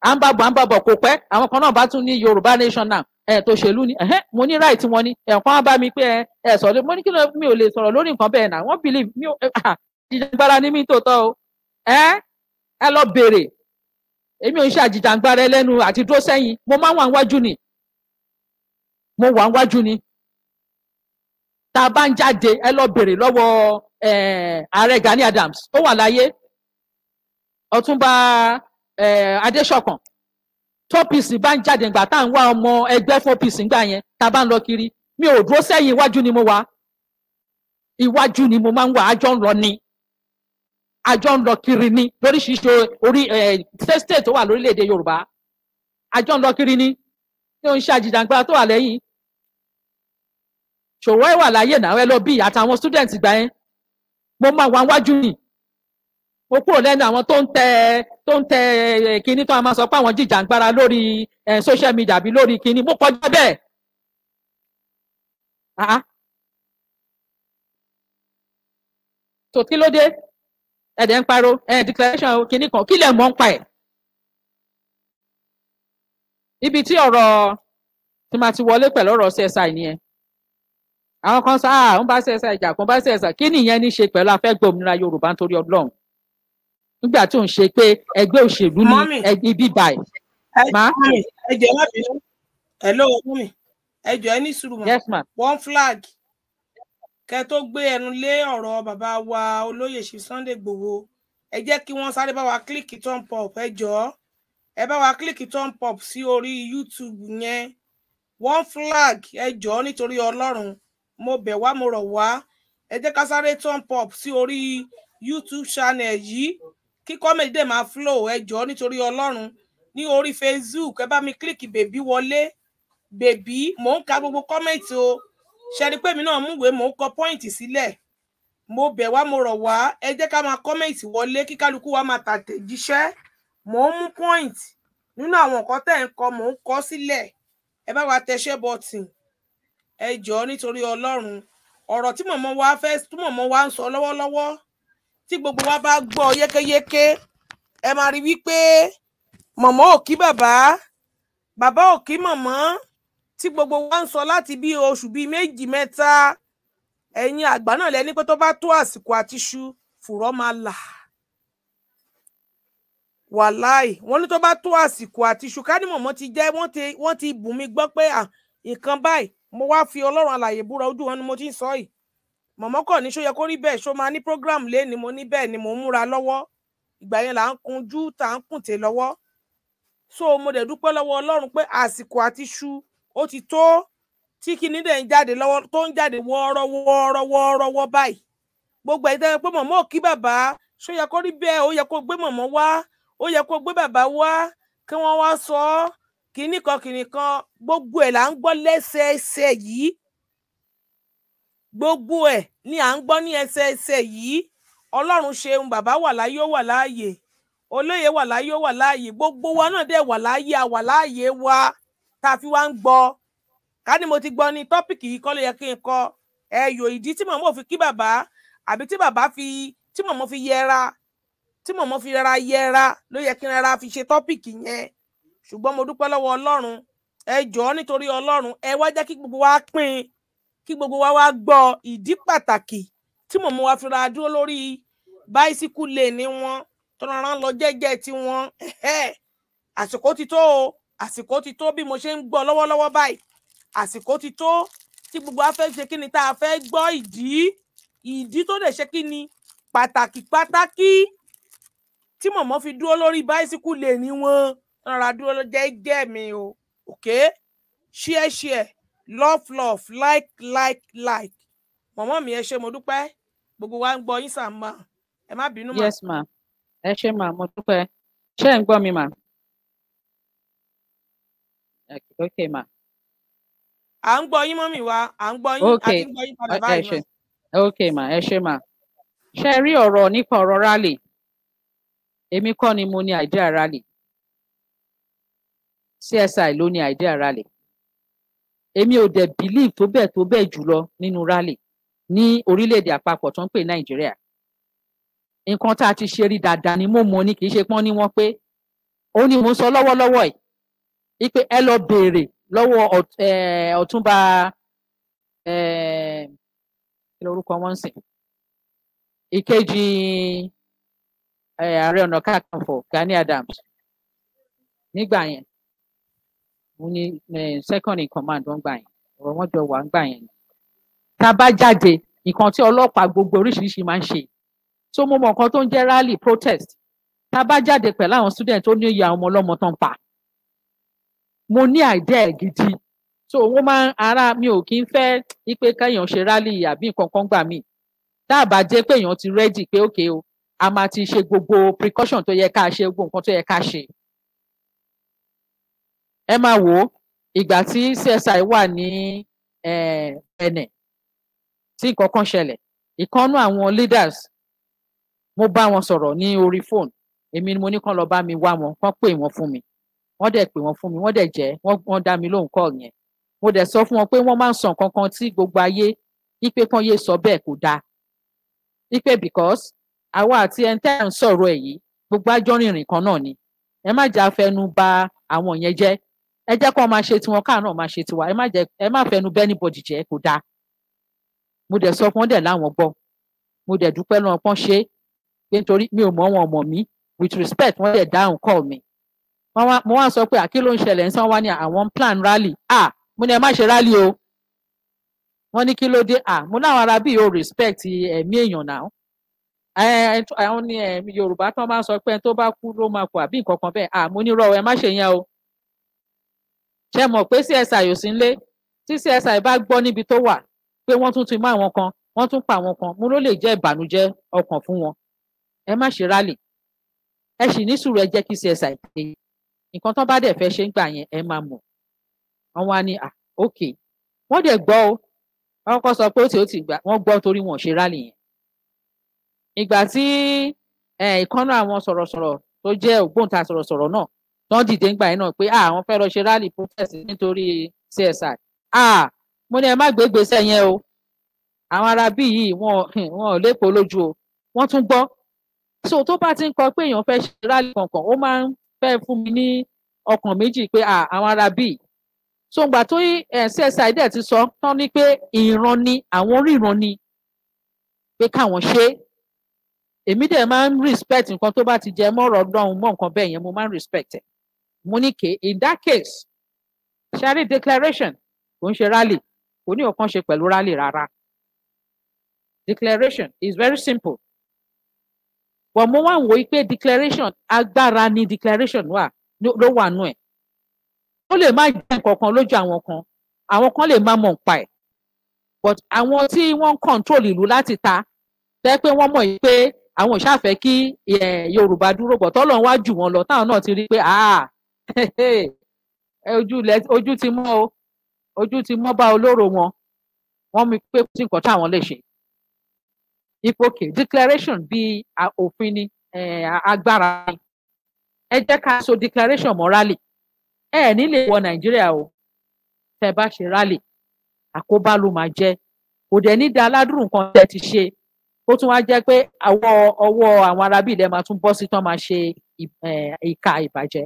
à ń bá bọ̀ à ń bá bọ̀ kò pẹ́ àwọn kan náà bá tún ní Yorùbá nation now ẹ tó ṣèlú ni mo ní right wọn ni ẹnkan á bá mi pé ẹ ẹ sọ̀rọ̀ mo ní kí ló mi ò lè sọ̀rọ̀ lórí nǹkan bẹ́ẹ̀ náà wọ́n believe mi ò jìjàngbara ni mi tó tọ́ o ẹ ẹ lọ béèrè èmi ò ń ṣe àjìjàngbara ẹlẹ́nu àti dúró sẹ́yìn mo máa ń wà wájú ni mo wà wájú ni tá a bá ń jáde ẹ lọ béèrè lọ́wọ́ ààrẹ Gani Adams ó wà láyé ọ̀túnba Adéṣọ̀kan tó pc bá ń jáde ìgbà tá à ń wá ọmọ ẹgbẹ́ fún pc ńgbà yẹn tá a bá ń lọ kiri mi ò dúró sẹ́yìn iwájú ni mo wà iwájú ni mo máa ń wà àjọ ń lọ ni àjọ ń kiri ni lóríṣiríṣi orí state tó wà lórílẹ̀‐èdè yorùbá àjọ ń lọ kiri ni tí ó ń ṣe àjìjàngbara tó wà lẹ́yìn ṣòwò ẹ̀ wà láyè náà ẹ lọ bí àtàwọn students ìgbà yẹn mo máa wà wájú ni ó kúrò lẹ́nu àwọn tó ń tẹ tó ń tẹ kínní tó a máa sọ pé àwọn jìjàǹgbara lórí social media àbí lórí kínní mo kọjá bẹ́ẹ̀. tó kí ló dé ẹ̀dẹ̀ ń pariwo declaration kínní kan kí lẹ̀ mọ́ ń pa ẹ̀. ibi tí ọ̀rọ̀ tí màá ti wọlé pẹ̀lú ọ̀rọ̀ CSI nìyẹn àwọn kan sọ ah ń bá CSI jà kó ń bá CSI kí nìyẹn ní í ṣe pẹ̀lú afẹ́gbẹ́ òmìnira Yorùbá nítorí Ọlọ́run nígbà tó ń ṣe pé ẹgbẹ́ òṣèlú ní ẹgbẹ́ bíbá ẹ̀. ẹ jẹ́ ẹ lọ́wọ́ fún mi ẹ ẹ ní sùúrù mọ́ one flag kẹ tó gbé ẹnu lé ọ̀rọ̀ bàbá wa olóyè ṣì Sunday Igboho ẹ jẹ́ kí wọ́n sáré bá wa kílíkì thumb up ẹ ẹ bá wa kílíkì thumb up sí orí YouTube yẹn one flag ẹ nítorí Ọlọ́run mo bẹ̀ wá mo rọ̀ wá ẹ jẹ́ ká sáré thumb up sí orí YouTube channel yìí kí kọ́mẹ̀dì dẹ̀ máa flow ẹjọ́ nítorí ọlọ́run ní orí facebook ẹ bá mi kílíkì bèbí wọlé bèbí mò ń ka gbogbo kọ́mẹ̀tì o ṣẹ́ni pé mi náà mú ìwé mò ń kọ pọ́ìntì sílẹ̀ mo bẹ̀ wá mo rọ̀ wá ẹ jẹ́ ká máa kọ́mẹ̀tì wọlé kí kálukú wa máa tàtẹ̀jíṣẹ́ mò ń mú point nínú àwọn nǹkan tẹ̀ ń kọ mò ń kọ sílẹ̀ ẹ bá wa tẹṣẹ́ bọ̀tìn ẹ jọ̀ọ́ nítorí ọlọ́run ọ̀rọ̀ tí mọ̀mọ́ wa fẹ́ tí mọ̀mọ́ wa ń sọ lọ́wọ́lọ́wọ́ tí gbogbo wa bá gbọ́ yékéyéké ẹ máa rí wípé màmá ò kí bàbá bàbá ò kí màmá tí gbogbo wa ń sọ láti bí oṣù bíi méjì mẹ́ta ẹ̀yin àgbà náà lẹ́ni pé tó bá tó àsìkò àti ṣu fùrọ́ máa là wàláì wọ́n ní tó bá tó àsìkò àti ṣu káni màmá ti jẹ́ wọ́n ti bù mí gbọ́ pé nǹkan báyìí mo wá fi Ọlọ́run àlàyé búra ojú wọn ni mo ti ń sọ yìí mọ̀mọ́ kọ̀ ní ṣó yẹ kó rí bẹ́ẹ̀ ṣó máa ní program lé ni mo ní bẹ́ẹ̀ ni mo ń múra lọ́wọ́ ìgbà yẹn là ń kunjú tá ń kùntè lọ́wọ́ so mo dẹ̀ dúpẹ́ lọ́wọ́ ọlọ́run pé àsìkò àti ṣu ó ti tó tí kinní dẹ̀ ń jáde lọ́wọ́ tó ń jáde wọ́ọ́rọ́wọ́ọ́rọ́wọ́ báyìí gbogbo ẹ̀ dáná pé mọ̀mọ́ kí bàbá ṣó yẹ kó rí bẹ́ẹ̀ ó yẹ kó gbé mọ̀mọ́ wá ó yẹ kó gbé bàbá wá kí wọ́n wá sọ kinní kan kinní kan gbogbo ẹ̀ là ń gbọ́ lẹ́sẹẹsẹ yìí gbogbo ẹ̀ ni à ń gbọ́ ní ẹsẹẹsẹ yìí ọlọ́run ṣeun bàbá wà láyé ó wà láàyè olóyè wà láyé ó wà láàyè gbogbo wa náà dẹ̀ wà láyé a wà láàyè wa tá a fi wá ń gbọ́ ká ní mo ti gbọ́ ní tọ́pìkì yìí kọ́ ló yẹ kí n kọ ẹ̀yọ̀ ìdí tí màmá fi kí bàbá àbí tí bàbá fi tí màmá fi yẹra tí màmá fi rárá yẹra ló yẹ kí n rárá fi ṣe tọ́pìkì yẹn ṣùgbọ́n mo dúpẹ́ lọ́wọ́ ọlọ́run ẹ jọ̀ọ́ nítorí ọlọ́run ẹ wá jẹ́ kí gbogbo wa pín in kí gbogbo wa wá gbọ́ ìdí pàtàkì tí mọ̀mọ́ wa fi ra dúró lórí báísíkù lè ní wọn tọ́ran lọ jẹ́jẹ́ tí wọ́n àsìkò ti tó o àsìkò ti tó bí mo ṣe ń gbọ́ lọ́wọ́lọ́wọ́ báyìí àsìkò ti tó tí gbogbo wa fẹ́ ṣe kí ni tá a fẹ́ gbọ́ ìdí ìdí tó lè ṣe kí ni pàtàkì pàtàkì tí mọ̀mọ́ fi dúró lórí báísíkù lè ní wọn tọ́ran dúró lọ jẹ́jẹ́ mi o òkè ṣíẹ́ṣíẹ́ love love like like like mọ̀mọ́ mi ẹ ṣe mo gbogbo wa ń gbọ́ yín sàn ẹ má bínú ma yes ma ẹ ṣe ma mo ṣe ṣé mi ma. ok ma. à ń gbọ́ yín wa à ń yín a ń gbọ́ yín ok ma ẹ ṣe ma ṣe rí ọrọ nípa èmi kọ́ ni mo ní csi ló ní èmi ò dẹ̀ believe tó bẹ́ẹ̀ tó bẹ́ẹ̀ jùlọ nínú rally ní orílẹ̀-èdè àpapọ̀ tó ń pè nàìjíríà nǹkan tá a ti ṣe rí dáadáa ni mo mọ ni kì í ṣe pọ́n ní wọ́n pé ó ní mo sọ lọ́wọ́lọ́wọ́ yìí wípé ẹ lọ béèrè lọ́wọ́ ọ̀túnba kí lorúkọ wọn ń sìn ìkejì ààrẹ ọ̀nà kakanfò Gani Adams nígbà yẹn mo ní second in command wọn gbà yẹn ọ̀rọ̀ wọn jọ wà ń gbà yẹn tá a bá jáde nǹkan tí ọlọ́pàá gbogbo oríṣiríṣi máa ń ṣe so mo mọ nǹkan tó ń jẹ́ rally protest tá a bá jáde pẹ̀lú àwọn student tó ní iye àwọn ọmọ ọlọ́mọ tán pa mo ní idea gidi so wọn máa ń ara mi ò kí ń fẹ́ ipe kéèyàn ṣe rally àbí nǹkan kan gbà mí dábàá jẹ́ pé èèyàn ti ready pé okay o a máa ti ṣe gbogbo precaution tó yẹ ká ṣe gbogbo nǹkan tó yẹ ká ṣe ẹ máa wò ó ìgbà tí CSI wà ní Benin tí nǹkan kan ṣẹlẹ̀ ìkànnú àwọn leaders mo bá wọn sọ̀rọ̀ ní orí fóònù èmi ni mo ní kán lọ bá mi wá wọn kán pè wọn fún mi wọ́n dẹ̀ pè wọn fún mi wọ́n dẹ̀ jẹ́ wọ́n dá mi lóhùn kọ́ yẹn mo dẹ̀ sọ fún wọn pé wọ́n máa ń sọ nǹkan tí gbogbo ayé ipe kan yé sọ bẹ́ẹ̀ kò dáa ipe because àwa àti ẹni tẹ́ ń sọ̀rọ̀ ẹ̀ yìí gbogbo àjọ rìnrìn kan náà ni ẹ má jà fẹnu ba àwọn yẹn jẹ́ ẹ jẹ́ kó máa ṣe tiwọn káà náà máa ṣe tiwa ẹ má jẹ ẹ má fẹnu bẹ́ẹ̀ níbọ̀dì jẹ́ kó dáa mo dẹ̀ sọ fún wọn dẹ̀ láwọn gbọ́ mo dẹ̀ dúpẹ́ lọ́wọ́ pọ́n ṣe pé nítorí mi ò mọ̀ wọn ọmọ mi with respect wọ́n dẹ̀ dáhùn call mi mo wá sọ pé àkí ló ń ṣẹlẹ̀ ń sàn wá ní àwọn plan rally ah mo ní ẹ má ṣe rally o wọ́n ní kí ló dé ah mo láwọn ará yóò respect ẹ̀mí èèyàn náà àwọn ní Yorùbá tán máa ń sọ pé ẹni tó bá kú ló máa kú àbí nǹkan kan bẹ́ẹ̀ ah mo ní rọ ẹ má ṣe yẹn o ṣe mọ̀ pé CSI ò sí nílé tí CSI bá gbọ́ níbi tó wà pé wọ́n tún ti mú àwọn kan wọ́n tún pa àwọn kan mo ló lè jẹ́ ìbànújẹ́ ọkàn fún wọn ẹ má ṣe rálì ẹ sì ní sùúrù ẹ jẹ́ kí CSI pé nǹkan tó bá dẹ̀ fẹ́ ṣe ń gbà yẹn ẹ máa mọ̀ àwọn á ní à ok wọ́n dẹ̀ gbọ́ o wọ́n kọ́ sọ pé ó ti ó ti gbà wọ́n gbọ́ torí wọn ò ṣe rálì yẹn ìgbà tí ìkànnà àwọn sọ̀rọ̀sọ̀rọ̀ tó jẹ́ ògbóǹta sọ̀rọ̀sọ̀rọ̀ náà tó ń dìde ńgbà yẹn náà pé àwọn fẹ́ lọ ṣe rally protest nítorí CSI mo ní ẹ má gbégbèsè yẹn o àwọn ará bí yìí wọn wọn ò lépo lójú o wọ́n tún gbọ́ so tó bá ti ń kọ pé èèyàn fẹ́ ṣe rally kankan ó máa ń fẹ́ fún mi ní ọkàn méjì pé àwọn ará bí so ngbà tó CSI dẹ̀ ti sọ tán ni pé ìran ni àwọn oríran ni pé káwọn ṣe é èmi dẹ̀ máa ń respect nǹkan tó bá ti jẹ mọ́ ọdún mọ́ nǹkan bẹ́ẹ̀ yẹn mo máa ń respect ẹ̀ mo in that case ṣáré declaration kò ń ṣe rally kò ní ọ̀kan ṣe pẹ̀lú rally rárá declaration is very simple but mo wá ń wòye pé declaration agbára ni declaration wà ló wà nù ẹ̀ ó lè má jẹ́ nǹkan kan lójú àwọn kan àwọn kan lè má mọ̀ nípa ẹ̀ but àwọn tí wọ́n ń control ìlú láti ta tẹ́ pé wọ́n mọ̀ yìí pé àwọn ò ṣàfẹ́ kí eh, Yorùbá dúró bọ̀ tọ́lọ́run wá jù wọ́n lọ táwọn náà ti rí pé ah ojú ti mọ́ o ojú ti mọ́ bá olóró wọn wọ́n mi pé kò sí nǹkan táwọn lè ṣe ipò òkè declaration bí òfin ni agbára ni ẹ jẹ́ ká so declaration mọ́ rally ẹ ní lè wọ nàìjíríà o tẹ́ bá ṣe rally àkóbá ló máa jẹ́ kò dẹ̀ ní da aládùn nǹkan tẹ́ ti ṣe ó tún wá jẹ́ pé ọwọ́ àwọn arábí máa tún bọ́ sí tán máa ṣe ìka ìbàjẹ́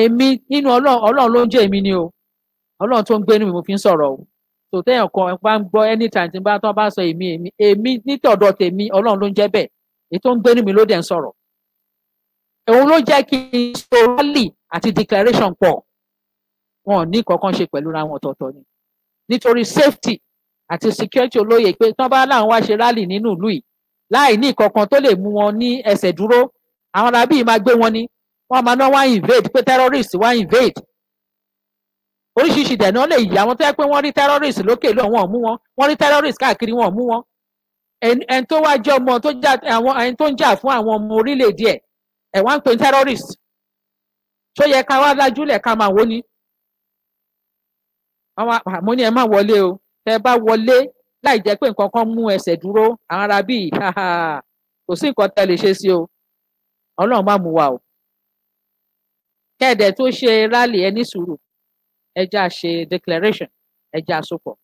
èmi nínú ọlọ́run ọlọ́run ló ń jẹ́ èmi ni o ọlọ́run tó ń gbé nínú mi fi ń sọ̀rọ̀ o tò téèyàn kan bá ń gbọ́ anytime tí bá tán bá sọ èmi èmi èmi nítọ̀dọ̀ tèmi ọlọ́run ló ń jẹ́ bẹ́ẹ̀ èyí tó ń gbé nínú mi ló dẹ̀ ń sọ̀rọ̀ òun ló jẹ́ kí n so rally àti declaration pọ̀ wọn ò ní kankan ṣe pẹ̀lú ra wọn ọ̀tọ̀ọ̀tọ̀ ni nítorí safety àti security olóye pé tán bá láwọn wá ṣe rally nínú ìlú yìí láì ní kankan tó lè mú wọn ní ẹsẹ̀ dúró àwọn arábí máa gbé wọn ní wọ́n máa ná wá invade pé terrorist wá invade oríṣiríṣi dẹ̀nà lè yí àwọn tó yẹ pé wọ́n rí terrorist lókè lọ wọn ò mú wọn wọ́n rí terrorist káàkiri wọn ò mú wọn ẹni tó wá jẹ́ ọmọ tó jà àwọn ẹni tó ń jà fún àwọn ọmọ orílẹ̀-èdè ẹ̀ ẹ̀ wá ń pè terrorist tó yẹ ká wá lájúlẹ̀ ká máa wó ni mo ní ẹ má wọlé o tẹ bá wọlé láì jẹ́ pé nǹkan kan mú ẹsẹ̀ dúró àwọn ará kò sí nǹkan tẹ́ lè ṣe sí o Ọlọ́run má mú wa o kẹ́ẹ̀dẹ̀ tó ṣe rally ẹ ní sùúrù ẹja ṣe declaration ẹja àsopọ̀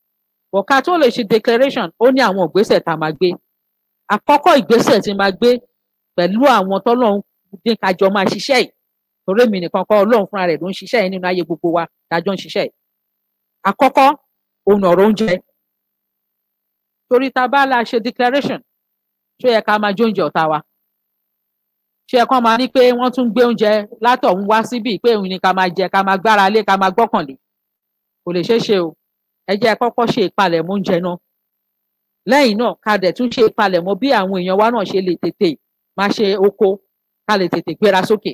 ọ̀ka tó lè ṣe declaration ó ní àwọn ìgbésẹ̀ tá a máa gbé àkọ́kọ́ ìgbésẹ̀ tí máa gbé pẹ̀lú àwọn tọ́lọ́run dín kájọ máa ṣiṣẹ́ yìí torí mi nìkan kọ́ ọlọ́run fúnra rẹ̀ ló ń ṣiṣẹ́ yìí nínú ayé gbogbo wa tájọ́ ń ṣiṣẹ́ yìí àkọ́kọ́ òun ọ̀rọ̀ oúnjẹ torí tá bá la ṣe declaration tó yẹ ká máa jóúnjẹ ọ̀tá wa ṣé ẹ kàn máa ní pé wọ́n tún gbé oúnjẹ látọ̀hún wá síbí pé òun ni ká máa jẹ ká máa gbára lé ká máa gbọ́kànlé kò lè ṣeé ṣe o ẹ jẹ́ ẹ kọ́kọ́ ṣe ìpalẹ̀mọ́ oúnjẹ náà lẹ́yìn náà ká dẹ̀ tún ṣe ìpalẹ̀mọ́ bí àwọn èèyàn wa náà ṣe lè tètè máa ṣe oko ká lè tètè gbéra sókè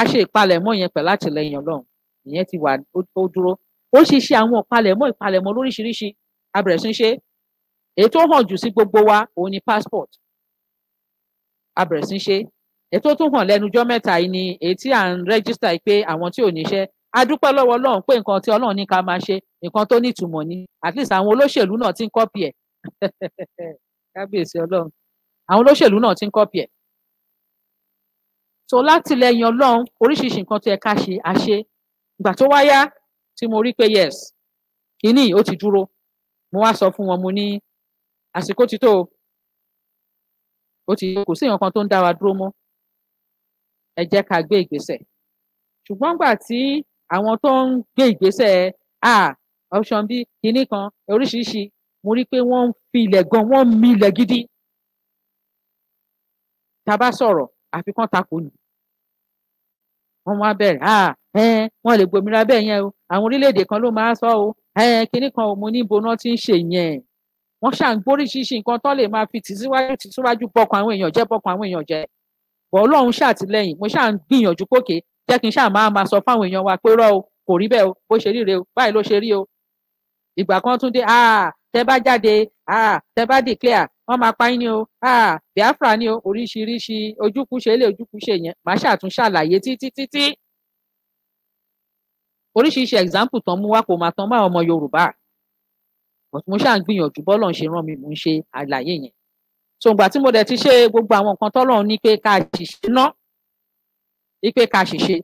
a ṣe ìpalẹ̀mọ́ yẹn pẹ̀lú àtìlẹ́yìn Ọlọ́run ìyẹn ti wà ó dúró ó sì ṣe àwọn ìpalẹ̀mọ́ ìpalẹ̀mọ́ lóríṣiríṣi abẹ̀rẹ̀ sí ṣe èyí tó hàn jù sí gbogbo wa òun ni passport a bẹ̀rẹ̀ sí ṣe ètò tó hàn lẹ́nujọ́ mẹ́ta yìí ni èyí tí à ń rẹ́gísítà yìí pé àwọn tí ò níṣẹ́ a dúpẹ́ lọ́wọ́ ọlọ́run pé nǹkan tí ọlọ́run ní ká máa ṣe nǹkan tó nítumọ̀ ni at least àwọn olóṣèlú náà ti ń kọ́pì ẹ̀ kábíyèsí ọlọ́run àwọn olóṣèlú náà ti ń kọ́pì ẹ̀ so látìlẹ́yìn ọlọ́run oríṣiríṣi nǹkan tó yẹ ká ṣe àṣe ìgbà tó wáyá tí mo rí pé yes kínní ó ti dúró mo wá sọ fún wọn mo ní àsìkò ti ó ti kò sí nǹkan tó ń dá wa dúró mọ́ ẹ jẹ́ ká gbé ìgbésẹ̀ ṣùgbọ́n gbà tí àwọn tó ń gbé ìgbésẹ̀ a option bíi kinní kan oríṣiríṣi mo rí i pé wọ́n ń fi ilẹ̀ gan wọ́n ń mi ilẹ̀ gidi tá a bá sọ̀rọ̀ àfikún takò ni wọ́n wá bẹ̀rẹ̀ a ẹ wọ́n lè gbòmìnira bẹ́ẹ̀ yẹn o àwọn orílẹ̀-èdè kan ló máa sọ o ẹ kinní kan ò mo ní ibo náà ti ń ṣe yẹn wọ́n ṣàn gbóríṣiríṣi nǹkan tó lè máa fi tì síwájú bọkàn àwọn èèyàn jẹ́ bọkàn àwọn èèyàn jẹ́ bọ̀ ọlọ́run ṣàtìlẹ́yìn mo ṣàn gbìyànjú pókè jẹ́ kí n ṣàn máa sọ fáwọn èèyàn wa pé rọ́ o kò rí bẹ́ẹ̀ o bó ṣe ríre o báyìí ló ṣe rí o ìgbà kan tún dé ah tẹ bá jáde ah tẹ bá declare wọ́n máa pa yín ni o ah Biafra ni o oríṣiríṣi ojúkú lè ojúkú yẹn màá ṣàtún ṣàlàyé títí títí oríṣiríṣi example tán mú wá kò máa tán máa ọmọ Yorùbá but mo ṣáà ń gbìyànjú bọ́lọ̀ ń ṣe rán mi mò ń ṣe àlàyé yẹn so ìgbà tí mo dẹ̀ ti ṣe gbogbo àwọn nǹkan tọ́lọ́run ní pé ká ṣìṣe ná ní pé ká ṣìṣe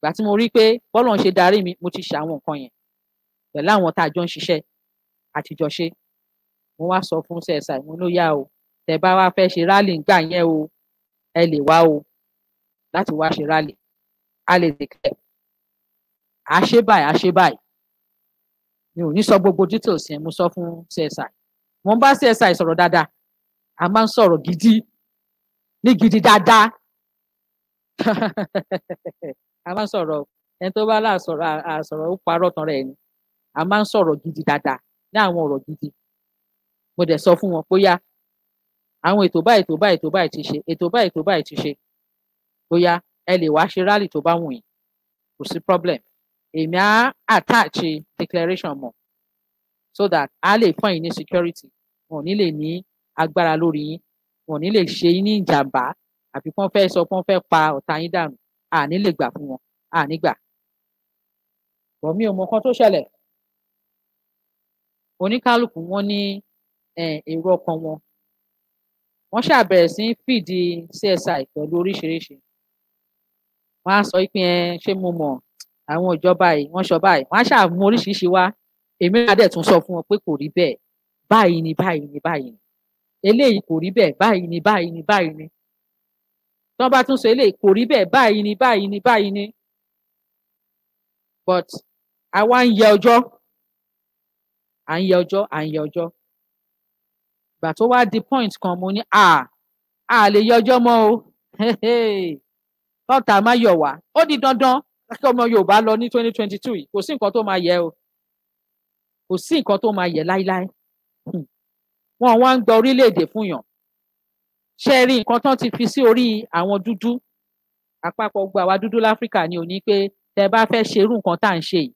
ìgbà tí mo rí pé bọ́lọ̀ ń ṣe darí mi mo ti ṣe àwọn nǹkan yẹn pẹ̀lú àwọn tá a jọ ń ṣiṣẹ́ àtijọ́ ṣe mo wá sọ fún csi mo ló yá o tẹ bá wá fẹ́ ṣe rálì ńgbà yẹn o ẹ lè wá o láti wá ṣe rálì a lè dèkẹ́ àṣebáyé àṣebáyé mi ò ní sọ gbogbo details yẹn mo sọ fún csi mo bá csi sọ̀rọ̀ dáadáa a máa ń sọ̀rọ̀ gidi ní gidi dáadáa a máa ń sọ̀rọ̀ ẹni tó bá là sọ̀rọ̀ àsọ̀rọ̀ ó parọ́ tán rẹ̀ ni a máa ń sọ̀rọ̀ gidi dáadáa ní àwọn ọ̀rọ̀ gidi mo dẹ̀ sọ fún wọn bóyá àwọn ètò báyìí ètò báyìí ètò báyìí ti ṣe ètò báyìí ètò báyìí ti ṣe bóyá ẹ lè wá ṣe rálì tó bá wù yín kò sí problem èmi á attach declaration mọ́ so that a lè fún yín ní security wọn ò ní lè ní agbára lórí yín wọn ò ní lè ṣe yín ní ìjàmbá àfi kí wọ́n fẹ́ sọ kí wọ́n fẹ́ pa ọ̀tá yín dànù àní lè gbà fún wọn àní gbà bọ̀ mi ò mọ kan tó ṣẹlẹ̀ oníkálukú wọn ní èrò ọkàn wọn wọn ṣàbẹ̀rẹ̀ sí fìdí csi pẹ̀lú oríṣiríṣi wọn á sọ pé ṣé mo mọ̀ àwọn ìjọba yìí wọ́n sọ báyìí wọ́n á ṣàmú oríṣiríṣi wá èmi náà dẹ̀ tún sọ fún wọn pé kò rí bẹ́ẹ̀ báyìí ni báyìí ni báyìí ni eléyìí kò rí bẹ́ẹ̀ báyìí ni báyìí ni báyìí ni tí wọ́n bá tún sọ eléyìí kò rí bẹ́ẹ̀ báyìí ni báyìí ni báyìí ni but àwa ń yẹ ọjọ́ à ń yẹ ọjọ́ à ń yẹ ọjọ́ ìgbà tó wá di point kan mo ní à à lè yẹ ọjọ́ mọ́ o tọ́ta má yọ̀ wá ó di dandan kí ọmọ yorùbá lọ ní twenty twenty two yìí kò sí nǹkan tó máa yẹ o kò sí nǹkan tó máa yẹ láíláí hmm. wọn wá ń gba orílẹ̀-èdè fún yàn ṣe rí nǹkan tán ti fi sí orí àwọn dúdú àpapọ̀ gba àwa dúdú láfíríkà ni ò ní pé tẹ bá fẹ́ ṣerú nǹkan tá à ń ṣe yìí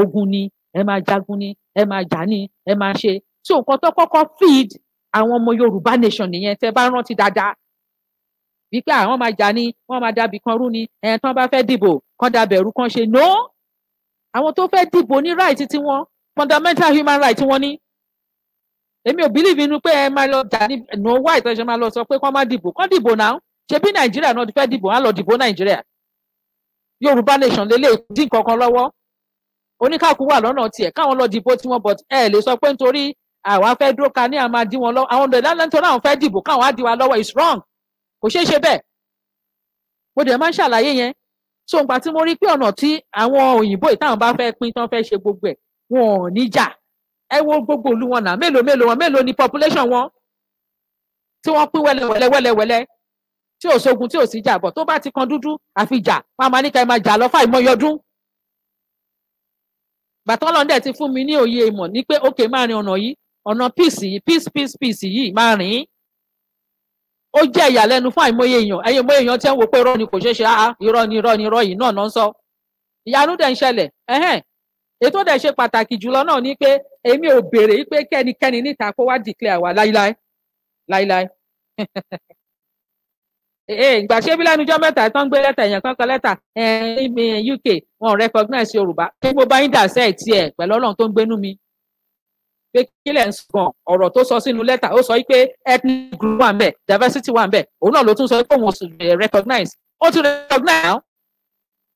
ogun ni ẹ máa jagun ni ẹ máa jà ni ẹ máa ṣe so nǹkan tó kọ́kọ́ feed àwọn ọmọ yorùbá nation nìyẹn tẹ bá rántí dáadáa wípé àwọn ah, máa jà ni wọ́n máa dàbí kan rú ni ẹn tán bá fẹ́ dìbò kan dàbẹ̀rù kan ṣe no àwọn tó fẹ́ dìbò ní right ti wọn fundamental human right wọn ni èmi ò believe inú pé ẹ máa lọ jà ní no why tó ṣe máa lọ sọ pé kán má dìbò kán dìbò náà ṣe bí nàìjíríà náà fẹ́ dìbò á lọ dìbò nàìjíríà yorùbá nation lélẹ̀ dín kankan lọ́wọ́ oníkàkú wà lọ́nà tiẹ̀ káwọn lọ dìbò tiwọn but ẹ lè sọ pé nítorí àwa fẹ́ dúró ka ní àmà dí wọn lọ́wọ́ àwọn ọ̀dọ́ ìlànà nítorí àwọn fẹ́ dìbò káwọn á di wa lọ́wọ́ is wrong kò ṣeé ṣe bẹ́ẹ̀ mo dẹ̀ máa ń ṣàlàyé yẹn so nǹkan tí mo rí pé ọ̀nà tí àwọn òyìnbó ìtàn bá fẹ́ pín tán fẹ́ ṣe gbogbo ẹ̀ wọn ò ní jà ẹ wo gbogbo ìlú wọn náà mélòó mélòó wọn mélòó ni population wọn tí wọ́n pín wẹ́lẹ́wẹ́lẹ́ wẹ́lẹ́wẹ́lẹ́ tí ò sógun tí ò sí jà bọ̀ tó bá ti kan dúdú àfi jà máa ma ní ká ẹ máa jà lọ fáì mọ́ yọdún bàtọ́ lọ́ndẹ̀ ti fún mi ní òye ìmọ̀ ní pé ókè máa ọ̀nà yìí ọ̀nà peace yìí peace peace peace yìí máa rìn ó jẹ́ ìyàlẹ́nu fún àìmọye èèyàn ẹ̀yin ìmọye èèyàn tí ń wo pé irọ́ ni kò ṣeé ṣe áá irọ́ ni irọ́ ni irọ́ yìí náà náà ń sọ ìyanu dẹ̀ ń ṣẹlẹ̀ ẹ̀hẹ́n ètò dẹ̀ ṣe pàtàkì jùlọ náà ni pé èmi ò béèrè pé kẹ́nikẹ́ni níta kó wá declare wa láíláí láíláí ìgbà ṣé bí lẹ́nu jọ́ mẹ́ta tán ń gbé lẹ́tà èèyàn kan kan lẹ́tà UK wọn ò recognize Yorùbá kí mo bá yín dà sẹ́ẹ̀ tiẹ̀ pẹ̀lú Ọlọ́run tó ń gbénú mi pé kí lẹ̀ ń sùn ọ̀rọ̀ tó sọ sínú lẹ́tà ó sọ pé ethnic group wà ń diversity wà ń bẹ̀ òun náà ló tún sọ pé òun ò recognize ó ti recognize now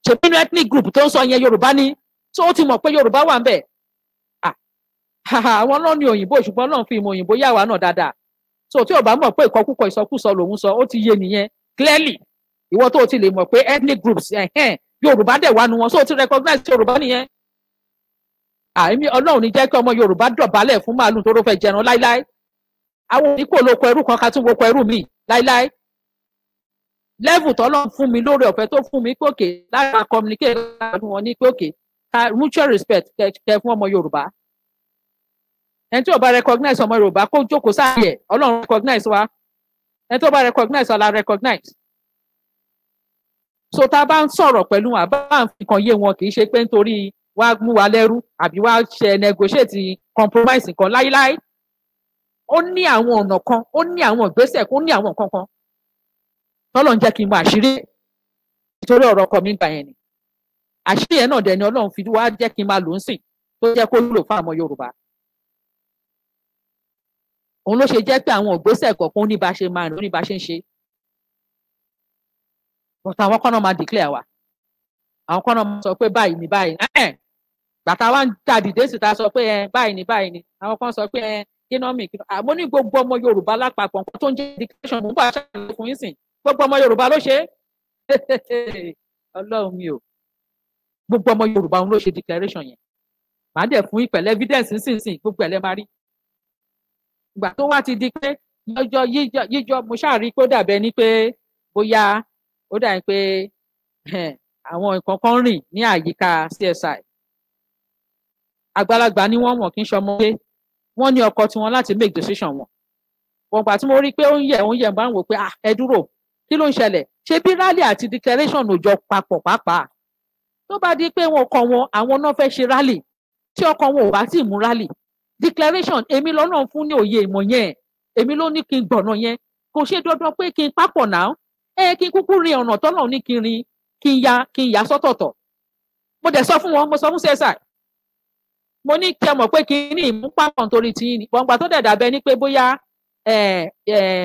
ṣèpé ethnic group tó ń sọ yẹn yorùbá ni tó ó ti mọ̀ pé yorùbá wà ń bẹ̀ àwọn náà ní òyìnbó ṣùgbọ́n náà fi ìmọ̀ òyìnbó yà wá náà dáadáa so tí ò bá mọ̀ pé ìkọkúkọ ìsọkúsọ lòun sọ ó ti yé nìyẹn clearly ìwọ tó o ti lè mọ̀ pé ethnic groups yorùbá dẹ̀ wà nù wọn so ó ti recognize yorùbá nìyẹn àìmí ọlọ́run ní jẹ́ kí ọmọ yorùbá dọ̀bálẹ̀ fún màálù tó ló fẹ́ jẹran láíláí àwọn oníkó olóko ẹrú kan ká tún wọkọ ẹrú mi láíláí level tọ́lọ́ fún mi lórí ọ̀fẹ́ tó fún mi pòkè lára communicate pẹ̀lú wọn ní pòkè ka mutual respect kẹ fún ọmọ yorùbá ẹni tí ò bá recognize ọmọ yorùbá kó jókòó sáàyè ọlọ́run recognize wa ẹni tó bá recognize ọ̀la recognize so tá a bá ń sọ̀rọ̀ pẹ̀lú wọn àbá nǹkan yé wọn kì í ṣe pé nítorí wá mú wa lẹ́rú àbí wá ṣe negotiate compromise nǹkan láíláí ó ní àwọn ọ̀nà kan ó ní àwọn ìgbésẹ̀ ó ní àwọn nǹkan kan tọ́lọ̀ ń jẹ́ kí n mọ àṣírí nítorí ọ̀rọ̀ ọkọ mi ń gbà yẹn ni àṣírí yẹn náà dẹni ọlọ́run fi wá jẹ́ kí n máa lò ń sìn tó jẹ́ kó wúlò fún àwọn yorùbá òun ló ṣe jẹ́ pé àwọn ìgbésẹ̀ kọ̀ọ̀kan ó ní bá ṣe máa rìn ó ní bá ṣe ń ṣe but àwọn kan náà máa declare wa àwọn kan náà máa sọ pé báyìí ni báyìí bàtà wa ń ta dìde sí ta sọ pé ẹ báyìí ni báyìí ni àwọn kan sọ pé ẹ kínámì kínámì mo ní gbogbo ọmọ yorùbá lápapọ̀ nǹkan tó ń jẹ́ education mo ń bá aṣáájú fún yín sìn gbogbo ọmọ yorùbá ló ṣe é ọlọ́run mi ò gbogbo ọmọ yorùbá òun ló ṣe declaration yẹn màá dẹ̀ fún ìpẹ̀lẹ́ evidence nísinsìnyí gbogbo ẹ̀ lẹ́ máa rí ìgbà tó wá ti di pé yíjọ yíjọ mo ṣáà rí pé dàbẹ ni pé bóyá ó dàbí pé àwọn nǹkan kan rìn ní àyíká CSI àgbàlagbà ni wọ́n wọ́n kì í ṣọmọdé wọ́n ní ọkọ tiwọn láti make decision wọn wọn gbà tí mo rí i pé ó ń yẹ ó ń yẹ bá ń wò pé ah ẹ dúró kí ló ń ṣẹlẹ̀ ṣé bí rally àti declaration ò jọ papọ̀ pàápàá tó bá di pé wọn kọ wọn àwọn náà fẹ́ ṣe rally tí ọkọ wọn ò bá tí mú rally declaration èmi lọ́nà fún ní òye ìmọ̀ yẹn èmi ló ní kí n gbọ̀nà yẹn kò ṣe dandan pé kí n papọ̀ náà ẹ kí n kúkú rin ọ̀nà tọ́lọ̀ ní kí n rin kí n ya kí n yà sọ́tọ̀tọ̀ mo dẹ̀ sọ fún wọn mo sọ fún csi mo ní kí ẹ mọ̀ pé kínní ìmúpapọ̀ nítorí tiyín ni gbọ̀ngbà tó dẹ̀ bẹ ni pé bóyá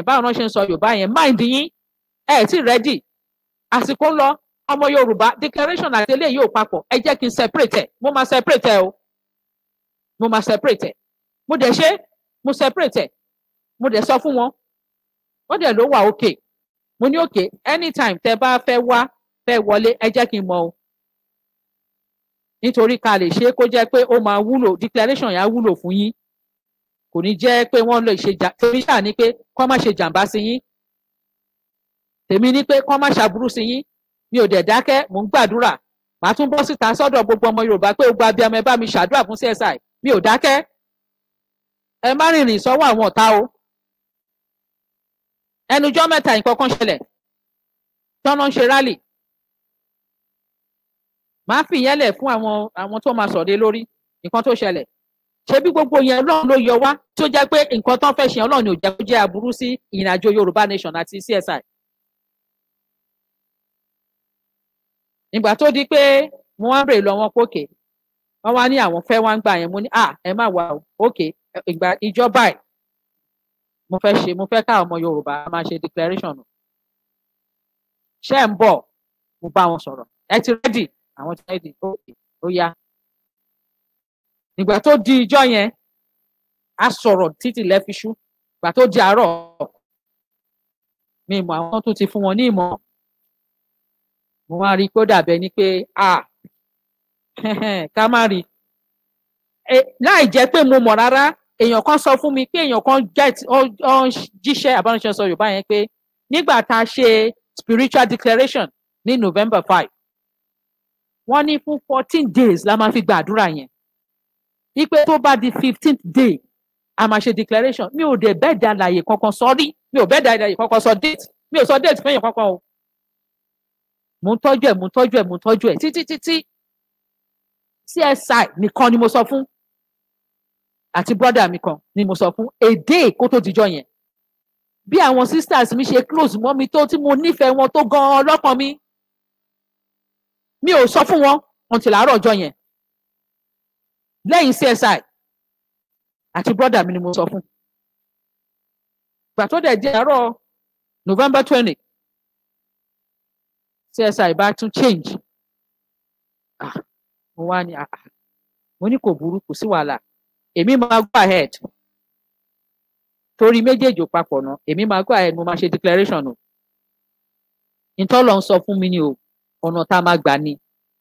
báwọn náà ṣe ń sọ yorùbá yẹn mind yín ẹ tí rẹ́dì àsìkò ń lọ ọmọ yorùbá declaration àti eléyìí ò papọ̀ ẹ jẹ́ kí n separate ẹ̀ mo máa separate ẹ̀ o mo máa separate ẹ̀ mo dẹ̀ ṣe mo separate ẹ̀ mo dẹ̀ sọ fún wọn wọ́n dẹ̀ ló wà okay mo ní okay anytime tẹ́ bá fẹ́ wá fẹ́ wọlé ẹ jẹ́ kí n mọ̀ o nítorí ká lè ṣe é kó jẹ́ pé ó máa wúlò declaration yẹn á wúlò fún yín kò ní jẹ́ pé wọ́n lè ṣe jà torí ṣáà ni pé kọ́ má ṣe jàǹbá sí yín tèmi ni pé kọ́ má ṣàbúrú sí yín mi ò dẹ̀ dákẹ́ mò ń gbàdúrà màá tún bọ́ síta sọ́dọ̀ gbogbo ọmọ Yorùbá pé ogun abiyamọ ẹ bá mi ṣàdúrà fún CSI mi ò dákẹ́ ẹ má rìnrìn sọ́wọ́ àwọn ọ̀tá o ẹnujọ́ mẹ́ta nǹkan ṣẹlẹ̀ tọ́nà ń ṣe rálì máa fi ìyẹn lẹ̀ fún àwọn àwọn tó máa sọ̀rọ̀ lórí nǹkan tó ṣẹlẹ̀ ṣebí gbogbo yẹn ọlọ́run ló yọ wá tí ó jẹ́ pé nǹkan tán fẹ́ ṣe ọlọ́run ni ò jẹ́ kó jẹ́ aburú sí ìrìnàjò yorùbá nation àti csi. ìgbà tó di pé mo wá ń bèrè lọ wọn pé òkè wọn wá ní àwọn fẹ́ wá ń gbà yẹn mo ní à ah, ẹ má wà ó òkè ìgbà ìjọba ẹ̀ mo fẹ́ ṣe mo fẹ́ ká ọmọ yorùbá máa ṣe declaration ṣe ń bọ̀ mo bá wọn sọ̀rọ̀ ẹ ti rẹ́dì àwọn tí wọn ti òkè ó yá ìgbà tó di ìjọ yẹn a sọ̀rọ̀ títí lẹfiṣú ìgbà tó di àárọ̀ mi mọ àwọn tó ti fún wọn ní ìmọ̀ mo wá rí i pé ó dàbẹ ni pé a ká má rí i e, láì jẹ́ pé mo mọ̀ rárá èèyàn kan sọ fún mi pé èèyàn kan jíṣẹ́ àbánisẹ sọ Yorùbá yẹn pé nígbà tá a ṣe spiritual declaration ní November five wọ́n ní fún fourteen days la máa fi gba àdúrà yẹn ipe tó bá di fifteenth day a máa ṣe declaration mi ò dẹ̀ bẹ́ẹ̀ da àlàyé kankan sọ rí mi ò bẹ́ẹ̀ da àlàyé kankan sọ date mi ò sọ date fẹ́yìn kankan o mo ń tọ́jú ẹ̀ mo ń tọ́jú ẹ̀ mo ń tọ́jú ẹ̀ títí títí CSI nìkan ni mo sọ fún àti brọ́dà mi kan ni mo sọ fún èdè kó tó dijọ́ yẹn bí àwọn sisters mi ṣe close mọ́ mi tó tí mo nífẹ̀ẹ́ wọn tó gan-an mi mi ò sọ fún wọn until àárọ̀ ọjọ́ yẹn lẹ́yìn CSI àti brọ́dà mi ni mo sọ fún gbà tó dẹ̀ di àárọ̀ November twenty CSI bá tún change ah mo wá ní ah mo ní kò burú kò sí wàhálà èmi máa go ahead torí méjèèjì ò papọ̀ náà èmi máa go ahead mo máa ṣe declaration o ìtọ́lọ̀ ń sọ fún mi ni o ọ̀nà tá a máa gbà ni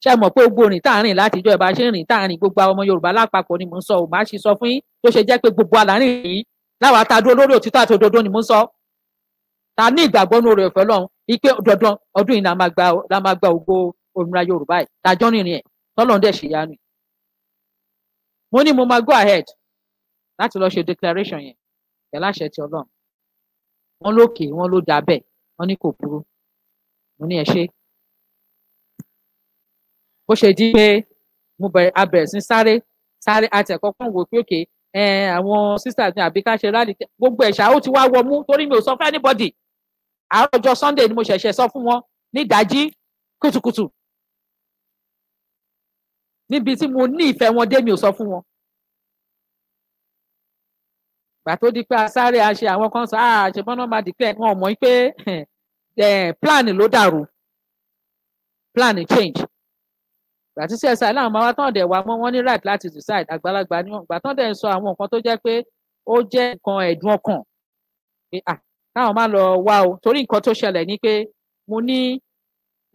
ṣé mọ̀ pé gbogbo rìn tá a rìn látijọ́ ìbá ṣe ń rìn tá a rìn gbogbo àwọn ọmọ yorùbá lápapọ̀ ni mò ń sọ ò má ṣe sọ fún yín tó ṣe jẹ́ pé gbogbo àlàrin yìí láwa ta dúró lórí òtítọ́ àti òdodo ni mò ń sọ ta ní ìgbàgbọ́ ní oore ọ̀fẹ́ lọ́hùn ipe dandan ọdún yìí la máa gba la òmìnira yorùbá yìí tàjọ́ rìnrìn ẹ̀ tọ́lọ́ dẹ̀ ṣe yánu. mo ní mo máa go ahead láti lọ ṣe declaration yẹn pẹ̀lú àṣẹ ti ọlọ́run wọn lókè wọn ló dà bẹ́ẹ̀ wọn ní kò burú mo ní ẹ ṣe bó ṣe di pé mo bẹ̀rẹ̀ a bẹ̀rẹ̀ sí sáré sáré àti ẹ̀kọ́ kan wò pé òkè àwọn sisters ní àbí ká ṣe rally gbogbo ẹ̀ṣà ó ti wá wọ torí mi ò sọ fún anybody àárọ̀ ọjọ́ sunday ni mo ṣẹ̀ṣẹ̀ sọ fún wọn ní ìdájí kùtùkùtù níbi tí mo ní ìfẹ́ wọn dé mi ò sọ fún wọn. gbà tó di pé a sáré a àwọn kan sọ ah ṣe bọ́n náà máa declare wọn ò mọ̀ pé plan ló dàrú plan change àti sí ẹsẹ aláwọn máa wá tán dẹ̀ wá mọ́ wọ́n ní right láti decide àgbàlagbà ni wọ́n gbà tán dẹ̀ ń sọ àwọn nǹkan tó jẹ́ pé ó jẹ́ nǹkan ẹ̀dùn ọkàn pé à káwọn máa lọ wá o torí nǹkan tó ṣẹlẹ̀ ni pé mo ní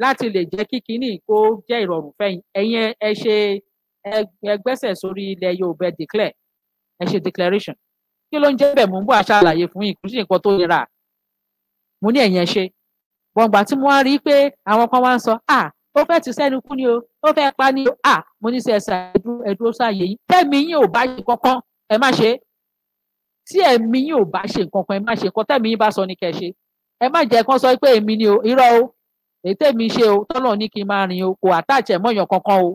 láti lè jẹ́ kí kinní kó jẹ́ ìrọ̀rùn fẹ́yìn ẹ̀yin ẹ ṣe ẹgbẹ́sẹ̀ sórí ilẹ̀ Yorùbá declare ẹ ṣe declaration kí ló ń jẹ́ bẹ́ẹ̀ mò ń bọ̀ àṣàlàyé fún yìí kò sí nǹkan tó nira mo ní ẹ̀yin ẹ ṣe bọ̀ǹgbà tí mo wá rí pé àwọn kan wá ń sọ à ó fẹ́ ti sẹ́nu kú ni o ó fẹ́ pa ni à mo ní sẹ ẹsà ẹdúró sáàyè yín tẹ̀mí yín ò bá ṣe kankan ẹ má ṣe tí ẹ̀mí yín ò bá ṣe kankan ẹ má ṣe kankan tẹ̀mí yín bá sọ ni kẹ́ ṣe ẹ má jẹ́ kán sọ pé èmi ni o irọ́ o èyí tẹ̀mí ṣe o tọ́lọ̀ ní kí n máa rìn o kò àtàjẹ̀ mọ́ èèyàn kankan o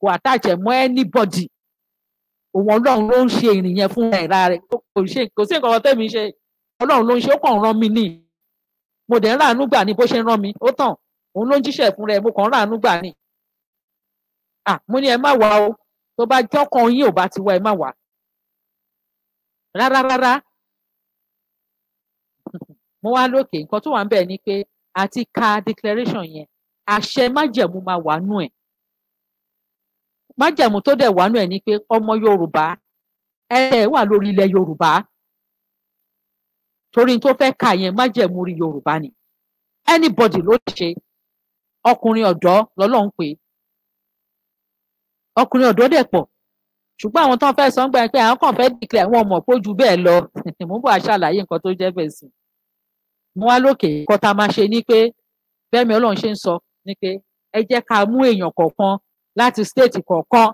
kò àtàjẹ̀ mọ́ anybody òun ọlọ́run ló ń ṣe ìrìn yẹn fún ẹ̀ra rẹ̀ kò sí nǹkan kan tẹ̀mí ṣe ọlọ́run ló ń ṣe ó kàn rán mi ní mo dẹ̀ ń ràánú gbà ní bó ṣe rán mi ó tàn òun ló ń jíṣẹ́ fún rẹ mo kàn ń ràánú gbà ni ah mo ní ẹ má wá o tó bá jọkàn yín ò bá ti wá ẹ má wá rárá mo wá lókè nǹkan tó wà ń bẹ̀ ni pé a ka declaration yẹn àṣẹ májẹ̀mú máa wà nù ẹ̀ májẹ̀mú tó dẹ̀ wà nù ẹ̀ ni pé ọmọ Yorùbá ẹ wà lórí ilẹ̀ Yorùbá torí tó fẹ́ kà yẹn májẹ̀mú rí Yorùbá ni anybody ló ṣe ọkùnrin ọ̀dọ́ lọ́lọ́run pé ọkùnrin ọ̀dọ́ dẹ̀ pọ̀ ṣùgbọ́n àwọn tó ń fẹ́ sọ ń gbà pé àwọn kan fẹ́ dìklẹ̀ wọn mọ̀ pé ju bẹ́ẹ̀ lọ mò ń bọ̀ àṣàlàyé nǹkan tó jẹ́ bẹ́ẹ̀ sí mo wá lókè nǹkan tá a máa ṣe ni pé bẹ́ẹ̀ ọlọ́run ṣe ń sọ ni pé ẹ jẹ́ ká mú èèyàn kọ̀ọ̀kan láti stéètì kọ̀ọ̀kan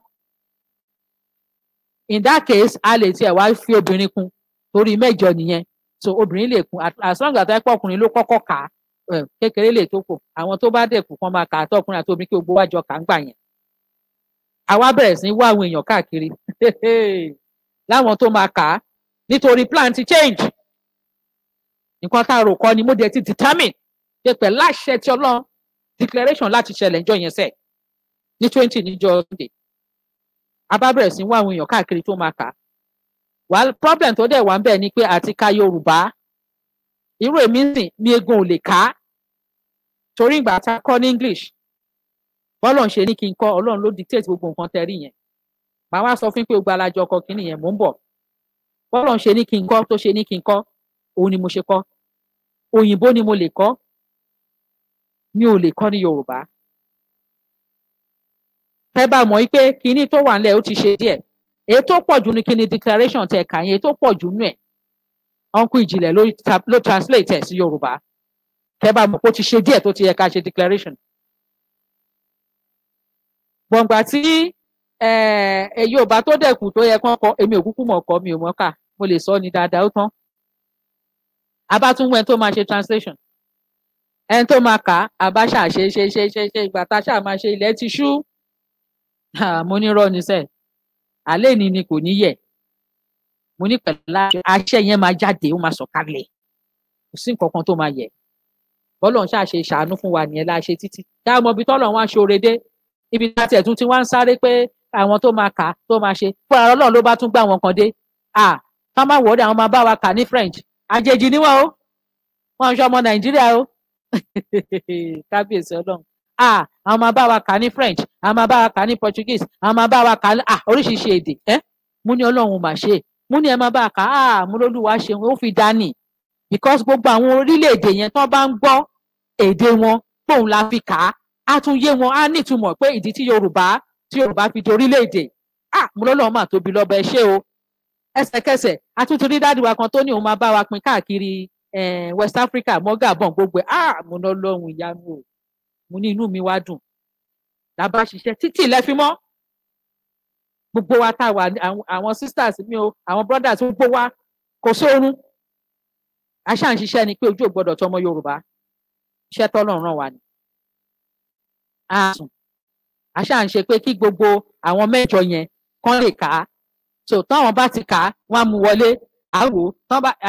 in that case a lè tiẹ̀ wá fi obìnrin kún torí mẹ́jọ nìyẹn so obìnrin lè kún as long as ọkùnrin ló kọ́kọ́ kà kékeré lè tó kù àwọn tó bá dẹ̀kù kan máa kà á tọkùnrin àti omi kí gbogbo wájọ kà ń gbà yẹn àwa bẹ̀rẹ̀ sí wá àwọn èèyàn káàkiri láwọn tó máa kà á nítorí plan ti change nǹkan tá a rò kọ́ ni mo dẹ̀ ti determine ṣe pẹ̀ láṣẹ ti ọlọ́run declaration láti ṣẹlẹ̀ níjọ́ yẹn sẹ̀ ní twenty níjọ́ sunday a bá bẹ̀rẹ̀ sí wá àwọn èèyàn káàkiri tó máa kà á wàá problem tó dẹ̀ wà ń bẹ̀ ni pé àti ka yorùbá irú èmi sìn mi egun ò lè ká torí ìgbà tá a kọ́ ní english bọ́lọ̀ ń ṣe ní kí n kọ́ ọlọ́run ló dictate gbogbo nǹkan tẹ́rí yẹn màá wá sọ fún pé o gba alájọ ọkọ kínní yẹn mò ń bọ̀ bọ́lọ̀ ń ṣe ní kí n kọ́ tó ṣe ní kí n kọ́ òun ni mo ṣe kọ́ òyìnbó ni mo lè kọ́ mi ò lè kọ́ ní yorùbá ẹ bá mọ̀ pé kinní tó wà nílẹ̀ ó ti ṣe díẹ̀ èyí tó pọ̀ jù ní kinní declaration tẹ̀ kà yẹn èyí tó pọ̀ jù nú ẹ̀ uncle ìjìnlẹ̀ ló ló translate ẹ̀ sí yorùbá kẹ́ bá mọ̀ pé ti ṣe díẹ̀ tó ti yẹ ká ṣe declaration. gbọ̀ngbà tí eh, yorùbá tó dẹ̀kù tó yẹ kán kọ èmi ò kúkú mọ̀ kọ́ mi ò mọ̀ kà mo lè sọ ni dáadáa ó tán abátúnwó ẹni tó máa ṣe translation ẹni tó máa kà á bá ṣáà ṣe ṣe ṣe ṣe ṣe ìgbà tá a ṣáà máa ṣe ilẹ̀ ti ṣú mo ní rọ́ọ̀nì sẹ́ẹ̀ àlẹ́ ni ni kò ní yẹ̀ mo ní pẹ̀lú àṣẹ yẹn máa jáde ó máa sọ̀kalẹ̀ kò sí nǹkan kan tó máa yẹ bọ́lọ̀ ń ṣàṣe ṣàánú fún wa nìyẹn láṣẹ títí dá ọmọ ibi tọ́lọ̀ wá ṣoore dé ibi láti ẹ̀tún tí wọ́n ń sáré pé àwọn tó máa kà tó máa ṣe fún ara ọlọ́run ló bá tún gbà wọn kan dé à ká má wọ́ọ́dẹ àwọn máa bá wa kà ní French àjèjì ni wọn o wọn ń ṣe ọmọ Nàìjíríà o kábíyèsí ọlọ́run à àwọn máa bá wa kà ní French àwọn máa bá wa kà ní Portuguese àwọn máa bá wa kà ní oríṣiríṣi èdè ẹ mú ọlọ́run mà ṣe mo ní ẹ máa bá a kà á ah, mo ṣeun ó fi dání because gbogbo àwọn orílẹ̀-èdè yẹn tán bá ń gbọ́ èdè wọn pòun la fi kà á á tún yé wọn á nítumọ̀ pé ìdí tí Yorùbá tí Yorùbá fi dorílẹ̀-èdè ah mo lọ́lọ́ mà tóbi lọ́ba ẹ ṣé o ẹsẹ̀kẹsẹ̀ a tún ti rí dáàdi wa kan tó ní òun máa bá wa pín káàkiri West Africa mọ́ Gabon gbogbo ẹ̀ ah mo lọ́lọ́hun ìyanu o mo ní inú mi wá dùn làbá ṣiṣẹ́ títí ilẹ̀ fi mọ́ gbogbo wa tá a wà àwọn sisters mi o àwọn brothers gbogbo wa kò sóorun aṣáà ń ṣiṣẹ́ ni pé ojú ò gbọ́dọ̀ tọmọ Yorùbá iṣẹ́ tọ́lọ́run ràn wá ni a sùn aṣáà pé kí gbogbo àwọn mẹ́jọ yẹn kán lè kà á so táwọn bá ti kà á wọ́n á mú wọlé àwò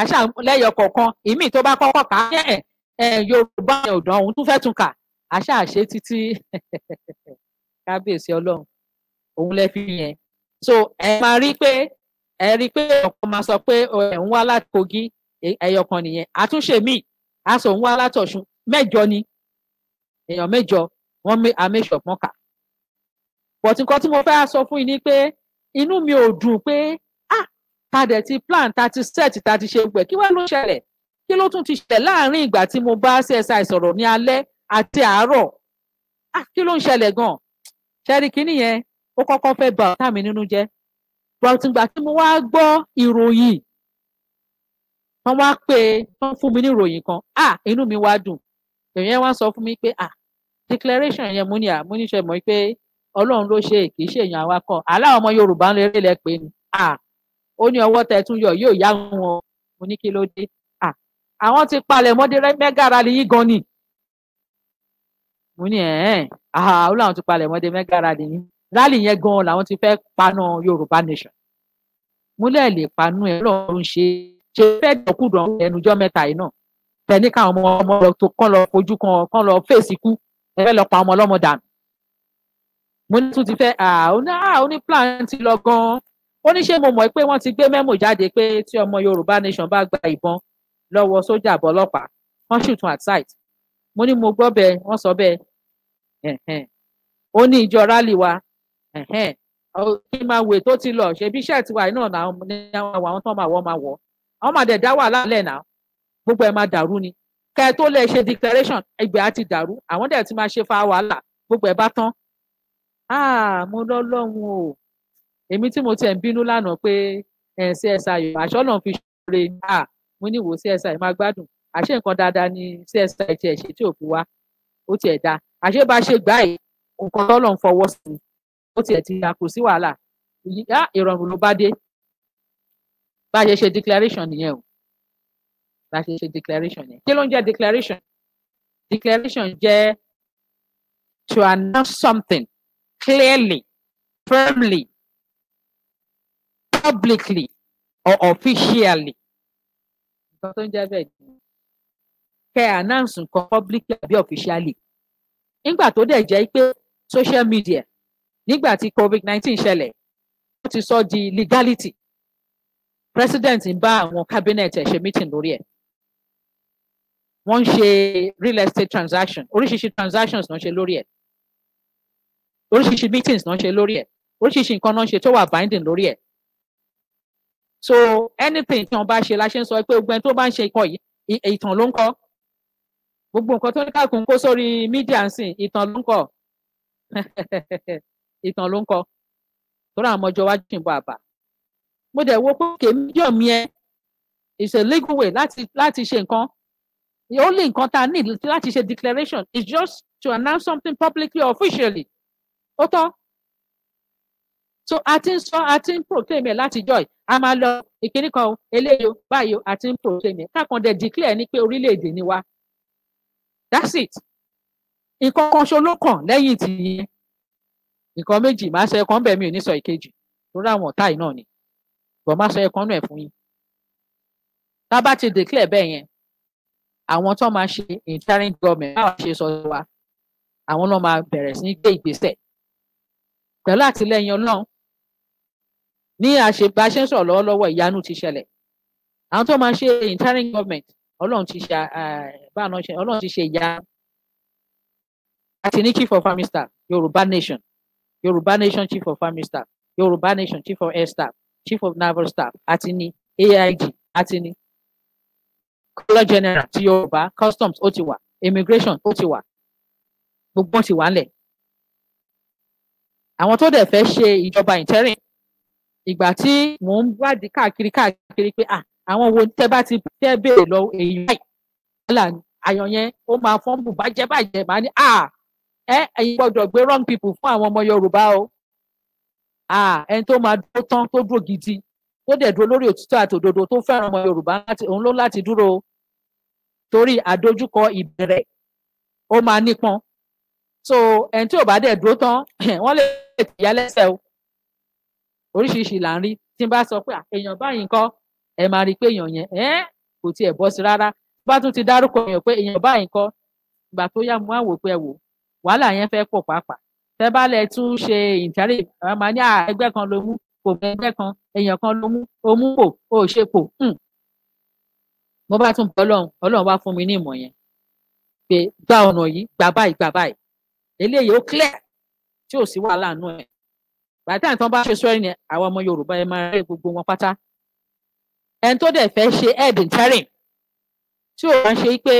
aṣáà lẹ́yọ kọ̀ọ̀kan ìmíì tó bá kọ́kọ́ kà á ẹ̀ ẹ̀ Yorùbá ẹ̀ ọ̀dàn òun tún fẹ́ tún kà aṣáà títí kábíyèsí Ọlọ́run òun lẹ́ fi yẹn so ẹ máa rí pé ẹ rí pé ọ̀kan máa sọ pé ẹ ń wá láti Kogi ẹyọkan nìyẹn àtúnṣe míì á sọ ń wá láti Ọ̀ṣun mẹ́jọ ni èèyàn mẹ́jọ wọ́n mé àmẹ́sọ̀ but nǹkan tí mo fẹ́ sọ fún yín ni pé inú mi ò dùn pé ah ta dẹ̀ ti plan ta set ta ti ṣe gbẹ̀ kí wá ló ṣẹlẹ̀ kí ló tún ti ṣẹlẹ̀ láàrin ìgbà tí mo bá CSI sọ̀rọ̀ ní alẹ́ àti àárọ̀ ah kí ló ń ṣẹlẹ̀ gan-an ṣẹ́rí kínní yẹn ó kọ́kọ́ fẹ́ ba ọ̀tá mi nínú jẹ́ bọ̀tùngbà tí mo wá gbọ́ ìròyìn wọ́n wá pé wọ́n fún mi ní ìròyìn kan ah inú mi wá dùn èèyàn wá sọ fún mi pé ah declaration yẹn mo ní à mo ní ṣe mọ̀ pé ọlọ́run ló ṣe kì í ṣe èèyàn àwa kan àlá ọmọ yorùbá ń lérè lẹ ni ah ó ní ọwọ́ tẹ tún yọ yóò yá wọn mo ní kí ló dé ah àwọn ti palẹ̀ mọ́dé mẹ́gà rally yìí gan ni mo ní ẹ̀ẹ́n ah ó láwọn ti palẹ̀ mọ́dé mẹ́gà rally yìí rally yẹn gan làwọn ti fẹ́ paná yorùbá nation múlẹ̀ lè panú ẹ̀ lọ́rùn ṣe ṣe fẹ́ dọ̀kúdọ̀ ẹnujọ́ mẹ́ta yìí náà tẹ̀ní káwọn ọmọ ọmọ lọ tó kán lọ fojú kan kán lọ fèsì kú ẹ fẹ́ lọ pa ọmọ ọlọ́mọ dànù mo ní tún ti fẹ́ àwọn oní plan ti lọ gan-an ó ní ṣé mo mọ̀ pé wọ́n ti gbé mẹ́mò jáde pé tí ọmọ yorùbá nation bá gba ìbọn lọ́wọ́ sójà àbọ̀ ọlọ́pàá wọ́n ṣùtún at site mo ní mo gbọ́ bẹ́ẹ̀ wọ́n sọ bẹ́ẹ̀ ó ní ìjọ rálì wa kí n máa wè tó ti lọ ṣebí iṣẹ́ tiwa iná náà ní àwọn àwọn tó máa wọ́ máa wọ̀ àwọn máa dẹ̀ dá wà lálẹ́ náà gbogbo ẹ̀ máa dàrú ni kẹ́ ẹ tó lè ṣe declaration ẹgbẹ́ á ti dàrú àwọn dẹ̀ ti máa ṣe fa wàhálà gbogbo ẹ̀ bá tán ah, mo lọ́lọ́run o èmi tí mo tiẹ̀ ń bínú lánàá pé csi àṣọ náà fi ṣe ah, mo ní ìwò csi máa gbádùn àṣé nǹkan dáadáa ni csi tiẹ̀ ṣe tí ò fi wá ó tiẹ̀ dáa àṣé bá ṣe gbá yìí nǹkan tọ́lọ̀ ń fọwọ́ sí i ó tiẹ̀ ti yà kò sí wàhálà yá ìrọ̀rùn ló bá dé bá a ṣe ṣe declaration nìyẹn o bá a ṣe ṣe declaration yẹn kí ló ń jẹ́ declaration declaration jẹ́ to announce something clearly firmly publicly or officially nǹkan tó ń jẹ́ bẹ́ẹ̀ jù kẹ́ announce nǹkan publicly àbí officially nígbà tó dẹ̀ jẹ́ pé social media nígbà tí covid nineteen ṣẹlẹ̀ ó ti sọ di legality president ń bá àwọn cabinet ẹ̀ ṣe meeting lórí ẹ̀ wọ́n ń ṣe real estate transaction oríṣiríṣi transactions náà ṣe lórí ẹ̀ oríṣiríṣi meetings náà ṣe lórí ẹ̀ oríṣiríṣi nǹkan náà ṣe tó wà binding lórí ẹ̀ so anything tí wọ́n bá ṣe la ṣe ń sọ pé gbogbo ẹni tó bá ń ṣe ikọ yìí ìtàn ló ń kọ gbogbo nǹkan tó ní káàkùn kó sórí mídíà ń sìn ìtàn ló ń kọ ìtàn ló ń kọ torí àwọn ọmọjọ wájú ìbọn àbá mo dẹ̀ wo pé kèmí yọ̀ mí ẹ it's a legal way láti láti ṣe nǹkan the only nǹkan tá a need láti ṣe declaration It's just to announce something publicly or officially ó tọ́ so a ti ń sọ a ti ń proclaim ẹ látijọ́ yìí a máa lọ ìkíní kan eléyò báyò a ti ń proclaim ẹ kákan dẹ̀ declare ni pé orílẹ̀-èdè ni wa that's it nǹkan kan ṣo ló kàn lẹ́yìn tìyẹn nǹkan méjì máa sọ ẹ̀kan bẹ́ẹ̀ mi ò ní sọ ìkejì torí àwọn ọ̀tá yìí náà ni bọ̀ máa sọ ẹ̀kan náà fún yín tá a bá ti declare bẹ́ẹ̀ yẹn àwọn tó máa ṣe interim government báwa ṣe sọ wa àwọn náà máa bẹ̀rẹ̀ sí gbé ìgbésẹ̀ pẹ̀lú àtìlẹ́yìn Ọlọ́run ní àṣebáṣe ń sọ̀rọ̀ lọ́wọ́lọ́wọ́ ìyanu ti ṣẹlẹ̀ àwọn tó máa ṣe interim government Ọlọ́run ti ṣe báwọn Ọlọ́run ti ṣe ìyanu àti ní chief of army staff Yorùbá nation Yorùbá Nation Chief of Army Staff Yorùbá Nation Chief of Air Staff Chief of Naval Staff àti ní AIG àti ní Colonel General ti Yorùbá Customs ó ti wà Immigration ó ti wà gbogbo ti wà ńlẹ̀ àwọn tó dẹ̀ fẹ́ ṣe ìjọba interim ìgbà tí mò ń wádìí káàkiri káàkiri pé à àwọn wo tẹ́ bá ti fẹ́ béèrè lọ èyí báyìí wàhálà ayọ̀ yẹn ó máa fọ́n bù bàjẹ́ bàjẹ́ màá ní à ẹ ẹ̀yin gbọ́dọ̀ gbé wrong people fún àwọn ọmọ Yorùbá o ẹni tó máa dúró tán tó dúró gidi tó dẹ̀ dúró lórí òtítọ́ àti òdodo tó fẹ́ràn ọmọ Yorùbá òun ló láti dúró torí àdójúkọ ìbẹ̀rẹ̀ ó máa nípọn so ẹni tí ò bá dẹ̀ dúró tán wọ́n lè tẹ̀yà lẹ́sẹ̀ o oríṣiríṣi là ń rí tí n bá sọ pé èèyàn báyìí ńkọ́ ẹ máa rí i pé èèyàn yẹn ẹ kò tiẹ̀ bọ́ sí rárá bá tún ti dárúkọ èèyàn pé èèyàn báyìí ńkọ́ ìgbà tó yá mu á wò pé ẹ wò wàhálà yẹn fẹ́ pọ̀ pàápàá tẹ́ bá lẹ tún ṣe ìtẹrí àmà ní ẹgbẹ́ kan ló mú kò mọ ẹgbẹ́ kan èèyàn kan ló mú o mú kò o ṣe kò hmm. mo bá tún bọ Ọlọ́run Ọlọ́run wá fún mi ní ìmọ̀ yẹn pé gba ọ̀nà yìí gbà báyìí gbà báyìí eléyìí ó clear tí ò sí wàhálà nù ẹ bàtà ìtàn bá ṣe swearing yẹn àwọn ọmọ Yorùbá ẹ máa rẹ gbogbo wọn pátá ẹni tó dẹ̀ fẹ́ ṣe head interim tí ò wá ṣe pé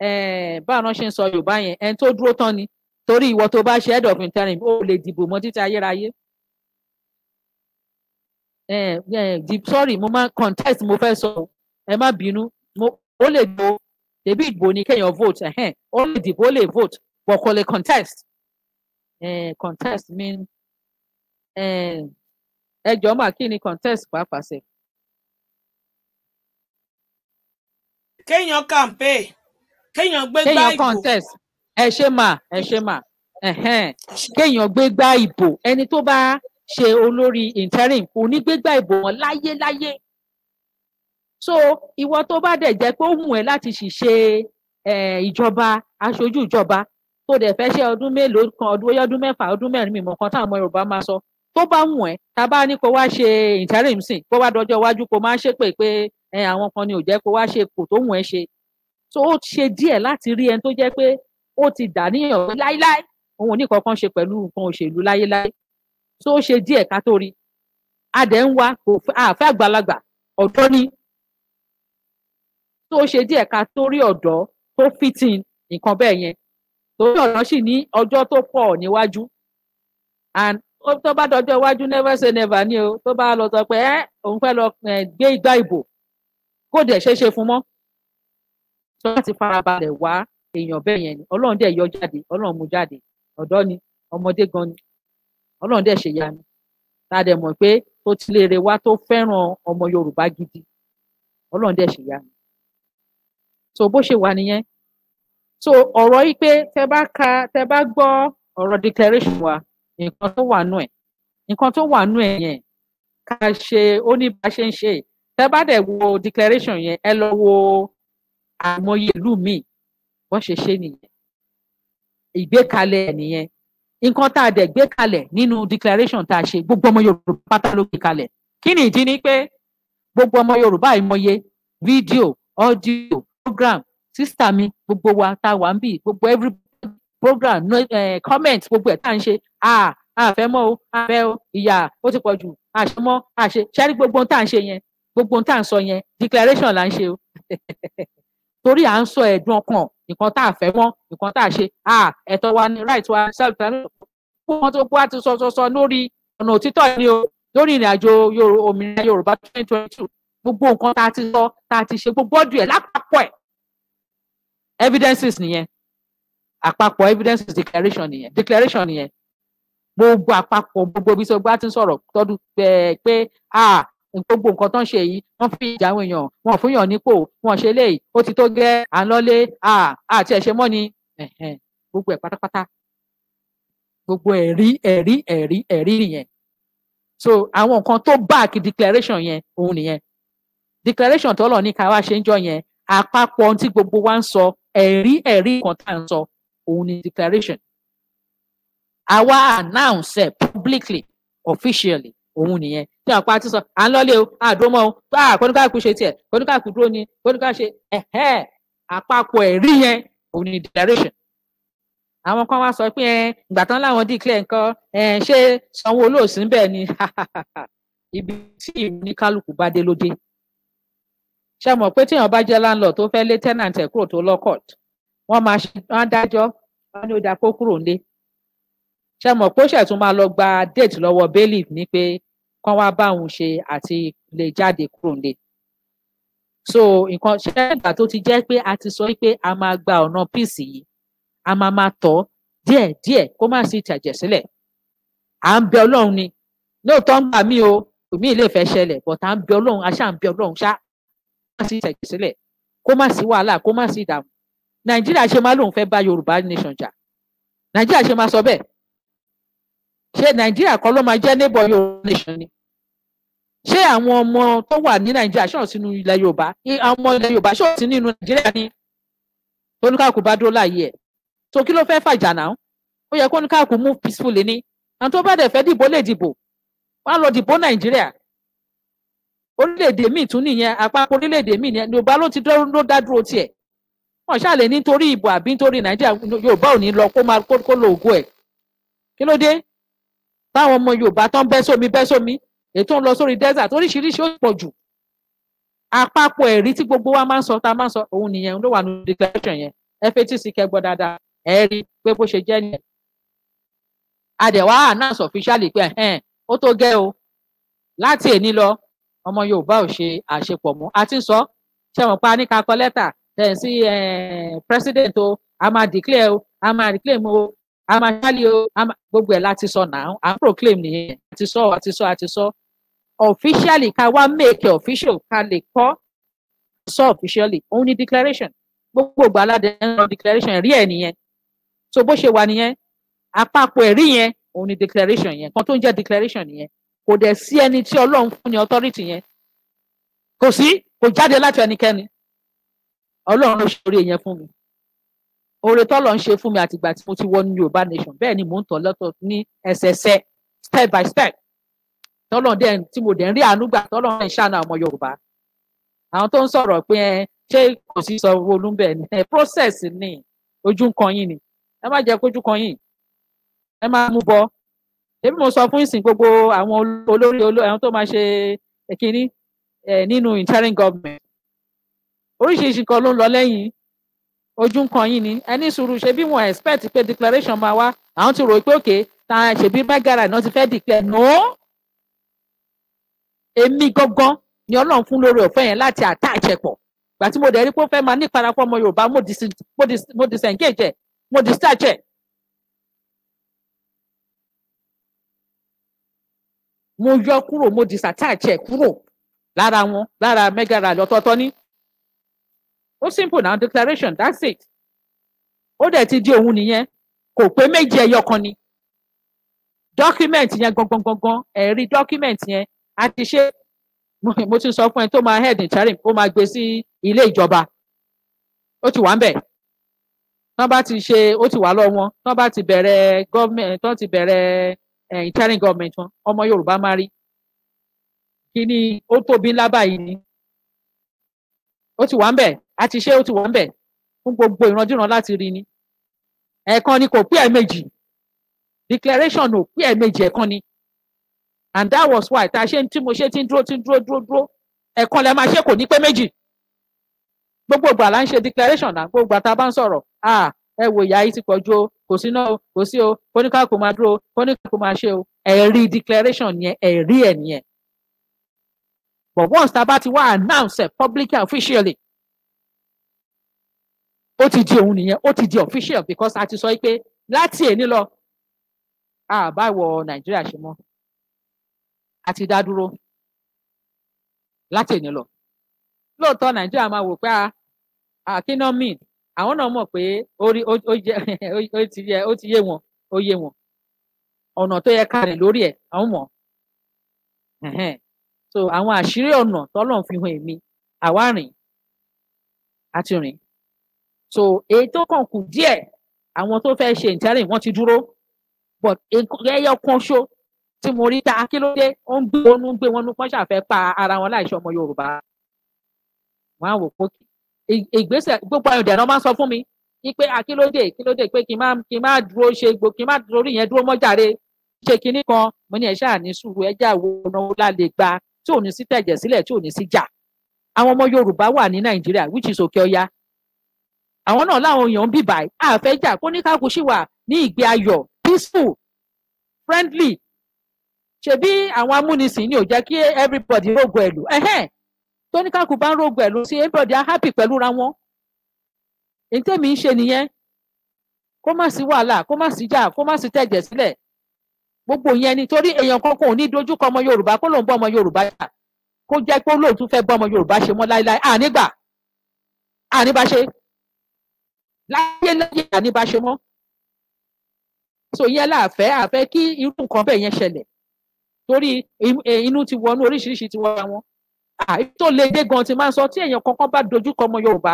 Eh, báwọn ṣe ń sọ yorùbá yẹn ẹni tó dúró tán ni torí ìwọ tó bá ṣe head of interim ó lè dìbò mọ́ títí ayérayé eh, eh, sorry mo máa contest mo fẹ́ sọ ẹ má bínú ó lè dìbò débí ìdìbò ni kéèyàn vote ó lè dìbò ó lè vote but kò lè contest contest mean ẹ jọ̀ọ́ mà kí ni contest pàápàá sẹ. kéèyàn campaign kéèyàn gbé gbá ìbò kéèyàn contest ẹ ṣe mà ẹ ṣe mà kéèyàn gbé gbá ìbò ẹni tó bá ṣe olórí interim kò ní gbé gbá ìbò wọn láyé láyé so ìwọ tó bá dẹ̀ jẹ́ pé ó wù ẹ́ láti ṣìṣe ìjọba aṣojú ìjọba tó dẹ̀ fẹ́ ṣe ọdún mélòó kan ọdún oyè ọdún mẹ́fà ọdún mẹ́rin mi mọ̀ kan táwọn ọmọ Yorùbá máa sọ tó bá wù ẹ́ tá ní kó wá ṣe interim sìn kó wá dọjọ́ iwájú kó máa ṣépè pé àwọn kan ni ò jẹ́ kó wá ṣe kò tó wù ẹ́ ṣe so ó ṣe díẹ̀ láti rí ẹni tó jẹ́ pé ó ti dà níyàn pé láíláí òun ò ní kankan ṣe pẹ̀lú nǹkan òṣèlú láíláí so ó ṣe díẹ̀ ká tó rí a dẹ̀ ń wá kò àfẹ́ àgbàlagbà ọ̀dọ́ ni so ó ṣe díẹ̀ ká tó rí ọ̀dọ́ tó fitting nǹkan bẹ́ẹ̀ yẹn torí ọ̀dọ́ sì ní ọjọ́ tó pọ̀ níwájú and tó bá dọjọ́ iwájú never say never ni o tó bá lọ sọ pé ẹ òun fẹ́ lọ gbé igbá ìbò kó dẹ̀ ṣeé fún mọ́ tó láti farabalẹ̀ wá èèyàn bẹ́ẹ̀ yẹn ni ọlọ́run dẹ̀ yọ jáde ọlọ́run mú jáde ọ̀dọ́ ni ọmọdé gan ni ọlọ́run dẹ̀ ṣe ya ni tá a dẹ̀ mọ̀ pé tó ti léèrè wá tó fẹ́ràn ọmọ yorùbá gidi ọlọ́run dẹ̀ ṣe ya ni so bó ṣe wà nìyẹn so ọ̀rọ̀ yìí pé tẹ bá ka tẹ bá gbọ́ ọ̀rọ̀ declaration wa nǹkan tó wà nù ẹ̀ nǹkan tó wà nù ẹ̀ yẹn ká ṣe ó ní bá ṣe ń ṣe tẹ bá dẹ̀ wo declaration yẹn ẹ lọ wo àmọye ìlú míì wọ́n ṣe ṣe nìyẹn ìgbékalẹ̀ nìyẹn nǹkan tá a dẹ̀ gbé kalẹ̀ nínú declaration tá a ṣe gbogbo ọmọ yorùbá pátá ló gbé kalẹ̀ kí ni ìdí ni pé gbogbo ọmọ yorùbá àìmọye fídíò ọ́díò program sísà mi gbogbo wa tá a wà ń bì gbogbo every program no, comment gbogbo ẹ̀ tá à ń ṣe ah àfẹ́ mọ́ o àfẹ́ o ìyá ó ti pọ̀ jù àṣẹ mọ́ àṣẹ ṣẹ́rí gbogbo ohun tá à ń ṣe yẹn gbogbo ohun tá à ń sọ yẹn declaration là ń ṣe o torí à ń sọ ẹ̀dùn ọkàn nǹkan tá a fẹ́ mọ́ nǹkan tá a ṣe ah ẹ̀tọ́ wa ni right wa self tanilo kó wọn tó kó wa ti sọ sọ sọ lórí ọ̀nà òtítọ́ ni o lórí ìrìn àjò òmìnira Yorùbá twenty twenty two gbogbo nǹkan tá a ti sọ tá a ti ṣe gbogbo ọdún ẹ̀ lápapọ̀ ẹ̀ evidences nìyẹn àpapọ̀ evidences declaration nìyẹn declaration nìyẹn gbogbo àpapọ̀ gbogbo ibi tí ọgbà ti ń sọ̀rọ̀ tọ́dún pé pé ah gbogbo nǹkan tó ń ṣe yìí wọ́n fi ìjà àwọn èèyàn wọn fún yàn nípò wọn ṣe léyìí ó ti tó gẹ́ à ń lọlé àti ẹṣẹ mọ ni gbogbo ẹ̀ pátápátá gbogbo ẹ̀rí ẹ̀rí ẹ̀rí ẹ̀rí nìyẹn so àwọn nǹkan tó back declaration yẹn òun nìyẹn declaration tọ́lọ̀ ní ká wá ṣe ń jọ yẹn àpapọ̀ ohun tí gbogbo wa ń sọ ẹ̀rí ẹ̀rí nǹkan tá à ń sọ òun ni declaration àwa announce publicly officially òun nìyẹn ní ọ̀pá ti sọ à ń lọ́lé o àdúró mọ́ o pé à kọ́nìkàkù ṣe tiẹ̀ kọ́nìkàkù dúró ni kọ́nìkà ṣe ẹ̀hẹ́ àpapọ̀ ẹ̀rí yẹn òun ni declaration. àwọn kan wá sọ pé ẹ ìgbà tán láwọn declare nǹkan ẹ ṣé Sanwó-Olú ò ń bẹ̀ ni ibi tí ìlú ní kálukú bá dé lóde. ṣé mọ̀ pé téèyàn bá jẹ́ landlord tó fẹ́ lé tenant ẹ̀ kúrò tó lọ́kọ̀t wọ́n máa ṣe wọ́n dájọ́ wọ́n ní ó dáa kó kúrò nílé ṣé mọ̀ pé ó ṣẹ̀ máa lọ gba date lọ́wọ́ bailiff ní pé kán wá bá òun ṣe àti lè jáde kúrò nílé so nǹkan ṣẹ́gbà tó ti jẹ́ pé a ti sọ pé a máa gba ọ̀nà píìsì yìí a máa máa tọ́ díẹ̀ kó má sí ìtàjẹ̀ sílẹ̀ à ń bẹ ọlọ́run ni lóòótọ́ ń gbà mí o òmí ilé ìfẹ́ ṣẹlẹ̀ but à ń bẹ ọlọ́run a ṣáà ń bẹ ọlọ́run ṣá kó má sí ìtàjẹ̀ sílẹ̀ kó má sí wàhálà kó má sí ìdààmú nàìjíríà ṣe máa lóun fẹ́ bá yorùbá nation jà nàìjíríà ṣe máa sọ bẹ́ẹ̀ ṣé nàìjíríà kan ló máa jẹ́ neighbor yorùbá nation ni ṣé àwọn ọmọ tó wà ní nàìjíríà ṣé ò sínú ilẹ̀ yorùbá àwọn ọmọ ilẹ̀ yorùbá ṣé ò sí nínú nàìjíríà ni oníkàkù bá dúró láàyè ẹ̀ so kí ló fẹ́ fàjà náà ó yẹ kó oníkàkù move peacefully ni àwọn tó bá dẹ̀ fẹ́ dìbò lè dìbò wọ́n á lọ dìbò nàìjíríà orílẹ̀-èdè míì tún nìyẹn àpapọ̀ orílẹ̀-èdè míì nìyẹn yorùbá ló ti ló dá dúró tiẹ̀ wọ́n ṣàlẹ̀ nítorí ìbò àbí nítorí nàìjíríà yorùbá ò ní lọ kó máa kó lo ògo ẹ̀ kí ló dé táwọn ọmọ yorùbá tán bẹ́ sómi bẹ́ sómi èyí tó ń lọ sórí desert oríṣiríṣi ó pọ̀ jù àpapọ̀ ẹ̀rí tí gbogbo wa máa ń sọ tá a máa ń sọ òun nìyẹn ló wà nínú declaration yẹn ẹ fetí dáadáa ẹ pé bó ṣe jẹ́ nìyẹn adẹ̀wà announce officially pé ẹ̀hẹ́n ó tó gẹ́ o láti èní lọ ọmọ yorùbá ò ṣe àṣepọ̀ mọ́ a ti ń sọ ṣe mọ̀ pa ní kakọ lẹ́tà tẹ̀ sí president o a máa declare o a máa declare mo a máa ṣáàlì o gbogbo ẹ̀ láti sọ náà à ń proclaim nìyẹn àti sọ àti sọ àti sọ officially ká wá make official ká lè kọ́ sọ officially Only ni declaration gbogbo ògbà aládé ń lọ declaration rí ẹ̀ nìyẹn so bó ṣe wà nìyẹn àpapọ̀ ẹ̀rí yẹn òun ni declaration yẹn kan tó ń jẹ́ declaration nìyẹn kò dẹ̀ sí ẹni tí ọlọ́run fún ní authority yẹn kò sí kò jáde láti ẹnikẹ́ni ọlọ́run ló ṣe orí yẹn fún mi oore tọ́lọ̀ ń ṣe fún mi àtìgbà tí mo ti wọnú yorùbá nation bẹ́ẹ̀ ni mò ń tọ̀ lọ́tọ̀ ní ẹsẹẹsẹ step by step tọ́lọ̀ dẹ̀ tí mo dẹ̀ ń rí àánú gbà tọ́lọ̀ ń ṣàánú ọmọ yorùbá àwọn tó ń sọ̀rọ̀ pé ẹ ṣé kò sí sọ olú ń bẹ̀ ní ẹ process ni ojú kan yín ni ẹ má jẹ́ kójú kan yín ẹ má mú bọ́ èmi mo sọ fún ìsìn gbogbo àwọn olórí àwọn tó máa ṣe kínní nínú interim government oríṣiríṣi kan ló ń lọ lẹ́yìn ojú ń kan yín ni ẹni sùúrù ṣe bí wọn expect pé declaration máa wá àwọn ti rò pé òkè ta ṣèbí bágàrà náà ti fẹ́ declare no èmi gangan ni ọlọ́run fún lórí ọ̀fẹ́ yẹn láti àtà àjẹpọ̀ gbà tí mo dẹ̀ rí pé ó fẹ́ máa nípara fún ọmọ yorùbá mo disengage ẹ̀ mo discharge ẹ̀ mo yọ kúrò mo disattach ẹ̀ kúrò lára wọn lára mẹ́gàrà lọ́tọ̀ọ̀tọ̀ ní ó simple now declaration that's it ó dẹ̀ ti di òun nìyẹn kò pé méjì ẹyọ kan ni document yẹn gangan gangan ẹ̀rí document yẹn a ti ṣe mo ti sọ fún ẹ tó máa head interim ó máa gbé sí ilé ìjọba ó ti wà ń bẹ̀ tán bá ti ṣe ó ti wà lọ wọn tán bá ti bẹ̀rẹ̀ gọ́ọ̀mẹ̀ntì tán ti bẹ̀rẹ̀ eh, interim gọ́ọ̀mẹ̀ntì wọn ọmọ Yorùbá máa rí kí ni ó tóbi ńlá báyìí ni ó ti wà ń bẹ̀ a ti ṣe ó ti wà ń bẹ̀ fún gbogbo ìrandíran láti rí ni ẹ̀ẹ̀kan ni kò pé ẹ̀ẹ̀mejì declaration ò pé ẹ̀ẹ̀mejì ẹ̀ẹ̀kan ni and that was why tá a ṣe tí mo ṣe ti ń dúró ti ń dúró dúró dúró ẹ̀ẹ̀kan lẹ máa ṣe kò ní pé méjì gbogbo ìgbà là ń ṣe declaration náà gbogbo ìgbà tá bá ń sọ̀rọ̀ ah ẹ wo ìyá yìí ti pọ̀ ju o kò sí náà o kò sí o kóníkà kò máa dúró kóníkà kò máa ṣe o ẹ̀rí declaration yẹn ẹ̀rí ẹ̀ nìyẹn but once tá a bá ti wá announce it publicly officially ó ti di òun nìyẹn ó ti di official because a ti sọ pé láti èní lọ a bá wọ nàìjíríà ṣe mọ́ a ti dá dúró láti èní lọ lóòótọ́ nàìjíríà máa wò pé a kí náà mean àwọn náà mọ̀ pé orí ó jẹ ó ti yẹ ó ti yé wọn ó yé wọn ọ̀nà tó yẹ ká rìn lórí ẹ̀ àwọn mọ̀ so àwọn àṣírí ọ̀nà tọ́lọ̀ fi hàn èmi àwa àti rìn so èyí tó kàn kù díẹ̀ àwọn tó fẹ́ ṣe ìtẹ́rìn wọ́n ti dúró but ẹyọ kan ṣo tí mo rí ta akílódé ó ń gbé wọn ń gbé wọn nípa ṣàfẹ́ pa ara wọn láìṣe ọmọ Yorùbá wọn á wò pé ìgbésẹ̀ gbogbo ayọ̀dẹ̀ náà máa sọ fún mi wípé akílódé kílódé pé kí n má kí n má dúró ṣe gbò kí n má dúró rí yẹn dúró mọ́jàre ṣe kinní kan mo ní ẹ̀ ṣáà ní sùúrù ẹ̀ jà wo ọ̀nà wo la tí ò ní sí tẹ̀jẹ̀ sílẹ̀ tí ò ní sí jà àwọn ọmọ Yorùbá wà ní Nàìjíríà which is Òkè Ọya àwọn náà láwọn èèyàn ń bì báyìí àfẹ́jà kó ní káàkó sì wà ní ìgbé ayọ̀ peaceful friendly ṣebí àwọn amúnisìn ni ò jẹ́ kí everybody rógo ẹ̀lú ẹ̀hẹ́n tó ní káàkó bá ń rógo ẹ̀lú sí everybody are happy pẹ̀lú ra wọn èyí tèmi ń ṣe nìyẹn kó má sí wàhálà kó má sí jà kó má sí tẹ̀jẹ̀ sílẹ̀ gbogbo yẹn ni torí èèyàn kankan ò ní dojúkọ ọmọ yorùbá kó lòun bọ ọmọ yorùbá jà kó jẹ́ pé olóòtú fẹ́ bọ ọmọ yorùbá ṣe mọ́ láéláé ànígbà àníbá ṣe láyé láyé àníbá ṣe mọ́ so yẹn láàfẹ́ àfẹ́ kí irú nǹkan bẹ́ẹ̀ yẹn ṣẹlẹ̀ torí eh, inú ti wọnú oríṣiríṣi ti wọra wọn tó le dé gan ti máa ń sọ tí èèyàn kankan bá dojúkọ ọmọ yorùbá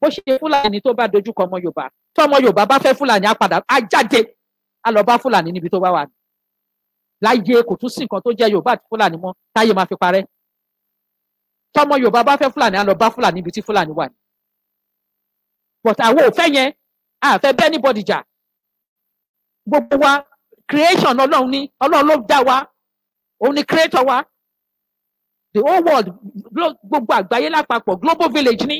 bó ṣe fúlàní tó bá dojúkọ ọmọ yorùbá tọmọ yorùbá bá fẹ́ fúlàní á padà á jáde á lọ bá fúlàní níbi tó bá wà láyé kò tún sí nǹkan tó jẹ́ yorùbá àti fúlàní mọ́ táyé máa fi parẹ́ tọmọ yorùbá bá fẹ́ fúlàní á lọ bá fúlàní níbi tí fúlàní wà but àwọn ò fẹ́ yẹn a fẹ́ bẹ́ẹ̀ anybody jà gbogbo wa creation ọlọ́run ni ọlọ́run ló dá wa òun ni creator wa the whole world gbogbo àgbáyé lápapọ̀ global village ni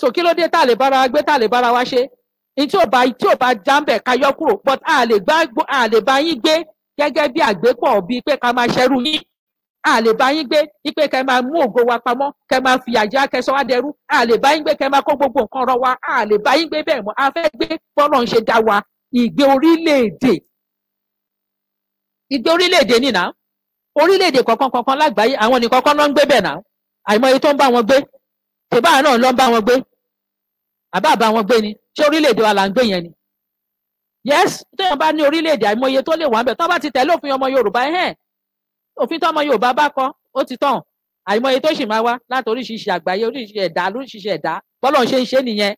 so kí ló dé tá a lè bára wa gbé tá a lè bára wa ṣe tí ò bá tí ò bá jáǹbẹ̀ ká yọ kúrò but a lè gbá a lè bá yín gbé gẹ́gẹ́ bí àgbépọ̀ bíi pé ká máa ṣẹ́rú yín a lè bá yín gbé ipe kẹ máa mú ògo wa pamọ́ kẹ máa fi àjà kẹsọ wa dẹrú a lè bá yín gbé kẹ máa kó gbogbo nǹkan rọ wa a lè bá yín gbé bẹ́ẹ̀ mọ́ a fẹ́ gbé bọlọ ń ṣe dá wa ìgbé orílẹ̀ ìgbé orílẹ̀-èdè nìna orílẹ̀-èdè lágbàáyé àwọn nìkọ̀ọ̀kan náà ń gbé bẹ́ẹ̀ náà àìmọye tó ń bá wọn gbé tèbá náà ló ń bá wọn gbé àbá bá wọn gbé ni ṣé orílẹ̀-èdè wa là ń gbé yẹn ni yes téèyàn bá ní orílẹ̀-èdè àìmọye tó lè wà ń bẹ̀ tó bá ti tẹ̀lé òfin ọmọ Yorùbá ẹ̀hẹ́n òfin tó ọmọ Yorùbá bá kọ ó ti tàn àìmọye tó sì máa wá láti oríṣiríṣi àgbáyé oríṣiríṣi ẹ̀dá lóríṣiríṣi ẹ̀dá bọ́lọ̀ ń ṣe ń ṣe nìyẹn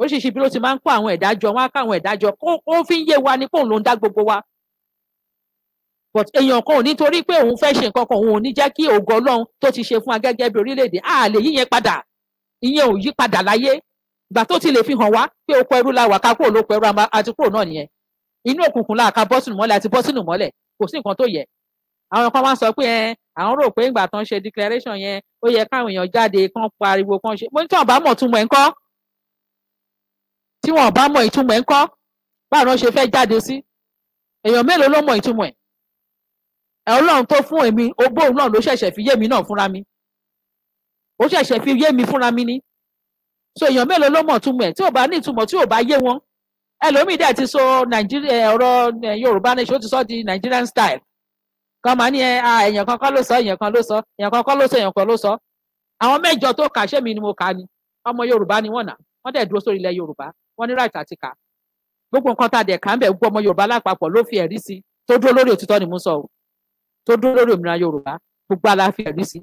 oríṣiríṣi bí ló ti máa ń kó àwọn ẹ̀dá jọ wọn á ká àwọn ẹ̀dá jọ kó fi ń yé wa ni kóun ló ń dá gbogbo wa but èèyàn kan ò ní torí pé òun fẹ́ ṣe nǹkan kan òun ò ní jẹ́ kí ògo Ọlọ́run tó ti ṣe fún wa gẹ́gẹ́ bí orílẹ̀-èdè a lè padà ìyẹn ò yí padà láyé gbà tó ti lè fi hàn wá pé oko ẹrú la wà ká kúrò lóko ẹrú àti kúrò náà nìyẹn inú òkùnkùn la ka bọ́ sínú mọ́lẹ̀ àti bọ́ sínú mọ́lẹ̀ kò sí nǹkan tó yẹ àwọn kan wá sọ pé ẹ àwọn rò pé ìgbà tán ṣe declaration yẹn ó yẹ káwọn èèyàn jáde kán pariwo kán ṣe mo ní tí wọn bá mọ̀ túmọ̀ ẹ̀ ńkọ́ tí wọn bá mọ̀ ìtumọ̀ ẹ̀ ńkọ́ báwo ni wọn ṣe fẹ́ jáde sí èèyàn mélòó ló mọ̀ ìtumọ̀ ẹ̀ ẹ̀ ọlọ́run tó fún èmi ogbóhùn náà ló ṣẹ̀ṣẹ̀ fi yé mi náà fúnra mi ó ṣẹ̀ṣẹ̀ fi yé mi fúnra mi ni so èèyàn mélòó ló mọ̀ túmọ̀ ẹ̀ tí ò bá ní ìtumọ̀ tí ò bá yé wọn ẹlòmíì dẹ̀ ti sọ nàìjíríà ọ̀rọ̀ yorùbá ní ṣó ti sọ di nigerian style kan máa ní èèyàn kan kọ́ ló sọ èèyàn kan ló sọ èèyàn kan kọ́ ló sọ èèyàn kan ló sọ àwọn mẹ́jọ tó kà ṣé mi ni mo kà ni ọmọ yorùbá ni wọ́n nà wọ́n dẹ̀ dúró sórí ilẹ̀ yorùbá wọ́n ní right àti kà gbogbo nǹkan tá a dẹ̀ kà ń bẹ̀ gbogbo ọmọ yorùbá lápapọ̀ ló fi ẹ̀rí sí tó dúró lórí òtítọ́ ni mo sọ o tó dúró lórí òmìnira yorùbá gbogbo aláfi ẹ̀rí sí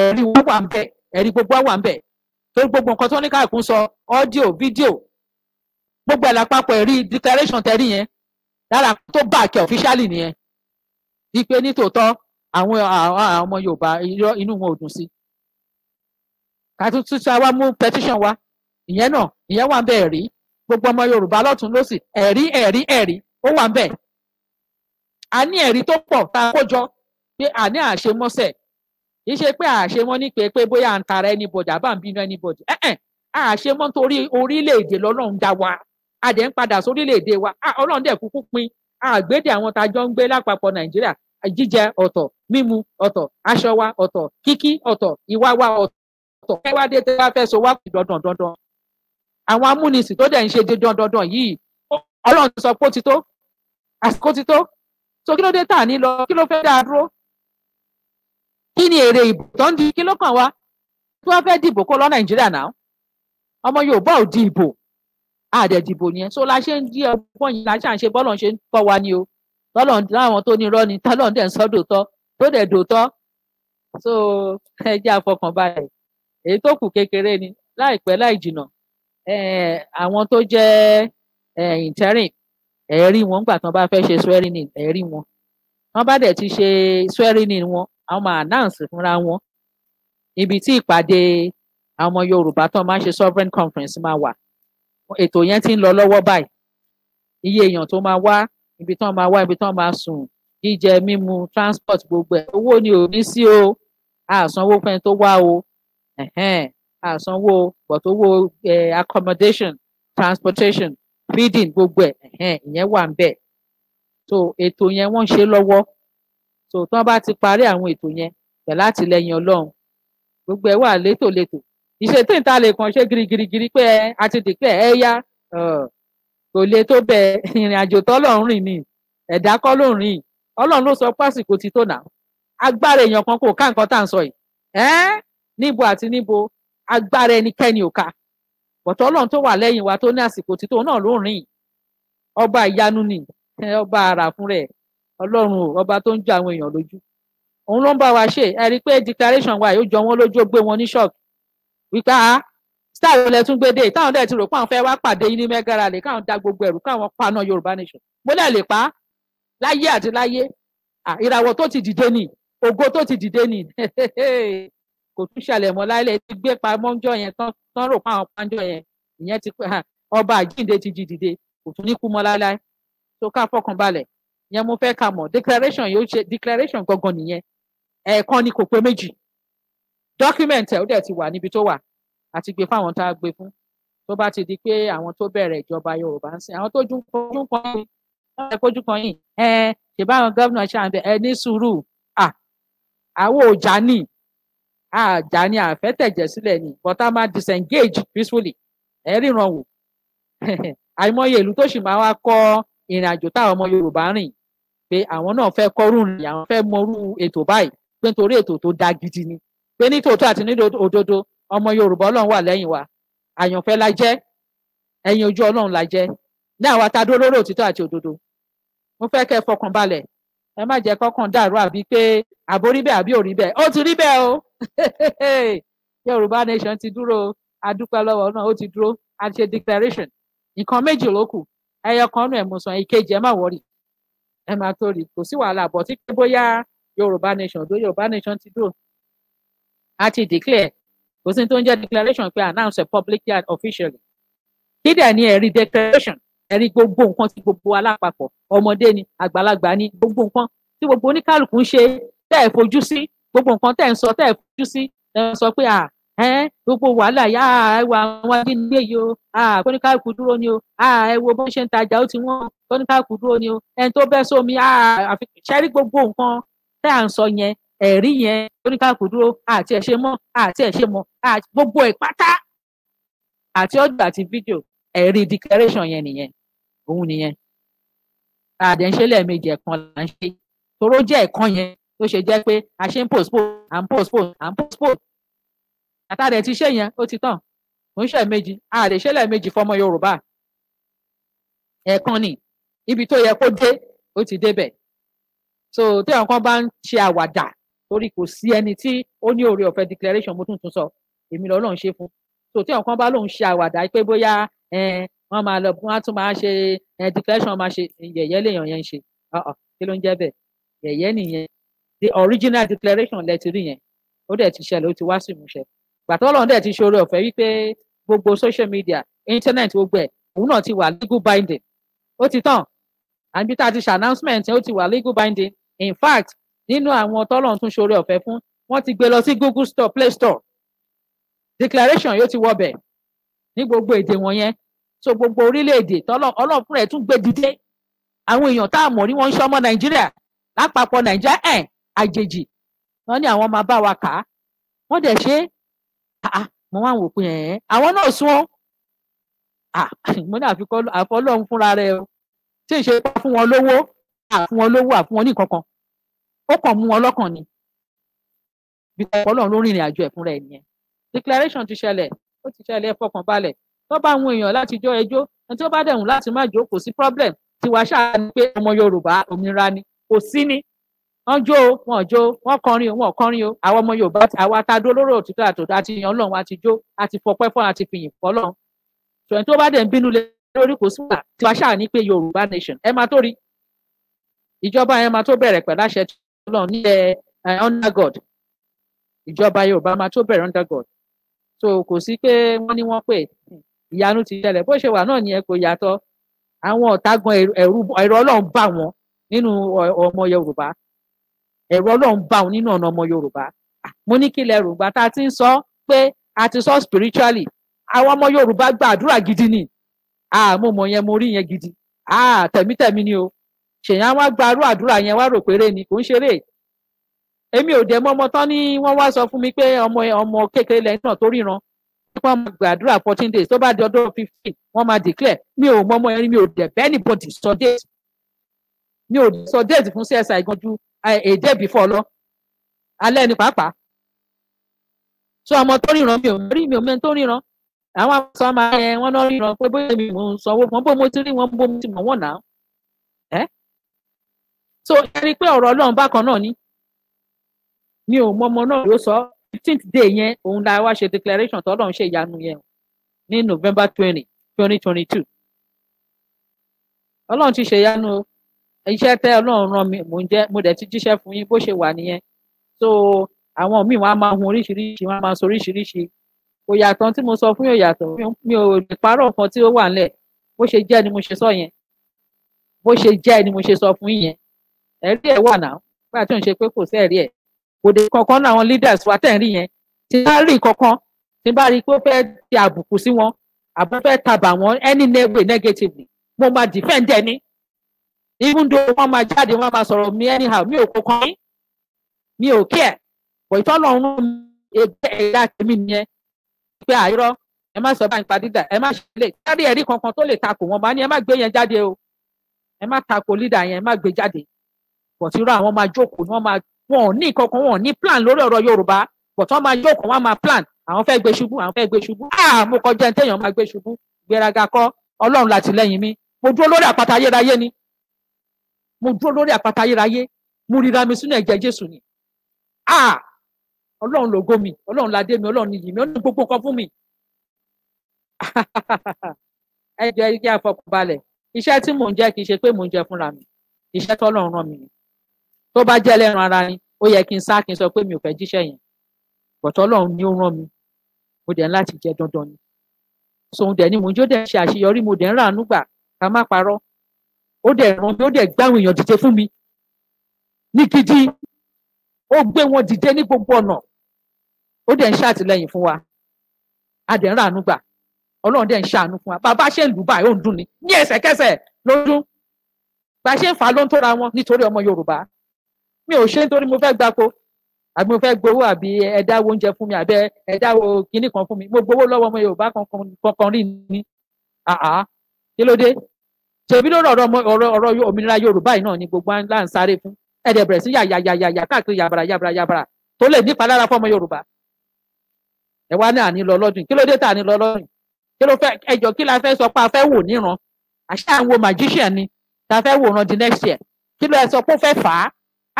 ẹ̀rí wọn wà ń bẹ̀ ẹ̀rí gbogbo wà ń bẹ̀ torí gbogbo nǹkan tó ní káàkùn sọ ọ́díò fídíò gbogbo ẹ̀ lápapọ̀ ẹ̀rí declaration tẹ̀rí yẹn lára tó bá àkẹ́ officially nìyẹn wípé nítòótọ́ àwọn ọmọ Yorùbá inú wọn ò dùn sí kàtúntúnṣe wa mú petition wa ìyẹn náà ìyẹn wà ń bẹ ẹ̀rí gbogbo ọmọ Yorùbá lọ́tún lọ́sì ẹ̀rí ẹ̀rí ẹ̀rí ó wà ń bẹ a ní ẹ̀rí tó pọ̀ tá a kó jọ pé a ní àṣemọ́sẹ̀ kì í ṣe pé àṣẹ wọn ní pé pé bóyá ń tara anybody àbá ń bínú anybody ẹ ẹ àṣẹ wọn torí orílẹ̀-èdè lọ́lọ́run dá wa a dẹ̀ ń padà sórílẹ̀-èdè wa ọlọ́run dẹ̀ kúkú pin àgbédè àwọn tá a jọ ń gbé lápapọ̀ nàìjíríà jíjẹ ọ̀tọ̀ mímu ọ̀tọ̀ aṣọ wa ọ̀tọ̀ kíkí ọ̀tọ̀ ìwà wa ọ̀tọ̀ kẹwàdé tẹ wá fẹ́ so wá kù dandan dandan àwọn amúnisìn tó dẹ̀ ń ṣe dandan dandan yìí ọlọ́run sọ pé ó ti tó àsìkò ti tó so kí ló dé tà ní lọ kí ló fẹ́ dá a dúró kí ni èrè ìbò tó ń di kí ló kàn wá tí wọ́n fẹ́ dìbò kó lọ nàìjíríà náà ọmọ yorùbá ò di ìbò àdẹ̀dìbò yẹn so la ṣe ń di ọgbọ́n yìí la ṣe à ń ṣe bọ́lọ̀ ṣe ń kọ́ wa ni o tọ́lọ̀ láwọn tó ní irọ́ ni tọ́lọ̀ ń dẹ̀ ń sọ dòótọ́ tó dẹ̀ dòótọ́ so ẹ jẹ́ àfọkànbalẹ̀ èyí tó kù kékeré ni láìpẹ́ láì jìnà àwọn tó jẹ́ interim ẹ̀ẹ́rí wọn nígbà tí wọ́n bá fẹ́ ṣe swearing in ẹ̀ẹ́rí wọn wọ́n bá dẹ̀ ti ṣe swearing in wọn àwọn máa announce fúnra wọn ibi tí ìpàdé àwọn ọmọ yorùbá tó máa ń ṣe sovereign conference máa wà ètò yẹn ti ń lọ lọ́wọ́ báyìí iye èèyàn tó máa wá ibi tó máa wá ibi tó máa sùn jíjẹ mímu transport gbogbo ẹ̀ owó ni ò ní sí o àsanwó fẹ́ni tó wá o àsanwó but accommodation transportation feeding gbogbo ẹ̀ ìyẹn wà ń bẹ̀ so ètò yẹn wọ́n ń ṣe lọ́wọ́ so tí wọ́n bá ti parí àwọn ètò yẹn pẹ̀lú àtìlẹ́yìn Ọlọ́run gbogbo ẹ̀ wà létòlétò ìṣe tí n ta lè kàn ṣe girigirigiri pé ẹ àti dìpẹ́ ẹ yá kò lè tó bẹ ìrìn àjò tọ́lọ́run rìn ni ẹ̀dá kọ́ ló ń rìn Ọlọ́run ló sọ pásìkò ti tó náà agbára èèyàn kan kò ká nǹkan tá à ń sọ yìí ẹ́ níbo àti níbo agbára ẹnikẹ́ni ò ká bọ̀tọ̀ Ọlọ́run tó wà lẹ́yìn wa tó ní àsìkò títò náà ló rìn ọba ìyanu ni ọba àrà fún rẹ̀ ọlọ́run o ọba tó ń jẹ àwọn èèyàn lójú òun ló ń bá wa ṣe ẹ rí i pé declaration wa yóò jọ wọn lójú ó gbé wọn ní ṣọ́ọ̀kì wípé a ah, star ilẹ̀ tún gbédè táwọn dẹ̀ ti rò pé àwọn fẹ́ wá pàdé yín ní mẹ́gàrà lè káwọn da gbogbo ẹ̀rù káwọn paná yorùbá nation mo lẹ̀ lè pa á láyé àti láyé ìràwọ̀ tó ti dìde nì ògo tó ti dìde nì kò tún ṣẹlẹ̀ mọ́ láìlẹ̀ ti gbé pa mọ́jọ́ yẹn tán rò pa àwọn pàjọ́ yẹn ìyẹn ti pé ọba àjíǹde ti dìde kò tún ní kú mọ́ láíláí tó ká fọkàn yẹn mo fẹ́ ká mọ̀ declaration yóò ṣe declaration gangan nìyẹn ẹ̀ẹ̀kan ni kò pé méjì document ẹ̀ ó dẹ̀ ti wà níbi tó wà àti gbé fáwọn tá a gbé fún tó bá ti di pé àwọn tó bẹ̀rẹ̀ ìjọba Yorùbá ń sìn àwọn tó jú fojú kan yìí wọ́n lè fojú kan yìí ẹ ṣèbá àwọn gómìnà ṣàǹbẹ ẹ ní sùúrù à àwọn ò já àjà ní àfẹ́tẹ̀jẹ̀ sílẹ̀ ni but a máa disengage peacefully ẹ ríran wò àìmọye ìlú tó sì máa wá kọ ìrìn àjò táwọn ọmọ Yorùbá rìn pé àwọn náà fẹ́ kọ́rùn rìn àwọn fẹ́ mọrú ètò báyìí pé nítorí ètò tó dáa gidi ni pé ní àti ní òdodo ọmọ Yorùbá Ọlọ́run wà lẹ́yìn wa àyànfẹ́ la jẹ́ ẹ̀yin ojú Ọlọ́run la jẹ́ ní àwa ta dó lórí òtítọ́ àti òdodo mo fẹ́ kẹ́ fọkàn balẹ̀ ẹ má jẹ́ kọ́kàn dàrú àbí pé àbó bẹ́ẹ̀ àbí ò bẹ́ẹ̀ ó ti rí bẹ́ẹ̀ o Yorùbá nation ti dúró adúpẹ́ lọ́wọ́ náà ó ti dúró àti ṣe declaration nǹkan méjì ló kù ẹyọ kan nù ẹ̀ mọ̀ sàn ẹ má wọ̀rì ẹ máa tó rí kò sí wàhálà bọ̀ tí pé bóyá yorùbá nation tó yorùbá nation ti dò a ti declare kò sí tó ń jẹ́ declaration pé announce publicly and officially kí dẹ̀ ni ẹ̀rí declaration ẹ̀rí gbogbo nǹkan tí gbogbo alápapọ̀ ọmọdé ni àgbàlagbà ni gbogbo nǹkan tí gbogbo oníkálukú ń ṣe tẹ́ ẹ̀ fojú sí gbogbo nǹkan tẹ́ ẹ̀ ń sọ tẹ́ ẹ̀ fojú sí ẹ̀ sọ pé à gbogbo wàhálà yá ẹ wo àwọn ajínigbé yìí o kóníkàkù dúró ni o ẹ wo bó ṣe ń tajà ó ti wọ́n kóníkàkù dúró ni o ẹni tó bẹ́ sómi ṣẹ́rí gbogbo nǹkan tẹ́ à ń sọ yẹn ẹ̀rí yẹn kóníkàkù dúró àti ẹ̀ṣẹ̀ mọ́ àti ẹ̀ṣẹ̀ mọ́ gbogbo ẹ̀ pátá àti ọ̀dọ̀ àti fídíò ẹ̀rí declaration yẹn nìyẹn òun nìyẹn àdẹ̀ ń ṣe lẹ́ẹ̀mejì ẹ̀kan là ń ṣe toró jẹ́ ẹ̀kan yẹn tó ṣe jẹ́ pé a ṣe ń postpone à ń postpone à ń postpone àtàdé ti ṣe yẹn ó ti tàn mo ń ṣe méjì àdè ṣe lẹ́ẹ̀mejì fọmọ yorùbá ẹ̀ẹ̀kan ni ibi tó yẹ kó dé ó ti débẹ̀ so téèyàn kan bá ń ṣe àwàdà torí kò sí ẹni tí ó ní oore ọ̀fẹ́ declaration mo tún tún sọ èmi lọ lọ́n ṣe fún so téèyàn kan bá lòun ṣe àwàdà pé bóyá wọ́n máa lọ wọ́n á tún máa ṣe declaration máa ṣe yẹ̀yẹ́ lèèyàn yẹn ń ṣe kí ló ń jẹ́ bẹ́ẹ̀ yẹ̀yẹ́ nìyẹn the original declaration lẹ ti rí yẹn ó dẹ̀ ti ṣẹlẹ̀ ó ti wá sí ìmúṣẹ gbàtọ́ ọlọ́run dẹ̀ ti ṣòro ọ̀fẹ́ wípé gbogbo social media internet gbogbo ẹ̀ òun náà ti wà legal binding ó ti tàn àbí tá a ti ṣe announcement ó ti wà legal binding in fact nínú àwọn tọ́lọ̀ tún ṣòro ọ̀fẹ́ fún wọ́n ti gbé lọ sí google store play store declaration yóò ti wọbẹ̀ ní gbogbo èdè wọ̀nyẹn so gbogbo orílẹ̀-èdè tọ́lọ̀ ọlọ́run fúnra ẹ̀ tún gbé dìde àwọn èèyàn tá a mọ̀ ní wọ́n ń ṣọmọ nàìjíríà lápapọ̀ nàìjíríà ẹ̀ àjèjì wọ́n ní àwọn máa bá wa kà á wọ́n dẹ̀ ṣe Ah, ah, mo wá wò pé ẹ̀ àwọn náà sún ọ́ ah, mo ní àfikọ́ àfọlọ́run fúnra rẹ o tí ì ṣe fún wọn lówó àfún wọn lówó àfún wọn ní nǹkan kan ó kàn mú wọn lọ́kàn ni bí ọlọ́run ló rìnrìn àjò ẹ̀ fúnra ẹ̀ nìyẹn declaration ti ṣẹlẹ̀ ó ti ṣẹlẹ̀ ẹ fọkàn balẹ̀ tó bá àwọn èèyàn láti jọ ẹjọ́ ẹni tó bá dẹ̀hùn láti má jókòó sí problem tiwa ṣáà ni pé ọmọ yorùbá òmìnira ni kò sí ni wọn jó o wọn jó o wọn kọrin o wọn kọrin o àwọn ọmọ yorùbá àwa ta dúró lórí òtítọ́ àtòtò àti yan Ọlọ́run àti jó àti fọpẹ́ fún àti fìyìn fọ́lọ́run ṣùgbọ́n tó bá dẹ̀ ń bínú lé lórí kò sí wà tí wàá ṣáà ní pé yorùbá nation ẹ máa tó rí ìjọba yẹn máa tó bẹ̀rẹ̀ pẹ̀lú àṣẹ Ọlọ́run ní ẹ under God ìjọba yorùbá máa tó bẹ̀rẹ̀ under God so kò sí pé wọ́n ní wọ́n pè ìyanu ti ṣẹlẹ̀ bó ṣe wà náà nìyẹn kò yàtọ̀ àwọn ọ̀tá gan ẹ̀rù Ọlọ́run bá wọn nínú ọmọ yorùbá ẹ̀rọ ọlọ́run bá òun nínú ọ̀nà ọmọ yorùbá mo ní kí lẹ́rù ìgbà tá a ti ń sọ pé a ti sọ spiritually àwọn ọmọ yorùbá gba àdúrà gidi ni mo mọ̀ yẹn mo rí yẹn gidi tẹ̀mítẹ̀mí ni o ṣèyàn wá gba arú àdúrà yẹn wá rò péré ni kò ń ṣeré èmi ò dẹ̀ mọ̀ ọmọ tán ni wọ́n wá sọ fún mi pé ọmọ ọmọ kékeré lẹ́yìn náà tó ríran wọ́n máa gbàdúrà fourteen days tó bá di ọdún fifteen wọ́n máa declare mi ò mọ̀ ọmọ yẹn mi ò dẹ̀ bẹ́ẹ̀ anybody sọ date mi ò sọ date fún CSI gan ju a eh, day eh, before lọ alẹ́ ni pàápàá so ọmọ tó ríran mi ò rí mi ò mẹ́ni tó ríran àwọn àṣọ ọmọ ẹ wọn náà ríran pé bóyá mi mò sanwó wọn bó mo ti rí wọn bó mo ti mọ̀ wọ́n náà ẹ́ eh? so ẹni pé ọ̀rọ̀ ọlọ́run bákan náà ni mi ò mọ ọmọ náà ló sọ fifteenth day yẹn òun la wá ṣe declaration tọ́lọ́run ṣe ìyanu yẹn ní November twenty twenty twenty two ọlọ́run ti ṣe ìyanu o iṣẹ́ tẹ́ Ọlọ́run rán mi mò ń jẹ́ mo dẹ̀ ti jíṣẹ́ fún yín bó ṣe wà nìyẹn so àwọn míì wọn á máa hun oríṣiríṣi wọn á máa sọ oríṣiríṣi kò yàtọ̀ tí mo sọ fún yóò yàtọ̀ mi ò lè parọ́ nǹkan tí ó wà ńlẹ̀ bó ṣe jẹ́ ni mo ṣe sọ yẹn bó ṣe jẹ́ ni mo ṣe sọ fún yín yẹn ẹ̀rí ẹ̀ wà náà nígbà tí ò ń ṣe pé kò sí ẹ̀rí ẹ̀ kò dé kankan náà àwọn leaders wa tẹ̀ ń rí yẹn tí bá rí kankan tí bá rí pé ó fẹ́ ti àbùkù sí wọn àbúfẹ́ tabà wọn any way mo máa defend ẹni even though wọ́n máa jáde wọ́n máa sọ̀rọ̀ mi anyhow mi ò kókó yín mi ò kí ẹ̀ bọ̀ ìtọ́lọ́run ẹgbẹ́ ẹ̀dá tèmi nìyẹn pé àìrọ́ ẹ má sọ báyìí padìdà ẹ má ṣe jáde ẹ̀rí kankan tó lè takò wọn bá ní ẹ má gbé yẹn jáde o ẹ má takò lídà yẹn ẹ má gbé jáde bọ̀ tí irú àwọn máa jókòó ni wọ́n máa wọn ò ní kankan wọn ò ní plan lórí ọ̀rọ̀ Yorùbá bọ̀ tí wọ́n máa jókòó wọ́n máa plan àwọn fẹ́ gbé ṣubú àwọn fẹ́ gbé ṣubú ah mo kọjá ẹni téèyàn máa gbé ṣubú gbéraga kọ́ Ọlọ́run látìlẹ́yìn mi mo dúró lórí àpáta ayérayé ni mo dúró lórí àpáta ayérayé mo ríra mi sínú ẹ̀jẹ̀ jésù ni ah ọlọ́run lògo mi ọlọ́run ládé mi ọlọ́run nìyí mi ọlọ́run gbogbo nǹkan fún mi ẹ jẹ́ kí a fọkàn balẹ̀ iṣẹ́ tí mò ń jẹ kì í ṣe pé mò ń jẹ fúnra mi iṣẹ́ tọ́lọ́run rán mi ni tó bá jẹ́ lẹ́ran ara ni ó yẹ kí n sá kí n sọ pé mi ò fẹ́ jíṣẹ́ yẹn bọ̀tọ́ ni ó rán mi mo dẹ̀ ń láti jẹ dandan ni sòun dẹ̀ ni mò ń jó dẹ̀ ṣe àṣeyọrí mo dẹ̀ ń ràánú gbà ká má parọ́ ó dẹ̀ ràn mí ó dẹ̀ gbá àwọn èèyàn dìde fún mi ní gidi ó gbé wọn dìde ní gbogbo ọ̀nà ó dẹ̀ ń ṣàtìlẹ́yìn fún wa a dẹ̀ ń ràánú gbà ọlọ́run dẹ̀ ń ṣàánú fún wa bàbá ṣe ń lù báyìí ó ń dùn ni ní ẹsẹ̀kẹsẹ̀ lọ́dún bá ṣe ń fà á ló ń tóra wọn nítorí ọmọ yorùbá mi ò ṣe nítorí mo fẹ́ gbáko àbí mo fẹ́ gbowó àbí ẹ̀dáwó oúnjẹ fún mi àbí ẹ̀dáwó kinní kan fún mi mo gbowó lọ́wọ́ ọmọ yorùbá kankan rí ni kí ló dé ṣèbí lórí ọ̀rọ̀ ọ̀rọ̀ òmìnira yorùbá yìí ni gbogbo à ń sáré fún ẹ̀dẹ̀ bẹ̀rẹ̀ sí yàyàyàyà káàkiri yàbàrà yàbàrà yàbàrà tó lè nípa lára fọmọ yorùbá ẹ wá ní àní lọ lọ́dún kí ló dé tà ní lọ lọ́dún kí ló fẹ́ ẹjọ kí la fẹ́ sọ pé a fẹ́ wò níran àṣà àwọn magician ni ta fẹ́ wòran di next year kí ló ẹ sọ pé ó fẹ́ fà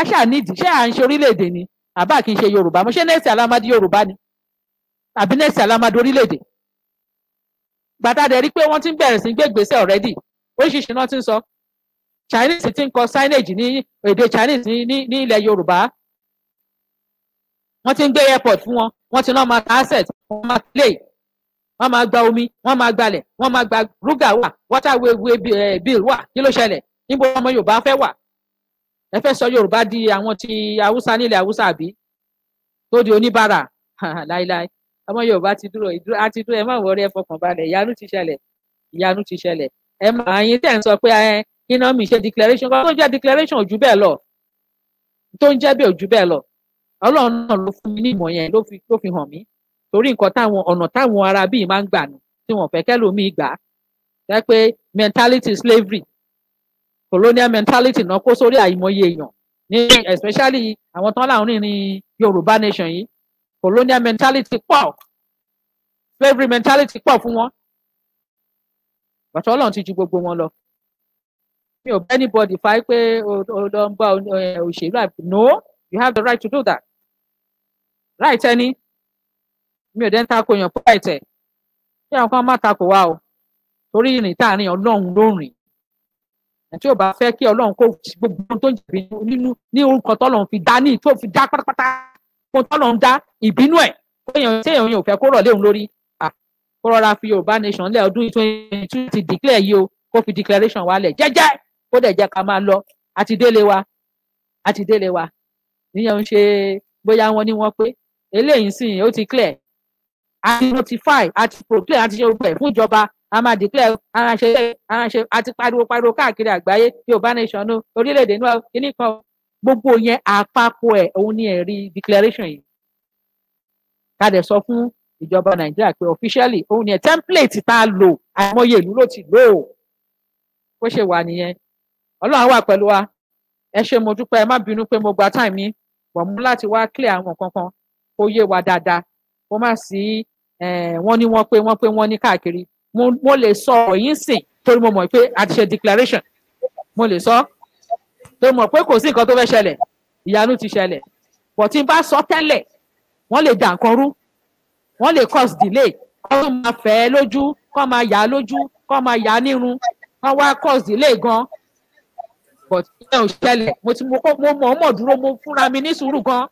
á àṣà nídìí ṣé à ń ṣe orílẹ̀-èdè ni àbá kì í ṣe yorùbá mo ṣe nẹ́ẹ̀sì alámádé yorùbá ni àbí nẹ́ẹ̀sì alámádé orílẹ̀-èdè gbàtà dẹ̀ rí pé wọ́n ti ń bẹ̀rẹ̀ sí gbé already oríṣiríṣi náà ti ń sọ chinese ti ń kọ signage ní èdè chinese ní ní ilẹ̀ yorùbá wọ́n ti ń gbé airport fún wọn wọ́n ti náà máa ta asset wọ́n máa play wọ́n máa gba omi wọ́n máa gbalẹ̀ wọ́n máa gba rúgà wà waterway eh, bill wà kí ló ṣẹlẹ̀ níbo ọmọ yorùbá fẹ́ wà ẹ fẹ́ sọ yorùbá di àwọn ti haúsá nílẹ̀ haúsá àbí tó di oníbàárà láíláí ọmọ yorùbá ti dúró àti dúró ẹ má wọrí ẹ fọkàn balẹ̀ ìyanu ti ṣẹlẹ̀ ìyanu ti ṣẹlẹ̀ ẹ máa yín tẹ̀ ń sọ pé iná mi ṣe declaration kan tó ń jẹ́ declaration ò jù bẹ́ẹ̀ lọ tó ń jẹ́ bẹ́ẹ̀ ò jù bẹ́ẹ̀ lọ ọlọ́run náà ló fún mi ní ìmọ̀ yẹn ló fi hàn mí torí nǹkan táwọn ọ̀nà táwọn ará bíi máa ń gbà nù tí wọ́n fẹ́ kẹ́lòmíì gbà jẹ́ pé mentality slavery colonial mentality náà kó sórí àìmọye èèyàn ní especially àwọn tán láwọn rìnrìn Yorùbá nation yìí colonial mentality pọ̀ slavery mentality pọ̀ fún wọn But Ọlọ́run ti ju gbogbo wọn lọ mi ò bẹ anybody fa pé o lọ ń bá eh, òṣèlú àbí no you have the right to do that right ẹni mi ò dẹ́n tako yàn fún àìtẹ̀ kí àwọn kan má tako wa o torí ìrìn tá a rìn Ọlọ́run ló rìn àti ò bá fẹ́ kí Ọlọ́run kó gbogbo ohun tó ń jẹ̀bi nínú ní orúkọ tọ́lọ́run fi dá ní tó fi dá pátápátá kó tọ́lọ́run dá ìbínú ẹ̀ kó èèyàn tí èèyàn ò fẹ́ kó rọ̀ léun lórí kó rọra fi yorùbá nation lẹ̀ ọdún twenty two ti declare yìí o kó fi declaration wa lẹ̀ jẹ́jẹ́ kó dẹ̀ jẹ́ ká máa lọ àti délé wa àti délé wa níyẹn ń ṣe bóyá wọn ní wọn pé eléyìí sì ó ti clear àti notify àti proclaim àti ṣe gbogbo ẹ̀ fún ìjọba a máa declare ara ṣe ara ṣe àti pariwo pariwo káàkiri àgbáyé yorùbá nation ní orílẹ̀-èdè náà kíní kan gbogbo yẹn àpapọ̀ ẹ̀ òun ni ẹ̀rí declaration yìí ká dẹ̀ sọ fún ìjọba nàìjíríà pé officially òun ni ẹ template tá a lò àìmọye ìlú ló ti lò ó bó ṣe wà nìyẹn ọlọ́run wà pẹ̀lú wa ẹ ṣe mo dúpẹ́ ẹ má bínú pé mo gba time mi wọ̀ mú láti wá clear àwọn kankan kó yé wa dáadáa kó má sí eh, wọ́n ní wọ́n pé wọ́n pé wọ́n ní káàkiri mo lè sọ ọ̀rọ̀ yín sìn torí mo mọ̀ pé a ti ṣe declaration mo lè sọ torí mo mọ̀ pé kò sí nǹkan tó fẹ́ ṣẹlẹ̀ ìyanu ti ṣẹlẹ̀ bọ̀ tí n bá sọ tẹ́lẹ̀ wọ́n lè dà nǹkan rú wọ́n lè cause delay kọ́ tó máa fẹ́ lójú kọ́ máa yà á lójú kọ́ máa yà á nírun kọ́ wá cause delay gan but ìyẹn ò ṣẹlẹ̀ mo ti mo mọ̀ ọ́ mọ̀ dúró mo fúnra mi ní sùúrù gan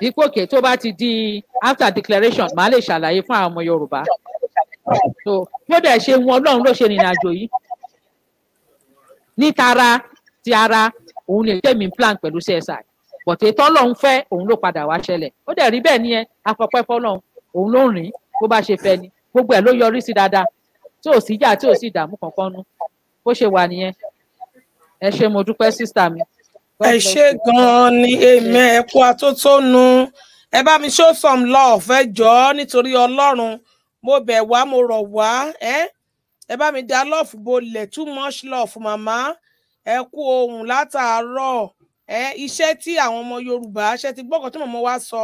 dípòkè tó bá ti di after declaration màá lè ṣàlàyé fún àwọn ọmọ Yorùbá so tó dẹ̀ ṣe wọn Ọlọ́run ló ṣe ìrìn àjò yìí ní tara ti ara òun lè tẹ̀mí plan pẹ̀lú CSI bọ̀tẹ̀ tọ́lọ́hún fẹ́ òun ló padà wá ṣẹlẹ̀ ó dẹ̀ rí bẹ́ẹ̀ ni ẹ afọpẹ́ fọlọ́hún òun ló rìn bó bá ṣe fẹ́ ni gbogbo ẹ̀ ló yọrí sí dáadáa tí ò sí ìjà tí ò sí ìdààmú kankan nu bó ṣe wà nìyẹn ẹ ṣé mo dúpẹ́ sísá mi. ẹ ṣé gan-an ni èmi ẹ kú atótónu ẹ bá mi show some love ẹ jọ̀ọ́ nítorí Ọlọ́run mo bẹ̀ wá mo rọ̀ wá ẹ ẹ bá mi dá love bolẹ̀ too much love màmá ẹ kú ohun látàárọ̀ iṣẹ́ tí àwọn ọmọ Yorùbá ṣe ti gbọ́kàn tí mọ̀mọ́ wa sọ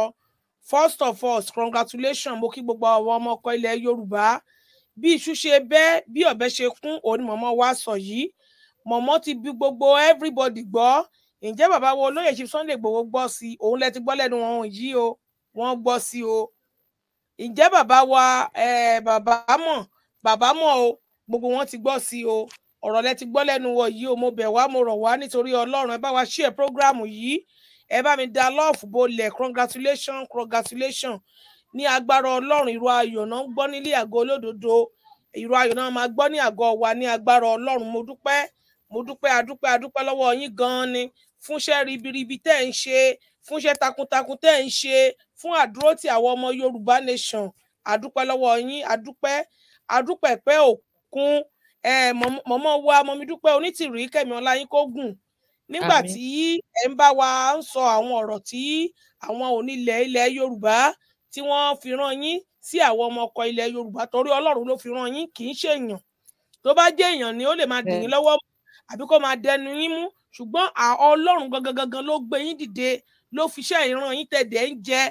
first of all congratulation mo kí gbogbo àwọn ọmọ ọkọ ilẹ̀ Yorùbá bí iṣu ṣe bẹ́ bí ọ̀bẹ ṣe kún òun mọ̀mọ́ wa sọ yìí mọ̀mọ́ ti bí gbogbo everybody gbọ́ ǹjẹ́ bàbá wo olóyè Chief Sunday Igboho gbọ́ sí i òun lẹ ti gbọ́ lẹ́nu wọn yìí o wọ́n gbọ́ sí o ǹjẹ́ bàbá wa bàbá mọ̀ bàbá mọ̀ o gbogbo wọn ti gbọ́ sí o ọ̀rọ̀ lẹ ti gbọ́ lẹ́nu wọ yìí o mo bẹ̀ wá mo rọ̀ wá nítorí ọlọ́run ẹ bá wa ṣí ẹ̀ prógráàmù yìí ẹ bá mi da lọ́ọ̀fù bolẹ̀ congratulation congratulation ní agbára ọlọ́run ìró ayọ̀ náà ń gbọ́ nílé àgọ́ olódodo ìró ayọ̀ náà máa gbọ́ ní àgọ́ wa ní agbára ọlọ́run mo dúpẹ́ mo dúpẹ́ adúpẹ́ adúpẹ́ lọ́wọ́ yín gan-an ni fúnṣẹ́ ribiribi tẹ́ ẹ̀ ń ṣe fúnṣẹ́ takuntakun tẹ́ ẹ̀ ń ṣe fún àdúrótì àwọn ọmọ yorùbá nation adúpẹ́ lọ́wọ́ yín adúpẹ́ adúpẹ́ pẹ́ òkun mọ̀mọ́ wa Mọ̀mídúpẹ́ Onítìrí Kẹ́mi Ọláyínkógùn nígbà tí ẹ̀ ń bá wa ń sọ àwọn ọ̀rọ̀ tí àwọn onílẹ̀ ilẹ̀ Yorùbá tí wọ́n fi rán yín sí àwọn ọmọ ọkọ ilẹ̀ Yorùbá torí Ọlọ́run ló fi rán yín kì í ṣe èèyàn tó bá jẹ́ èèyàn ni ó lè máa dì yín lọ́wọ́ àbí kó máa dẹnu yín mú ṣùgbọ́n Ọlọ́run gangan gangan ló gbé yín dìde ló fi iṣẹ́ ìran yín tẹ̀dẹ̀ ń jẹ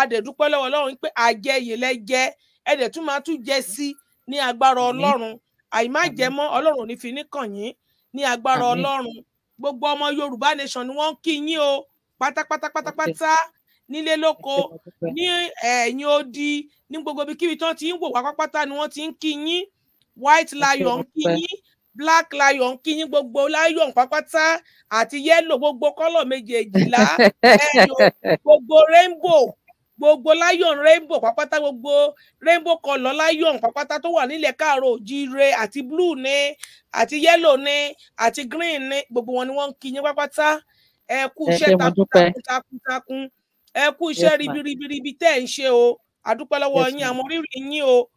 adẹ̀dúpẹ́ lọ́wọ́ Ọlọ́run pé àjẹyè lẹ jẹ ẹ̀dẹ̀ tún máa tún jẹ sí ní agbára Ọlọ́run àìmájẹmọ́ ọlọ́run ò ní fi ní kàn yín ní agbára ọlọ́run gbogbo ọmọ yorùbá nation ni wọ́n ń kí yín o pátápátá pátápátá nílé lóko ní ẹ̀yìn odi ní gbogbo ibi kíbi tí wọ́n ti ń wò wá pápátá ni wọ́n ti ń kí yín white lion ń kí yín black lion ń kí yín gbogbo lion pápátá àti yellow gbogbo kọ́lọ̀ méjèèjìlá ẹ̀yìn gbogbo rainbow gbogbo lion rainbow pápátá gbogbo rainbow colour lion pápátá tó wà nílẹ̀ káàró òjíire àti blue ni àti yellow ni àti green ni gbogbo wọn ni wọ́n ń kí yín pápátá ẹ kú iṣẹ́ takuntakuntakun ẹ kú iṣẹ́ ribiribiribi tẹ́ ẹ̀ ń ṣe o àdúpẹ́ lọ́wọ́ yín àmọ́ rírì yín o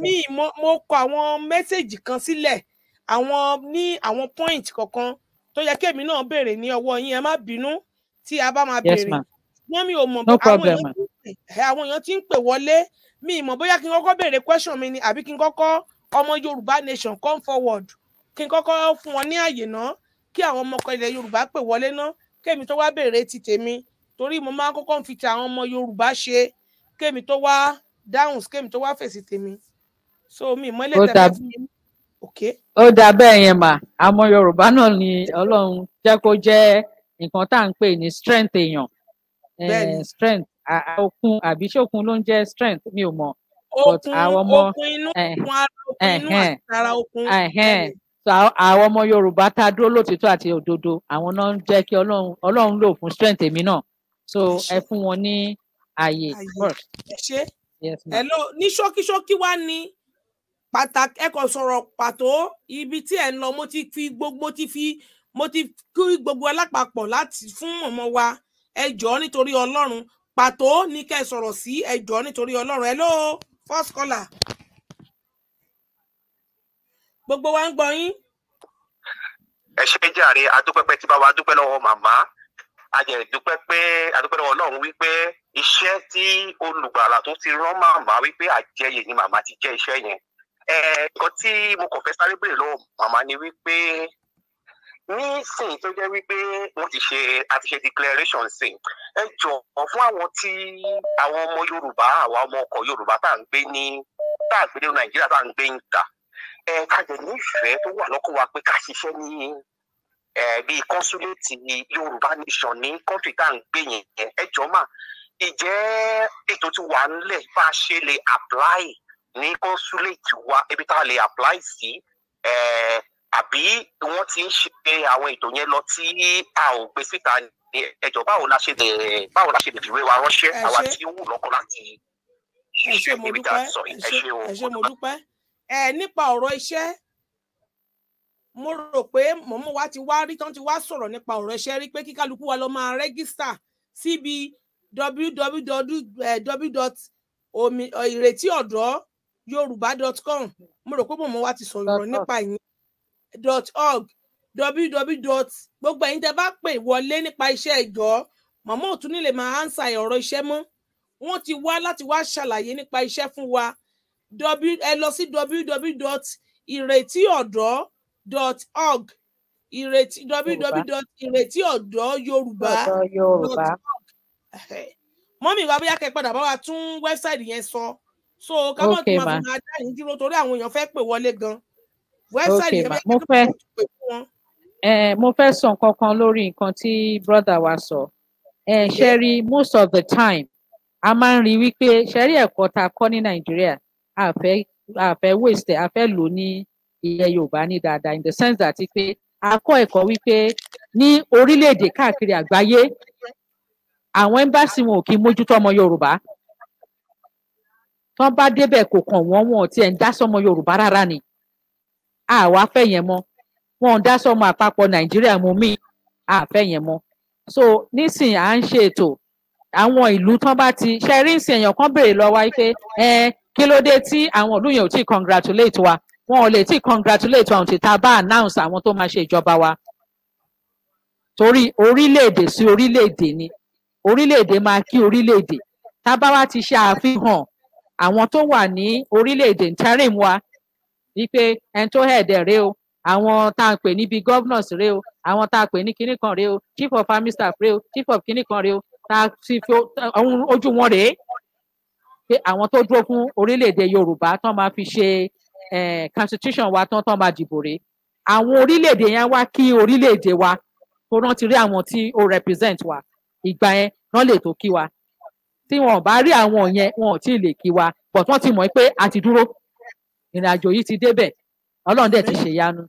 mi mo kọ àwọn mẹ́sẹ̀gì kan sílẹ̀ àwọn ní àwọn point kọ̀ọ̀kan tó yẹ kémi náà béèrè ní ọwọ́ yín ẹ má bínú tí a bá máa béèrè wọn mi ò mọ̀ àwọn èèyàn ti ń pè wọlé mi ìmọ̀ bóyá kí n kọ́kọ́ béèrè question mi ni àbí kí n kọ́kọ́ ọmọ Yorùbá nation come forward kí n kọ́kọ́ fún wọn ní àyè náà kí àwọn ọmọ ọkọ ilẹ̀ Yorùbá pè wọlé náà kémi tó wá béèrè ti tèmi torí mo máa ń kọ́kọ́ fi ti àwọn ọmọ Yorùbá ṣe kémi tó wá dáhùn kémi tó wá fèsì tèmi so mi ìmọ̀lẹ̀ tẹ̀lé fún mi ó dà bẹ́ẹ̀ yẹn mà àmọ́ Yorùbá náà ni Ọlọ́run jẹ́ kó jẹ́ nǹkan tá à ń pè ní strength èèyàn Eh, strength okun àbí ṣókun ló ń jẹ́ strength mi ò mọ̀ but àwọn ọmọ so àwọn ọmọ Yorùbá tá a dúró lótìtọ́ àti òdodo àwọn náà ń jẹ́ kí Ọlọ́run lò fún strength èmi náà so ẹ fún wọn ní ààyè. ṣe ẹ ló ní ṣókíṣókí wá ní pàtàkì ẹ kò sọ̀rọ̀ pàtó ibi tí ẹ ń lọ mo ti fi gbogbo ti fi mo ti kí gbogbo alápapọ̀ láti fún ọmọ wa ẹ jọ̀ọ́ nítorí Ọlọ́run pàtó ní kẹ́ sọ̀rọ̀ sí ẹ jọ̀ọ́ nítorí Ọlọ́run hello first caller gbogbo wa ń gbọ́ yín. ẹ ṣe jàre adúpẹ́pẹ́ tí bá wa dúpẹ́ lọ́wọ́ màmá ajẹ̀dúpẹ́ pé adúpẹ́ lọ́wọ́ Ọlọ́run wípé iṣẹ́ tí olùgbàlà tó ti rán màmá wípé àjẹyè ni màmá ti jẹ́ iṣẹ́ yẹn nǹkan tí mo kàn fẹ́ sáré béèrè lọ́wọ́ màmá ni wípé nísìnyí tó jẹ́ wípé wọ́n ti ṣe àti ṣe declaration sìn ẹ jọ̀ọ́ fún àwọn tí àwọn ọmọ Yorùbá àwa ọmọ ọkọ̀ Yorùbá tá à ń gbé ní tá à ń gbé ní Nàìjíríà tá à ń gbé ń ta ẹ ká jẹ nífẹ̀ẹ́ tó wà lọ́kàn wa pé ká ṣiṣẹ́ ní bíi consulate Yorùbá nation ní country tá à ń gbé yẹn ẹ jọ̀ọ́ mà ìjẹ́ ètò tí wà ń lẹ̀ bá a ṣe lè apply ní consulate wa ibi tá a lè apply sí. Si, eh, àbí wọ́n ti ń ṣe àwọn ètò yẹn lọ tí a ò gbé síta ní ẹjọ́ báwo la ṣe lè báwo la ṣe lè fìwé wa ránṣẹ́ àwa tí ó wù lọ́kàn láti ṣe ibi tá a sọ yìí ẹ ṣe o. ẹ ṣe mo dúpẹ́ ẹ nípa ọ̀rọ̀ iṣẹ́ mo rò pé mọ̀mú wa ti wá rí tán ti wá sọ̀rọ̀ nípa ọ̀rọ̀ iṣẹ́ rí pé kíkálukú wa lọ máa rẹ́gísítà síbi www.iretiodoryoruba.com eh, mo rò pé mọ̀mú wa ti sọ̀rọ̀ nípa ìyẹn dot org www dot gbogbo ẹ̀yin tẹ́ bá pè wọlé nípa iṣẹ́ ìjọ màmá òtún nílé máa ánsà ọ̀rọ̀ iṣẹ́ mọ́ wọ́n ti wá láti wá ṣàlàyé nípa iṣẹ́ fún wa ẹ lọ sí www dot ìrètí ọ̀dọ́ dot org ìrètí www dot ìrètí ọ̀dọ́ yorùbá dot org mọ́mí ìwà bóyá kẹ́ padà bá wa tún wẹ́bsáìtì yẹn sọ so ká mọ̀ tó máa fi máa dá yín dúró torí àwọn èèyàn fẹ́ pè wọlé gan website yẹn bẹ́ẹ̀ kí wọ́n pè fún wọn. mo fẹ́ sọ nǹkan kan lórí nǹkan tí brother wa sọ ṣe rí most of the time a máa ń rí wípé ṣe rí ẹ̀kọ́ tá a kọ́ ní nàìjíríà a fẹ́ a fẹ́ waste a fẹ́ lò ní ilẹ̀ yorùbá ní dáadáa in the sense that pé a kọ́ ẹ̀kọ́ wípé ní orílẹ̀-èdè káàkiri àgbáyé àwọn ẹ́mbáàsì wọn ò kí mójútó ọmọ yorùbá tán bá débẹ̀ kò kàn wọ́n wọn ò tiẹ̀ ń dá sọmọ yorùbá rárá ni àwa fẹ́ yẹn mọ́ wọn ò dá sọmọ àpapọ̀ nàìjíríà mú mi àfẹ́ yẹn mọ́ so nísìnyí à ń ṣe ètò àwọn ìlú tán bá ti ṣe rí ìsìn èèyàn kan béèrè lọ wá pé ẹ kí ló dé tí àwọn ìlú yẹn ò tí congratulate wa wọn ò lè tí congratulate wa ò ti ta bá announce àwọn tó máa ṣe ìjọba wa torí orílẹ̀-èdè sí orílẹ̀-èdè ni orílẹ̀-èdè máa kí orílẹ̀-èdè tá bá wá ti ṣe àfihàn àwọn tó wà ní orílẹ̀-èdè interim wa wípé ẹni tó hẹ̀dẹ̀ rèé o àwọn tá à ń pè níbi governors rèé o àwọn tá à ń pè ní kinní kan rèé o chief of army staff rèé o chief of kinní kan rèé o tá a ti fi ojú wọn rèé pé àwọn tó dúró fún orílẹ̀-èdè yorùbá tán máa fi ṣe constitution wa tán tán máa dìbò rèé àwọn orílẹ̀-èdè yẹn wá kí orílẹ̀-èdè wa tó rántí rí àwọn tí ó represent wa ìgbà yẹn wọ́n lè tó kí wa tí wọn bá rí àwọn yẹn wọn ò tí ì lè kí wa but wọ́n ti mọ̀ pé a ti dúró ìrìn àjò yìí ti débẹ̀ ọlọ́run dẹ̀ ti ṣèyanu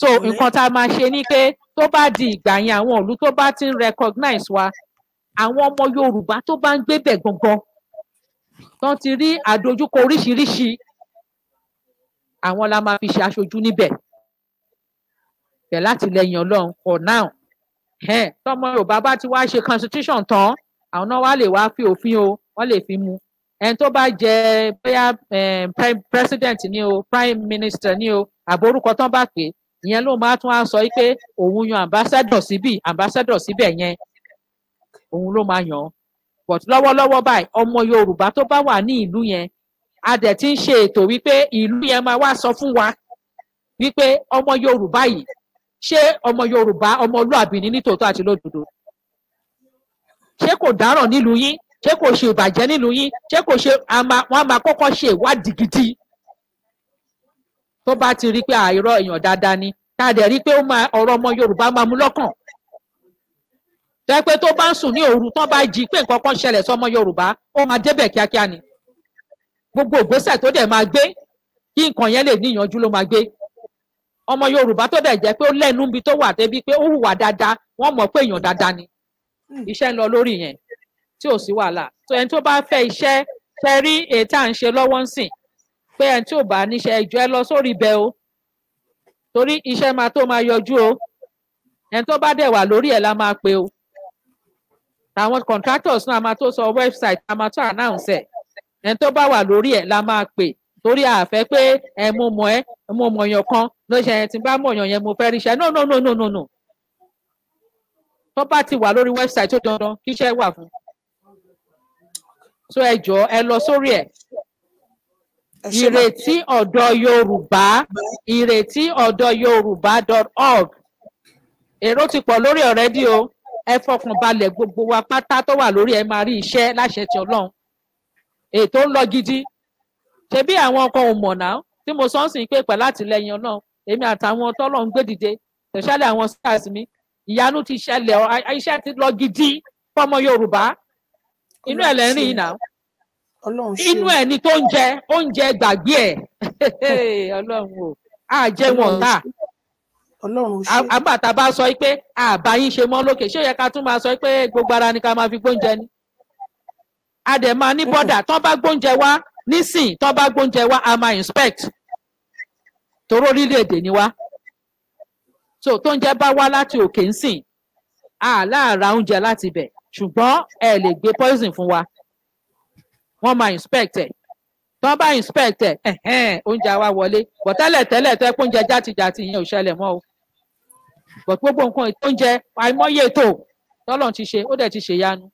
so nǹkan tá a máa ṣe ni pé tó bá di ìgbà yẹn àwọn ìlú tó bá ti ń recognize wa àwọn ọmọ yorùbá tó bá ń gbébẹ̀ gangan tó ti rí àdojúkọ oríṣiríṣi àwọn la máa fi ṣe aṣojú níbẹ̀ bẹ̀ láti lẹ́yìn ọlọ́run for now tọmọ yorùbá bá ti wá ṣe constitution tán àwọn náà wá lè wá fi òfin o wọ́n lè fi mu ẹni tó bá jẹ bóyá president ni o prime minister ni o àborúkọ tán bá pè ìyẹn ló máa tún á sọ pé òun yan ambassador síbí ambassador síbẹ̀ yẹn òun ló máa yàn but lọ́wọ́lọ́wọ́ báyìí ọmọ Yorùbá tó bá wà ní ìlú yẹn a dẹ̀ ti ń ṣe ètò wípé ìlú yẹn máa wá sọ fún wa wípé ọmọ Yorùbá yìí ṣé ọmọ Yorùbá ọmọlúàbí ni nítòótọ́ àti lódodo ṣé kò dáràn nílùú yín ṣé kò ṣe ìbàjẹ́ nílùú yín ṣé kò ṣe wọ́n á máa kọ́kọ́ ṣe ìwádìí gidi tó bá ti rí pé àìrọ èèyàn dáadáa ni tá a dẹ̀ rí pé ọ̀rọ̀ ọmọ Yorùbá máa mú lọ́kàn tẹ́ pé tó bá ń sùn ní òru tán bá jí pé nǹkan kan ṣẹlẹ̀ sọmọ Yorùbá ó máa débẹ̀ kíákíá ni gbogbo ògbésẹ̀ tó dẹ̀ máa gbé kí nǹkan yẹn lè níyanjú ló máa gbé ọmọ Yorùbá tó dẹ̀ jẹ́ pé ó lẹ́nu ibi tó wà débi pé ó hùwà dáadáa wọ́n mọ̀ pé èèyàn dáadáa ni iṣẹ́ ń lọ lórí yẹn tí ò sí wàhálà tó ẹni tó bá fẹ́ iṣẹ́ ṣe rí èyí tá à ń ṣe lọ́wọ́ ń sìn pé ẹni tí ò bá níṣẹ́ ìjọ ẹ lọ sórí ibẹ̀ o torí iṣẹ́ máa tó máa yọjú o ẹni tó bá dẹ̀ wà lórí ẹ̀ la máa pe o àwọn contractors náà máa tó sọ website a máa tó announce ẹ̀ ẹni tó bá wà lórí ẹ̀ la máa pe torí àfẹ́ pé ẹ mo mọ̀ ẹ́ mo mọ̀ yàn kan ló ṣe ẹni tí bá mọ̀ yàn yẹn mo fẹ́ ríṣẹ́ no no no no no no tó bá ti wà lórí website tó dandan kíṣẹ́ wà fún un so ẹ jọ ẹ lọ sórí ẹ ìrètí ọ̀dọ́ yorùbá ìrètí ọ̀dọ́ yorùbá dot org èrò ti pọ̀ lórí already o ẹ fọkàn balẹ̀ gbogbo wa pátá tó wà lórí ẹ máa rí iṣẹ́ láṣẹ ti ọlọ́run ètò ń lọ gidi ṣebí àwọn ọkọ òmọ̀nà tí mo sọ ń sìn pé pẹ̀ láti lẹ́yìn ọlọ́run èmi àtàwọn tọ́lọ̀ ń gbé dìde tẹ̀sálẹ̀ àwọn stars mi ìyanu ti ṣẹlẹ̀ iṣẹ́ ti lọ gidi fọmọ yorùbá inú ẹ̀ lẹ́rìn yìí náà inú ẹ̀ ni tó ń jẹ oúnjẹ gbàgbé ẹ̀ ọlọ́run o á jẹ́ wọn ta àgbàtà bá sọ pé àbá yín ṣe mọ́ lókè ṣé yẹ ká tún máa sọ pé gbogbo ara ni ká máa fi gbóúnjẹ ni a dẹ̀ máa ní bọ́dà tán bá gbóúnjẹ wá nísìn tán bá gbóúnjẹ wá a máa inspect toró orílẹ̀-èdè ni wá so tó ń jẹ́ bá wá láti òkè ń sìn àláàrà oúnjẹ láti bẹ̀ ṣùgbọ́n ẹ lè gbé poison fún wa wọ́n máa inspect ẹ̀ tọ́ bá inspect ẹ̀ oúnjẹ wa wọlé bọ̀ tẹ́lẹ̀ tẹ́lẹ̀ tẹ́ pé oúnjẹ játijàti ìyẹn ò ṣẹlẹ̀ mọ́ o bọ̀ gbogbo nǹkan oúnjẹ àìmọye ètò tọ́lọ̀ ti ṣe ó dẹ̀ ti ṣe yanu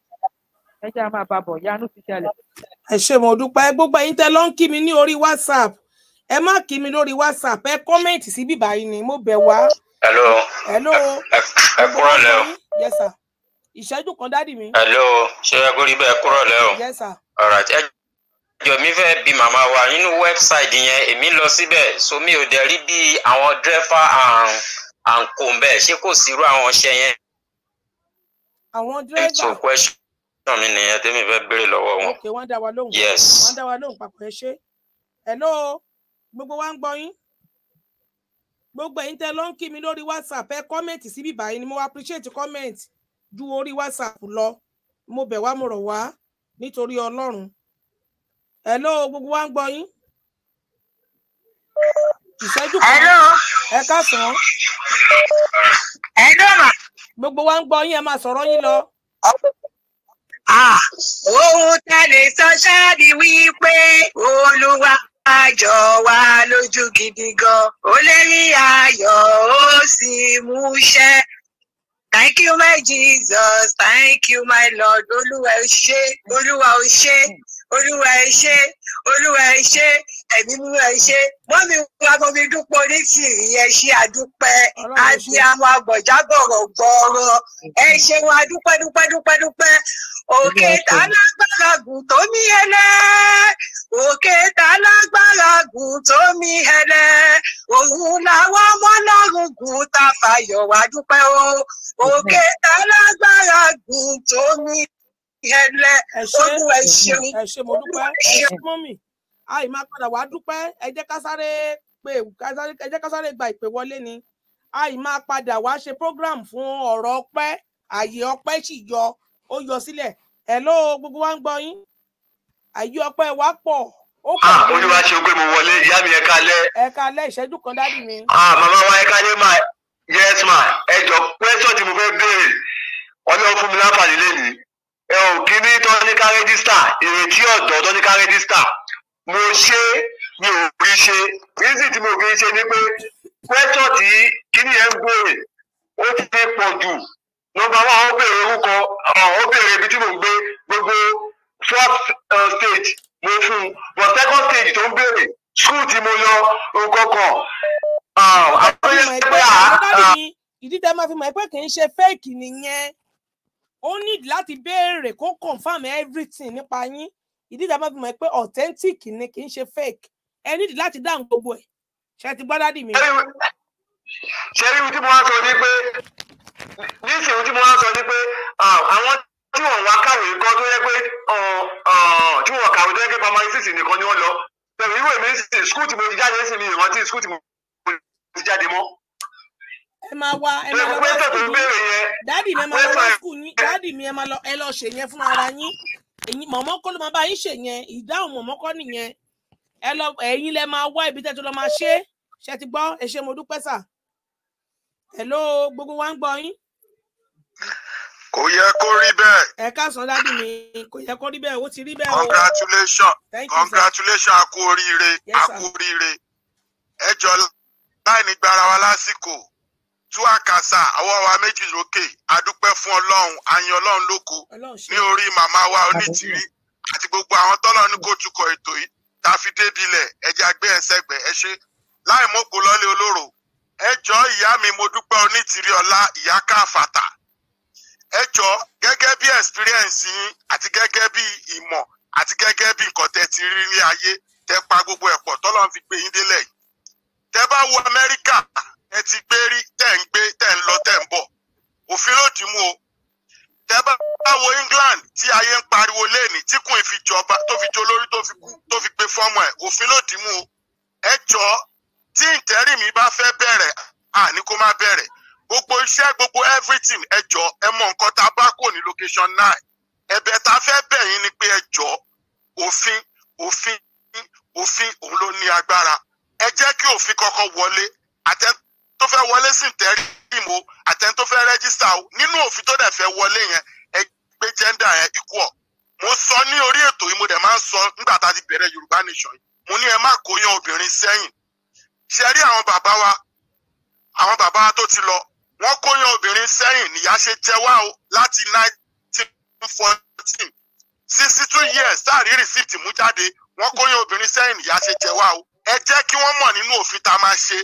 ẹ jẹ́ a máa bá bọ̀ yanu ti ṣẹlẹ̀. ẹ ṣe mo dúpẹ́ gbogbo ẹ̀yin tẹ́ ló kí mi ní orí whatsapp ẹ má kí mi lórí whatsapp ẹ kọ́mẹ̀ntì sí bíbá yìí ni mo bẹ̀ wá. hello hello ẹ kúrọ̀lẹ́ o. yes sir ìṣẹ́jú kan dádì mi. hello ṣé agbórí bẹ́ẹ̀ kúrò lẹ́ yes sir. alright ẹ jọ mi fẹ́ bi màmá wa nínú wẹ́bsáìtì yẹn èmi lọ síbẹ̀ so mi ò dẹ̀ rí bí àwọn dírẹ́fà àrùn àǹkó ń bẹ̀ ṣé kò sírú àwọn ṣẹ́ yẹn. àwọn dírẹ́fà ètò question mi nìyẹn tèmi fẹ́ béèrè lọ́wọ́ wọn. ok wọ́n dá wa lóhùn. yes wọ́n dá wa lóhùn papọ̀ ẹ ṣe. hello gbogbo wa ń gbọ́ yín gbogbo ẹ̀yin tẹ́ ló mi lórí whatsapp ẹ kọ́mẹ̀ntì síbí báyìí ni mo appreciate comment ju orí whatsapp lọ mo bẹ̀ wá mo rọ̀ wá nítorí ọlọ́run hello gbogbo wa ń gbọ́ yín ìṣẹ́jú kan ẹ káàsán hello mà gbogbo wa ń gbọ́ yín ẹ máa sọ̀rọ̀ yín lọ. ohun tẹ́lẹ̀ sọ ṣáàdì wípé olúwa àjọ wa lójú gidi gan ó lè ayọ̀ ó sì múṣẹ́. Thank you, my Jesus. Thank you, my Lord. Olúwa o ṣé. Olúwa o ṣé olúwa ẹ ṣé olúwa ẹ ṣé ẹ̀mí mímọ́ ẹ ṣé mọ́mí wa mo fi dúpọ̀ onísìrí ẹ ṣé àdúpẹ́ àbí àwọn agbọ̀jábọ̀rọ̀ gbọ́ọ̀rọ̀ ẹ ṣé wọn àdúpẹ́ dúpẹ́ dúpẹ́ dúpẹ́ òkè tálágbára gùn tó mí ẹlẹ́ òkè tálágbára gùn tó mí ẹlẹ́ òun làwọn ọmọlọ́run gùn tá a fàyọ̀ wá dúpẹ́ o òkè tálágbára gùn tó mí yẹlẹ olúwa ẹ ṣeun ẹ ṣe mo dúpẹ́ ẹ ṣe mọmì àì máa padà wá dúpẹ́ ẹ jẹ́ ká sáré pé ẹ jẹ́ ká sáré gba ìpè wọlé ni àì máa padà wá ṣe program fún ọ̀rọ̀ ọpẹ́ àyè ọpẹ́ sì yọ ó yọ sílẹ̀ ẹ ló gbogbo wa ń gbọ́ yín àyè ọpẹ́ wa pọ̀ ah, olúwa ṣe pé mo wọlé ìyá mi ẹ kalẹ́. ẹ kalẹ́ ìṣẹ́jú kan dádì mi. màmá ah, wa ẹ kalẹ́ máa yes ma ẹ jọ pẹ́sọ̀ tí mo fẹ́ béèrè ọlọ́run fún mi láǹfààní lẹ́nu ẹ ò kíní tó ní ká rẹ́gísítà ìrètí ọ̀dọ́ tó ní ká rẹ́gísítà mo ṣe mi ò rí ṣe reason tí mo fi ṣe ni pé question tí kíní yẹn ń gbòòrè ó ti dé pọ̀ jù nọ́mbà wa ó béèrè orúkọ ó béèrè ibi tí mo ń gbé gbogbo fourth stage mo fún but second stage tó ń béèrè school tí mo lọ nǹkan kan ah, àwọn ẹgbẹ́ ah, ìdí tẹ́ máa fi mọ̀ pé kì í ṣe fẹ́ẹ̀kì nìyẹn ó need láti béèrè kó confirm everything nípa yín ìdí ìdábàá fi mọ̀ pé authentic ni kì í ṣe fake ẹ need láti dáhùn gbogbo ẹ̀ ṣe ti gbọ́ dádì mi. ṣe rí ibi tí mo wá sọ ni pé níṣẹ́ ibi tí mo wá sọ ni pé àwọn tí wọ́n wá kàwé kọ́ tó yẹ pé tí wọ́n kàwé tó yẹ pé primary six nìkan ni wọ́n lọ pẹ̀lú irú èmi sì skul tí mo ti jáde sí mi ìrántí skul tí mo ti jáde mọ́ ẹ máa wá ẹ máa lọ bá sùn yín dáàdì mi ẹ máa lọ bá sùn yín dáàdì mi ẹ máa lọ ẹ lọ ṣe yẹn fún ara yín èyí mọ̀mọ́ kọ́ ló máa bá yín ṣe yẹn ìdáhùn mọ̀mọ́ kọ́ nìyẹn ẹ lọ ẹ̀yin lẹ máa wá ibi tẹ́ tó lọ máa ṣe ṣe ti gbọ́ ẹ ṣe mo dúpẹ́ sà hello gbogbo wa ń gbọ́ yín. kò yẹ kó rí bẹ́ẹ̀. ẹ káàsán dáàdì mi kò yẹ kó rí bẹ́ẹ̀ ó ti rí bẹ́ẹ̀ o. congratulation congratulation a kú oríire a kú oríire ẹ jọ láì ní gbára wa lásìkò tú àkàsà àwọn wa méjì lókè adúpẹ́ fún ọlọ́run ayin ọlọ́run lóko ní orí màmá wa onítìrí àti gbogbo àwọn tọ́lọ́ ní kó tukọ̀ ètò yìí tá a fi débi ilẹ̀ ẹja gbé ẹsẹ̀gbẹ̀ ẹ ṣe láì mọ́kò lọ́lé olóró ẹ ìyá mi mo dúpẹ́ onítìrí ọlá ìyá káfàtà ẹ jọ gẹ́gẹ́ bí experience yín àti gẹ́gẹ́ bí ìmọ̀ àti gẹ́gẹ́ bí nǹkan tẹ́ ti rí ní ayé tẹ́ pa gbogbo ẹ̀pọ̀ tọ́lọ́ fi gbé yín délẹ̀ yìí tẹ́ bá wo Amẹ́ríkà ẹ ti gbé rí tẹ̀ ń gbé tẹ̀ ń lọ tẹ̀ ń bọ̀ òfin ló dì mú o tẹ bá wo England tí ayé ń pariwo léèní tí kùn fi jọba tó fi jolórí tó fi kú tó fi gbé fọ́ọ̀mù ẹ̀ òfin ló dì mú o ẹ jọ tí ìtẹ́rì mi bá fẹ́ bẹ̀rẹ̀ àní kó má bẹ̀rẹ̀ gbogbo iṣẹ́ gbogbo everything ẹ jọ ẹ mọ nǹkan tá a bá kò ní location nine ẹ̀bẹ̀ tá a fẹ́ bẹ̀ yín ni pé ẹ jọ òfin òfin òfin òun ló ní agbára ẹ jẹ́ kí òfin kọ́kọ́ wọlé àtẹ́kùn tó fẹ́ wọlé sí ìtẹ́rì mo àtẹni tó fẹ́ rẹ́gísítà o nínú òfin tó dẹ̀ fẹ́ wọlé yẹn ẹ gbé jẹ́ndà yẹn ikú ọ̀ mo sọ ní orí ètò yìí mo dẹ̀ máa ń sọ nígbà tá a ti bẹ̀rẹ̀ Yorùbá Nation yìí mo ní ẹ má kó yan obìnrin sẹ́yìn ṣe rí àwọn bàbá wa àwọn bàbá wa tó ti lọ wọ́n kó yan obìnrin sẹ́yìn nìyá ṣe jẹ wá o láti nineteen fourteen sixty two years sáàrí rìsíìtì mú jáde wọ́n kó yan obìnrin sẹ́yìn nìyá ṣe jẹ wá o ẹ jẹ́ kí wọ́n mọ̀ nínú òfin tá a máa ṣe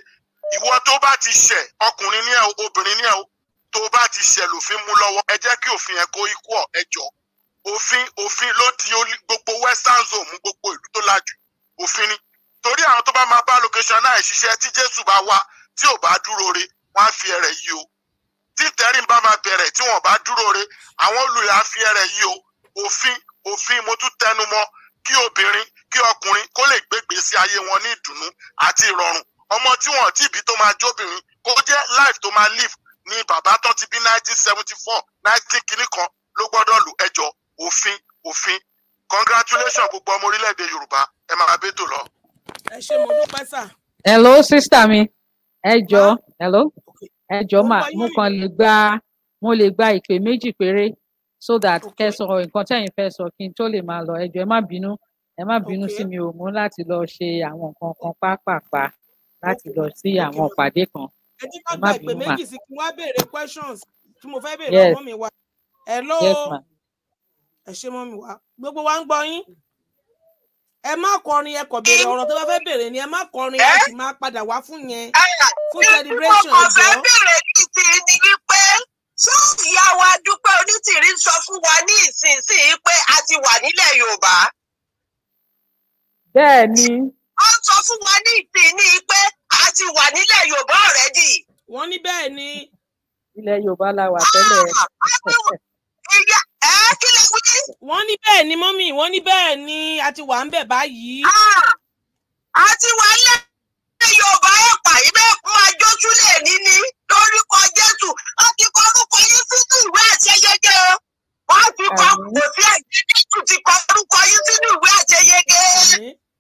ìwọ tó bá ti ṣẹ̀ ọkùnrin ní ẹ o obìnrin ní ẹ o tó bá ti ṣẹ̀ lòfin mú lọ́wọ́ ẹ jẹ́ kí òfin yẹn kó ikú ọ ẹ jọ òfin òfin ló ti gbogbo western zone mú gbogbo ìlú tó lajú òfin ni torí àwọn tó bá máa bá location náà ṣiṣẹ́ tí jésù bá wá tí ò bá dúró re wọ́n á fi ẹrẹ̀ yí o tí tẹ́rìn bá máa bẹ̀rẹ̀ tí wọ́n bá dúró re àwọn olùyà á fi ẹrẹ̀ yí o òfin òfin mo tún tẹnu mọ́ kí obìnrin kí ọkùnrin kó lè gbégbèsè ayé wọn ní ìdùnnú àti ìrọ̀rùn ọmọ tí wọn ti bí tó máa jóbìnrin kó jẹ́ life tó máa live ni bàbá tó ti bí nineteen seventy kìíní kan ló gbọ́dọ̀ lù ẹjọ́ òfin òfin congratulation gbogbo ọmọ orílẹ̀-èdè yorùbá ẹ máa bẹ́tò lọ. ẹ ṣe mo dúpẹ́ sà. hello sista mi ẹ hello ẹ jọ mo kàn lè gba mo lè gba ìpè méjì péré so that kẹ́ sọ nǹkan tẹ́yin fẹ́ sọ kí n tó lè máa lọ ẹ ẹ má bínú ẹ má bínú sí mi ò mú láti lọ ṣe àwọn nǹkan kan pápápá láti lọ sí àwọn ìpàdé kan. ẹ jẹ́ ká gba ìpè méjì sí kí wọ́n béèrè questions tí mo fẹ́ béèrè ọmọ mi wá. hello ẹ ṣe mọ́ mi wá gbogbo wa ń gbọ́ yín ẹ má kọrin ẹ kọ béèrè ọ̀rọ̀ tó bá fẹ́ béèrè ni ẹ má kọrin ẹ sì máa padà wá fún yẹn fún celebration ẹjọ. mo kàn fẹ́ béèrè títí ni wípé tó ìyá wa dúpẹ́ onítìrí sọ fún wa ní ìsinsìnyí pé a ti wà nílẹ̀ yorùbá. bẹ́ẹ̀ ni ó ń sọ fún wa ní ìpínní pé a ti wà nílẹ̀ Yorùbá already. wọ́n ní bẹ́ẹ̀ ni. ilẹ̀ Yorùbá la wà tẹ́lẹ̀. Ah, wọ́n ní bẹ́ẹ̀ ni mọ́mì wọ́n ní bẹ́ẹ̀ ni a ti wà ń bẹ̀ báyìí. Ah, a ti wà nílẹ̀ Yorùbá ẹ̀pà yìí bẹ́ẹ̀ kún ajójú lè ní ní lórúkọ Jésù ó ti kọ orúkọ yín sínú ìwé àṣeyọjẹ o wọ́n ti kọ kò sí àjẹjù ti kọ orúkọ yín sínú ìwé àṣeyọjẹ.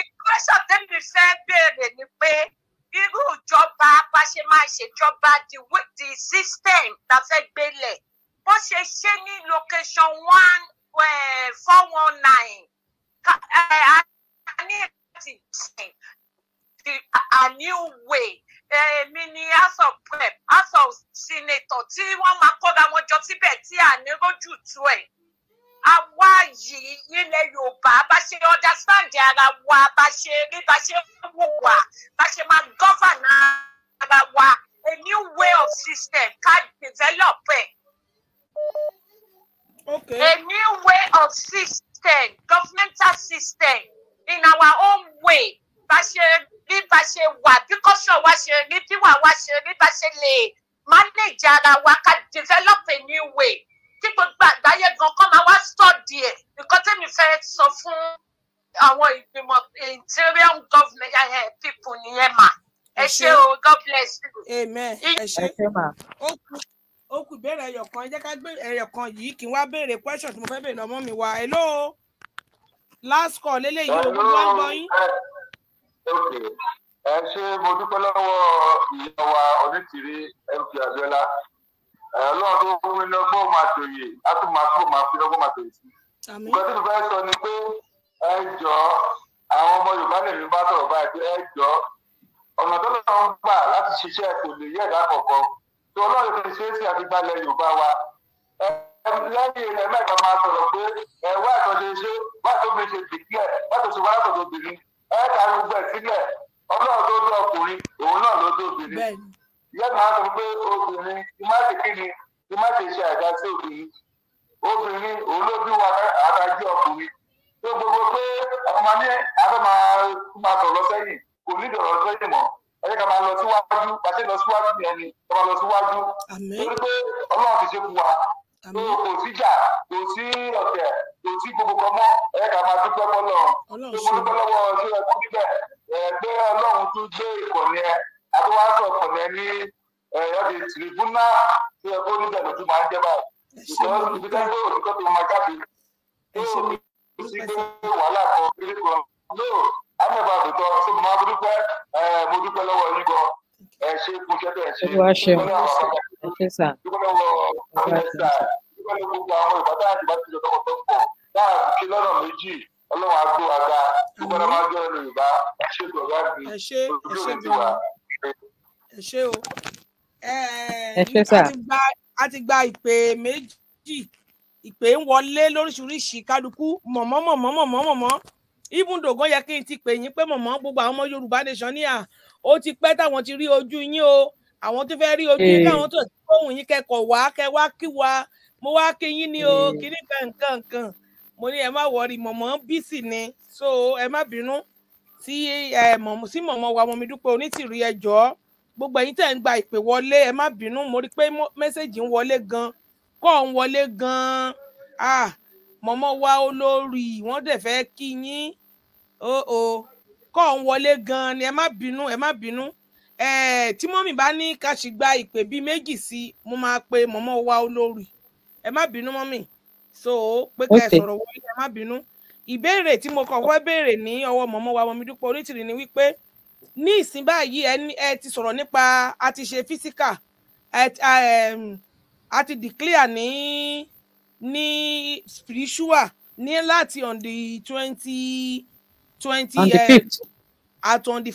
ìgbésọ̀ tẹ́mi fẹ́ béèrè ni pé irú ìjọba bá ṣe máa ṣèjọba the system tá fẹ́ gbélẹ̀ bó ṣe ṣe ní location one eh, four one nine eh, a ní láti sìn a new way eh, èmi ni house of prep house senator tí wọ́n máa kóra wọn jọ síbẹ̀ tí à ní rójú tu ẹ̀ àwa yìí nílẹ̀ yorùbá bá ṣe understand ara wa bá ṣe rí bá ṣe wò wá bá ṣe máa govern ara wa a new way of system ká develop ẹ̀. Okay. A new way of system, governmental system in our own way bá ṣe rí bá ṣe wà bí kọ́sọ̀ wa ṣe rí bí wà wa ṣe rí bá ṣe lè manage ara wa ká develop a new way kí gbogbo àgbáyé gan kọ́ máa wá sọ́ọ̀dì ẹ̀ nǹkan tẹ́mi fẹ́ sọ fún àwọn ìgbìmọ̀ interior government uh, people nìyẹn mà ẹ ṣé o God bless you. amen ẹ ṣé ó kù ìbéèrè ẹyọ kan ẹ ká gbé ẹyọ kan yìí kí n wá béèrè question tí mo fẹ́ béèrè ọmọ mi wa hello last call lélẹ́yìí o mo wá ń gbọ́ yín ẹ ṣé mo dúpẹ́ lọ́wọ́ ìyá wa onítìrí mp abiola ọlọ́run tó wí ní ọgbọ́n máa tòye á tún máa kúrò máa fi ọgbọ́n máa tòye sí. nǹkan tí mo fẹ́ sọ ni pé ẹ jọ àwọn ọmọ Yorùbá lèmi bá sọ̀rọ̀ báyìí pé ẹ jọ ọ̀nà tó lọ́wọ́ ń gbà láti ṣiṣẹ́ kò lè yẹ ẹ̀dá kọ̀ọ̀kan tó ọlọ́run ti ṣe é sí àti gbalẹ̀ Yorùbá wa lẹ́yìn ẹ̀ mẹ́ta máa sọ̀rọ̀ pé ẹ̀ wá ìtọ́jú ṣe wá tó fi ṣe dìgbẹ́ wá tó ṣe wá tó tó bìnrin ẹ̀ ká gbogbo ẹ̀ sílẹ̀ ọlọ́run tó dún ọkùnrin òun náà ló dún obìnrin ìyá mi máa sọ pé obìnrin ti má ṣe kíni ti má ṣe ṣe àìdá sí obìnrin obìnrin òun ló bí wa àtàjẹ ọkùnrin tó gbogbo pé ọmọ ní afẹ́ máa tọ̀ lọ sẹ́yìn kò ní ìdọ̀rọ̀ sẹ́yìn mọ́ ẹ̀yẹ́ ká máa lọ síwájú pàṣẹ lọ síwájú yẹn ni ká máa lọ ṣe fún wa kò sí tún gbé ìkọ̀ni ẹ adéwàsó ọ̀pọ̀nẹ́ ní ọ̀dẹ tìrìbùnà tí ẹ kó níbẹ̀ lójú máa ń jẹ́ báyìí ìgbọ́n ibi tẹ́ ń gbé òdìkọ́ tó máa jáde yóò sì gbé wàhálà kan kiri kan yóò ánàbà àbùtọ́ sí mo máa dúpẹ́ mo dúpẹ́ lọ́wọ́ yín gan ẹ ṣe kú ṣẹ́ bẹ́ẹ̀ ṣe dúpẹ́ lọ́wọ́ gbogbo àwọn ìbátan àti ìbátan ìjọba ọ̀tọ̀ pọ̀ láàbù kí lọ́nà méjì ọlọ́run á gbó wa ga dúpẹ́ lọ́wọ́ á jẹ́ ẹnu ìbá ṣètò ọ̀gá mi ojú òní ti wà ẹ ṣé o ẹ ṣé sà a ti gba ìpè méjì ìpè ń wọlé lóríṣiríṣi kálukú mọ̀mọ́ mọ̀mọ́ mọ̀mọ́ mọ̀mọ́ ibùdógún yẹ kí n ti pè yín pé mọ̀mọ́ gbogbo àwọn ọmọ Yorùbá nation ní à ó ti pẹ́ táwọn ti rí ojú yín o àwọn tó fẹ́ rí ojú yín káwọn tó ti kóhùn yín kẹ́kọ̀ọ́ wá kẹ́ wá kí wa mo wá kí yín ní o kí ní kankan kan mo ní ẹ má wọrí mọ̀mọ́ bísí ni so ẹ má bínú tí sí mọ̀mọ́ wa Mọ̀mí Dúpẹ́ Onítìrí ẹ jọ̀ọ́ gbogbo ẹ̀yin tẹ̀ ń gba ìpè wọlé ẹ má bínú mo rí i pé mẹ́sẹ̀gì ń wọlé gan kọ́ ń wọlé gan mọ̀mọ́ wa olórí wọ́n dẹ̀ fẹ́ kí yín kọ́ ń wọlé gan ni ẹ má bínú ẹ má bínú tí mọ́mì bá ní ká sì gba ìpè bíi méjì sí i mo máa pe mọ̀mọ́ wa olórí ẹ má bínú mọ́mì so pé ká ẹ sọ̀rọ̀ wọlé ẹ má bínú ìbéèrè tí mo kàn wá béèrè ní ọwọ́ mọ̀mọ́ wa Mọ̀mídúpẹ́ Onítìrí ni wípé ní ìsìn báyìí ẹ ti sọ̀rọ̀ nípa a ti ṣe físíkà a ti declare ní ní spiritual ní láti on the twenty twenty eh, at on the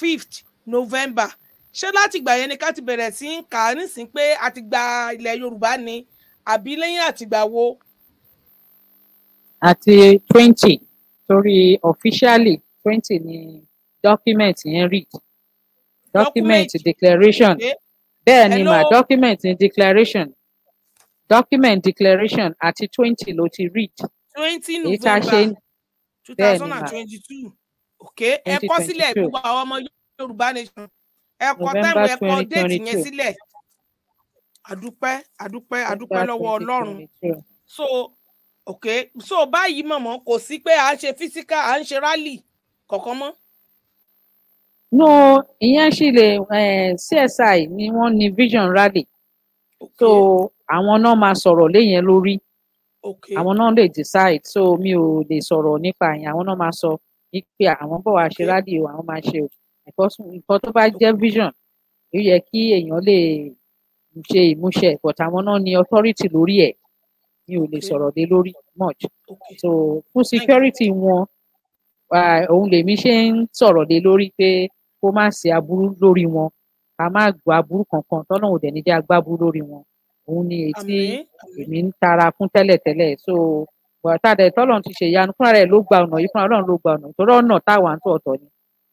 fifth November ṣé láti ìgbà yẹn ni ká ti bẹ̀rẹ̀ sí í kà á nísìnyí pé a ti gba ilẹ̀ Yorùbá ni àbí lẹ́yìn àtìgbà wo àti twenty torí officially twenty ni document yẹn read document declaration bẹ́ẹ̀ ni mà document ni declaration document declaration àti twenty ló ti read twenty november two thousand and twenty two ok ẹ kọ sílẹ̀ gbogbo àwọn ọmọ yorùbá nation ẹ kọ táìmù ẹ kọ déètì yẹn sílẹ̀ àdúpẹ́ àdúpẹ́ àdúpẹ́ lọ́wọ́ ọlọ́run so ok so báyìí mọ̀mọ́ kò sí pé à ń ṣe físíkà à ń ṣe rálì kọ̀ọ̀kan mọ́. no ìyẹn sì lè eh, csi ni wọ́n ní vision rally okay. so àwọn náà máa sọ̀rọ̀ léyẹn lórí àwọn náà lè decide so mi ò lè sọ̀rọ̀ nípa yẹn àwọn náà máa sọ pé àwọn bọ̀ wá ṣe rally o àwọn máa ṣe o nǹkan tó bá jẹ́ vision ló yẹ kí èèyàn lè ṣe ìmúṣẹ but àwọn náà ní authority lórí ẹ̀ mi ò lè sọ̀rọ̀ lé lórí much so fún security wọn òun lèmi ṣe ń sọ̀rọ̀ lé lórí pé kó má ṣe aburú lórí wọn ká má gbọ́ aburú kankan tọ́nà òdẹ níjẹ́ agbáburú lórí wọn òun ni èyí tí èmi ń tara fún tẹ́lẹ̀tẹ́lẹ̀ so bọ̀tàdẹ tọ́lọ́run ti ṣe ìyanu fúnra rẹ̀ ló gba ọ̀nà yìí fúnra ọlọ́run ló gba ọ̀nà ìtọ́rọ̀ ọ̀nà táwa ń tọ̀ ọ̀tọ̀ ni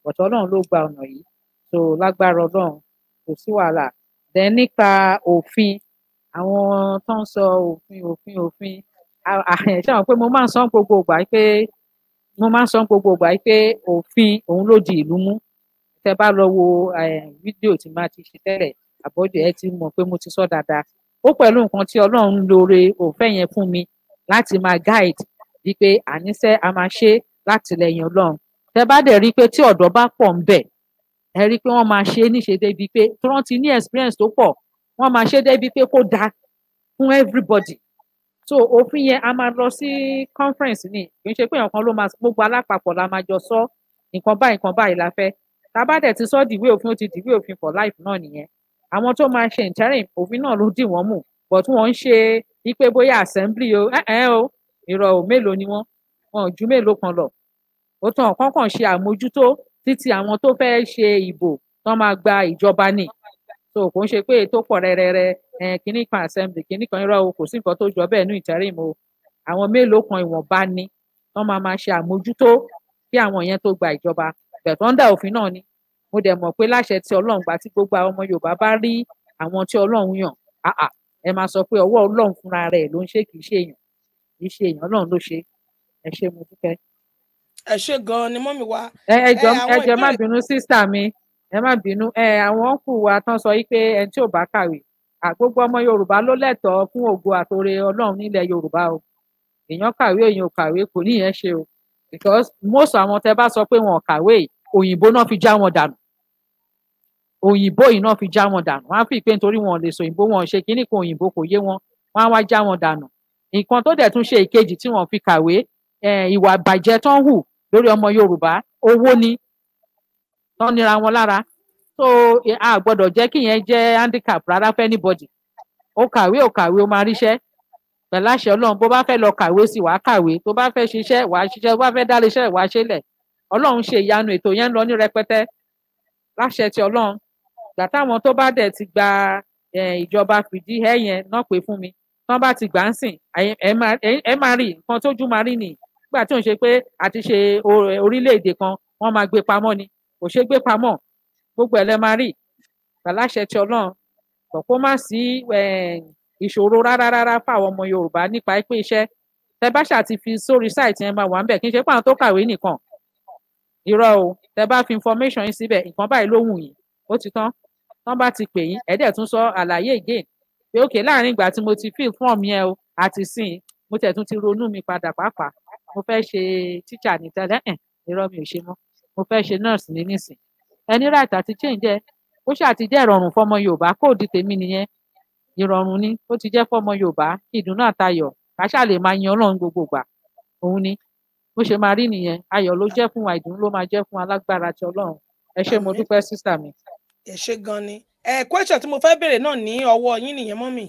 bọ̀tọ̀ ọlọ́run ló gba ọ̀nà yìí so lágbára ọlọ́run kò sí wàhálà then nípa òfin àwọn tó ń sọ òfin òfin òfin ṣé àwọn pé mo máa ń sọ gbogbo ìgbà pé mo máa ń sọ gbogbo ìgbà pé òfin òun ló di ìlú mú tẹ bá lọ wo fídíò tí máa ti ṣe tẹ́lẹ̀ àbọ̀dé ẹ ti mọ̀ pé mo ti sọ dáadáa ó pẹ̀lú nǹkan tí Ọlọ́run ń lóore òfẹ́ yẹn fún mi láti máa guide wípé àníṣe a máa ṣe látìlẹ́yìn Ọlọ́run tẹ bá dẹ̀ rí i pé tí ọ̀dọ́ bá pọ̀ ń bẹ̀ ẹ rí i pé wọ́n máa ṣe é níṣe débi pé tí wọ́n ti ní experience tó pọ̀ wọ́n máa ṣe débi pé kó dáa fún everybody so òfin yẹn a máa lọ sí conference ni kì í ṣe pé nǹkan ló máa gbogbo alápapọ̀ la máa jọ sọ nǹkan báyìí nǹkan báyìí la fẹ́ tá a bá dẹ̀ ti sọ dìwé òfin ó ti dìwé òfin for life náà nìyẹn àwọn tó máa ṣe interim òfin náà ló dì wọ́n mú but wọ́n ń ṣe wípé bóyá assembly o ẹ̀ ẹ́ o ìrọ̀ ò mélòó ni wọ́n wọn ò ju mélòó kan lọ ó tàn kọ́kàn ṣe àmójútó títí àwọn tó fẹ́ ṣe ìbò tán máa gba ìjọba ni so kò ń ṣe pé tó pọ̀ rẹrẹrẹ kínní kan assembly kínní kan irọ́ o kò sí nǹkan tó jọ bẹ́ẹ̀ ní interim mo àwọn mélòó kan ìwọ̀nba ni wọ́n máa máa ṣe àmójútó kí àwọn yẹn tó gba ìjọba bẹ̀tọ́ ń dà òfin náà ni mo dẹ̀ mọ̀ pé láṣẹ tí ọlọ́run gbà tí gbogbo àwọn ọmọ yorùbá bá rí àwọn tí ọlọ́run yàn àà ẹ máa sọ pé ọwọ́ ọlọ́run fúnra rẹ̀ ló ń ṣe kì í ṣe èèyàn kì í ṣe èèyàn ọlọ́run ló ṣe ẹ ṣé mo dúpẹ́. ẹ ṣé gan-an ni mọ́mì wa. ẹ jọ̀ọ́ má bínú sísá mi ẹ má bínú àwọn ọkù wa tán sọ wípé ẹni tí ò bá kàwé gbogbo ọmọ yorùbá ló lẹ́tọ̀ọ́ fún ògo àtòrè ọlọ́run nílẹ̀ yorùbá o èèyàn kàwé èèyàn ò kàwé kò ní ìyẹn ṣe o because most àwọn tẹ bá sọ pé wọn ò kàwé òyìnbó náà fi já wọn dànù òyìnbó yìí náà fi já wọn dànù wọn á fi pé nítorí wọn ò lè sọ òyìnbó wọn ṣe kínní kan òyìnbó kò yé wọn wọn á wá já wọn dànù nǹkan tó dẹ̀ tún ṣe ìkejì tí wọn fi kàwé ìwà ìbàjẹ́ tán hù lórí ọmọ yorùbá owó ni tán nira wọn lára so a gbọ́dọ̀ jẹ́ kí yẹn jẹ́ handicap rárá fẹ́ anybody ó kàwé ó kàwé ó máa ríṣẹ́ pẹ̀lú àṣẹ Ọlọ́run bó bá fẹ́ lọ kàwé sí wàá kàwé tó bá fẹ́ ṣiṣẹ́ wàá ṣiṣẹ́ tó bá fẹ́ dálé iṣẹ́ wàá ṣẹlẹ̀ Ọlọ́run ṣe ìyanu ètò yẹn ń lọ ní rẹpẹtẹ láṣẹ ti Ọlọ́run gbà táwọn tó bá dẹ̀ ti gba ìjọba fìdí ẹ yẹn náà pé fún mi tán bá ti gbà ń sìn ẹ máa rí nǹkan tójú máa rí nìyí nígbà tí òun ṣe pé àti ṣe orílẹ̀ kan wọ́n máa gbé pamọ́ ni kò ṣeé gbé pamọ́ gbogbo ẹ lẹ máa rí pàláṣẹ ti Ọlọ́run kò kó má sí ìṣòro rárá rárá fáwọn ọmọ Yorùbá nípa pé iṣẹ́ tẹ bá ṣáà ti fi sórí sáìtì yẹn máa wà ń bẹ kí n ṣe pé àwọn tó kàwé nìkan irọ́ o tẹ bá fi information yín síbẹ̀ nǹkan báyìí ló wù yín ó ti tán tán bá ti pè yín ẹdẹ tún sọ àlàyé again pé òkè láàrin ìgbà tí mo ti fill form yẹn o àti sìn mo tẹ̀ tún ti ronú mi padà pàápàá mo fẹ́ ṣe tíṣà nìtẹ́lẹ́ ẹ̀ irọ́ mi ò ṣe mọ́ mo fẹ́ ṣe nurse ní nísìn ẹni right àti change ẹ ó ṣáà ti jẹ́ ìrọ̀rùn fọmọ yorùbá kóòdù tèmi nìyẹn ìrọ̀rùn ni ó ti jẹ́ fọmọ yorùbá ìdùnnú àtayọ̀ káṣá lè máa yan ọlọ́run gbogbo gbà òun ni bó ṣe máa rí nìyẹn ayọ̀ ló jẹ́ fún wa ìdùnnú ló máa jẹ́ fún alágbára ti ọlọ́run ẹ ṣé mo dúpẹ́ sísà mi. ẹ ṣé gan ni ẹ question tí mo fẹ́ béèrè náà ní ọwọ́ yín nìyẹn mọ́ mi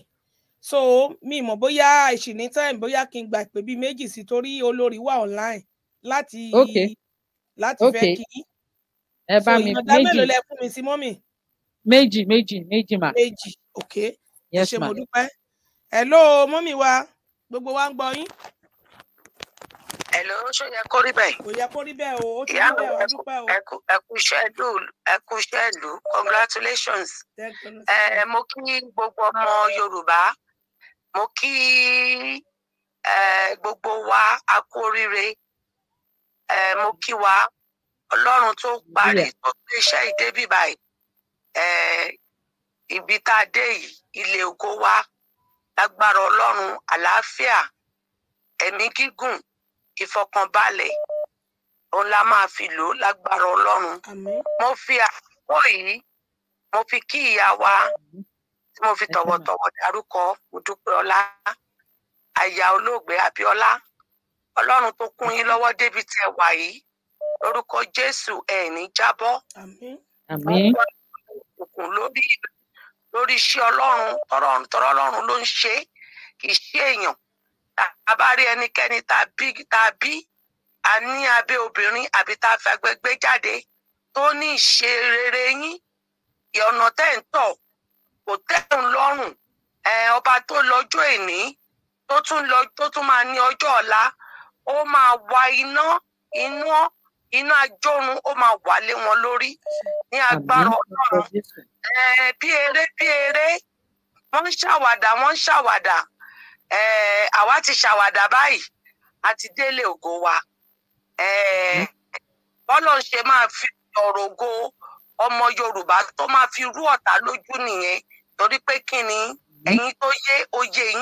so mi mọ̀ bóyá ìṣìní time bóyá kí n gba ìpè bíi méjì sí torí olórí wà online láti láti fẹ́ kí ẹ bá mi méjì so ìyọ̀dá lẹ fún mi sí mọ́mì. méjì méjì méjì mà. méjì ok ẹ ṣé mo dúpẹ́. hello mọ́mì wa gbogbo wa ń gbọ́ yín. hello ṣó yẹ kó rí bẹ́ẹ̀. kò yẹ kó rí bẹ́ẹ̀ o ó ti rí bẹ́ẹ̀ wọ́n dúpẹ́ o. ẹ kú iṣẹ́ ìlú ẹ kú iṣẹ́ ìlú congratulations. ẹ mo kí gbogbo ọmọ Yorùbá mo kí gbogbo wa a kú oríire mo kí wa ọlọ́run tó parí tó gbé iṣẹ́ ìdé bíbá yìí ibi tá a dé yìí ilé oko wa lágbára ọlọ́run àlàáfíà ẹ̀mí gígùn ìfọkànbalẹ̀ òun la máa fi lò lágbára ọlọ́run mo fi àkókò yìí mo fi kí ìyá wa tí mo fi tọ̀wọ̀tọ̀wọ̀ dárúkọ mo dúpẹ́ ọlá àyà olóògbé Abíọ́lá ọlọ́run tó kún yín lọ́wọ́ débi tẹ wà yìí lórúkọ jésù ẹ̀ jábọ́ òkùnkùn lórí lórí iṣẹ́ ọlọ́run ọlọ́run tọrọ ọlọ́run ló ń ṣe kì í ṣe èèyàn tá a bá rí ẹnikẹ́ni tá a bí a ní abẹ́ obìnrin àbí tá a fi agbègbè jáde tó ní ìṣe rere yín ìyọ̀nà tẹ̀ ń tọ̀ kò tẹ̀hún lọ́rùn ọba tó lọ́jọ́ èní tó tún máa ní ọjọ́ ọ̀la ó máa wa iná iná iná ajórun ó máa wà wọn lórí ní agbára Ọlọ́run bí eré bí eré wọ́n ń ṣàwàdà wọ́n ń ṣàwàdà àwa ti ṣàwàdà báyìí a ti délé ògo wa bọ́lọ̀ ń ṣe máa fi ọ̀rọ̀ ògo ọmọ Yorùbá tó máa fi rú ọ̀tá lójú nìyẹn torí pé kí ni ẹ̀yin tó yé oyè yín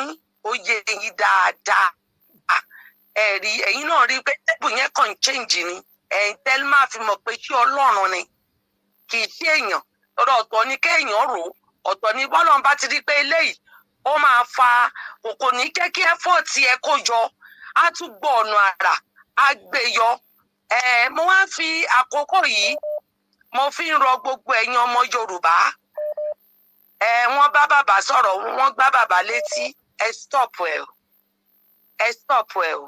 oyè yín dáadáa. ẹ̀rí ẹ̀yin náà rí pé tẹ́bù yẹn kàn change ni ẹ̀yin tẹ́lẹ̀ máa fi mọ̀ pé ṣé ọlọ́run ni kì í ṣe èèyàn lọ́dọ̀ ọ̀tọ̀ ni kéèyàn rò ó ọ̀tọ̀ ni bọ́lọ́n bá ti rí pé eléyìí ó máa fa kò ní jẹ́ kí ẹ́fọ́ọ̀tì ẹ kó yọ á tún gbọ́ ọ̀nà àrà á gbé yọ mo wá fi àkókò yìí mo fi ń rọ gbogbo ẹ̀yin ọmọ Yorùbá wọ́n bá bàbá sọ̀rọ̀ wọ́n gbá bàbá létí ẹ stop ẹ o ẹ stop ẹ o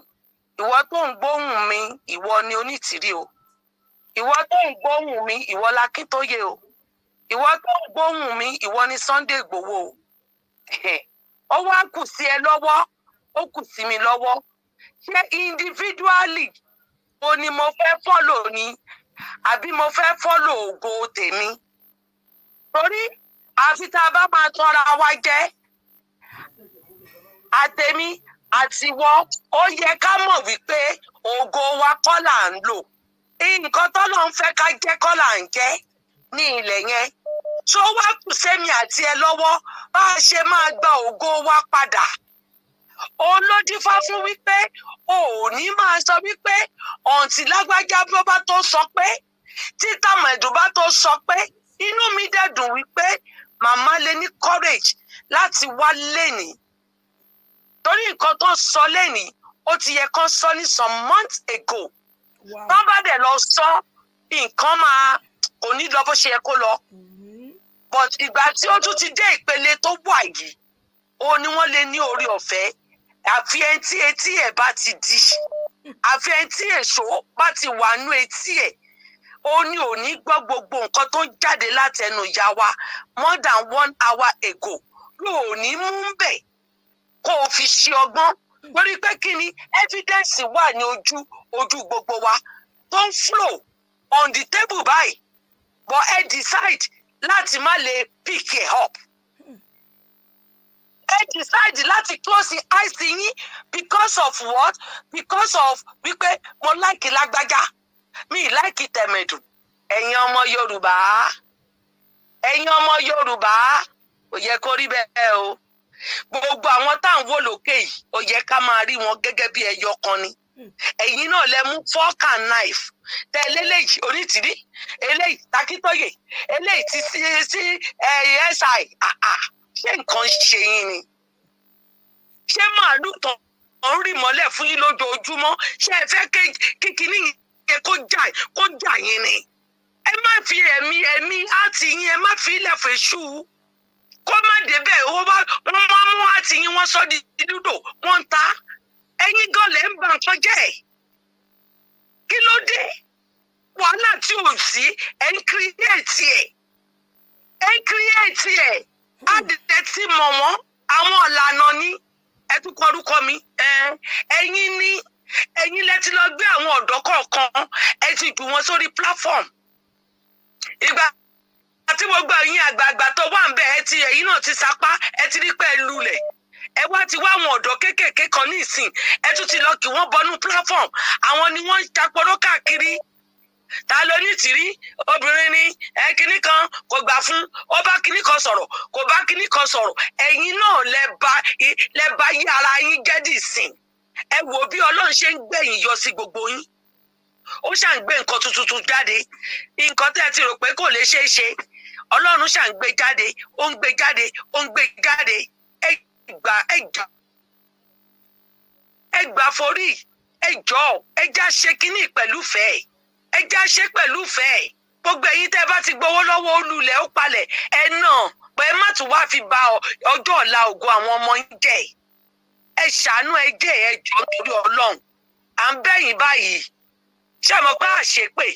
ìwọ tó ń gbóhùn mi ìwọ ni onítìrí o ìwọ tó ń gbóhùn mi ìwọ lakíntóye o ìwọ tó ń gbóhùn mi ìwọ ni Sunday Igboho o ó wá kù sí ẹ lọ́wọ́ ó kù sí mi lọ́wọ́ ṣé individually o ni mo fẹ́ fọ́lò ni àbí mo fẹ́ fọ́lò ògo tèmi torí àfi tá a bá máa tọ́ra wa jẹ́ àtèmi àti wọ́n ó yẹ ká mọ̀ wípé ògo wa kọ́ là ń lò nǹkan tọ́lọ́ ń fẹ́ ká jẹ́ kọ́ là ń jẹ́ ní ilẹ̀ yẹn tó wá kù sẹ́mi àti ẹ lọ́wọ́ bá a ṣe máa gba ògo wa padà òun ló dífá fún wípé ò ní máa sọ wípé ọ̀ǹtì lágbájá bó bá tó sọ pé títà mẹ̀dùn bá tó sọ pé inú mi dẹ̀ dùn wípé màmá lè ní courage láti wá lénìí torí nǹkan tó sọ lẹ́ni ó ti yẹ kán sọ ní some months ago wọ́n bá dẹ̀ lọ sọ nǹkan máa kò ní lọ bó ṣe yẹ kó lọ mm-hmm. but ìgbà tí ó tún ti dé ìpele tó wà yìí ó ní wọ́n lè ní orí ọ̀fẹ́ àfi ẹni tí etí ẹ̀ bá ti di àfi ẹni tí èso bá ti wà nú etí ẹ̀ ó ní òní gbọ́ gbogbo nǹkan tó ń jáde látẹnu ìyá wa more than one hour ago ló ò ní mú bẹ́ẹ̀ kó o fi ṣe ọgbọ́n torí pé kí ni evidence wà ní ojú ojú gbogbo wa tó ń flow on the table báyìí but ẹ decide láti má lè pick it up ẹ decide láti close the eyes yín because of what because of wípé mo láìkí lágbájá mi láìkí tẹ̀mẹ̀dù ẹ̀yin ọmọ yorùbá ẹ̀yin ọmọ yorùbá ò yẹ kó rí bẹ́ẹ̀ o gbogbo àwọn tá à ń wò lókè yìí ó yẹ ká máa rí wọn gẹ́gẹ́ bí ẹyọ kan ni hmm. ẹ̀yin náà lẹ mú fork and knife tẹ eléyìí onítìrí eléyìí takítọ́yè eléyìí ti sí sí si àà ṣé nǹkan ṣe yín ni ṣé màálù tán ń rì mọ́lẹ̀ fún yín lójoojúmọ́ ṣé ẹ fẹ́ kíkiní yẹn kó jà kó jà yín ni ẹ má fi ẹ̀mí ẹ̀mí á ti yín ẹ má fi ilẹ̀ fẹ́ ṣú kó má débẹ̀ owó bá wọ́n máa mú àti yín sọ di lúdò wọ́n ń ta ẹ̀yin gan lẹ́ ń ba nǹkan jẹ́ kí ló dé wàhálà tí ò sí ẹ̀ ń kírẹ́ẹ̀tì ẹ̀ ẹ̀ ń kírẹ́ẹ̀tì ẹ̀ á dìde tí mọ̀ wọ́n àwọn ọ̀làna ní ẹ tún kọ orúkọ mi ẹ̀yin ní ẹ̀yin lẹ ti lọ gbé àwọn ọ̀dọ́ kọ̀ọ̀kan ẹ ti jù wọn sórí platform ìgbà àti gbogbo ẹ̀yin àgbààgbà tó wà ń bẹ ẹ ti ẹ̀yin náà ti sapá ẹ ti rí pẹ́ lulẹ̀ ẹ wá ti wá àwọn ọ̀dọ́ kéékèèké kan ní ìsìn ẹ tún ti lọ kí wọ́n bọnú platform àwọn ni wọ́n ń taporó káàkiri ta ló ní tìrí obìnrin ni ẹ kinní kan kò gbà fún ó bá kinní kan sọ̀rọ̀ kò bá kinní kan sọ̀rọ̀ ẹ̀yin náà lẹ bà lẹ bà yí ara yín jẹ́ dì sìn ẹ wò bí ọlọ́run ṣe ń gbẹ̀yìn yọ sí gbogbo yín ó ṣàǹgbé nǹkan tuntun jáde nǹkan tẹ́ ẹ ti rò pé kò lè ṣeé ṣe ọlọ́run ṣà ń gbé jáde ó ń gbé jáde ó ń gbé jáde ẹ gbà ẹ jà ẹ gbà forí ẹ jọ ẹ já ṣe kínní pẹ̀lú fẹ́ ẹ já ṣe pẹ̀lú fẹ́ gbogbo ẹ̀yin tẹ́ bá ti gbowó lọ́wọ́ olùlẹ̀ ó palẹ̀ ẹ náà pé má tún wá fi ba ọjọ́ ọ̀la ògo àwọn ọmọ yín jẹ́ ẹ ṣàánú ẹ jẹ́ ẹ jọ nítorí ọlọ́run à ń bẹ̀yìn báyìí ṣé àmọ́ pé àṣepè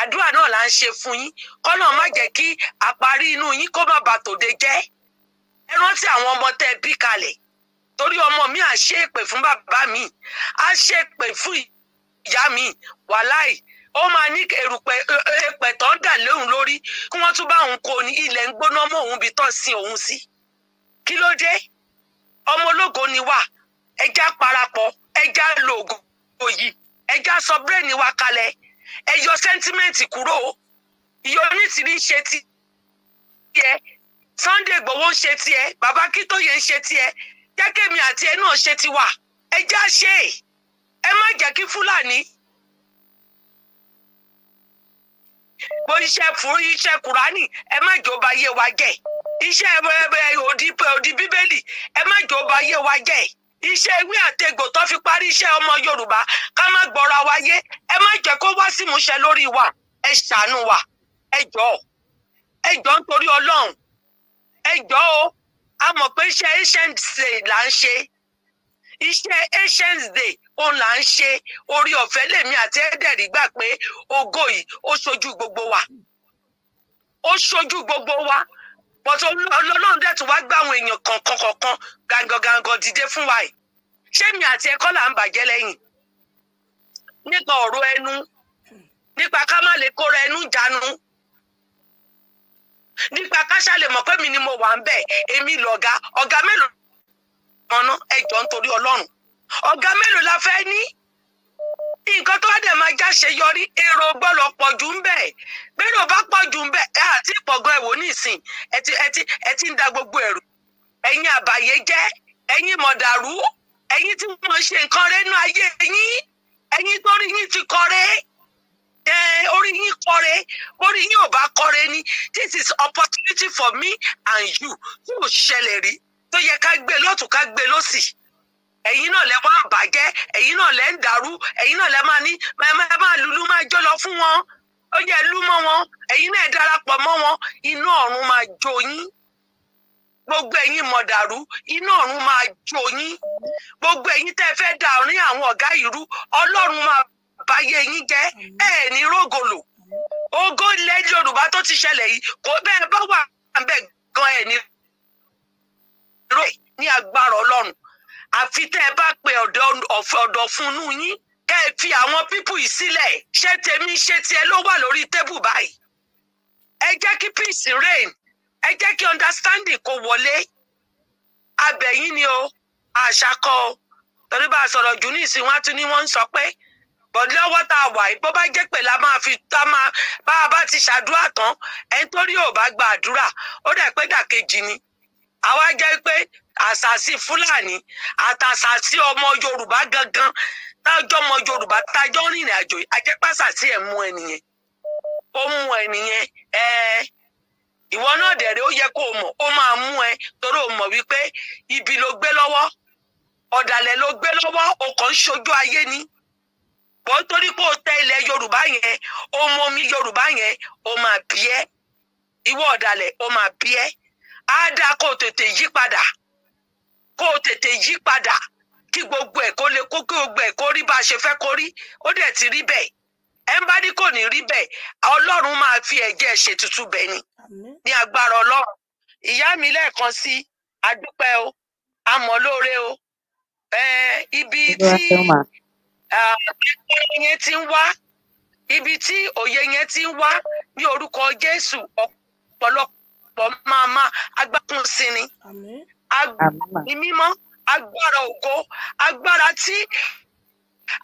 àdúrà náà là ń ṣe fún yín kọ́nà má jẹ́ kí àparí inú yín kó má bà tòde jẹ́ ẹ rántí àwọn ọmọ tẹ́ bí kalẹ̀ torí ọmọ mi à ṣe èpè fún bàbá mi à ṣe èpè fún ìyá mi wàláì ó máa ní èrùpẹ̀ èpè tó ń dà lóhùn lórí kí wọ́n tún bá òun kó ní ilẹ̀ ń gbóná mọ́ òun bí tán sin òun sí kí ló dé ọmọ ológo ni wà ẹja parapọ̀ ẹja lo òyì ẹja sọ bírèèni wa kalẹ̀ ẹ yọ sẹ́ńtímẹ́ǹtì kúrò ìyọ onítìrí ń ṣe ti yẹ Sunday Igboho ń ṣe tiẹ bàbá Akíntóyè ń ṣe tiẹ jẹ́kẹ̀mí àti ẹ náà ṣe tiwa ẹ já ṣe ẹ má jẹ́ kí Fúlàní bó iṣẹ́ fún iṣẹ́ Kùránì ẹ má jọba yé wa jẹ́ iṣẹ́ odi bíbélì ẹ má jọba yé wa jẹ́ iṣẹ́ ewé àtegbò tó fi parí iṣẹ́ ọmọ Yorùbá ká má gbọ́ra wáyé ẹ má jẹ́ kó wá símúṣẹ lórí wa ẹ ṣàánú wa ẹ jọ ẹ jọ nítorí Ọlọ́run ẹ jọ o a mọ̀ pé iṣẹ́ ancient day là ń ṣe iṣẹ́ ancient day òun là ń ṣe orí ọ̀fẹ́ lèmi àti ẹ̀dẹ̀rì gbà pé ògo yìí ó ṣojú gbogbo wa ó ṣojú gbogbo wa bọ́tọ̀ ọlọ́run dẹ̀ tún wá gbá àwọn èèyàn kọ̀ọ̀kan kọ̀ọ̀kan gangan gangan dìde fún wa yìí ṣé mi àti ẹ̀kọ́ là ń bàjẹ́ lẹ́yìn nípa ọ̀rọ̀ ẹnu nípa ká má lè kóra ẹnu jánu nípa ká ṣàlè mọ̀ pé mi ni mo wà ń bẹ̀ èmi lọ̀gá ọ̀gá mélòó ọ̀nà ẹ̀jọ̀ nítorí ọlọ́run ọ̀gá mélòó la fẹ́ ní nǹkan tó wá dẹ̀ máa jáṣe yọrí èrò gbọ́dọ̀ pọ̀ jù ń bẹ̀ bẹ́ẹ̀rù bá pọ̀ jù ń bẹ̀ àti ìpọ̀gàn ẹ̀wò nísìn ẹ ti ẹ ti ẹ ti ń da gbogbo ẹ̀rù ẹ̀yin àbàyè jẹ́ ẹ̀yin mọ̀dàrú ẹ̀yin tí wọ́n ṣe nǹkan rẹ̀ nú ayé ẹ̀yin ẹ̀yin tó rí yín ti kọ́rẹ́ ẹ orí yín kọ́rẹ́ orí yín ò bá kọ́rẹ́ ni this is opportunity for me and you kí ò ṣẹlẹ̀ rí tó yẹ ká gbé lọ́tún ká gbé lọ́sì ẹ̀yin náà lẹ wá ń bàjẹ́ ẹ̀yin náà lẹ ń dàrú ẹ̀yin náà lẹ máa ní ẹ máa lulú máa jó lọ fún wọn ó yẹ lú mọ́ wọn ẹ̀yin náà darapọ̀ mọ́ wọn iná ọ̀run máa jó yín gbogbo ẹ̀yin mọ̀dàrú iná ọ̀run máa jó yín gbogbo ẹ̀yin tẹ́ fẹ́ dà rin àwọn ọ̀gá ìrú Ọlọ́run máa báyé yín jẹ́ ẹ ní rógòlò ogó ilẹ̀ Yorùbá tó ti ṣẹlẹ̀ yìí kò bẹ́ẹ̀ bá wà bẹ́ẹ̀ gan ẹ ní ní agbára Ọlọ́run àfi tẹ́ ẹ bá pe ọ̀dọ̀ fúnnú yín kẹ́ ẹ fi àwọn pípù yìí sílẹ̀ ṣé tèmi ṣé tiẹ̀ ló wà lórí tébù báyìí ẹ jẹ́ kí peace reign ẹ jẹ́ kí understanding kó wọlé abẹ̀yìn ni o àṣà kọ o torí bá a sọ̀rọ̀ jù ní ìsìn wọn á tún ní wọ́n ń sọ pé bọ̀dúlọ́wọ́ tá a wà bó bá jẹ́ pé la máa fi tá a máa bá a bá ti ṣàdúrà tán ẹni tó rí ò bá gba àdúrà ó dẹ̀ pé dàkejì ni àwa jẹ́ pé àṣàṣì fúlàní àtàṣàṣì ọmọ yorùbá gangan tájọ́ ọmọ yorùbá tájọ́ rìnrìn àjò ajẹ́pàṣàṣì ẹ̀ mú ẹnìyẹn ó mú ẹnìyẹn ẹ ìwọ náà dẹ̀rẹ̀ ó yẹ kó o mọ̀ ó máa mú ẹ torí o mọ̀ wípé ibi ló gbé lọ́wọ́ ọ̀dàlẹ̀ ló gbé lọ́wọ́ o kàn ń ṣojú ayé ni wọ́n torí pé o tẹ ilẹ̀ yorùbá yẹn o mọ omi yorùbá yẹn o máa bí ẹ́ ìwọ ọ̀dàlẹ̀ o máa bí ẹ́ á dáa kó o tètè yí padà kó o tètè yí padà kí gbogbo ẹ̀ kó lè kó kí gbogbo ẹ̀ kó rí bá a ṣe fẹ́ kó rí ó dẹ̀ ti rí bẹ́ẹ̀ ẹ ń bá ní kò ní rí bẹ́ẹ̀ ọlọ́run máa fi ẹ̀jẹ̀ ṣètùtù bẹ́ẹ̀ ni ní agbára ọlọ́run ìyá mi lẹ́ẹ̀kan sí adúpẹ́ o àmọ́ o ibi tí òye yẹn ti ń wá ibi tí òye yẹn ti ń wá ní orúkọ jésù ọ̀pọ̀lọpọ̀ pọ̀ máa máa agbákun sí ni agbára mímọ́ agbára ògo agbára tí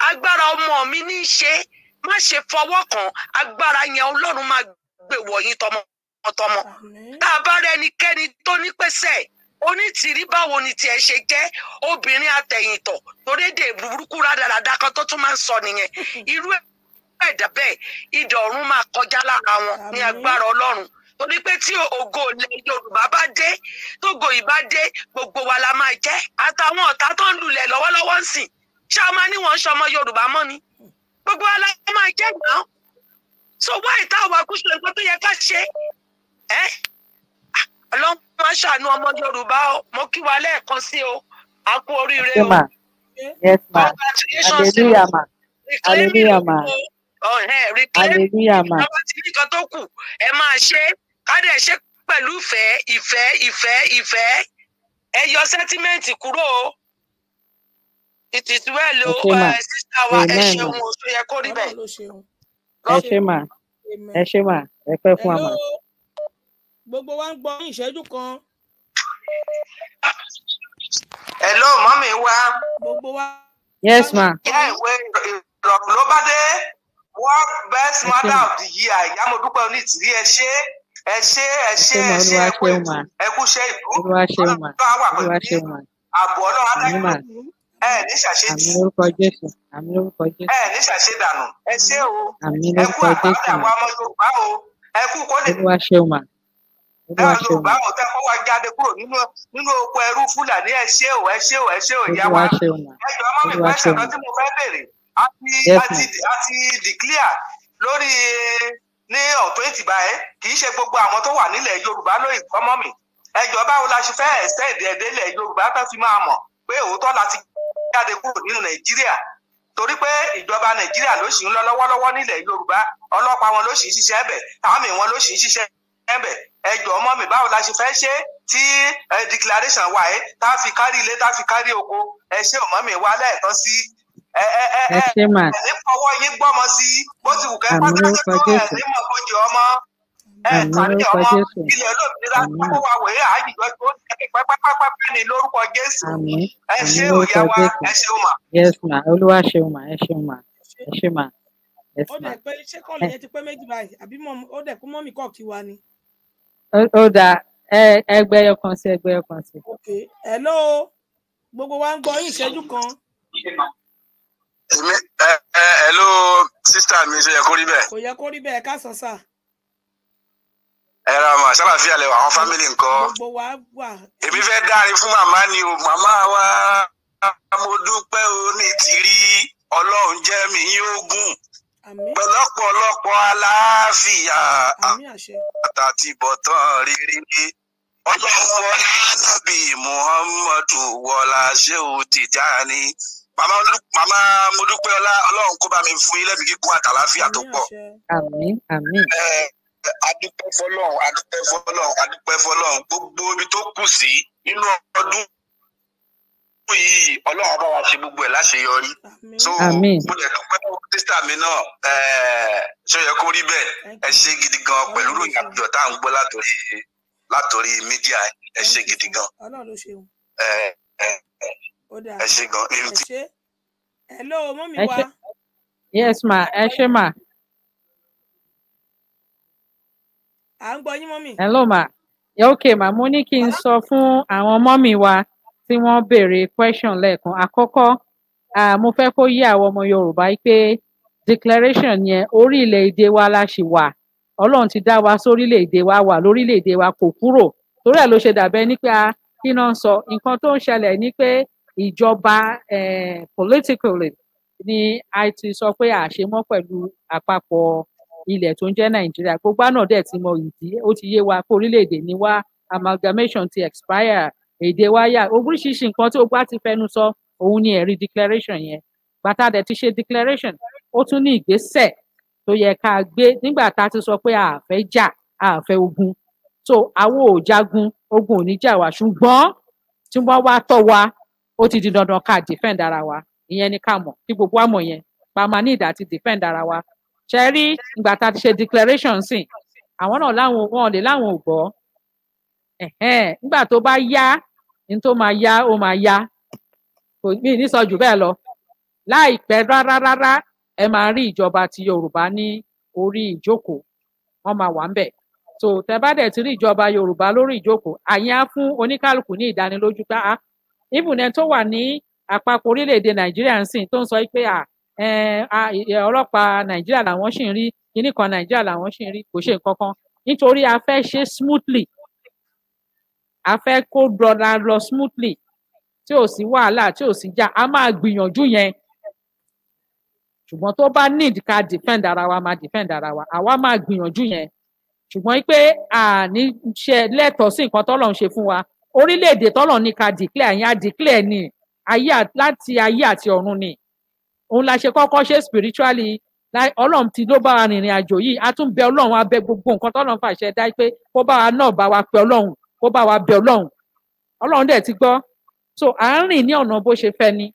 agbára ọmọ mi ní í ṣe má ṣe fọwọ́ kàn agbára yẹn ọlọ́run máa gbé wọ̀nyí tọmọtọmọ tá a bá rẹ ẹnikẹ́ni tó ní pẹ́sẹ́ onítìrí báwo ni tiẹ̀ ṣe jẹ́ obìnrin àtẹ̀yìntọ̀ torí èdè burúkú rádaràda kan tó tún máa ń sọ nìyẹn irú ẹ̀dá bẹ́ẹ̀ idà máa kọjá lára wọn ní agbára ọlọ́run torí pé tí ògo ilẹ̀ yorùbá bá dé tógo ìbá dé gbogbo wa la máa jẹ́ àtàwọn ọ̀tá tó ń lulẹ̀ lọ́wọ́lọ́wọ́ ń sìn ṣé ọmọ ní wọn ń ṣọmọ yorùbá mọ́ ni gbogbo wa la máa jẹ́ náà so wá ìta àwọn akúṣe nǹkan tó yẹ ká ṣe ẹ́ ọlọ́run máa ṣàánú ọmọ yorùbá o mo kí wa lẹ́ẹ̀kan sí o a kú oríire o yes ma hallelujah ma hallelujah ma oh, hallelujah ma. Ìjọba ti ní nǹkan tó kù ẹ máa ṣe é kádẹ ṣe pẹ̀lú ìfẹ́ ìfẹ́ ìfẹ́ ìfẹ́ ẹ yọ sẹtímẹǹtì kúrò ìtìtúwẹ lo sísá wa ẹ ṣeun oṣù yẹ kó rí bẹ́ẹ̀. ẹ ṣe mà ẹ ṣe mà ẹ pẹ́ fún wa gbogbo wa ń gbọ́ ìṣẹ́jú kan. hello mọ́mí wa. gbogbo wa. yes ma. ìyá ìwé ìrọ̀rùn ló bá dé world best mother of the year ìyá mo dúpẹ́ onítìrí ẹ ṣé ẹ ṣé ẹ ṣé ẹ ṣé ẹ kú ṣe ìlú Ọlọ́run tó wà pẹ̀lú yín ààbò Ọlọ́run adájọ́ ẹ ní ṣàṣe jù ẹ ní ṣàṣe dànù ẹ ṣé o ẹ kú àpáta àwọn ọmọ Yorùbá o ẹ kú kó lè dáwọn Yorùbá wọn fẹ́ kó wa jáde kúrò nínú nínú oko ẹrú Fúlàní ẹ ṣé o ẹ ṣé o ẹ ṣé o ìyá wa ẹ jọ ọmọ mi pẹ́ ṣàtọ́ tí mo fẹ́ bèrè a ti a ti declare lórí ní ọ̀n twenty báyẹn kì í ṣe gbogbo àwọn tó wà nílẹ̀ yorùbá ló ìkọ́mọ́ mi ẹjọ́ báwo la ṣe fẹ́ ẹ̀sẹ̀ ìdẹ́dẹ́lẹ̀ yorùbá tó fi máa mọ̀ pé òótọ́ la ti jáde kúrò nínú nàìjíríà torí pé ìjọba nàìjíríà ló sì ń lọ lọ́wọ́lọ́wọ́ nílẹ̀ yorùbá ọlọ́pàá wọn ló sì ń ṣiṣẹ́ bẹ̀ àmì wọn ló sì ń ṣiṣẹ́ bẹ̀ ẹjọ́ ọmọ mi báwo la ṣe fẹ́ ṣe tí declaration wà ẹ́ tá a fi kárí ilé tá a fi kárí oko ẹ ṣé ọmọ mi wá lẹ́ẹ̀kan sí Eh, eh, eh, ẹ ṣe mà ẹ ní fọwọ́ yín gbọ́mọ sí bó ti wù kẹ́ pátákó tó ẹ̀ ní mọ̀ yes gbogbo wa ń gbọ́ yín ìṣẹ́jú kan. èmi ẹ ẹ hello sísítà mi ṣe yẹ kó rí bẹ́ẹ̀. kò yẹ kó rí bẹ́ẹ̀ ká sọ sà. ẹ ra mà sálàfíà lẹwà àwọn fámìlì nǹkan. gbogbo wa wà. èmi fẹ́ dárin fún màmá ni o màmá wa mo dúpẹ́ o ní tìrí ọlọ́run jẹ́ mi yóò gùn pẹ̀lọ́pọ̀lọpọ̀ aláàfíà àtàtì bọ̀tán rere ọlọ́run wọlé muhammadu wọlá ṣéwù tìjáni màmá màmá mo dúpẹ́ ọlá ọlọ́run kó bá mi fún yín lẹ́mìí kíkún àtàláfíà tó pọ̀. àmín àmín. adúpẹ́ fọlọ́run adúpẹ́ fọlọ́run adúpẹ́ fọlọ́run gbogbo ibi tó kù sí nínú ọdún yìí ọlọ́run bá wa ṣe gbogbo ẹ̀ láṣeyọrí. so mo lè dúpẹ́ fún sísá mi náà ṣé kó rí bẹ́ẹ̀ ẹ ṣe gidi gan pẹ̀lú ròyìn àbújọ tá à ń gbọ́ látòrí látòrí mídíà ẹ ṣe gidi gan. ọlọ́run ló ṣeun ẹ ṣe gan irú tí. hello mọ́mí wa. yes ma ẹ ṣe ma. à ń gbọ́ yín mọ́mí. hello ma ok ma mo ní kí n sọ fún àwọn mọ́mí wa tí wọ́n béèrè question lẹ́ẹ̀kan àkọ́kọ́ mo fẹ́ kó yé àwọn ọmọ yorùbá pé declaration yẹn orílẹ̀ wa la ṣì wà ọlọ́run ti dá wa sórílẹ̀-èdè wa wà lórílẹ̀-èdè wa kò kúrò torí ẹ̀ ló ṣe dàbẹ́ ní pé a kí náà sọ nǹkan tó ń ṣẹlẹ̀ ni pé ìjọba um politically ni a ti sọ pé àṣemọ pẹ̀lú àpapọ̀ ilẹ̀ tó ń jẹ́ nàìjíríà gbogbo àná dẹ̀ ti mọ ìdí ó ti yé wa pé orílẹ̀-èdè ni wá amalgamation ti expire èdè wa yà oríṣiríṣi nǹkan tí ogbà ti fẹnu sọ òun ni ẹ̀rí declaration yẹn bàtà dẹ̀ ti ṣe declaration ó tún ní ìgbésẹ̀ tó yẹ ká gbé nígbà tá a ti sọ pé a fẹ́ jà a fẹ́ ogun so àwọn ò jagun ogun ò ní jà wá ṣùgbọ́n tí wọ́n wá tọ́ wa ó ti di dandan ká defend ara wa ìyẹn ni ká mọ kí gbogbo àmọ̀ yẹn bá máa ní ìdá àti defend ara wa ṣe rí ìgbà tá a ti ṣe declaration sìn àwọn náà láwọn wọn lè láwọn ò gbọ nígbà tó bá yá ní tó máa yá ó máa yá kò ní ìnísọ jù bẹ́ẹ̀ lọ láìpẹ́ rárá rárá ẹ máa rí ìjọba ti Yorùbá ní orí ìjókòó wọn máa wà ń bẹ̀ so tẹ bá dẹ̀ ti rí ìjọba Yorùbá lórí ìjókòó àyìn á fún oníkálukú ní ìdánilójú pé ah ibùnẹ tó wà ní àpapọ̀ orílẹ̀-èdè nàìjíríà ń sìn tó ń sọ pé ọlọ́pàá nàìjíríà làwọn ṣì ń rí kinní kan nàìjíríà làwọn ṣì ń rí kò ṣe nǹkan kan nítorí a fẹ́ ṣe smoothly a fẹ́ kó rọra lọ smoothly tí ò sí wàhálà tí ò sí jà a máa gbìyànjú yẹn ṣùgbọ́n tó bá need ká defend ara wa máa defend ara wa àwa máa gbìyànjú yẹn ṣùgbọ́n pé àní lẹ́tọ̀ọ́ sí nǹkan tọ́lọ́run ṣe fún wa orílẹ̀-èdè tọ́lọ̀ ní ká declare yẹn á declare ni ayé láti ayé àti ọ̀run ni òun la ṣe kọ́kọ́ ṣe spiritually ọlọ́run ti ló bá wa rìnrìn àjò yìí a tún bẹ ọlọ́run a bẹ gbogbo nǹkan tọ́lọ́run fàṣẹ dá pé kó bá wa náà bá wa pẹ ọlọ́run kó bá wa bẹ ọlọ́run ọlọ́run dẹ̀ ti gbọ́ so à ń rìn ní ọ̀nà bó ṣe fẹ́ ni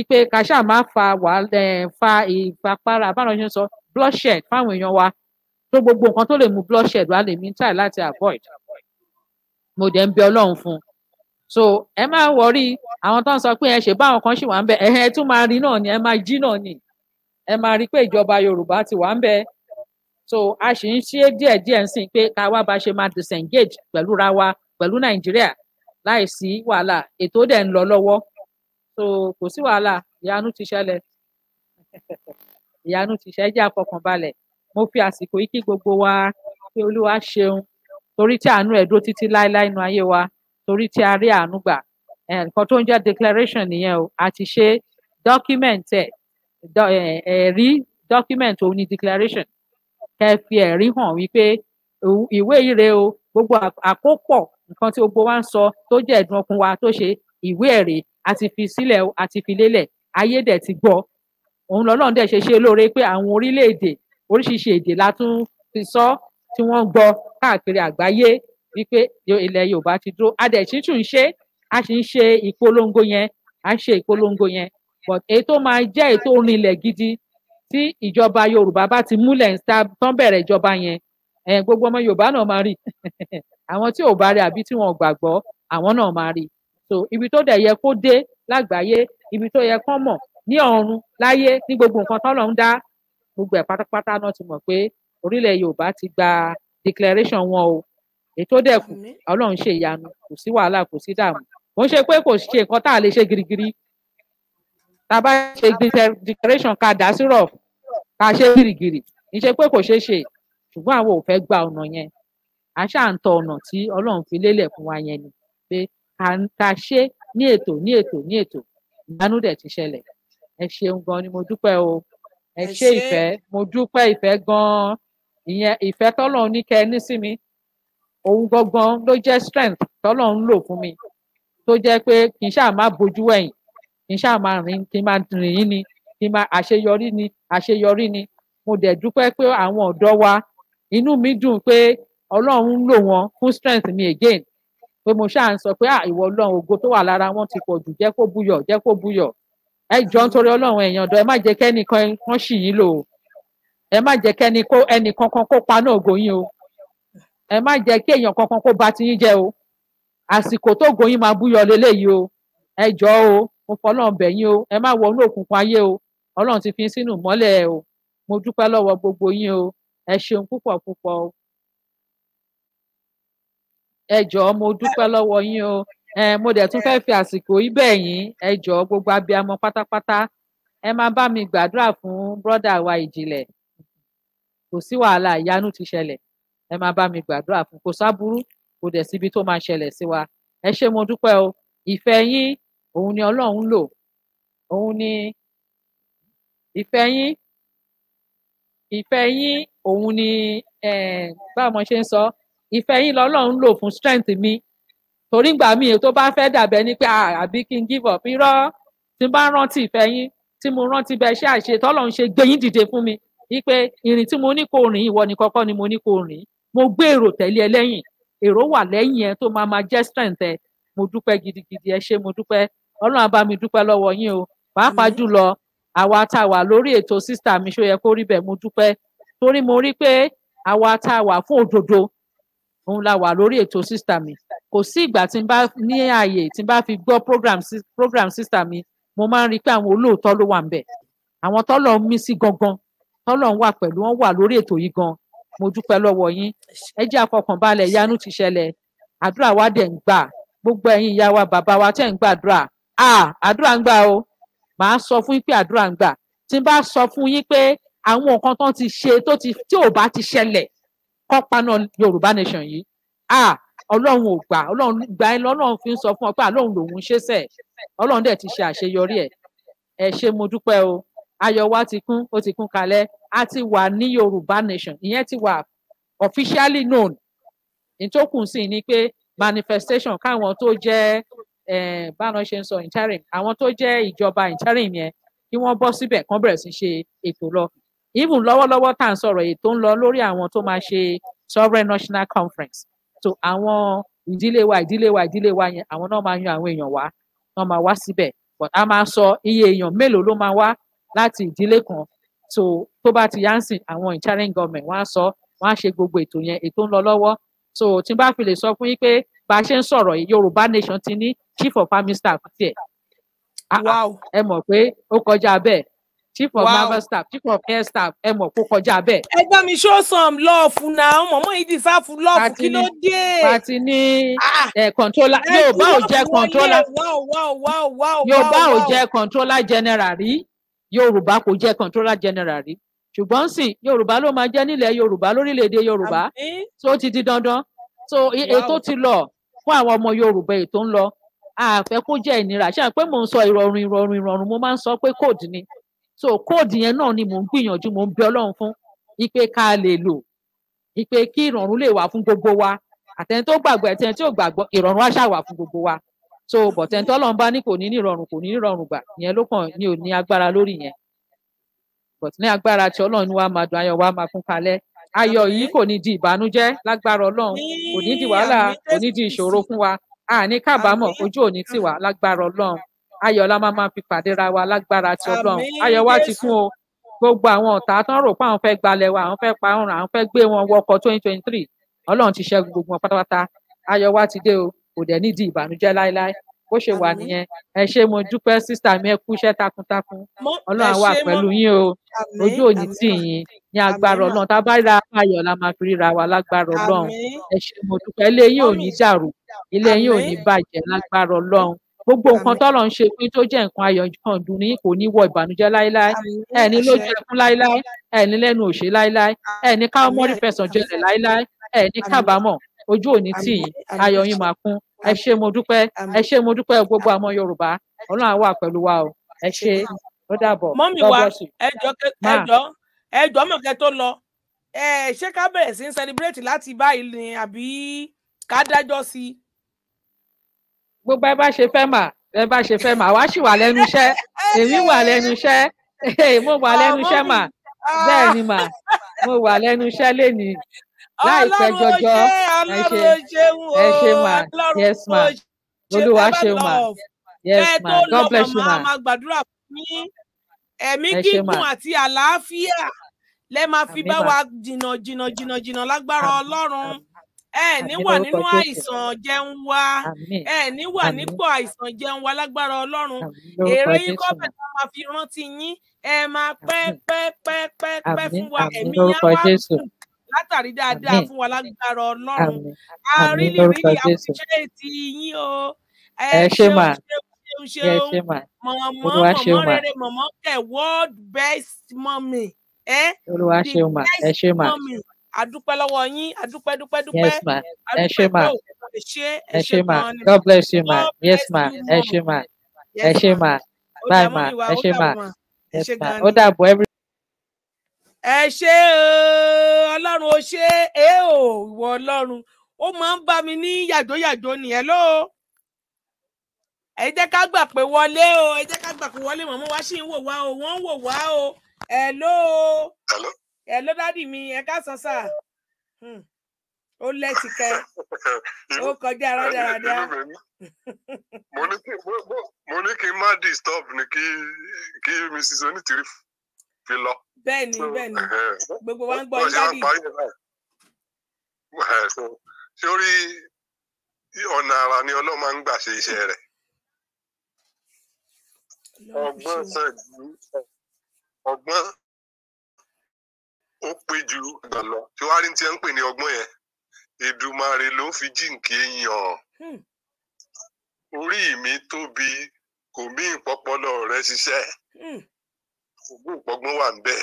ipe kàṣà máa fa wàhálà fa ìfapára báwọn ṣe ń sọ bloodshed fáwọn èèyàn wa tó gbogbo nǹkan tó lè mú bloodshed wá lè mí tàì láti avoid mo dẹ̀ ń bẹ ọlọ́run fún un so ẹ má wọrí àwọn tó ń sọ pé ẹ ṣe báwọn kan ṣì wà ń bẹ ẹ ẹ tún máa rí náà ni ẹ máa jí náà ni ẹ máa rí pé ìjọba yorùbá ti wà ń bẹ so a sì ń ṣe díẹ̀ díẹ̀ ń sìn pé ká wá bá ṣe máa disengage pẹ̀lú ra wa pẹ̀lú nàìjíríà láì sí wàhálà ètò dẹ̀ ń lọ lọ́wọ́ so kò sí wàhálà ìyanu ti ṣẹlẹ̀ ìyanu ti ṣẹ jẹ́ àfọkànbalẹ̀ mo fi àsìkò yìí kí gbogbo wa pé olúwa ṣeun torí tí àánú ẹ̀ dúró títí láéláé nu ayé wa torí tí a rí àánú gbà nǹkan tó ń jẹ́ declaration nìyẹn o a ti ṣe document ẹ̀ ẹ̀rí document òun ni declaration kẹ́ ẹ fi ẹ̀rí hàn wípé ìwé yìí rèé o gbogbo àkópọ̀ nǹkan tí gbogbo wa ń sọ tó jẹ́ ẹ̀dùn ọkàn wa tó ṣe ìwé ẹ̀rí a ti fi sílẹ̀ o a ti fi lélẹ̀ ayé dẹ̀ ti gbọ́ òun lọ́lọ́run dẹ̀ ṣe ṣe lóore pé àwọn orílẹ̀-èdè oríṣiríṣi èdè la tún fi sọ tí wọ́n gbọ́ káàkiri àgbáyé wípé ilẹ̀ yorùbá ti dúró a dẹ̀ sì tún ṣe a sì ń ṣe ìpolongo yẹn a ń ṣe ìpolongo yẹn but èyí tó máa jẹ́ èyí tó rinlẹ̀ gidi tí ìjọba yorùbá bá ti múlẹ̀ ń sá tán bẹ̀rẹ̀ ìjọba yẹn gbogbo ọmọ yorùbá náà máa rí àwọn tí ò bá rí àbí tí wọn ò gbàgbọ́ àwọn náà máa rí so ibi tó dẹ̀ yẹ kó dé lágbàáyé ibi tó yẹ kán mọ̀ ní ọ̀run láyé ní gbogbo nǹkan tọ́lọ̀ ń dá gbogbo ẹ̀ pátápátá náà ti mọ̀ pé orílẹ̀ yorùbá ti gba declaration wọn o ètò dẹkù Ọlọ́run ṣe ìyanu kò sí wàhálà kò sí dààmú kò ń ṣe pé kò ṣe nǹkan tá a lè ṣe girigiri tá a bá ṣe declaration ká dá sí rọ ká ṣe girigiri kì í ṣe pé kò ṣeé ṣe ṣùgbọ́n àwọn ò fẹ́ gba ọ̀nà yẹn a ṣáà ń tọ ọ̀nà tí Ọlọ́run fi lélẹ̀ fún wa yẹn ni pé ká ṣe ní ètò ní ètò ní ètò ìyanu dẹ̀ ti ṣẹlẹ̀ ẹ ṣeun gan ni mo dúpẹ́ o ẹ ṣé ìfẹ́ mo dúpẹ́ ìfẹ́ gan ìyẹn ìfẹ́ tọ́lọ́run ní kẹ́ ẹ ní sí mi òun gangan ló jẹ́ strength tọ́lọ́run lò fún mi tó jẹ́ pé kì í ṣáà má bojú ẹ̀yìn kì í ṣáà má rìn kì í má rìn yín ni kì í má àṣeyọrí ni àṣeyọrí ni mo dẹ̀ dúpẹ́ pé àwọn ọ̀dọ́ wa inú mi dùn pé ọlọ́run lò wọ́n fún strength mi again pé mo ṣáà ń sọ pé à ìwọ ọlọ́run ògo tó wà lára wọn ti pọ̀ jù jẹ́ kó buyọ̀ jẹ́ kó buyọ̀ ẹ jọ nítorí ọlọ́run ẹ̀yàn ọ̀dọ́ ẹ má jẹ́ kẹ́nìkan kan ṣì yín lò ó ẹ má jẹ́ kẹ́ni kó ẹnì kankan kó paná ògo yín o ẹ má jẹ́ kí èèyàn kankan kó ba tiyín jẹ́ o àsìkò tó ògo yín máa búyọ leléyìí o ẹ jọ o mo fọlọ́run bẹ̀ yín o ẹ má wọnú òkùnkùn ayé o ọlọ́run ti fi sínú mọ́lẹ̀ o mo dúpẹ́ lọ́wọ́ gbogbo yín o ẹ ṣeun púpọ̀ púpọ̀ o ẹ jọ mo dúpẹ́ lọ́wọ́ yín o ẹ mo dẹ̀ tún fẹ́ẹ́ fi àsìkò yìí bẹ̀ yín ẹ jọ gbogbo abiyamọ pátápátá ẹ máa bá mi gbàdúrà fún brọdà wa ìjìnlẹ̀ kò sí wàhálà ìyanu ti ṣẹlẹ̀ ẹ máa bá mi gbàdúrà fún kò sábúrú kò dẹ̀ síbi tó máa ṣẹlẹ̀ sí wa ẹ ṣé mo dúpẹ́ o ìfẹ́ yín òun ni Ọlọ́run ń lò òun ni ìfẹ́ yín ìfẹ́ yín òun ni báwo mo ṣe ń sọ ìfẹ́ yín lọ́lọ́run lò fún strength mi torí ngbà mí tó bá fẹ́ dàbẹ́ ni pé àbí kí n give up irọ́ tí n bá rántí ìfẹ́ yín tí mo rántí bẹ́ẹ̀ ṣe àṣetọ́lọ́run ṣe gbé dìde fún mi wípé ìrìn tí mo ní kó rìn ìwọ ni kọ́kọ́ ni mo ní kó rìn mo gbé èrò tẹ̀lé ẹ lẹ́yìn èrò wà lẹ́yìn ẹ tó máa máa jẹ́ strength ẹ mo dúpẹ́ gidigidi ẹ ṣé mo dúpẹ́ ọlọ́run á bá mi dúpẹ́ lọ́wọ́ yín o pàápàá jùlọ àwa tá a wà lórí ètò sísítà mi ṣó yẹ kó rí bẹ́ẹ̀ mo dúpẹ́ torí mo rí pé àwa tá a wà fún òdodo òun la wà lórí ètò sísítà mi kò sí ìgbà tí n bá ní ààyè tí n bá fi gbọ́ program program mi mo máa ń rí i pé àwọn olóòótọ́ ló wà ń bẹ̀ àwọn tọ́lọ̀ mí sí gangan tọ́lọ́run wà pẹ̀lú wọn wà lórí ètò yìí gan mo dúpẹ́ lọ́wọ́ yín ẹ jẹ́ àfọkànbalẹ̀ ìyanu ti ṣẹlẹ̀ àdúrà wa dẹ̀ ń gbà gbogbo ẹ̀yin ìyá wa bàbá wa tẹ̀ ń gbàdúrà à àdúrà ń gbà o màá sọ fún yín pé àdúrà ń gbà tí n bá sọ fún yín pé àwọn nǹkan tó ti ṣe tó ti tí ò bá ti ṣẹlẹ̀ kọ́ paná Yorùbá nation yìí à Ọlọ́run ò gbà Ọlọ́run gbà ẹ lọ́lọ́run fi ń sọ fún ọ pé àlóhùn lòún ṣe sẹ̀ Ọlọ́run dẹ̀ ti ṣe àṣeyọrí ẹ̀ ẹ ṣé mo dúpẹ́ o ayọ̀ wa ti kún ó ti kún kalẹ̀ a ti wà ní yorùbá nation ìyẹn ti wà officially known ìtòkùn sí ni pé manifestation káwọn tó jẹ́ báwọn ṣe ń sọ interim àwọn tó jẹ́ ìjọba interim yẹn kí wọ́n bọ́ síbẹ̀ kán bẹ̀rẹ̀ sí ṣe ètò lọ even lọ́wọ́lọ́wọ́ tá à ń sọ̀rọ̀ ètò ń lọ lórí àwọn tó máa ṣe sovereign national conference so àwọn ìdílé wa ìdílé wa ìdílé wa yẹn àwọn náà máa yan àwọn èèyàn wá wọ́n máa wá síbẹ̀ but a máa sọ iye èèyàn mélòó ló máa wá láti ìdílé kan so tó bá ti yánsìn àwọn ìchallenge government wọn á sọ wọn á ṣe gbogbo ètò yẹn ètò ń lọ lọ́wọ́ so tí n bá fi lè sọ fún yín pé bá a ṣe ń sọ̀rọ̀ yìí yorùbá nation ti ní chief of army staff tiẹ̀ ah, ah, ẹ mọ̀ pé ó kọjá bẹ́ẹ̀ chief of wow. naval staff chief of air staff ẹ mọ̀ kó kọjá bẹ́ẹ̀. ẹ bá mi show some love na mọ̀mọ́ yìí dì sáfù love kí ló dé. pati ní ah. controller yorùbá ò jẹ́ controller yorùbá ò jẹ́ controller general rí yorùbá kò jẹ controller general rí ṣùgbọ́n sìn yorùbá ló máa jẹ́ nílẹ̀ yorùbá lórílẹ̀‐èdè yorùbá tó ti di dandan so e, ètò ti lọ fún àwọn ọmọ yorùbá ètò ń lọ àfẹ́ kó jẹ́ ìnira ṣáà pé mò ń sọ ìrọ̀rùn ìrọ̀rùn ìrọ̀rùn mo máa ń sọ pé kóòdù ni so kóòdù yẹn náà ni mò ń gbìyànjú mò ń bẹ ọlọ́run fún ipe ká lè lò ipe kí ìrọ̀rùn lè wà fún gbogbo wa àtẹni tó gbàgbọ́ àtẹni tí ò gbàgbọ́ ìrọ̀rùn á ṣàwà fún gbogbo wa so bọ̀tẹ́ ń tọ́lọ́run bá ní kò ní nírọ̀rùn kò ní nírọ̀rùn gbà ìyẹn ló kàn ní ò ní agbára lórí yẹn bọ̀tẹ́ ní agbára tí ọlọ́run wá máa dùn ayọ̀ wá máa kún kalẹ̀ ayọ̀ yìí kò ní di ìbànújẹ́ lágbára ọlọ́run kò ní di wàhálà kò ní di ìṣòro fún wa àní kábàámọ̀ ojú òní tì wá lágbára ọlọ́run ayọ̀ la máa máa fi pàdéra wa lágbára ti ọlọ́run ayọ̀ wa ti kún o gbogbo àwọn ọ̀tá tán rò pé àwọn fẹ́ gbalẹ̀ wa àwọn fẹ́ pa ọ̀run àwọn fẹ́ gbé wọn wọkọ̀ twenty twenty three ọlọ́run ti ṣẹ́gun gbogbo wọn pátápátá ayọ̀ wa ti dé o kò dẹ̀ ní di ìbànújẹ́ láéláé bó ṣe wà nìyẹn ẹ ṣé mo dúpẹ́ sísá mi ẹ kú iṣẹ́ takuntakun Ọlọ́run wà pẹ̀lú yín o ojú òní tì yín ní agbára Ọlọ́run tá a bá ríra ayọ̀ la máa fi ríra wa lágbára Ọlọ́run ẹ ṣé mo dúpẹ́ ilé yín ò ní dàrú ilé yín ò ní bàjẹ́ lágbára Ọlọ́run gbogbo nǹkan tọ́lọ̀ ń ṣe pé tó jẹ́ nǹkan ayọ̀ kan dùn ní kò ní wọ ìbànújẹ́ láéláé ẹ̀ ní lójú ẹkún láéláé ẹ̀ ní lẹ́nu òṣè láéláé ẹ̀ ní káwọn mọ́rí fẹsàn jẹlẹ̀ ojú òní tì yín ayọ̀ yín máa kún ẹ ṣé mo dúpẹ́ ẹ ṣé mo dúpẹ́ gbogbo àmọ́ yorùbá ọlọ́run àwa pẹ̀lú wa o ẹ ṣé ó dàbọ̀ mọ́mí wa ẹjọ́ ẹjọ́ ẹjọ́ mọ̀kẹ́ tó lọ ṣé ká bẹ̀rẹ̀ sí ń celebrate láti báyìí ni àbí ká dájọ́ sí i. gbogbo ẹ bá ṣe fẹ́ mà ẹ bá ṣe fẹ́ mà wá sì wà lẹ́nu iṣẹ́ èmi wà lẹ́nu iṣẹ́ mo wà lẹ́nu iṣẹ́ mà ah, bẹ́ẹ̀ ni ah. mà mo wà lẹ́nu iṣẹ́ lénìí láìpẹ́ jọjọ ẹ ṣe ẹ ṣe ma yes ma olúwa ṣe ma yes ma god bless you ma ẹ̀mí gígùn àti àlàáfíà lẹ máa fi bá wa jìnnà jìnnà jìnnà jìnnà lágbára ọlọ́run ẹ ní wà nínú àìsàn jẹun wa ẹ ní wà nípò àìsàn jẹun wa lágbára ọlọ́run èrè yín kọ́ bẹ̀rẹ̀ la máa fi rántí yín ẹ máa pẹ́ pẹ́ pẹ́ pẹ́ pẹ́ fún wa ẹ̀mí yá wá fún látàrí dáadáa fún wa lágbára Ọlọ́run a rí lórí àwùjọ ti yín o ẹ ṣe mà ṣeun ṣeun mọ̀mọ́ mọ̀mọ́ rere mọ̀mọ́ kẹ̀ world best mommy ẹ the best mommy adúpẹ́ lọ́wọ́ yín adúpẹ́ dúpẹ́ dúpẹ́ yes ma ẹ ṣe ma ẹ ṣe ma god bless you ma yes ma ẹ ṣe ma ẹ ṣe ma bye ma ẹ ṣe ma yes ma ó dàbọ̀ every ẹ ṣe ọlọ́run ó ṣe é ò ìwọ ọlọ́run ó máa ń bá mi ní yàjóyàjó nìyẹn ló ẹ jẹ́ ká gbà pé wọlé o ẹ jẹ́ ká gbà pé wọlé màmá wa ṣì ń wò wá o wọ́n ń wò wá o ẹ ló ẹ ló dádì mi ẹ ká sọ sáà ó lẹ́sì kẹ́ ó kọjá ara dáradá. mo ní kí n má disturb ni kí kí mrs onítìrí fi lọ. bẹ́ẹ̀ni bẹ́ẹ̀ni eh, gbogbo wa ń yín eh, ọ̀nà ara ni ọlọ́run máa ń gbà ṣe iṣẹ́ rẹ̀ ọgbọ́n ọgbọ́n ó pé ọgbà lọ tí wàá rí ń pè ní ọgbọ́n yẹn ló fi jíǹkì hmm. orí mi tóbi kò mí ìpọpọlọ rẹ ògùn ìpọ́gbọ́n wà ń bẹ̀.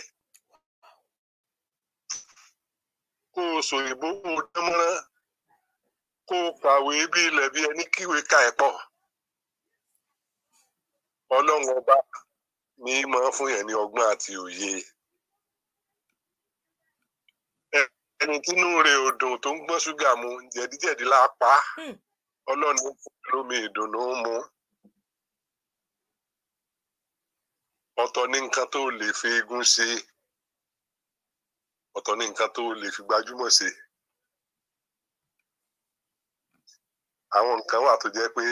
kó o sọ ìbò kó o dámọ́rán kó o kàwé bí ilẹ̀ bí ẹni kíwé ka ẹ̀ pọ̀. ọlọ́run ọba ní í máa fún yẹn ní ọgbọ́n àti òye. ẹni tínú rẹ̀ odò tó ń gbọ́n ṣúgà mu jẹ̀díjẹ̀dí lápá hmm. ọlọ́run ló mi ìdùnnú mu. ọ̀tọ̀ ní nǹkan tó lè fi eégún ṣe ọ̀tọ̀ ní nǹkan tó lè fi gbajúmọ̀ ṣe àwọn nǹkan wà tó jẹ́ pé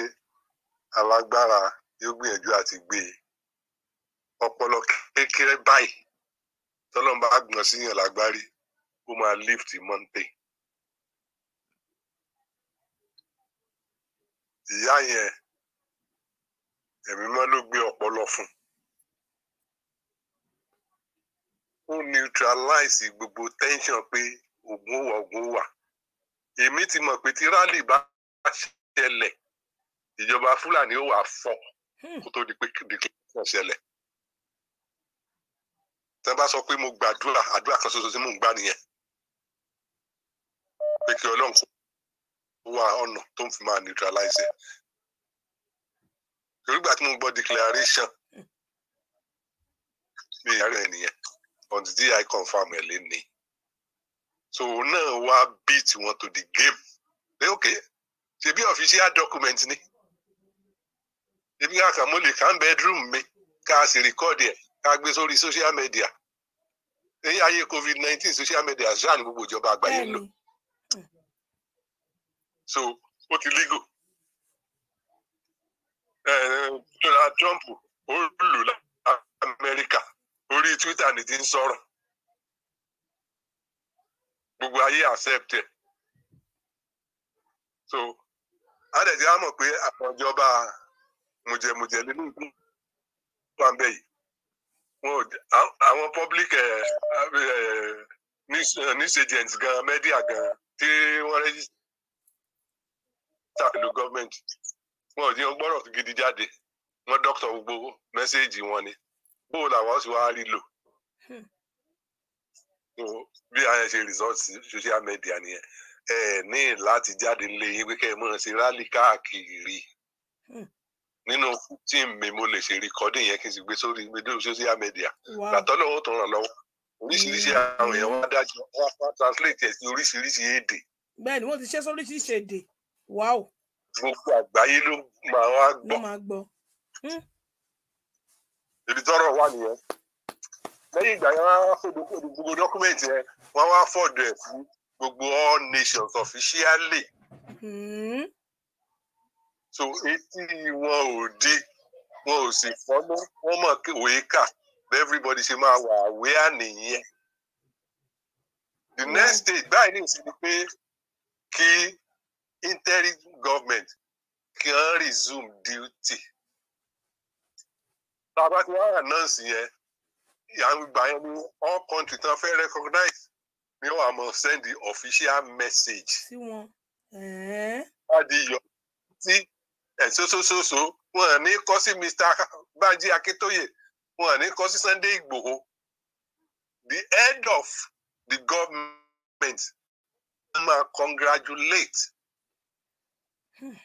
alágbára yóò gbìyànjú àti gbé e ọpọlọ kékeré báyìí tọ́lọ́mùbá gbọ̀n síyàn lágbárí ó máa lift mountain. ìyá yẹn ẹ̀mí mọ́ ló gbé ọpọlọ fún un ó neutralize gbogbo tension pé ogun wà ogun wà èmi ti mọ̀ pé tí rally bá ṣẹlẹ̀ ìjọba fúlàní ó wà fọ́ hmm. kó tó di pé declaration ṣẹlẹ̀ tẹ́ bá sọ pé mo gbàdúrà àdúrà kan ṣoṣo tí mò ń gbà nìyẹn pé kí ọlọ́run kó wá ọ̀nà tó ń fi máa neutralize ẹ̀ torí gbà tí mo gbọ́ declaration hmm. mi ìyá rẹ̀ nìyẹn the DI confam ẹ̀ lẹ́ni so now what beat want to the game pé ok ṣe bí official document ni ebi ká kàn mo lè bedroom mi ká sì record it. ká gbé social media They are covid nineteen social media ṣáà ní gbogbo ìjọba by you. so what ti legal eh, donald trump all lù lamẹ́ríkà orí twitter ni ti ń sọ̀rọ̀ gbogbo ayé accept ẹ so adẹ̀dẹ̀ á mọ̀ pé àwọn ìjọba mùjẹ̀mùjẹ̀ nínú ìlú wà ń bẹ̀ yìí wọn ò àwọn public eh, eh, eh, news agents gan media gan tí wọ́n rẹ́jísítà pẹ̀lú gọ́ọ̀mẹ̀ntì wọn ò ní ọgbọ́rọ̀ gidi jáde wọn dókítà gbogbo mẹ́sẹ́ẹ̀jì wọn ni bó làwọn sì wá rí lò hmm. bí àwọn ṣe result social media nìyẹn ẹ ní láti jáde lé yín pé kẹ́ ẹ mọ̀ ṣe rálì káàkiri hmm. nínú tí mi mo lè ṣe rìkọ́dì yẹn kí n sì gbé sórí gbẹdọ̀ social media gbàtọ́ lọ́wọ́ tó ràn lọ́wọ́ oríṣiríṣi àwọn èèyàn wá dájú wá translate ẹ̀ sí oríṣiríṣi èdè. bẹ́ẹ̀ni wọn ti ṣe sóríṣiríṣi èdè wáò. gbogbo àgbáyé ló máa wá gbọ́. ló máa gbọ́. Hmm ibi tọ́rọ̀ wà nìyẹn lẹ́yìn ìgbà yẹn wọ́n á fòdò fòdò gbogbo dọ́kúmẹ̀ntì yẹn wọ́n wá fọ̀dọ̀ ẹ̀ fún gbogbo all nations officially. Hmm. so etí wọn ò dí wọn ò sì fọ́nú wọ́n mọ̀ òye kà everybody ṣe máa wà wíyà nìyẹn. the hmm. next stage báyìí ní ìsinmi pé kí interim government kí wọ́n resume duty tá a bá ti wá ànáǹsì yẹn ìgbà yẹn ni all country tán fẹ́ recognize ni wọ́n á mọ̀ send the official message. sí wọn. láti yọ sí ẹ̀sọ́sọ́sọ́sọ́ wọn ní kọ́ sí Mr. Banji Akíntóyè wọn ní kọ́ sí Sunday Igboho the head of the government máa congratulate hmm.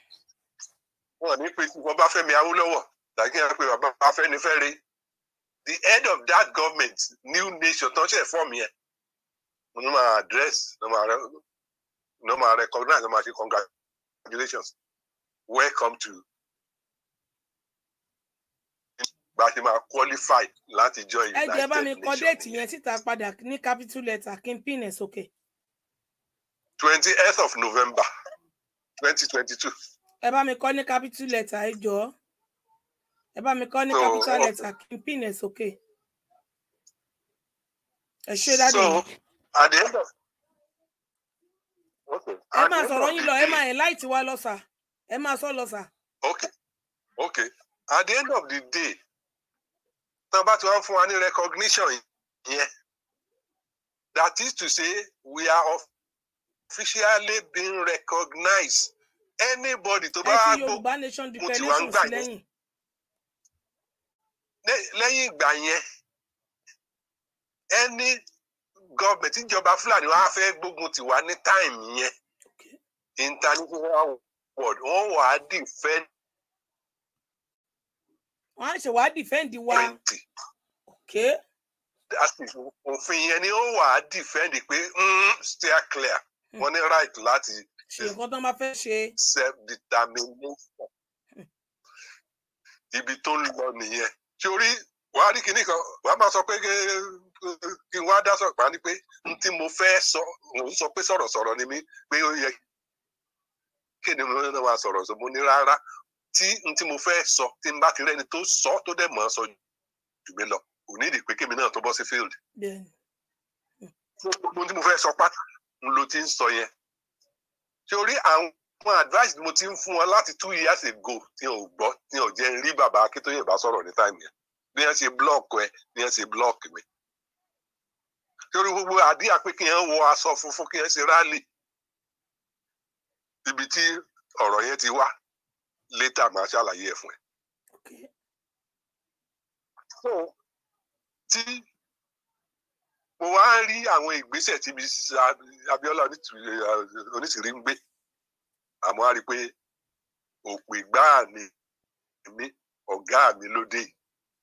wọn ní pé wọn bá Fẹ́mi Awólọ́wọ̀ tàbí ẹ pé bàbá Afẹ́nifẹ́re the head of that government new nation tó ń ṣe fọ́ọ̀m yẹn ló máa address ló máa ló máa recognize ló máa ṣe congratulations welcome to bá a ṣe máa qualify láti join united nations. ẹ jẹ́ bá mi kọ déètì yẹn síta padà ní capital letter kí n pin ẹ̀ sókè. twenty eighth of november twenty twenty two. ẹ bá mi kọ ní capital letter ẹ jọ̀ọ́ ẹ bá mi kọ ní capital letter kí n pin ẹ ṣe dáadé. so at the end of okay ẹ máa sọ̀rọ̀ yín lọ ẹ máa ẹ̀ láì wá lọ ẹ máa sọ lọ sà. okay at the end of the day tán bá ti wá fún wa ní recognition yẹn that is to say we are officially being recognized anybody tó bá wá gbó mo ti wá ń gbà yẹn lẹ́yìn ìgbà yẹn ẹni gọọmenti ìjọba Fúlàní wàá fẹ́ gbógun tì wá ní táìmù yẹn international world wọ́n wà á defend. wọ́n á ṣe wà á defend wa. Okay. òfin yẹn ni ó wà á defend pé mm-hmm, steer clear hmm. wọ́n ní right láti ṣe nǹkan tó máa fẹ́ ṣe. self determination ibi tó ń lọ nìyẹn tí orí wàá rí kinní kan wàá máa sọ pé kí n wá dá sọ pa ni pé n tí mo fẹ́ sọ mo sọ pé sọ̀rọ̀sọ̀rọ̀ ni mí pé ó yẹ kí ni mo náà wá sọ̀rọ̀ sọ mo ní rárá tí n tí mo fẹ́ sọ tí n bá ti rẹ́ni tó sọ tó dẹ̀ mọ̀ sọ jù mí lọ kò ní ìdí pé kémi náà tó bọ́ sí field. gbogbo ohun tí mo fẹ́ sọ pátá n ló ti ń sọ yẹn. torí àwọn àwọn advice mo ti ń fún wọn láti two years ago tí wọn ò gbọ́ tí wọn ò jẹ́ rí bàbá Akíntóyè bá sọ̀rọ̀ ní táìmù yẹn bí wọ́n ṣe blọ́ọ̀kù ẹ bí wọ́n ṣe blọ́ọ̀kì mi. torí gbogbo àdíyà pé kí wọ́n wọ aṣọ funfun kí wọ́n ṣe rálì ibi tí ọ̀rọ̀ yẹn ti wá létà máa ṣàlàyé ẹ̀ fún ẹ. tí mo wá ń rí àwọn ìgbésẹ̀ tí Abíọ́lá Onítìrí ń gbé. Okay àmọ́ a rí i pé òpè gbáà ni èmi ọ̀gá mi lóde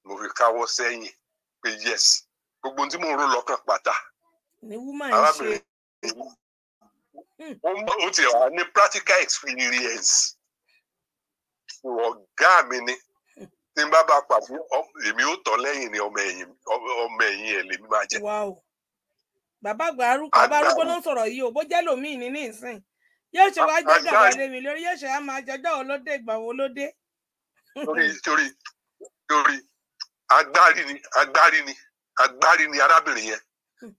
mo fi káwọ́ sẹ́yìn pé yes gbogbo ohun tí mò ń rò lọ́kàn pátá arábìnrin ó ti wà ní practical experience ọ̀gá mi ni tí n bá bá pàdé èmi ó tọ́ lẹ́yìn ni ọmọ ẹ̀yìn ọmọ ẹ̀yìn ẹ̀ lèmi máa jẹ́. bàbá àgbà arúgbó bá sọ̀rọ̀ yìí o bó jẹ́ lòmíì ní nísìn. yóò ṣe wá jọjọ àwọn ẹlẹmi lórí yóò ṣe wá máa jọjọ olóde ìgbà olóde. torí torí agbárí ni agbárí ni agbárí ni arábìnrin yẹn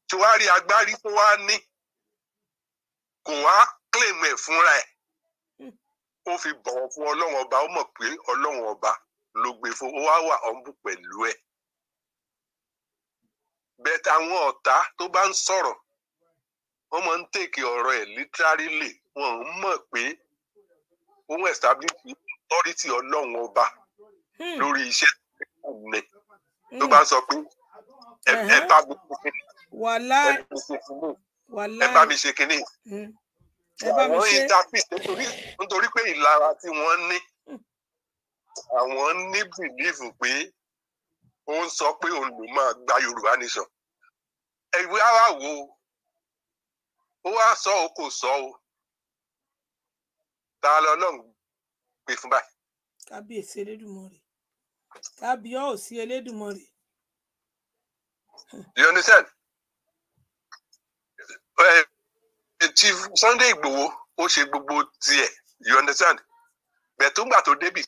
tí wàá rí agbárí tó wàá ní kò wá kílèmù fúnra ó fi bọ̀wọ̀ fún ọlọ́run ọba ó mọ̀ pé ọba ló gbé fún wa wà táwọn tó bá ń máa ń wọn ò mọ̀ pé òun establish authority ọlọ́run ọba hmm. lórí iṣẹ́ ìpínlẹ̀ tó hmm. bá sọ pé ẹ uh-huh. bá gbogbo ẹ bá mi ṣe kinní hmm. àwọn interpret nítorí pé ìlara tí wọ́n ní àwọn ní bìlífù pé ó ń sọ pé òun ló máa gba Yorùbá nation ẹ̀wé ara wo ó wá sọ ó kò sọ ó ta lọ́lọ́run gbé fún báyìí. kábíyèsí elédùnmọ̀rè kábíyèsí elédùnmọ̀rè. you understand? ti Sunday Igboho ó ṣe gbogbo tiẹ̀ you understand? bẹ̀tùngbà tó débì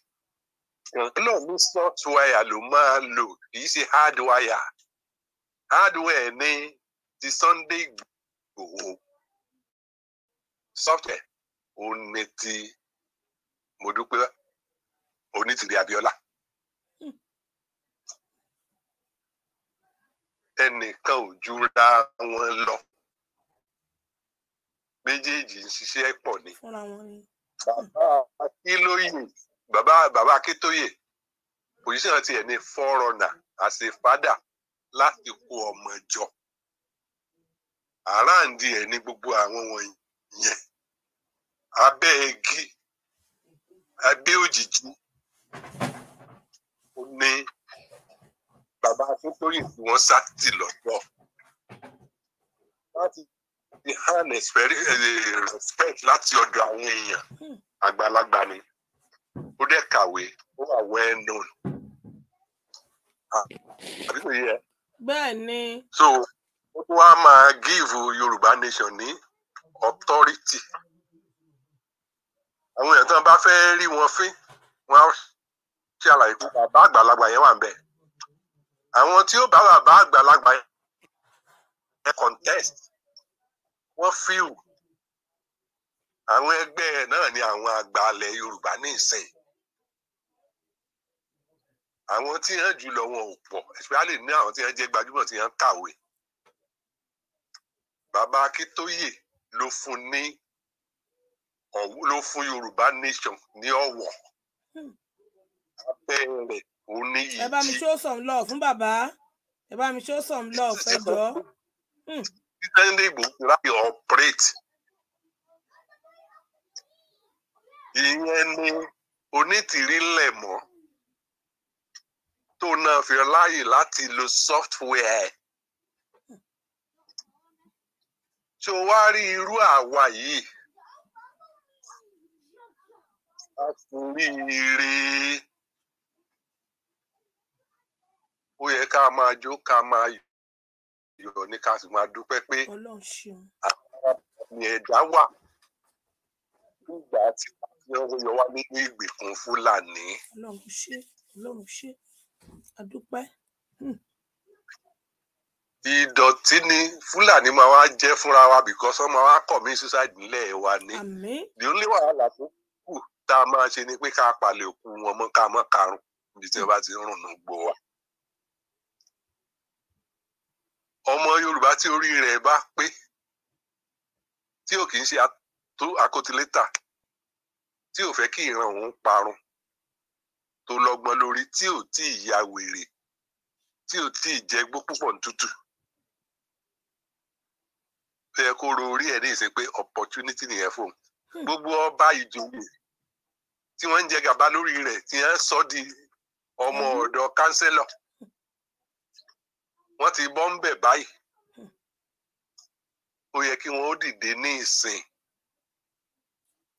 náà ní soft wire ló máa lò kì í ṣe hard wire hard wire ní ti Sunday Igboho software òun ni ti mo dúpẹ́ onítìrí Abíọ́lá ẹnìkan ò jura wọn lọ méjèèjì ń ṣiṣẹ́ pọ̀ ni bàbá akílóyìn bàbá bàbá akíntóyè pòsíṣàn tiẹ̀ ní fọ́rọ̀nà àti fádà láti kó ọmọ jọ àràǹdí ẹ̀ ní gbogbo àwọn wọ̀nyẹn abẹ́ igi abẹ́ òjìji ó ní bàbá akíntóyìn tí wọ́n sá tì lọ́jọ́ láti fi hàn eh, respect láti ọ̀dọ̀ àwọn èèyàn hmm. àgbàlagbà ni ó dẹ̀ kàwé ó wà well known. Ah, bẹ́ẹ̀ ni. so ó tún wá máa give Yorùbá nation ní authority àwọn èèyàn tán bá fẹ́ rí wọn fín wọn á ṣe àlàyé fún bàbá àgbàlagbà yẹn wà ń bẹ àwọn tí ó bá bàbá àgbàlagbà yẹn contest wọ́n fíìl àwọn ẹgbẹ́ náà ni àwọn àgbàlẹ̀ Yorùbá ní ìsìn àwọn tí wọ́n jùlọ wọn ò pọ̀ especially ní àwọn tí wọ́n jẹ́ gbajúmọ̀ tí wọ́n kàwé bàbá Akíntóyè ló fún ní ọ̀hún ló fún yorùbá nation ní ọ̀wọ̀ hmm. abẹ́ rẹ̀ ò ní yìí. ẹ bá mi show some love fún bàbá ẹ bá mi show some love ẹ jọ̀ọ́. Hmm. sunday igbó láti operate ìyẹn ni onítìrí lẹ̀ mọ́ tó náà fi láàyè láti lo software tó hmm. wá rí irú àwa yìí a kú oríire ó yẹ ká máa jó ká máa yọ̀ ní ká sì máa dúpẹ́ pé àmì ẹ̀dá wà nígbà tí wọ́n yọ wá nínú ìgbèkùn fúlàní. ọlọ́run ṣe ọlọ́run ṣe àdúpẹ́. Hmm. ìdọ̀tí ni fúlàní máa wá jẹ́ fúnra wa because wọ́n máa wá commit suicide nílẹ̀ wa ni. àmín. the only wàhálà tó tá a máa ṣe ni pé ká palẹ̀ òkú wọn mọ́ ká mọ́ karùn níbi tí wọ́n bá ti ń rùn gbọ́ wa. ọmọ Yorùbá tí orí rẹ̀ bá pé tí ò kì í ṣe àkótilétà tí ò fẹ́ kí ìran òun parun tó lọ́gbọ́n lórí tí ò tí ì ya wèrè tí ò tí ì jẹgbó púpọ̀ tútù ó kó ro orí ẹ̀ ní ìsìn pé opportunity nìyẹn fún un hmm. gbogbo ọba ìjòyè tí wọ́n ń jẹ gàba lórí rẹ̀ tí wọ́n sọ di ọmọ mm-hmm. ọ̀dọ̀ kánsẹ́lọ̀ wọ́n ti bọ́ ń bẹ̀ báyìí ó yẹ kí wọ́n ó dìde ní ìsìn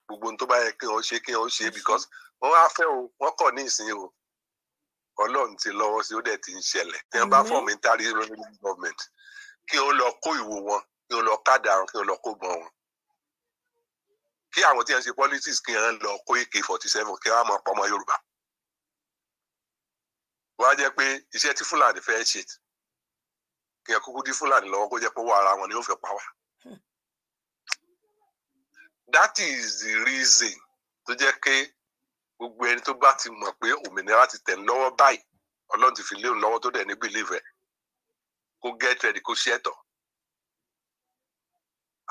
gbogbo tó bá yẹ kí wọ́n ṣe kí wọ́n ṣe because wọ́n á fẹ́ o wọ́n kọ̀ ní ìsìn o ọlọ́run ti lọ́wọ́ sí ó dẹ̀ ti ń ṣẹlẹ̀ tí wọ́n bá fọ̀mù interim government kí wọ́n lọ kó ìwò wọn kí wọ́n lọ kádà wọn kí wọ́n lọ kó bọ̀ wọn kí àwọn tí wọ́n ṣe politics kí wọ́n lọ kó AK forty seven kí wọ́n mọ̀ pọ̀ ọmọ Yorùbá wọ́n á jẹ́ pé iṣẹ́ tí Fúlàní fẹ́ ṣe kí wọ́n kúkú dí Fúlàní lọ́wọ́ kó jẹ́ pé owó wọn ni ó fẹ́ pa wá. that is the reason tó jẹ́ pé gbogbo ẹni tó bá ti mọ̀ pé òmìnira ti tẹ̀ lọ́wọ́ báyìí Ọlọ́run ti fi léun lọ́wọ́ tó dẹ̀ ní bìlíìfẹ́ kó get ready kó ṣẹ́tọ̀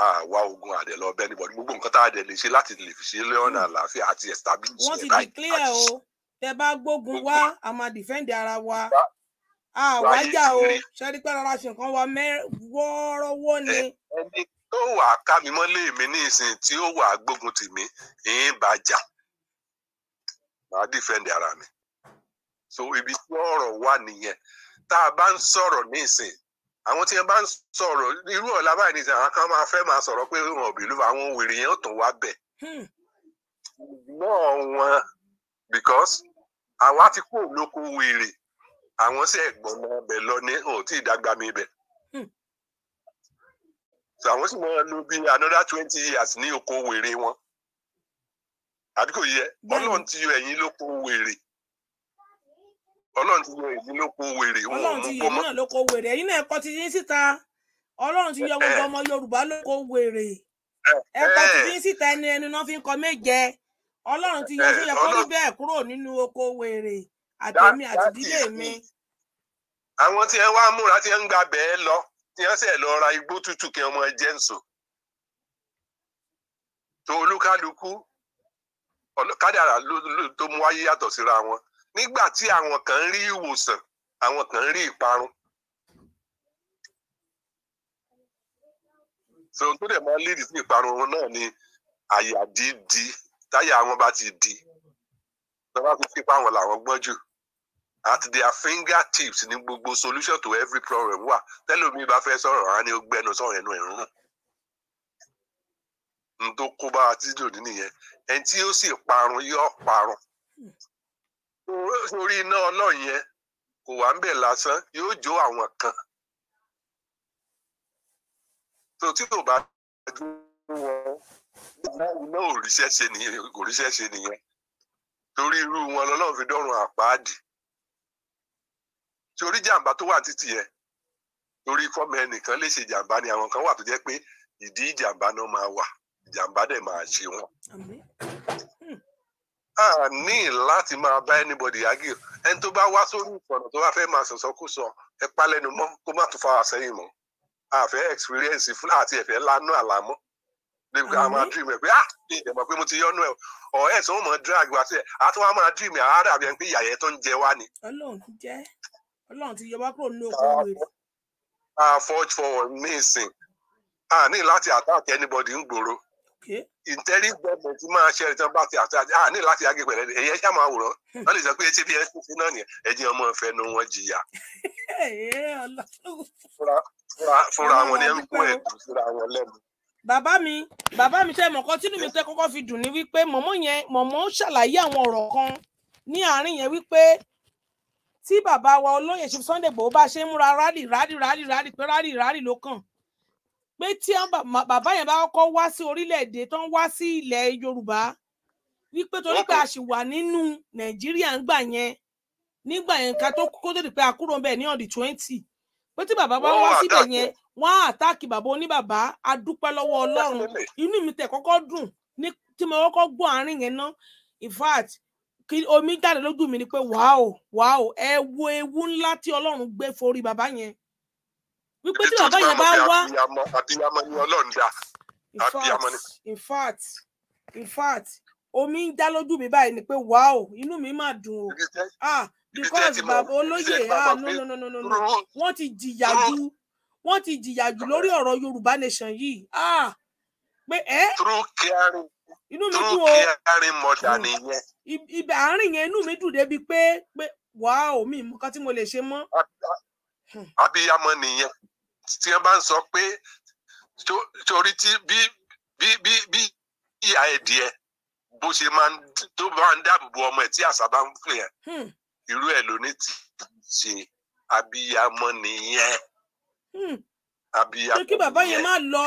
àwa ogun àdè lọ bẹ́ẹ̀ ni bọ̀ gbogbo nǹkan tá a dẹ̀ lè ṣe láti lè fi ṣe lọ́nà hmm. àlàáfíà àti establish ẹ̀ láì. wọ́n ti declare o tẹ bá gbógun wá a máa defend ara wa àwa jà o ṣẹ́ni pé rárá ṣe nǹkan wa wọ́ọ́rọ́wọ́ ni. ẹni tó wà ká mi mọ́lé mi ní ìsìn tí ó wà gbógun tì mí ń bá jà màá defend ara mi so ibi tí ọ̀rọ̀ wà nìyẹn tá a bá ń sọ̀rọ̀ ní ìsìn àwọn tí wọn bá ń sọ̀rọ̀ irú ọ̀la báyìí nìyí àwọn kan máa fẹ́ máa sọ̀rọ̀ pé wọn ò bìlú àwọn wèrè yẹn ò tó wá bẹ̀. Hmm. náà wọn because àwa ti kó olóko wèrè àwọn sì ẹ̀gbọ́n náà bẹ̀ lọ ní ò tí ì dàgbà mi bẹ̀. Hmm. àwọn sì máa lò bí another twenty years ní oko wèrè wọn àdúgbò yẹ ọlọ́run ti yọ ẹ̀yìn lóko wèrè. ọlọ́run ti yọ síta ti yọ eh. ọmọ yorùbá wèrè eh. ti yín síta ẹni ẹni fi ń kọ méje ti yọ sí eh, yẹ kó kúrò nínú oko wèrè àtẹ̀mí mi. àwọn tí ẹ wá múra tí ẹ ń gba lọ tí ẹ lọ ra igbó tútù ọmọ ń tó olúkálukú kádàrà ló tó mú wáyé síra wọn nígbà tí àwọn kan rí ìwòsàn àwọn kan rí ìparun. so tó dẹ̀ máa lédìí sí ìparun wọn náà ni àyà dídí táyà wọn bá ti di lọ́wọ́ fi pípa wọn làwọn gbọ́n jù at their fingertips ni gbogbo solution to every problem wà tẹ́lómi bá fẹ́ sọ̀rọ̀ á ní ó gbẹnu sọ̀rọ̀ ẹnu ẹ̀rún n tó kó bá a ti dòní nìyẹn ẹni tí ó sì parun yóò parun orí iná ọlọ́run yẹn kò wá ń bẹ̀ lásán yóò jó àwọn kan tó tí kò bá ju wọn iná òrìṣẹ́ ṣe nìyẹn òrìṣẹ́ ṣe nìyẹn torí irú wọn lọ́lọ́run fi dọ́run àpáàdì torí jàǹbá tó wà títì yẹn torí fọ́ọ̀mù ẹnìkan lè ṣe jàǹbá ni àwọn kan wà tó jẹ́ pé ìdí ìjàǹbá náà máa wà ìjàǹbá dẹ̀ máa ṣe wọn. a ní láti máa bá anybody agil, ẹni tó bá wá sórí ìkànnà tó bá fẹ́ máa sọ̀sọ́kùsọ kó sọ lẹ́nu mọ́ kó má tún fa mọ́ àfẹ́ experience fún àti ẹ̀fẹ́ lánú àlámọ́ débi ká máa dream ẹ̀ pé ah ní ìdẹ̀mọ̀ pé mo ti yọ́nú ẹ ọ̀ ẹ̀ mọ̀ drag wá sí ẹ̀ tún wá máa dream ẹni pé ni. Ọlọ́run ti ìtẹ́rí gbọ́dọ̀ tí máa ṣe ìtàn bá ti àti àti àní ah, láti àgé pẹ̀lẹ́ ni ẹ̀yẹ́ ṣá máa wòrán wọ́n lè sọ pé etí bí ẹ ṣe náà nìyẹn ẹ̀jẹ̀ ọmọ ìfẹ́ nu wọn jìyà. fúnra wọn ni ẹ ń kó ẹ̀dùn fúnra wọn lẹ́nu. bàbá mi bàbá mi ṣe mọ̀kọ́ tínú mi tẹ́ kọ́kọ́ fi dùn ní wípé mọ̀mọ́ yẹn mọ̀mọ́ ṣàlàyé àwọn ọ̀rọ̀ kan ní àárín yẹn wípé tí bàbá wa olóyè Sunday Igboho bá ṣe ń múra rádì rádì rádì rádì pé rádì rádì ló kàn pé tí bàbá yẹn bá kọ́kọ́ wá sí orílẹ̀-èdè tó ń wá sí ilẹ̀ Yorùbá wípé torí pé a sì wà nínú Nàìjíríà ńgbà yẹn nígbà yẹn ká tó kó tó di pé àkúrò bẹ́ẹ̀ ní ọ̀dì twenty pé tí bàbá bá wá síbẹ̀ yẹn wọ́n á àtáàkì bàbá oníbàbá a dúpẹ́ lọ́wọ́ Ọlọ́run inú mi tẹ̀ kọ́kọ́ dùn ní tí mo kọ́kọ́ gbọ́ àárín yẹn ná in fact kí omi jáde lójú mi ni pé wàá o wàá o ẹ wo ewu ńlá tí Ọlọ́run gbé forí bàbá yẹn wípé tí bàbá yẹn bá wá. abiyamọ ni Ọlọ́run dá abiyamọ ni. in fact in fact omi ń dá lójú mi báyìí ni pé wàá inú mi máa dùn o ah because bàbá olóyè ah no no no no no wọ́n ti jìyà jù wọ́n ti jìyà jù lórí ọ̀rọ̀ Yorùbá nation yìí ah pé ẹ inú mi dùn o hmm. ibẹ̀ àárín yẹn inú mi dùn débi pé pé wàá omi nǹkan tí mo lè ṣe mọ́. abiyamọ hmm. nìyẹn tí wọ́n bá ń sọ pé torí tí bí bí bí bí ìyá ẹ̀dìẹ bó ṣe máa ń tó máa ń dáàbò bo ọmọ ẹ̀ tí àṣà bá ń fún yẹn hmm. irú ẹ̀ ló ní tí ṣe abiyamọ nìyẹn. Hmm. abiyamọ nìyẹn. kí bàbá yẹn máa lọ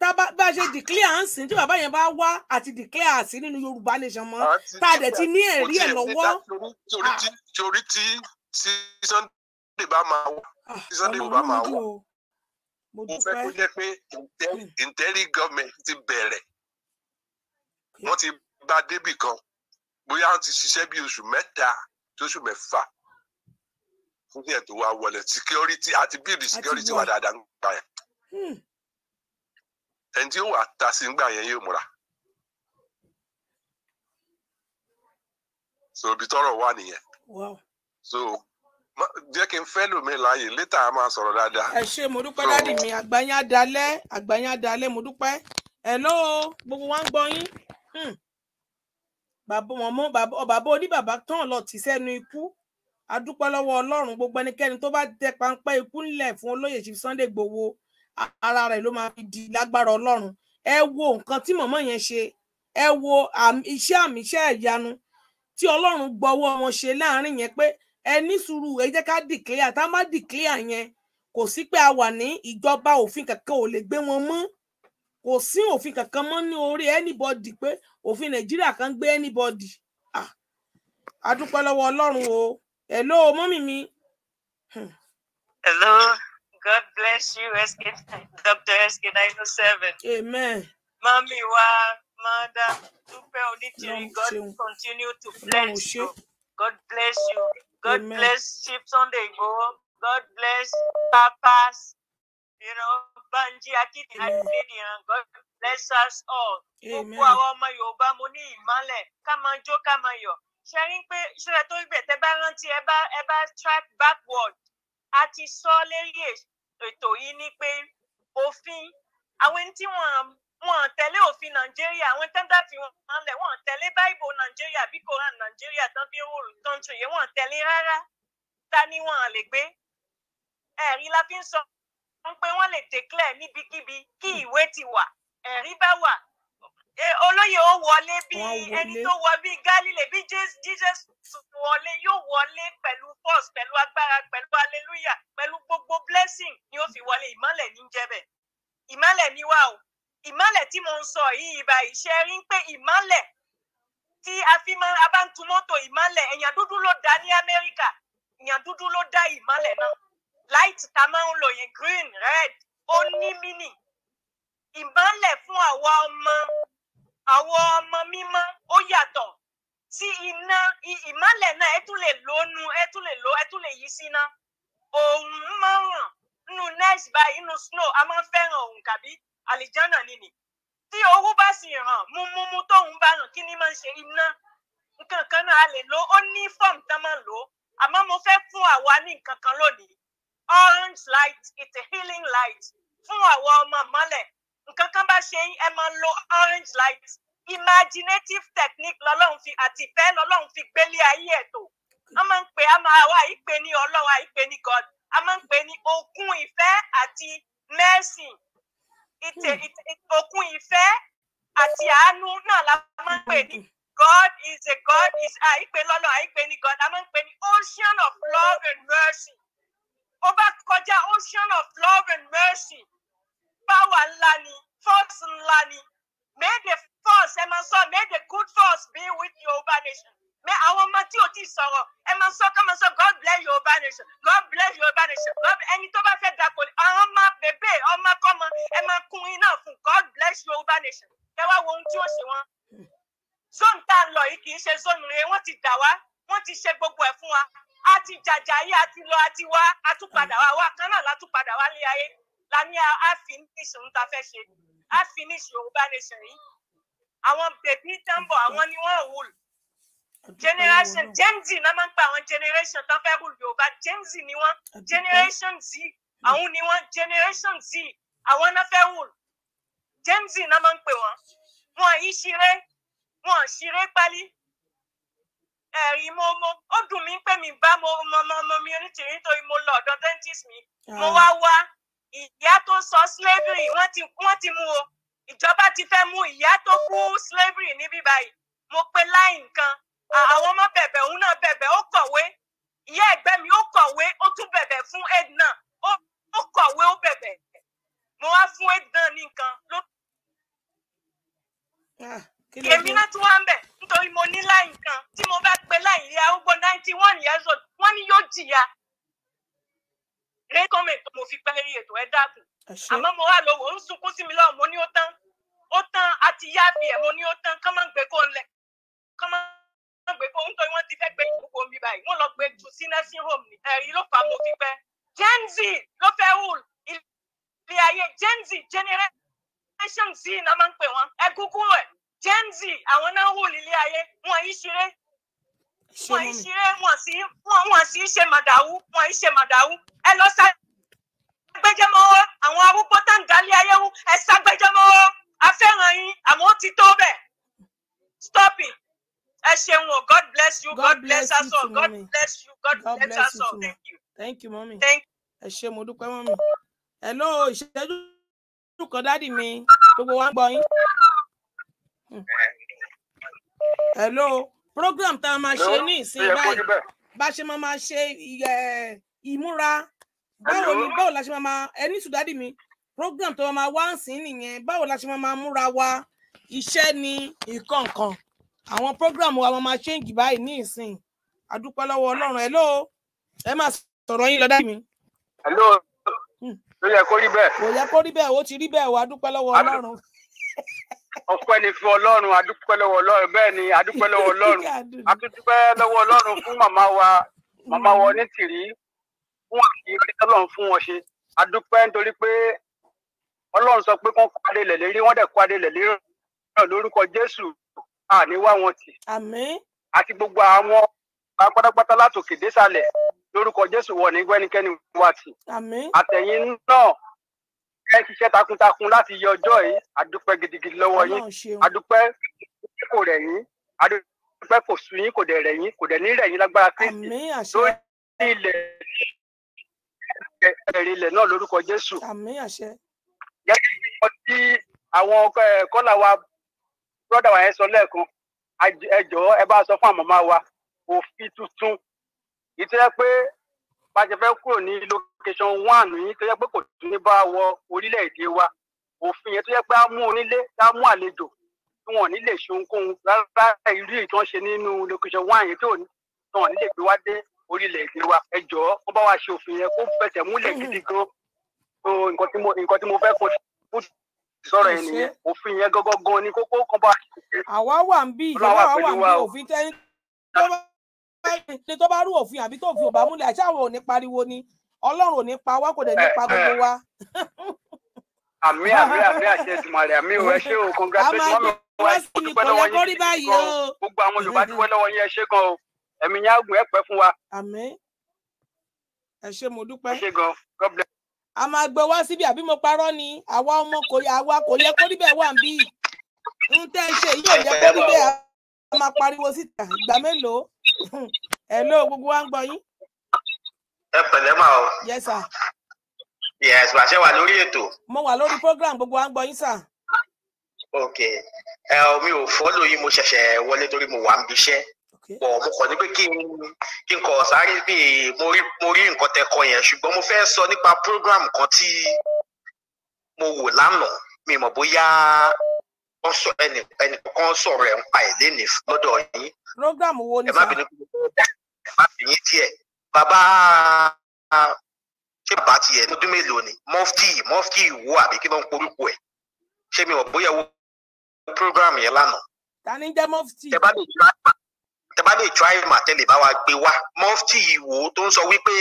tá bá ṣe declare à ń sìn tí bàbá yẹn bá wá àti declare àsìn nínú Yorùbá nation mọ́ tá a dẹ̀ ti ní ẹ̀rí ẹ̀ lọ́wọ́. torí ah. tí torí Sunday bá máa wọ ah, tí Sunday bá máa wọ mo fẹ́ kó jẹ́ pé ìntẹ́rí hmm. gọ́ọ̀mẹ̀ntì ti bẹ̀rẹ̀ wọ́n ti bá débì kan bóyá wọ́n ti ṣiṣẹ́ bí oṣù mẹ́ta tó oṣù mẹ́fà fún yẹn tó wá wọlé security àti build security wà dáadáa nígbà yẹn hmm. ẹni tí ó wà ta sí nígbà yẹn yóò múra. so ibi tọ́rọ̀ wà nìyẹn. so jẹ́ kí n fẹ́ lómi láàyè létà a máa sọ̀rọ̀ dáadáa. ẹ ṣe mo dúpẹ́ dádì mi àgbáyá dalẹ́ àgbáyá dalẹ́ mo dúpẹ́ hello gbogbo wa ń gbọ́ yín hmm. bàbá mọ̀mọ́ bàbá oníbàbá tán lọ tì sẹ́nu ikú a dúpẹ́ lọ́wọ́ ọlọ́run gbogbo ẹnikẹ́ni tó bá tẹ páńpẹ́ ikú ńlẹ̀ fún olóyè Chief Sunday Igboho ara rẹ̀ ló máa fi di lágbára ọlọ́run ẹ wo nǹkan tí mọ̀mọ́ yẹn ṣe ẹ wo iṣẹ́ àmì iṣẹ́ ìyanu tí ọlọ́run gbọ́wọ́ wọn ṣe láàrin yẹn pé ẹ sùúrù ẹ jẹ́ ká dìclare tá a má dìclare yẹn kò sí pé a wà ní ìjọba òfin kankan ò lè gbé wọn mọ́ kò sí òfin kankan mọ́ ní orí anybody pé òfin nàìjíríà kan gbé anybody ah a dúpẹ́ lọ́wọ́ o hello mọ́mì mi. Hmm. hello god bless you SK, dr sk nine oh seven. amen. mọ́mì wa mọ́dà dúpẹ́ oníjìrì god continue to bless you god bless you. God Amen. bless on the go. God bless Papas. You know, Banji Akiti Adeniran. God bless us all. Gbogbo àwọn ọmọ Yorùbá mo ní ìmọ́lẹ̀ ká máa jó ká máa yọ̀. Ṣé rí pé ṣọlá tó ń gbẹ̀ tẹ́ bá rántí ẹ bá ẹ bá track backward. A ti sọ lérí ètò yìí ni pé òfin àwọn tí wọ́n wọn tẹ̀lé òfin nàìjíríà àwọn tẹ́ńdà fi wọn máa lẹ̀ wọn tẹ̀lé báìbò nàìjíríà bí koran nàìjíríà tán fi ń wò tán tún yẹ wọn tẹ̀lé rárá ta ni wọn lè gbé ẹ̀rí la fi ń sọ pé wọ́n lè declare níbikíbi kí hmm. ìwé ti wà ẹ̀rí bá wà olóyè ó wọlé bí ẹni tó wọ bí Gálílè bí Jesus wọlé yóò wọlé pẹ̀lú force pẹ̀lú agbára pẹ̀lú hallelujah pẹ̀lú gbogbo blessing ni ó fi wọlé ìmọ́lẹ̀ ní jẹ́bẹ̀ ìmọ́lẹ̀ ni wà o ìmọ́lẹ̀ tí mo ń sọ yìí ibà ìṣe rí pé ìmọ́lẹ̀ tí a fi máa a bá ń tu mọ́tò ìmọ́lẹ̀ èèyàn dúdú ló dá ní Amẹ́ríkà èèyàn dúdú ló dá ìmọ́lẹ̀ náà light tá a máa ń lò yẹn green red ó ní mínì ìmọ́lẹ̀ fún àwa ọmọ àwa ọmọ mímọ́ ó yàtọ̀ sí iná ìmọ́lẹ̀ náà ẹ tún lè lónu ẹ tún lè lò ẹ tún lè yí síná òun máa ń ràn nínú nurse báyìí nínú snow a máa ń fẹ́ràn òun kàbí àlìjánà ni nì tí owó bá sì ràn múmúmú tóun bá ràn kí ni máa ń ṣe iná nǹkan kan náà a lè lo ó ní fọ́ọ̀mù tán máa lò ó àmọ́ mo fẹ́ fún àwa ní nǹkan kan lónìí orange light it's a healing light fún àwa ọmọ mọ́lẹ̀ nǹkan kan bá ṣe yín ẹ máa lo orange light imaginative technique lọ́lọ́run fi àti ìfẹ́ lọ́lọ́run fi gbélé ayé ẹ̀ tó a máa ń pè a máa wá ìpè ní ọlọ́wà ìpè ní God a máa ń pè ní okun ìfẹ́ àti mercy òkun ìfẹ́ àti àánú náà la máa ń pè ní God is a God is àìpé lọ́lọ́ àìpé ní God a máa pè ní ocean of love and mercy ó bá kọjá ocean of love and mercy power ńlá ni force ńlá ni may the force ẹ máa sọ may the good force be with Yorùbá nation mẹ àwọn ọmọ tí o ti sọ̀rọ̀ ẹ máa sọ ká máa sọ god bless your nation god bless yorùbá nation ẹni tó bá fẹ́ dapò ní àwọn ọmọ bèbè ọmọ kọ́mọ ẹ máa kun iná fún god bless your nation ẹ wá wo ohun tí ó ṣe wọn. zone tá a lọ yìí kì í ṣe zone rẹ wọ́n ti dà wá wọ́n ti ṣe gbogbo ẹ̀ fún wa a ti jàjà yìí a ti lọ a ti wá a tún padà wá wá kan náà la tún padà wá lé ayé la ní a finish ohun tá a fẹ́ ṣe a finish yorùbá nation yìí àwọn bèbí tán bọ̀ àwọn ni wọ́n wùlù generation gen z n'a máa ń pa àwọn generation tó fẹ́ bù yorùbá gen z ni wọ́n generation z àwọn ni wọ́n generation z àwọn náà fẹ́ wù gen z n'a máa ń pè wọ́n wọn yìí ṣeré wọn ṣeré pálí ẹ̀rí mo mo ó dùn mí pé mi bá mo mo mo mo mi onítìrí nítorí mo lọ ọ̀dọ̀ dentist mi ah. mo wá wá ìyá tó sọ slavery wọ́n ti wọ́n ti mú o ìjọba ti fẹ́ mú ìyá tó kú slavery níbí báyìí mo pe láì nǹkan àwọn ọmọ bẹ̀bẹ̀ òun náà bẹ̀bẹ̀ ó kọ̀wé ìyá ẹ̀gbẹ́ mi ó kọ̀wé ó tún bẹ̀bẹ̀ fún aid náà ó kọ̀wé ó bẹ̀bẹ̀ mo wá fún aid náà ní ah, ló. èmi náà tún wá ń bẹ̀ nítorí mo ní láì nǹkan tí mo bá pe láì ìyá ó gbọ́ ninety one years old wọ́n ní yóò jìyà rékọ́mẹ̀ tó mo fi parí ètò ẹ̀ dákun àmọ́ mo wá lọ́wọ́ ń sunkún sí mi lọ́wọ́ mo ní ó tán ó tán àti yáàbí ẹ̀ mo ní ó tán kán ń gbé kó ń lẹ̀ kán gbé fún nítorí wọ́n ti fẹ́ gbé gbogbo mi báyìí wọ́n lọ gbé jù sí nursing home ni ẹ̀rí ló fà mo fi Gen Z ló fẹ́ hùl ilé ayé Gen Z generation Z náà máa ń pè wọ́n ẹ kúkú rẹ̀ Gen Z àwọn náà hùl ilé ayé wọn yìí ṣeré wọn yìí ṣeré wọn sì wọn sì ṣe màdàwú wọn yìí ṣe màdàwú ẹ lọ sá gbẹjẹmọwọ àwọn arúgbó tá ń dalé ayéwu ẹ sá gbẹjẹmọwọ afẹ́ràn yín àmọ́ ó ti tó bẹ́ẹ̀ stop it ẹ god bless you god, bless, us all god bless you god, bless, us all thank you. thank you mọ́mí ẹ ṣe mo dúpẹ́ mọ́mí hello ìṣẹ́jú kan dádì mi gbogbo wa ń gbọ́ yín. Hmm. hello program tá a máa ṣe ní ìsìn báyìí bá ṣe máa máa ṣe ìmúra báwo ni báwo la ṣe máa máa ẹni sùn dádì mi program tó máa wá ń sìn nìyẹn báwo la ṣe máa máa múra wa iṣẹ́ ni nǹkan kan àwọn program wa máa change báyìí ní ìsìn àdúpẹ́ lọ́wọ́ ọlọ́run ẹ̀ lóo ẹ máa sọ̀rọ̀ yín lọ́dá mi. ẹ lóo ló yẹ kó rí bẹ́ẹ̀. kò yẹ kó rí bẹ́ẹ̀ ó ti rí bẹ́ẹ̀ wà àdúpẹ́ lọ́wọ́ ọlọ́run. ọpẹ́ ni fún ọlọ́run àdúpẹ́ lọ́wọ́ ọlọ́run bẹ́ẹ̀ ni àdúpẹ́ lọ́wọ́ ọlọ́run àdúpẹ́ lọ́wọ́ ọlọ́run fún màmá wa màmá wa hmm. ní tìrí fún àkíyèrí tọ́lọ́run fún wọn ṣe àdúpẹ́ nítorí pé ọlọ́run sọ pé kán kó adé lẹ̀ lérí wọ́n dẹ̀ kó adé lẹ̀ lérí lórúkọ jésù àní wọn tì. àmín. àti gbogbo àwọn pátápátá látòkè désàlẹ̀ lórúkọ jésù wọ̀ ní gbẹ́nikẹ́ni wá tì. àmín. àtẹ̀yìn náà ẹ ṣiṣẹ́ takuntakun láti yọ ọjọ́ yìí àdúpẹ́ gidigidi lọ́wọ́ yín àdúpẹ́ kò rẹ̀ yín àdúpẹ́ kò sú yín kò dẹ̀ rẹ̀ yín kò dẹ̀ ní rẹ̀ yín lágbára kristi lórí ilẹ̀ ẹ̀rìn ilẹ̀ náà lórúkọ jésù. gẹ́gẹ́ bí wọ́n ti àwọn kọ́là wa brọ́dà wa yẹn sọ lẹ́ẹ̀kan ẹ jọ̀ọ́ ẹ bá sọ fún àmọ́má wa òfin tuntun ìtẹ́yẹ pé bá a ṣe fẹ́ kúrò ní location one yìí tó yẹ pé kò tún ní bá wọ orílẹ̀-èdè wa òfin yẹn tó yẹ pé á mú onílé á mú àlejò tí wọn ò ní lè ṣe ohunkóhun rárá irú ìtàn ṣe nínú location one yẹn tí wọn ò ní lè gbé wá dé orílẹ̀-èdè wa ẹ jọ̀ọ́ bá wa ṣe òfin yẹn kó fẹsẹ̀ múlẹ̀ gidi gan nǹkan tí mo fẹ́ kó sọ̀rọ̀ ẹ̀ nìyẹn òfin yẹn gọ́gọ́ gan ni kókó kan bá. àwa wà ń bí ìjọba wa wà ń bí òfin tẹ́ni tó bá rú òfin àbí tó fi òbá múlẹ̀ àti àwọn ò ní pariwo ni ọlọ́run ò pa wá kò dẹ̀ ní pa eh, eh. gbogbo wa. àmì àmì àmì àti ẹsùn màrẹ àmì ò ṣé o congratulation mọ mi wá ẹ o gbogbo àwọn Yorùbá dúpẹ́ lọ́wọ́ yín ẹ ṣé gan o ẹ̀mí yín á gùn ẹ pẹ́ fún wa. àmì ẹ ṣé mo dúpẹ́. ẹ ṣé gan God bless a máa gbé wá síbi àbí mo parọ́ ni àwa ọmọ kò yẹ àwa kò yẹ kó níbẹ̀ wà bí n tẹ́ ṣe yìí ò yẹ kó níbẹ̀ a máa pariwo síta ìgbà mélòó ẹ̀ ló gbogbo wa ń gbọ́ yín. ẹ pẹ̀lẹ́ mà o. yes sir. yes wà ṣe wà lórí ètò. mo wà lórí program gbogbo wa ń gbọ́ yín sà. ok ẹ omi ò fọ́lọ̀ yìí mo ṣẹ̀ṣẹ̀ wọlé torí mo wà ń bíṣẹ́ bọ̀ mo kàn ní pé kí n kí sáré bí mo rí mo rí nǹkan tẹ yẹn ṣùgbọ́n mo fẹ́ sọ nípa program kan tí mo wò lánàá mi mọ̀ bóyá ẹnì kan sọ̀rọ̀ ẹ̀ ń pa ẹ̀ lénìí lọ́dọ̀ yín program wo ni sá ẹ má bìyín díẹ̀ bàbá ṣé bàbá tiẹ̀ ọdún mélòó ni mọ́fítì mọ́fítì ìwọ àbí kí ló ń porúkọ ẹ̀ ṣé mi ò bóyá wo program yẹn lánàá. ta ni jẹ́ mọ́fítì. ẹ bá lè tura tẹ́ lè try mà tẹ́ bá wa gbé wá mọ́fítì ìwò tó ń sọ wípé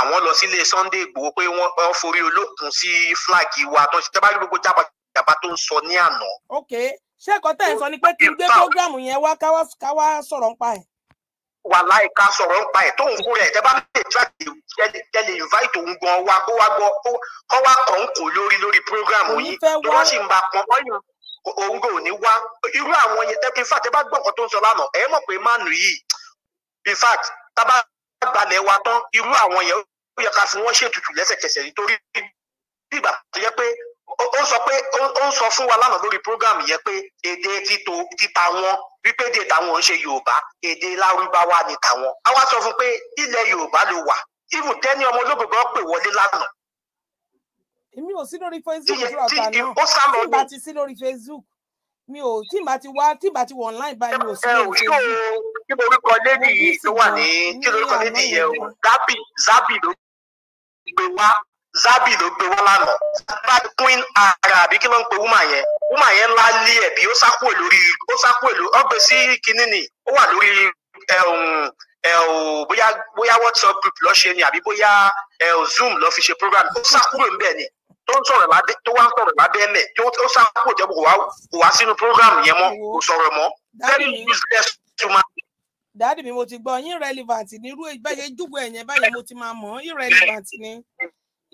àwọn lọ sílé Sunday Igboho pé wọ́n forí olókun sí flag wa tó ń ṣe tẹ́ bá gbogbo jábàjábà tó ń sọ ní àná. ok ṣé ẹ̀kọ́ tẹ̀ ń sọ ni pé kí n gbé program yẹn wá ká wá sọ̀rọ̀ nípa ẹ̀ wàláì ká sọ̀rọ̀ ń pa ẹ̀ tó ń kó rẹ̀ tẹ́ lè tíráàkì tẹ́lẹ̀ invite òun gan wa kó wá gbọ́ ń kò lórí lórí òun kò ní wá irú àwọn yẹn in fact ẹ bá gbọ́ nǹkan tó ń sọ lánàá ẹ mọ̀ pé mánu yìí in fact tábà gbalẹ̀ wa tán irú àwọn yẹn ó yẹ ká fi wọ́n ṣètùtù lẹ́sẹ̀kẹsẹ̀ nítorí bíbà tó yẹ pé ó sọ pé ó ń sọ fún wa lánàá lórí program yẹn pé èdè títò títa wọn wípé èdè táwọn ń ṣe yorùbá èdè lárúbáwá ni tàwọn àwa sọ fún pé ilẹ̀ yorùbá ló wà ibùdó ẹni ọmọ ológun gan pè wọlé lánàá èmi ò sí lórí facebook tó ọ̀tá náà tí ìbá ti sí lórí facebook mi ò tí ìbá ti wá tí ìbá ti wọ online báyìí mi ò sí lórí facebook. kí ló orúkọ lẹ́nì yìí tó wà ní kí ló orúkọ lẹ́nì yẹn o zabi zabi ló gbé wá zabi ló gbé wá lánàá zabi queen ara àbí kí ló ń pe woman yẹn woman yẹn ńlá lé ẹ̀bí ó sákúrò lórí ó sákúrò lórí ó gbé sí kinní ni ó wà lórí ẹ bóyá bóyá whatsapp group lọ ṣe ni àbí bóyá zoom lọ fi ṣe program ó sá kúrò níbẹ̀ ni tó ń sọ̀rọ̀ lábẹ́ tó wá ń sọ̀rọ̀ lábẹ́lẹ̀ tí ó sáàpò jẹ́ kò wá kò wá sínú program yẹn mọ́ kò sọ̀rọ̀ mọ́ very useless human. dáàdì mi mo ti gbọ́ irrelevant ní irú bẹ́ẹ̀ ṣe júwe ẹ̀yẹn báyìí mo ti máa mọ̀ irrelevant ni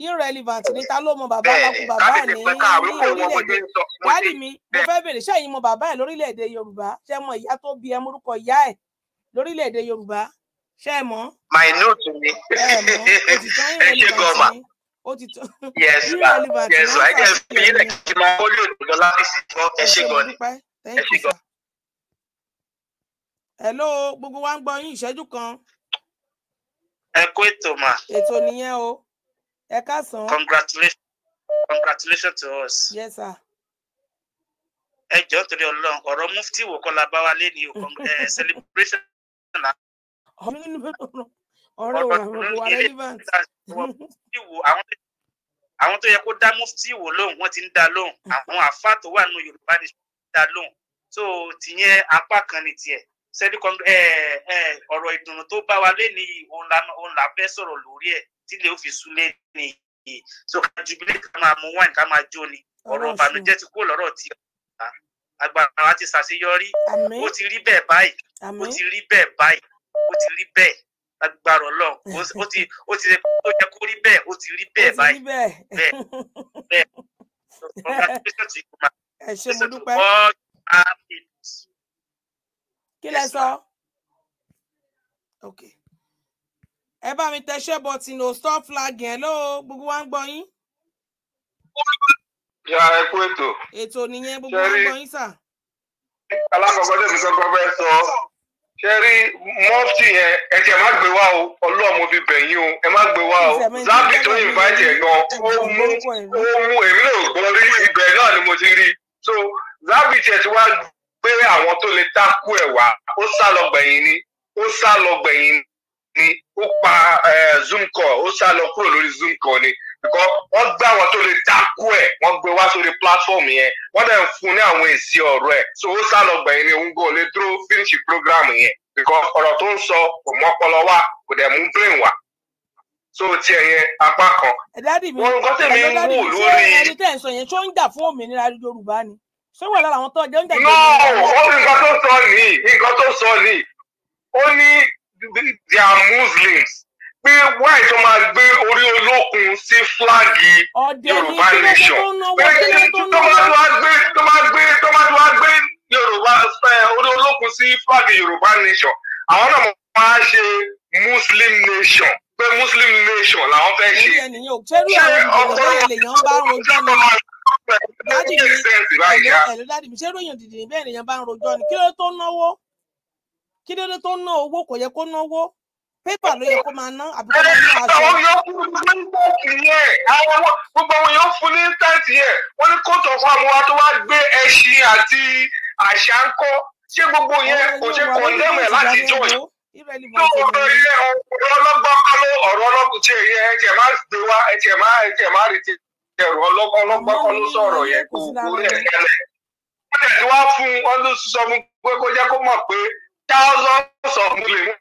irrelevant ni ta ló mọ bàbá alákú bàbá ní orílẹ̀-èdè dáàdì mi mo fẹ́ bèrè ṣé ẹ̀yin mọ bàbá ẹ̀ lórílẹ̀-èdè yorùbá ṣé mọ ìyá tó bí ẹ morúkọ ìyá ẹ̀ lórílẹ̀-èdè yorùbá ṣé mọ. minute ni ẹ ṣe gọọma ó yes ma yes ma ẹ jẹ́ fi ilẹ̀ kí n máa wọlé òdòdó láìsí fún ẹ ṣe gan ni ẹ gan. hello gbogbo wa ń gbọ́ yín ìṣẹ́jú kan. ẹ kú ètò mà. ètò nìyẹn o ẹ káàsán. congratulations congratulations to us. yes sir ẹ jọ torí Ọlọ́run ọ̀rọ̀ mufti wo kọlá báwa lé ní eh, celebration. ọmọ inú mi ò rọ ọ̀rọ̀ wà relevant. àwọn tó yẹ kó dá mufti wò lóhùn wọn ti ń dá lóhùn àwọn àfa tó wà nù yorùbá ni so tìyẹn apá kan ni so ká jubilé ká máa mu wáìn ká máa jó ni ọ̀rọ̀ ìbànújẹ́ ti kó lọ́rọ̀ tí agbára wa ti ṣàṣeyọrí ó ti rí bẹ́ẹ̀ báyìí agbára Ọlọ́run ó ti ó ti ṣe ó yẹ kó rí bẹ́ẹ̀ ó ti rí bẹ́ẹ̀ báyìí bẹ́ẹ̀ bẹ́ẹ̀ congratulations to you ma ẹ ṣé mo dúpẹ́ kí lẹ sọ ok ẹ bá mi tẹṣẹ bọtìnì ò stop flagging ẹ lóo gbogbo wa ń gbọ́ yín. ya ẹ kú ètò. ètò nìyẹn gbogbo wa ń gbọ́ yín sà. alákọ̀ọ́kọ́ tẹ̀sí kọ́kọ́ fẹ́ sọ. ṣe rí yẹn ẹ má gbé wá o ọlọ́run mo o ẹ má gbé wá o lábì tó gan ó mú ó mú èmi náà gbọ́ rí ibẹ̀ náà ni mo ti rí so lábì tiẹ̀ ti wá gbé àwọn tó lè takú ẹ̀ wá ó sá ni ó sá lọ pa eh, zoom call ó sá lọ kúrò zoom call ni because wọ́n gbé àwọn tó lè dákú ẹ̀ wọ́n gbé wá sórí platform yẹn wọ́n dẹ̀ fún ní àwọn èsì ọ̀rọ̀ ẹ̀ so ó sá lọ gbẹ̀yìn ni òun kò lè dúró finish program yẹn because ọ̀rọ̀ tó ń sọ kò mọ́pọlọ wá kò dẹ̀ mú brain wá so ti ẹ̀yẹ apá kan. wọ́n ń gọ́tẹ̀ mi ń wò lórí. ṣé wà lára àwọn tó ń jà no nǹkan tó sọ nìyí nǹkan tó sọ nìyí ó ní are Muslims gbé wáì tó máa gbé orí olókun sí fúláàgì yorùbá nation bẹ́ẹ̀ tó máa tó wá gbé tó máa gbé tó máa tó wá gbé yorùbá eh, orí olókun sí fúláàgì yorùbá nation àwọn náà máa ṣe muslim nation pé muslim nation làwọn fẹ́ ṣe ṣe ọ̀pọ̀lọpọ̀ ẹ̀lú dáàdì mi ṣé ròyìn dìdì bẹ́ẹ̀ lèèyàn bá ń rojọ́ ni kí ló tó náwó kí ló tó ná owó kò yẹ kó náwó pépà ló yẹ kó máa ná àbúkọ́ máa ná aṣọ. àwọn yóò fún ní íńtẹ́ẹ̀tì yẹ àwọn gbogbo àwọn yóò fún ní íńtẹ́ẹ̀tì yẹ wọ́n ní kóòtù ọ̀fọ̀ àwọn wa tó wá gbé ẹṣin àti àṣà ṣé gbogbo yẹn kò ṣe kọ̀ lẹ́wẹ̀ láti jọ yìí. tó o lọ yẹ ọ̀rọ̀ ọlọ́gbọ́n bá lọ tí ẹ̀yẹ fún wọn fún pé kó jẹ́ kó mọ̀ pé thousands of millions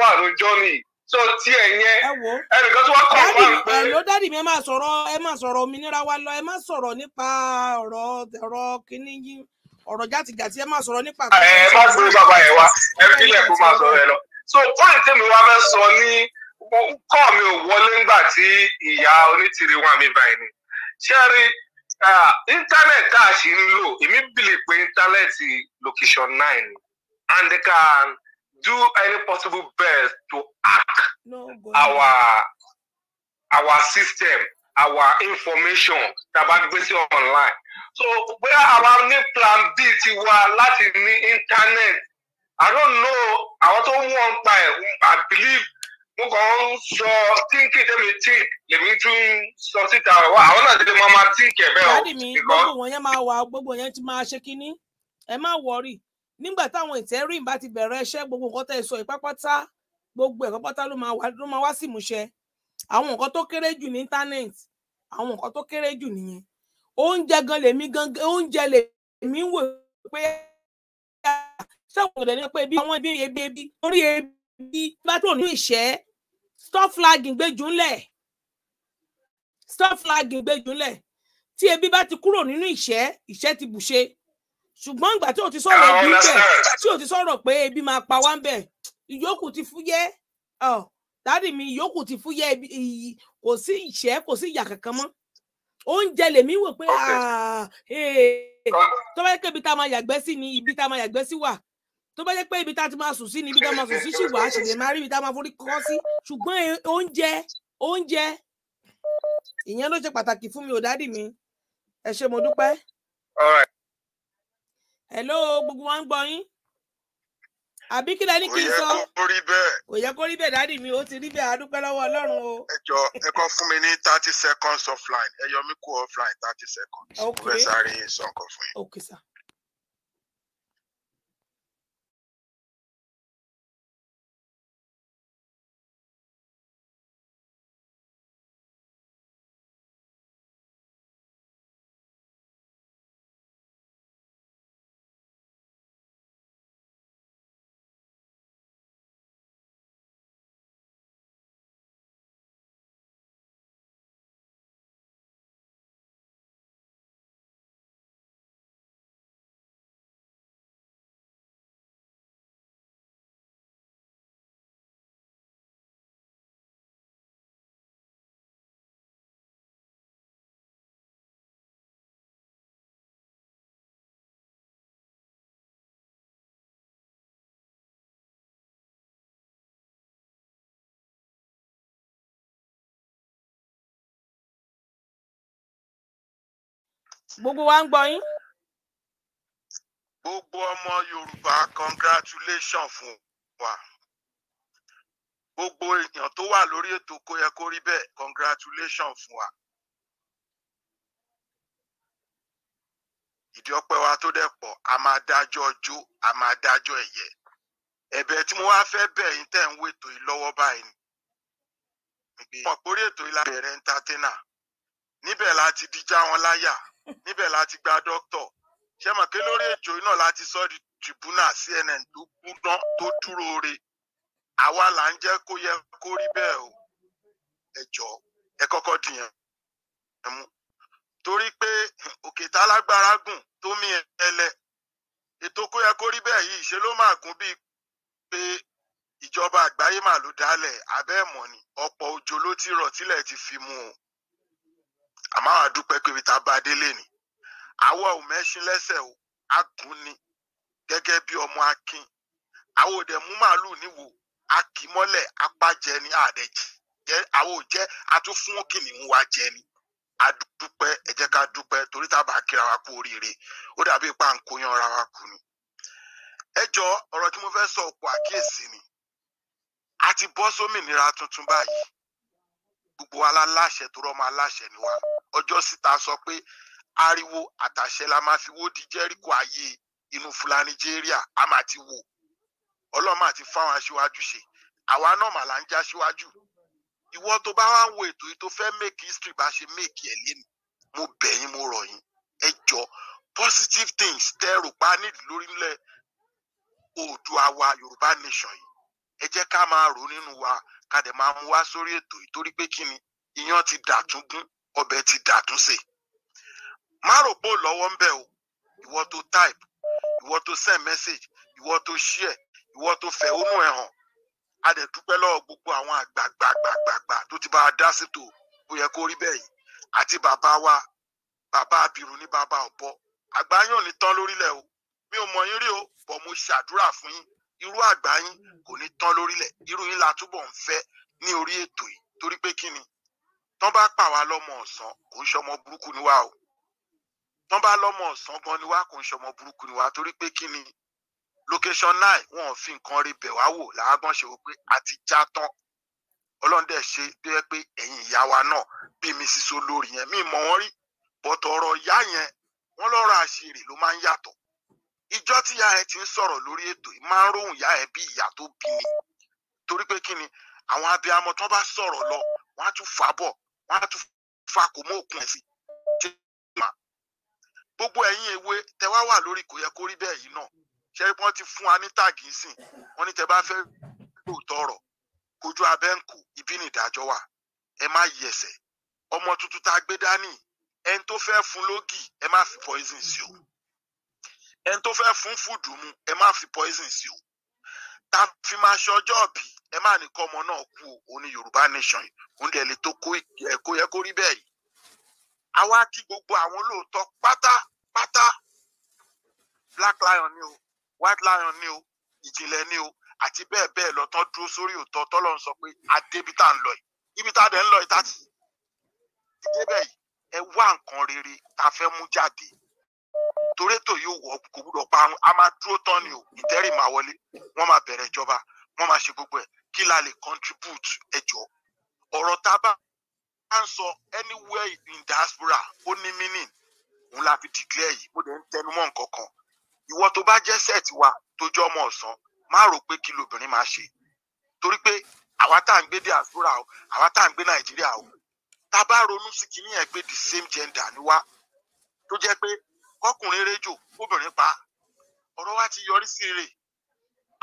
wà lójọ́ ni so tí ẹ yẹn ẹnìkan tí wọ́n kọ̀ wá ń pẹ́. ló dádì mi ẹ máa sọ̀rọ̀ ẹ máa sọ̀rọ̀ òmìnira wa lọ ẹ máa sọ̀rọ̀ nípa ọ̀rọ̀ ọ̀rọ̀ kínní yín ọ̀rọ̀ játijàti ẹ máa sọ̀rọ̀ nípa. ẹ má gbé bàbá yẹn wá ẹ fílẹ̀ kó máa sọ̀rọ̀ ẹ lọ. so point tèmi wá fẹ́ sọ ní kọ́ mi ò wọlé ńgbà tí ìyá onítìrí wà mí báyìí ni. ṣé rí íńtánẹ̀tì tá a ṣì ń lò èmi bìlì pé íńtánẹ̀tì location nine and they can do any possible best to hack no, our our system our information tàbá gbé sí online so where our new plan b ti wà láti ní internet i don't know I was mú one pa i believe mo kàn ń sọ tíǹkì tẹ́mi tí lèmi tún sọ síta wá àwọn náà ti lè máa máa tíǹkì ẹ̀ bẹ́ẹ̀ o. gbogbo wọn yẹn máa wà gbogbo yẹn ti máa ṣe kínní ẹ má wọrí nígbà táwọn ìtẹ́rìn bá ti bẹ̀rẹ̀ iṣẹ́ gbogbo nǹkan tẹ́ ẹ sọ ìpápátá gbogbo ẹ̀kọ́ pátá ló máa wá sí ìmúṣẹ àwọn nǹkan tó kéré jù ní íńtánẹ́ẹ̀tì àwọn nǹkan tó kéré jù nìyẹn oúnjẹ gan lèmi gan oúnjẹ lèmi wò pé ṣàkóso nípa ebi àwọn ebi ebi ebi lórí ebi bá tó ní ìṣẹ́ stop flagging gbẹjú ńlẹ̀ stop flagging gbẹjú ńlẹ̀ tí ebi bá ti kúrò nínú ìṣẹ́ ìṣẹ́ ti bùṣe ṣùgbọ́n ìgbà tí o ti sọ̀rọ̀ bí bẹ̀ tí o ti sọ̀rọ̀ pé ebi máa pa wá ń bẹ̀ ìyókù ti fúyẹ́ dáàdì mi ìyókù ti fúyẹ́ kò sí ìṣẹ́ kò sí ìyà kankan mọ́ oúnjẹ lèmi wò pé tó bá yẹ pé ibi tá a máa yàgbẹ́ sí ni ibi tá a máa yàgbẹ́ sí wà tó bá yẹ pé ibi tá a ti máa sùn sí ni ibi tá a máa sùn sí ṣì wà á sì lè máa rí ibi tá a máa forí kọ́ sí ṣùgbọ́n e, oúnjẹ oúnjẹ ìyẹn ló ṣe pàtàkì fún mi ò dáàdì mi ẹ ṣé mo dúpẹ́. all hello gbogbo wa ń gbọ́ yín àbí kí lẹ ní kí n sọ kò yẹ kó rí bẹ́ẹ̀ dádì mi ó ti rí bẹ́ẹ̀ adúpẹ́ lọ́wọ́ Ọlọ́run o. ẹ jọ ẹ kọ fún mi ní thirty seconds offline ẹ yọ mí kú offline thirty seconds. ok ó fẹ́ ok sir. gbogbo wa ń gbọ́ yín. gbogbo ọmọ yorùbá congratulation fún wa gbogbo èèyàn tó wà lórí ètò kó yẹ kó rí bẹ́ẹ̀ congratulation fún wa. ìdí ọpẹ́ wa tó dẹ̀ pọ̀ a máa dájọ́ ọjọ́ a máa dájọ́ ẹ̀yẹ ẹ̀bẹ̀ tí mo wá fẹ́ bẹ̀ yín tẹ́ ń wètò yìí lọ́wọ́ báyìí ni. mọ̀ pórí ètò ìlànà bẹ̀rẹ̀ entertainer níbẹ̀ láti díjà wọn láyà níbẹ̀ láti gba dókítọ̀ ṣé mọ̀ pé lórí èjò náà láti sọ di tribunal CNN tó kúná tó dúró re àwa là ń jẹ́ kó yẹ kó rí bẹ́ẹ̀ o ẹ jọ ẹ kọ́kọ́ dìyàn ẹ mú torí pé òkè tá lágbára gùn tó mí ẹlẹ ètò kó yẹ kó rí bẹ́ẹ̀ yìí ṣe ló máa gùn bíi pé ìjọba àgbáyé mà dálẹ̀ abẹ́ ni ọ̀pọ̀ òjò ló ti rọ̀ tílẹ̀ ti fi mu o àmọ́ àwọn àdúpẹ́ pé bíi tá a bá délé ni àwa ò mẹ́sìn lẹ́sẹ̀ o a gùn ni gẹ́gẹ́ bí ọmọ akin àwọn òde mú màálù níwò a apájẹ ni àdẹ̀jì jẹ́ àwọn òjẹ́ a tún fún kìnìún wa jẹ ni a dúpẹ́ ẹ ká dúpẹ́ torí tá kíra wa kú oríire ó dàbí ipá ń kóyan wa kù ni. ẹ jọ ọ̀rọ̀ tí mo fẹ́ sọ ọ̀pọ̀ àkíyèsí ni a ti bọ́ sómìnira tuntun báyìí gbogbo wa láláṣẹ tó rọmọ aláṣẹ ni wa ọjọ́ síta sọ pé ariwo àtàṣẹ la máa fi wó di jẹ́ríkò ayé inú Fúlàní jẹ́ríà a máa ti wò ọlọ́mà ti fáwọn aṣíwájú ṣe àwa náà mà là ń já síwájú ìwọ tó bá wá ń wo ètò yìí tó fẹ́ make history bá ṣe make ẹ̀ lẹ́nu mo bẹ̀ yín mo rọ̀ yín ẹ jọ positive things tẹ́rù pa nídìí lórílẹ̀ Oòduà wa Yorùbá nation yìí ẹ jẹ́ ká máa rò nínú wa ká dẹ̀ máa mú wá sórí ètò ìtorí pé kí ni iyán ti dàtún gún ọbẹ̀ ti dàtún sè má rò pé ó lọ́wọ́ ń bẹ̀ o ìwọ tó type ìwọ tó send message ìwọ tó share ìwọ tó fẹ̀hónú ẹ̀ hàn a dẹ̀ dúpẹ́ lọ́wọ́ gbogbo àwọn àgbààgbààgbààgbà tó ti bá a dá sí tò ó yẹ kó rí bẹ́ẹ̀ yìí àti bàbá wa bàbá abirùn ní bàbá ọ̀bọ àgbáyàn ní tán lórílẹ̀ o mi ò mọ̀ yín rí o bọ̀ mo ṣàdúrà fún yín irú àgbà yín kò ní tán lórílẹ̀ irú yín la túbọ̀ ń fẹ́ ní orí ètò yìí torí pé kí ni tán bá pà wá lọ́mọ ọ̀sán kò ń ṣọmọ burúkú ni wá o tán bá lọ́mọ ọ̀sán gan ni wá kò ń ṣọmọ burúkú ni wá torí pé kí ni location nine wọn ò fi nǹkan rí bẹ̀ wá wò làágbọ́n ṣe wò pé a ti já tán ọlọ́ndẹ̀ ṣe tó yẹ pé ẹ̀yin ìyá wa náà bí mi sísọ lórí yẹn mi mọ̀ wọ́n rí bọ̀tọ̀ ọ̀rọ̀ ìyá yẹn wọ́n lọ́rọ̀ àṣírí ló máa ń yàtọ̀ ìjọ tí ìyá ẹ ti ń sọ̀rọ̀ lórí ètò yìí máa ń rohùn ìyá ẹ bí ìyá tó bí mi torí pé kí ni àwọn abiyamọ tó bá sọ̀rọ̀ lọ wọ́n á tún fà bọ̀ wọ́n á tún fà kò mọ́ òkun ẹ̀ sí tí ma gbogbo ẹ̀yin ewé tẹ wá wà lórí kò yẹ kó rí bẹ́ẹ̀ yìí náà ṣe wọ́n ti fún wa ní tàgì sìn wọ́n ní tẹ bá fẹ́ lóòótọ́ ọ̀rọ̀ kojú abẹ́ ń kò ibi ní ìdájọ́ wà ẹ má yẹsẹ̀ ọmọ tuntun tá a gbé dání ẹni tó fẹ́ fún lógì ẹ má fi poison sí o ẹni tó fẹ́ fún fúdù mu ẹ má fi poison sí o tá a fi máa ṣe ọjọ́ ọ̀bì ẹ má ní kọ́ ọmọ náà kú o ní yorùbá nation oúnjẹ lè tó kó yẹ kó rí bẹ́ẹ̀ yìí àwa kí gbogbo àwọn olóòótọ́ pátápátá black lion ni o white lion ni o ìjìnlẹ̀ ni o àti bẹ́ẹ̀ bẹ́ẹ̀ lọ tán dúró sórí òótọ́ tọ́lọ́run sọ pé adébítà ń lọ yìí ibi tá a dẹ̀ ń lọ yìí tá a ti débẹ̀ yìí ẹ wá nǹkan rere tá fẹ́ mú jáde torí ètò yóò wọ kò gbúdọ̀ parun a máa dúró tán ni o ìtẹ́rì máa wọlé wọ́n máa bẹ̀rẹ̀ ìjọba wọ́n máa ṣe gbogbo ẹ̀ kí la lè contribute ẹjọ́ ọ̀rọ̀ tá a bá a ń sọ anywhere in diaspora ó ní meaning òun la fi declare yìí ó dẹ̀ ń tẹnumọ́ nǹkan kan ìwọ tó bá jẹ́ set wa tó jẹ́ ọmọ ọ̀sán má rò pé kí lobìnrin máa ṣe torí pé àwa tá à ń gbé diaspora o àwa tá à ń gbé nàìjíríà o tá a bá ronú sí kí ní ẹ pé the same gender ni wá tó jẹ́ pé kọkùnrin réjò obìnrin pa ọ̀rọ̀ wa ti yọrí sí rè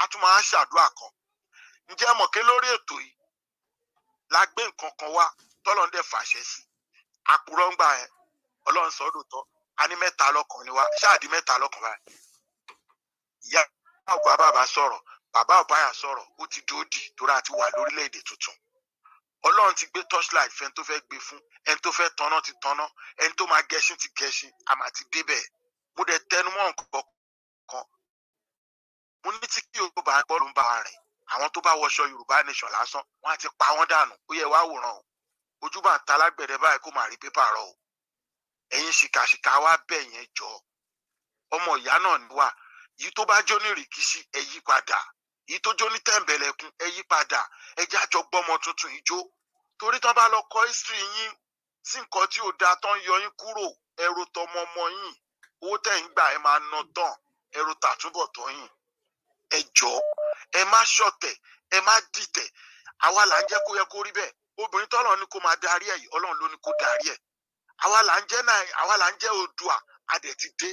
a tún máa ń ṣàdúrà kan ǹjẹ́ mọ̀kẹ́ lórí ètò yìí la gbé nǹkan kan wá tọ́lọ́n fàṣẹ sí àpòrọ̀ ń gbà ẹ́ ọlọ́run a ní mẹ́ta lọ́kàn ni wa ṣáàdì mẹ́ta lọ́kàn wa ìyá bàbá bàbá sọ̀rọ̀ bàbá ọ̀báyà sọ̀rọ̀ ó ti dóòdì tó ra ti wà lórílẹ̀ tuntun ọlọ́run ti gbé torchlight fẹ́ni tó fẹ́ gbé fún ẹni tó fẹ́ tanná ti tanná ẹni tó máa gẹṣin ti gẹṣin àmà ti débẹ̀ mo dẹ̀ tẹnumọ́ nǹkan kan mo ní tí kí yorùbá bọ́ọ̀lù ń bá wa rìn àwọn tó bá wọṣọ yorùbá nation lásán wọn á ti pa wọn dànù ó yẹ wàá wòran o ojú bá báyìí kó máa rí pépà rọ o ẹ̀yin ṣìkàṣìkà wá bẹ́ẹ̀ yẹn jọ ọmọ ìyá náà ni wà yìí tó bá jó ní rìkíṣí ẹ yí padà ìtójó ní tẹ̀m̀bẹ̀lẹ̀kùn ẹ yí padà ẹ jẹ́ àjọ gbọ́mọ tuntun ìjó torí tán bá lọ kọ́ history yín sí nǹkan tí ò dáa tán yọ yín kúrò ẹrù tọmọ ọmọ yín owó tẹ̀ ń gbà ẹ máa ná tán ẹrù tàtúbọ̀ tán yín ẹ jọ ẹ má ṣọ̀tẹ̀ ẹ má dìtẹ̀ àwa là ń jẹ́ kó yẹ kó rí bẹ́ẹ̀ obìnrin tọ́lọ́ ni kó máa darí ẹ̀ ọlọ́run ló ní kó darí ẹ̀ àwa là ń jẹ́ náà àwa là ń jẹ́ oòdùà adẹ̀ ti dé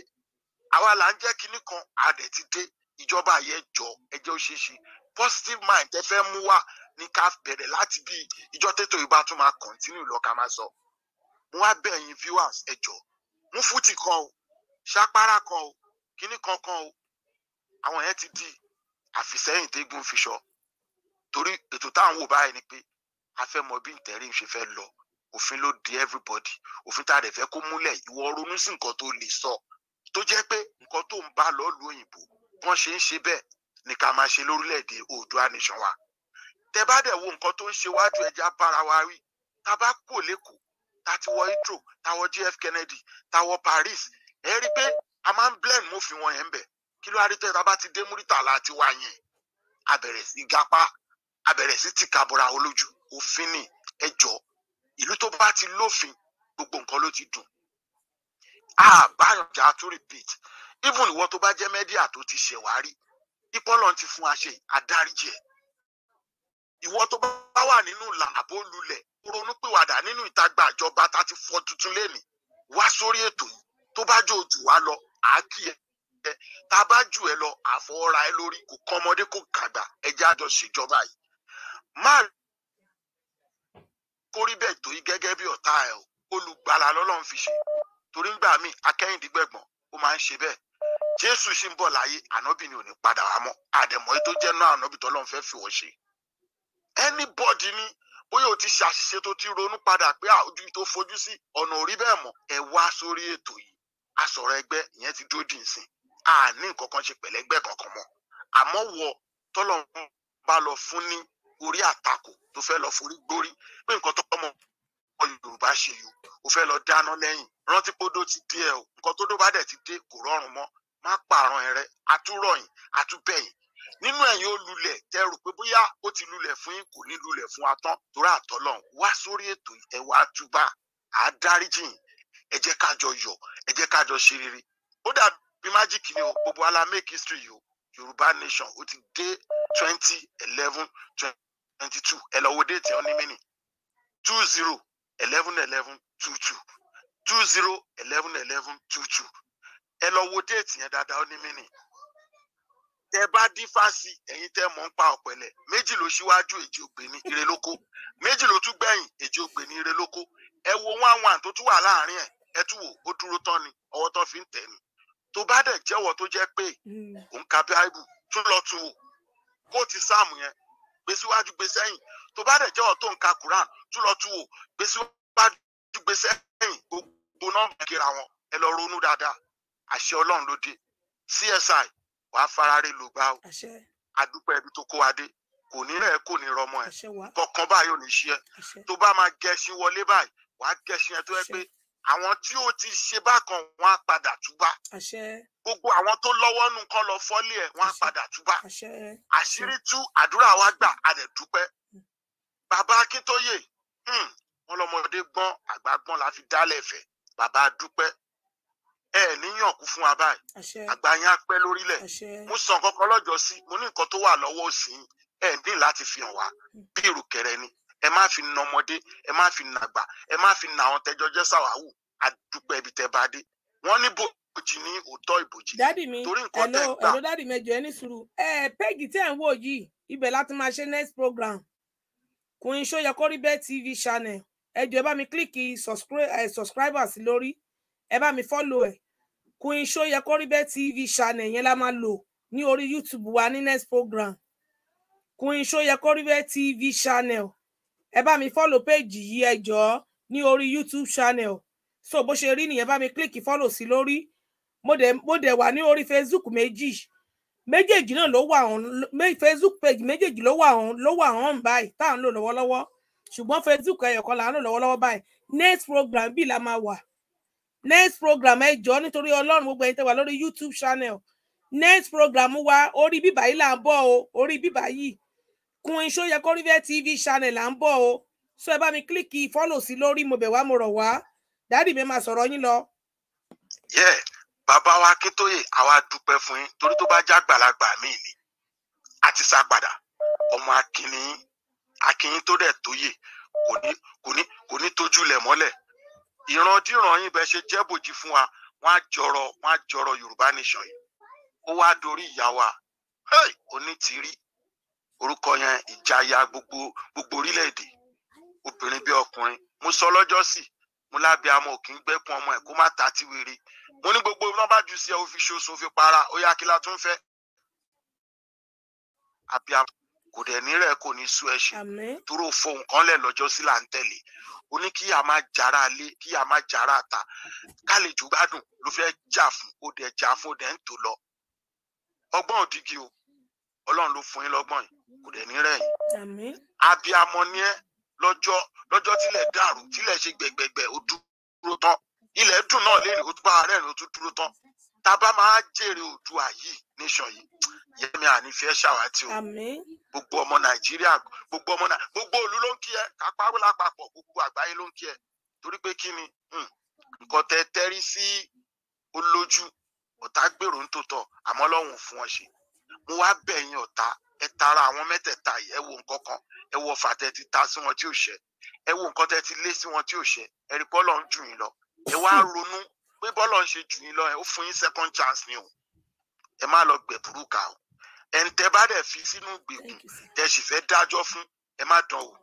àwa là ń jẹ́ kinní kan adẹ̀ ti dé ìjọba yẹn jọ ẹjẹ ó ṣeé positive mind ẹ fẹ́ mú wá ní ká bẹ̀rẹ̀ láti bí ìjọ tètò ìbá tún máa continue lọ ká máa sọ mo wá bẹ̀ yín viewers ẹ jọ mú fútì kan o ṣàpárá kan o kínní kan o àwọn yẹn ti di àfìsẹ́yìn tẹ́gùn fiṣọ torí ètò táwọn wò báyìí ni pé a fẹ́ mọ bí interim ṣe fẹ́ lọ òfin ló di everybody òfin tá a rẹ̀ fẹ́ kó múlẹ̀ ìwọ ronú sí nǹkan tó lè sọ tó jẹ́ pé nǹkan tó ń bá lọ́ọ́ lu bọ́n ṣe ń ṣe bẹ́ẹ̀ ni ká máa ṣe lórílẹ̀‐èdè oòdùà nation wa tẹ bá dẹ̀ wo nǹkan tó ń ṣe wájú ẹja bára wa rí tá bá kò lẹ́kọ̀ọ́ tá ti wọ Heathrow tá wọ JF Kennedy tá wọ Paris ẹ rí i pé a máa ń blend mọ́fin wọn yẹn ń bẹ̀ kí ló àrítọ́ ìta bá ti dé Muritala àti wá yẹn a bẹ̀rẹ̀ sí gapá a bẹ̀rẹ̀ sí tìkabọ̀ra olójú òfin ni ẹ ìlú tó bá ti lófin gbogbo nǹkan ló ti dùn àbáyọjà tó repeat even ìwọ tó bá jẹ́ mẹ́díà tó ti ṣèwárí ìpọ́lọ̀ ti fún aṣẹ àdáríjì ẹ̀ ìwọ tó bá wà nínú ìlànà bó lulẹ̀ ronúpìwàdà nínú ìtagbà ìjọba tá ti fọ́ tuntun lẹ́nìí wá sórí ètò yìí tó bá jò jù wá lọ àákì ẹ tá a bá jù ẹ lọ àfọwọ́ra ẹ lórí kò kọ́ ọmọdé kò kàgbà ẹjẹ́ àjọ ṣèjọba yìí má kórí bẹ́ẹ̀ tó yí gẹ́gẹ́ bí ọ̀tá ẹ olùgbàlà lọ́lọ́run fi ṣe torí ń gbà mí akẹ́yìndínlẹ́gbọ̀n ó máa ń ṣe bẹ́ẹ̀ jésù ṣì ń bọ̀ láyé ànábì ni ò ní padà wá mọ́ àdẹ̀mọ́ yìí tó jẹ́ náà ànábì tó lọ́n fẹ́ fi wọ́n ṣe anybody ni bóyá o ti ṣe àṣìṣe tó ti ronú padà pé àwùjọ tó fojú sí ọ̀nà orí bẹ́ẹ̀ mọ̀ ẹ wá sórí ètò yìí asọ̀rọ̀ ẹgbẹ́ ìyẹn ti dúró dì í a ní nǹkan kan ṣe pẹ̀lẹ́ ẹgbẹ́ kankan mọ́ àmọ́ wọ tọ́lọ̀ ń bá lọ fún ní orí àtakò tó fẹ́ lọ forí gbórí pé nǹkan tó mọ ọmọ yorùbá ṣe yìí o fẹ́ lọ dáná lẹ́yìn rántí pé odó ti dé ẹ o nǹkan tó dó bá dẹ̀ ti dé kò rọrùn mọ́ má pààrọ̀ ẹ̀rẹ́ àtúrọ̀yìn àtúbẹ̀yìn nínú ẹ̀yin olùlẹ̀ tẹ rò pé bóyá ó ti lulẹ̀ fún yín kò ní lulẹ̀ fún wa tán torí àtọ́lọ́hún wá sórí ètò ẹ wá túbà á dáríjì yín ẹ jẹ́ ṣe rere ó dàbí májíkì ni o gbogbo ala make history o yorùbá nation ó ti dé twenty eleven twenty two ẹ lọ wo déètì ọ́ ní mẹ́nì two zero eleven eleven two two two zero eleven eleven two two ẹ lọ wo déètì yẹn dáadáa ó ní mí nì tẹ bá dífá sí ẹ̀yin tẹ mọ̀ ń pa ọ̀pẹ̀lẹ̀ méjì ló ṣíwájú èjì ògbéni ire lóko méjì ló tún gbẹ̀yìn èjì ògbéni ire lóko ẹ wo one one tó tún wà láàárín ẹ ẹ tún wò ó dúró tán ni ọwọ́ tán fi ń tẹ̀ ni tó bá dẹ̀ jẹ́wọ́ tó jẹ́ pé hmm. òun ka bíáìbù tún lọ tún wò kó ti sáàmù yẹn gbé síwájú gbé sẹ́yìn tó bá dẹ̀ jẹ́wọ́ tó ń ka quran tún lọ tún wò gbé síwájú gbé sẹ́yìn gbogbo náà kira wọn ẹ lọ ronú dáadáa àṣẹ ọlọ́run ló dé csi wàá farare ló gbá o àdúpẹ́ ibi tó kó wa dé kò ní rẹ̀ kò ní rọmọ ẹ̀ kọ̀ọ̀kan báyìí ò ní ṣe ẹ́ tó bá máa gẹṣin wọlé báyìí wàá gẹṣin ẹ tó yẹ pé àwọn tí ó ti ṣe bákan wọn á padà túbá gbogbo àwọn tó lọ́wọ́ nù kán lọ fọ́lé ẹ̀ wọn á padà túbá àṣírí tú àdúrà wa gbà a dẹ̀ hmm. bàbá akíntóyè hmm, wọn lọmọdé gbọ́n àgbà gbọ́n la fi dálẹ̀ fẹ́ bàbá dúpẹ́ ẹ níyàn kú fún wa báyìí àgbà yẹn á pẹ́ lórílẹ̀ mo sọ nǹkan kan lọ́jọ́ sí mo ní nǹkan tó wà lọ́wọ́ òsì yín ẹ ní láti fi hàn wá hmm. bí ìrùkẹ̀rẹ̀ ni ẹ má fi na ọmọdé ẹ má fi nàgbà ẹ má fi nà àwọn tẹjọ jẹ sàwáwù àdúpẹ́ ibi tẹ bá dé wọ́n ní bòjì ní òótọ́ ìbòjì torí nǹkan tẹ gbà. ẹ̀ló dádì mẹjọ ẹ ní sùúrù ẹ pẹ́ẹ́gì tẹ́ ń wò yìí ibẹ̀ láti máa ṣe next program Queen Soyekori bẹ́ẹ̀ TV channel ẹ jọ̀ọ́ ẹ bá mi kílíkì subscribe sí lórí ẹ bá mi fọ́lọ̀ ẹ̀ Queen Soyẹ Koribe TV channel yẹn la máa lò ní orí YouTube wa ní next program Queen Soyẹ Koribe TV channel ẹ bá mi fọ́lọ̀ péjì yìí ẹ jọ̀ọ́ ní orí YouTube channel so bó ṣe rí nìyẹn bá mi kílíkì fọ́lọ̀ sí lórí mo dẹ̀ mo dẹ̀ wà ní orí Facebook méjì méjèèjì náà ló wà ọ̀hún Facebook page méjèèjì ló wà ọ̀hún ló wà ọ̀hún báyìí tá à ń lò lọ́wọ́lọ́wọ́ ṣùgbọ́n Facebook ẹyọ̀kan là ń lò lọ́wọ́lọ́wọ́ báyìí next program bíi la máa wà next program ẹ jọ nítorí Ọlọ́run gbogbo ẹ̀yin tẹ́ wà lórí YouTube channel next program wa orí bíbá yìí là ń bọ̀ o orí bíbá yìí Queen Soyekorive TV channel là ń bọ̀ o so ẹ bá mi kílíkì follow sí lórí mo bẹ̀ wá mo rọ̀ wá dáàdì mi máa sọ̀rọ̀ yín lọ. yẹ bàbá wa Akíntóyè àwa dúpẹ́ fún yín torí tó bá já gbàlagbà mí ni a ti sá padà ọmọ akínní akínní tó dẹ̀ tó kò ní kò ní kò ní tójú lẹ̀ mọ́lẹ̀ ìrandíran yín bẹ ṣe jẹ́ fún wa wọ́n á jọrọ wọ́n yorùbá nation yìí ó wá dorí ìyá wa onítìrí orúkọ yẹn ìjayà gbogbo gbogbo orílẹ̀-èdè obìnrin bí ọkùnrin mo sọ lọ́jọ́ sí mo lábẹ́ amọ̀ kì í gbẹ́kun ọmọ ẹ̀ kó má ta ti wèrè mo ní gbogbo iná bá jù sí ẹ ó fi ṣoṣo fi para ó yá kí la tún fẹ́ àbí kò dẹ̀ ní rẹ̀ kò ní sú ẹ ṣe torí ó fọ nǹkan lẹ̀ lọ́jọ́ sí là ń tẹ̀lé ó ní kí a máa jàrá lé kí a máa jàrá ta kálejò gbádùn ló fẹ́ jà fún ó dẹ̀ jà fún ó dẹ̀ ń tò lọ ọgbọ́n òdìgí o ọlọ́run ló fún yín lọ́gbọ́n yìí kò dẹ̀ ní rẹ̀yìn abiamọ ni ẹ lọ́jọ́ lọ́jọ́ tílẹ̀ dàrú tílẹ̀ ṣe gbẹ̀gbẹ̀gbẹ̀ ó dúró tán ilẹ̀ dùn náà lẹ́nu ó tún bá ara ó tún dúró tán tá a bá máa jèrè Oòduà yìí nation yìí yẹmi àní fẹ́ ṣàwátì o gbogbo ọmọ nàìjíríà gbogbo ọmọ nàìjíríà gbogbo òlu ló ń kí ẹ kápáwó lápapọ̀ gbogbo àgbáyé ló ń kí ẹ torí pé kí ni hmm. nǹkan tẹ tẹ́rí sí olójú ọ̀tá gbèrò ń tòótọ́ àmọ́ lọ́hùn fún ọ ṣe mo wá bẹ̀yìn ọ̀tá ẹ tara àwọn mẹ́tẹ̀ẹ̀ta yìí ẹ wo nǹkan kan ẹ wo ọ̀fà tẹ ti ta sí wọn tí ò ṣẹ ẹ wo nǹkan tẹ ti lé sí wọn tí ò ṣẹ ẹ rí bọ́ọ̀lù ń jù yín lọ ẹ wá ronú pé bọ́ọ̀lù ń ṣe jù yín lọ ẹ ó fún yín second chance ni o ẹ má lọ gbẹ̀bùrú kà ó ẹ̀ǹtẹ́ bá dẹ̀ fi sínú gbèkùn tẹ̀ sì fẹ́ dájọ́ fún ẹ má dán o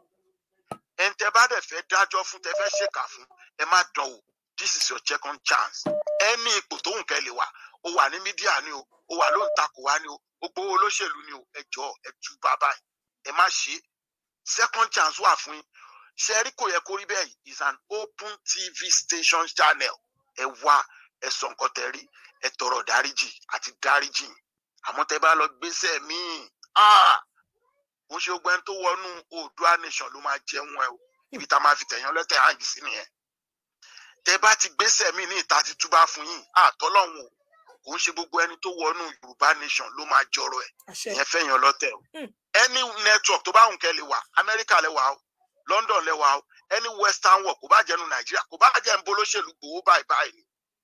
ẹ̀ǹtẹ́ bá dẹ̀ fẹ́ dájọ́ fún tẹ̀ fẹ́ ṣèkà fún ẹ má dán o this is your second chance ẹni ipò tó ń kẹlẹ̀ wà ó wà ní mídíà ni o ó wà ló ń takò wá ni o ó gbowó olóṣèlú ni o ẹ jọ ẹ tú bàbá ẹ má ṣe second chance wà fún yín ṣẹ́rí kò yẹ kó rí bẹ́ẹ̀ is an open tv station channel ẹ wá ẹ sọ nǹkan rí ẹ tọrọ dáríjì àti dáríjì àmọ́ tẹ́ bá lọ gbèsè míì ó ṣe ogun ẹni tó wọnú oòdùà nation ló máa jẹun ẹ o ibi tá a máa fi tẹ̀yàn lẹ́tẹ̀ hàn sí nìyẹn tẹ́ bá ti gbèsè míì ní ìta ti túbá fún yín àtọ́lọ́hún o kò ń ṣe gbogbo ẹni tó wọnú yorùbá nation ló máa jọrọ ẹ ìyẹn fẹyàn lọtẹ o hmm. any network tó bá wùn kẹ́ lè wà amẹ́ríkà lè o london lè o any western world kò bá jẹnu nàìjíríà kò bá jẹ ń bolóṣèlú gbowó báyìí báyìí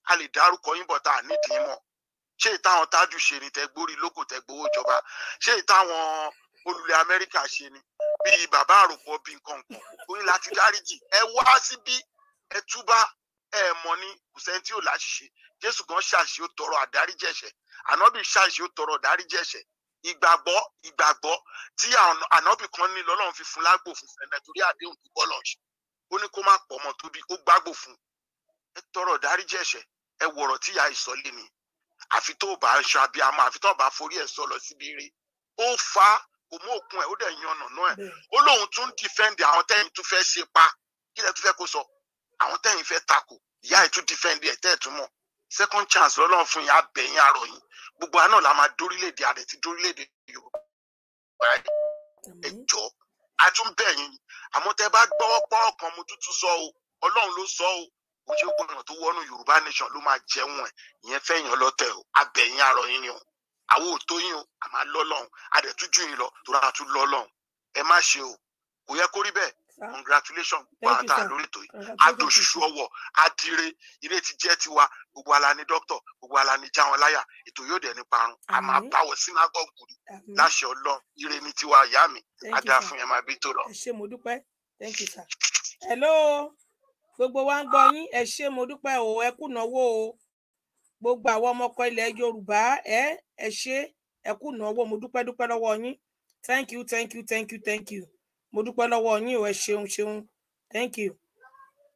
a lè dárúkọ yín bọ̀ tá a nídìí mọ̀ ṣé ìtàwọn tájú ṣe ni tẹ gbórí lóko tẹ gbowó ìjọba ṣé ìtàwọn olùlẹ̀ amẹ́ríkà ṣe ni bíi bàbá àròpọ̀ bíi nǹkan kan oyin láti dáríjì ẹ wá síbí ẹ túbá ẹ mọ̀ ni kò sẹ́ni tí ò láṣìṣe jésù gan ṣàṣì ó tọrọ àdáríjì ẹ̀ṣẹ̀ ànábì ṣàṣì ó tọrọ àdáríjì ẹ̀ṣẹ̀ ìgbàgbọ́ ìgbàgbọ́ tí ànábì kan ní lọ́lọ́run fi fún lágbo fún fẹ́ẹ́ nàìjíríà déhùn tó bọ́ lọ́ọ̀ṣì ó ní kó má pọ̀ mọ́ tóbi ó gbàgbọ́ ẹ tọrọ dáríjì ẹ̀ṣẹ̀ ẹ wọ̀rọ̀ tí ìyá ìsọlé ni àfi tó bá aṣọ abiyamọ àfi tó bá forí ẹ̀ sọ lọ síbi rí ó fa kò mú òkun ẹ̀ ó dẹ̀ yan ọ̀nà náà ẹ̀ ó lóun tún dìfẹ́ǹdì àwọn tẹ́yìn tún fẹ́ ṣe pa kí lẹ́ tún fẹ́ kó sọ àwọn tẹ́yìn fẹ́ takò ìyá ẹ̀ tún dìfẹ́ǹdì ẹ̀ tẹ́ẹ̀ tún mọ̀ second chance lọ́lọ́run fún yín abẹ̀yìn arọ̀ yín gbogbo àná la máa dórílẹ̀-èdè àrẹ ti dórílẹ̀-èdè yorùbá ẹ jọ a tún bẹ̀yìn àmọ́ tẹ́ bá gbọ́wọ́ pọ́ọ̀kan mo tútù sọ o ọlọ́run ló sọ o ojú gbọ̀nà tó wọ́nú yorùbá nation ló máa jẹun ẹ̀ ìyẹn fẹ́yàn lọ́tẹ̀ o abẹ̀yìn arọ yín ni o àwo tó yín o a máa lọ́lọ́hún a dẹ̀ tún jù yín lọ tó rárá tún lọ́lọ́hún ẹ má ṣe o kò yẹ kó rí bẹ́ẹ̀ congratulation pàtà lórí ètò yìí adòṣùṣù ọwọ́ adire ilé ti jẹ́ tiwa gbogbo ala ni dókítà gbogbo ala ni jáwọn láyà ètò yóò dẹ̀ ní parun a máa báwọ̀ sínágọ́gù rí láṣẹ ọlọ́ ire ni tiwa ìyá mi adá fún yẹn máa bí tó lọ. ẹ ṣé mo dúpẹ́ thank you sir. hello gbogbo wa ń gbọ́ yín ẹ ṣé mo dúpẹ́ o ẹ kùnàwó o gbogbo àwọn ọmọkọ ilẹ̀ yorùbá ẹ ẹ ṣé ẹ kùnàwó mo dúpẹ́ dúpẹ́ lọ́wọ́ yín thank you thank you thank you thank you mo dúpẹ́ lọ́wọ́ yín o ẹ ṣeun ṣeun thank you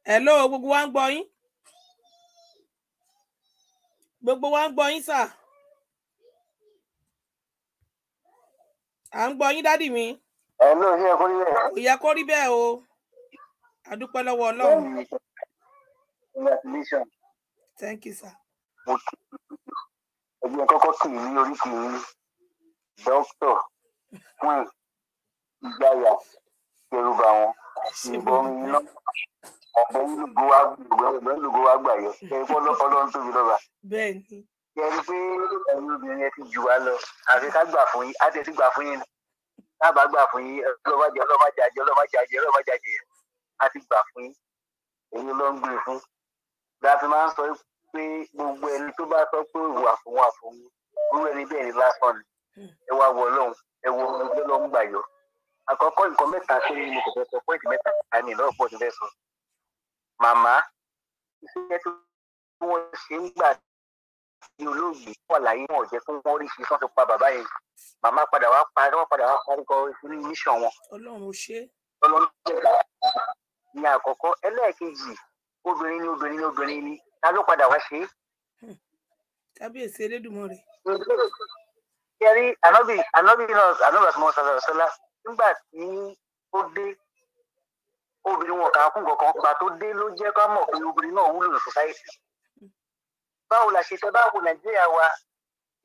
hello gbogbo wa ń gbọ́ yín gbogbo wa ń gbọ́ yín sà à ń gbọ́ yín dádì mi. ẹ ló ṣe kó rí bẹ́ẹ̀. kò kó rí bẹ́ẹ̀ o adúpẹ́ lọ́wọ́ ọlọ́run. congratulations. thank you sir. mo kí ẹgbẹ́ kọ́kọ́ kì í ní oríkì yín dókítà queen ìgbáyà yorùbá wọn ìbọn iná ọ̀bẹ ìlúgbó wa ọ̀bẹ ìlúgbó wa gbà yẹ ẹ fọlọ́ ọlọ́run tóbi lọ́ba. bẹ́ẹ̀ni. yẹri pé ẹ̀yin obìnrin yẹn ti jù wá lọ àfi ká gbà fún yín á tẹ̀ sí gbà fún yín náà bá gbà fún yín ọlọ́wájà ọlọ́wájà jẹ ọlọ́wájà jẹ ọlọ́wájà jẹ a ti gbà pé èyí ló ń gbé e fún láti máa ń sọ pé gbogbo ẹni tó bá sọ pé ìwà fòun àfòun irú ẹni bẹ́ẹ̀ ni lásán ni ẹ wá wọ ọlọ́run ẹ wọ ọmọ ẹgbẹ́ lọ́n gbà yọ àkọ́kọ́ nǹkan mẹ́ta tó ní mo kò fẹ́ sọ pọ́ìntì mẹ́ta àmì lọ́rọ̀ pọ̀ tó fẹ́ sọ màmá iṣẹ́ tí wọ́n ṣe ń gbà tí olóògbé wà láyé wọn ò jẹ́ kí wọ́n rí ṣiṣán tó pa bàbá yẹn màmá padà wá parí wọ́n padà wá parí kọ́ ìṣúrí mission wọn. ọlọ́run ṣe. ọlọ́run ṣe ìyẹn àkọ́kọ́ ẹlẹ́ẹ̀kejì obìnrin ni obìnrin ni obìnrin ni ta ló padà wá ṣe é. kábíyèsí elédùnmọ̀rẹ́. yẹrí ànábì ànábì náà ànábì àti mọ́sálà ọ̀sọ́lá nígbà tí ó dé obìnrin wọn kà á kún kankan gbà tó dé ló jẹ́ ká mọ̀ pé obìnrin náà wúlò ní sọ́sáìtì. báwo la ṣe tẹ báwo nàìjíríà wa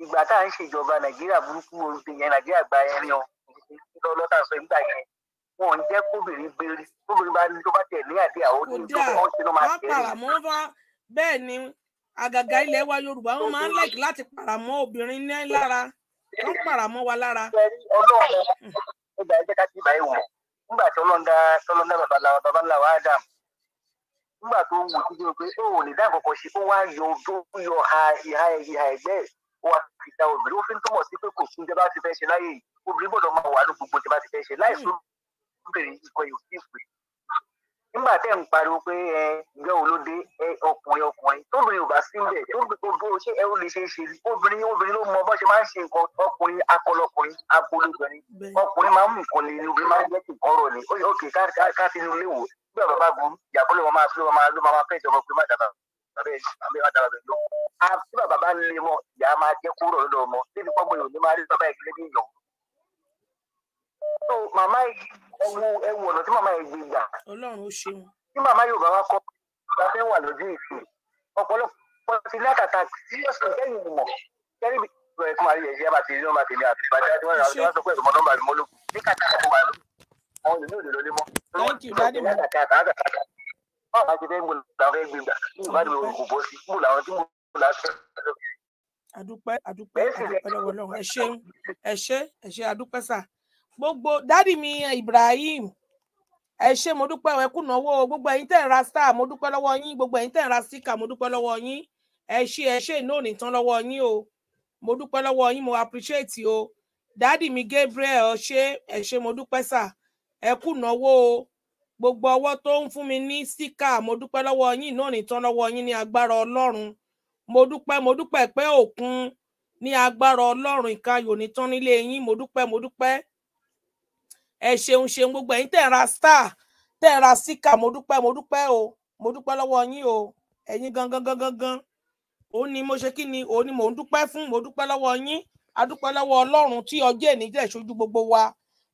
ìgbà tá à ń ṣèjọba nàìjíríà burúkú orí ti yẹn nàìjíríà gba ẹrin ọ wọn ò jẹ́ kóbìnrin béèrè kóbìnrin bá ní tó bá tẹ̀ ní àdé àwọn ní tó bá ṣe ló máa tẹ̀ ẹ́. paramọ́ bá bẹ́ẹ̀ ni àgàgà ilẹ̀ wa yorùbá wọn máa ń like láti paramọ́ obìnrin ní lára wọn paramọ́ wa lára. ọlọ́run ẹgbẹ́ ẹjẹ́ ká sí ìbáyé wọn nígbà tí ọlọ́run dá ọlọ́run dá babaláwa babaláwa adam nígbà tó wù sí pé pé ó lè dá nǹkan kan ṣe ó wá yọ odó yọ ha ìhà ìhà ẹgbẹ́ ẹ̀ ó wá fi ta obìnrin ó fi ń túmọ̀ sí pé kò sí ìjọba ti fẹ́ ṣe láyé obìnrin gbọ́dọ̀ máa wà ní gbogbo ìjọba ti fẹ́ ṣe láì hmm. sóbi bèrè ìkọyọ̀ fífi nígbà tẹ́ ń pariwo pé ẹ ìyá olóde ẹ ọkùnrin ọkùnrin tóbìnrin ò bá sí ń bẹ̀ gbogbo ṣé ẹ ó lè ṣe é ṣe obìnrin obìnrin ló mọ bó ṣe máa ń ṣe nǹkan ọkùnrin akọlọkùnrin abolobìnrin ọkùnrin máa ń mú nǹkan lè ní obìnrin máa ń jẹ́ kí nǹkan rọ̀ ní oye òkè ká sínú ilé wò bí ọ̀bà bá gun ìyàbọ̀ ló máa ló máa ló máa fẹ́ ìjọba pé má dàbà bẹ́ẹ̀ àmì má dàbà bẹ́ẹ̀ lọ. àti bàbá bá ń lé mọ ìyá máa jẹ́ kúrò lọ́dọ̀ ọmọ so màmá ẹwu ẹwu ọ̀nà tí màmá yẹn gbé gbà. ọlọ́run ó ṣeun. tí màmá yorùbá wa kọ́ bá fẹ́ wà lójú ìsìn ọ̀pọ̀lọpọ̀ ti lákàtà síríọ̀sì lẹ́yìn ìmọ̀ kẹ́rì bí ìgbà ẹ̀kọ́ máa rí ẹ̀jẹ̀ bá ti rí nọ́mbà tèmi àti ìbàdàn tí wọ́n rà wọ́n sọ pé ẹ̀kọ́ nọ́mbà mi mọ́ ló ní kàtà àti wà ló àwọn ìlú òde lórí mọ́. lọ́wọ́ ẹ ṣeun ẹ ṣe ẹ ṣe adúpẹ́ sáà gbogbo dádì mi Ibrahim ẹ ṣé mo dúpẹ́ ẹ kùnàwó gbogbo ẹ̀yin tẹ́ ń ra star mo dúpẹ́ lọ́wọ́ yín gbogbo ẹ̀yin tẹ́ ń ra sticker mo dúpẹ́ lọ́wọ́ yín ẹ ṣé ẹ ṣé ìnáwó nìtàn lọ́wọ́ yín o mo dúpẹ́ lọ́wọ́ yín mo appreciate o dádì mi Gabriel ṣé ẹ ṣé mo dúpẹ́ sà ẹ kùnàwó o gbogbo ọwọ́ tó ń fún mi ní sticker mo dúpẹ́ lọ́wọ́ yín ìnáwó nìtàn lọ́wọ́ yín ní agbára Ọlọ́run mo dúpẹ́ mo dúpẹ́ pé òkun ní agbára Ọlọ́run ìkayò nìtàn nílé yín mo dúpẹ́ mo dúpẹ́ ẹ ṣeun ṣeun gbogbo ẹ̀yin tẹ́ ń ra star tẹ́ ra síkà mo dúpẹ́ mo dúpẹ́ o mo dúpẹ́ lọ́wọ́ yín o ẹ̀yin gangan gangan gan òun ni mo ṣe kí ni òun ni mò ń dúpẹ́ fún mo dúpẹ́ lọ́wọ́ yín a dúpẹ́ lọ́wọ́ Ọlọ́run tí ọjọ́ èní jẹ́ ìṣojú gbogbo wa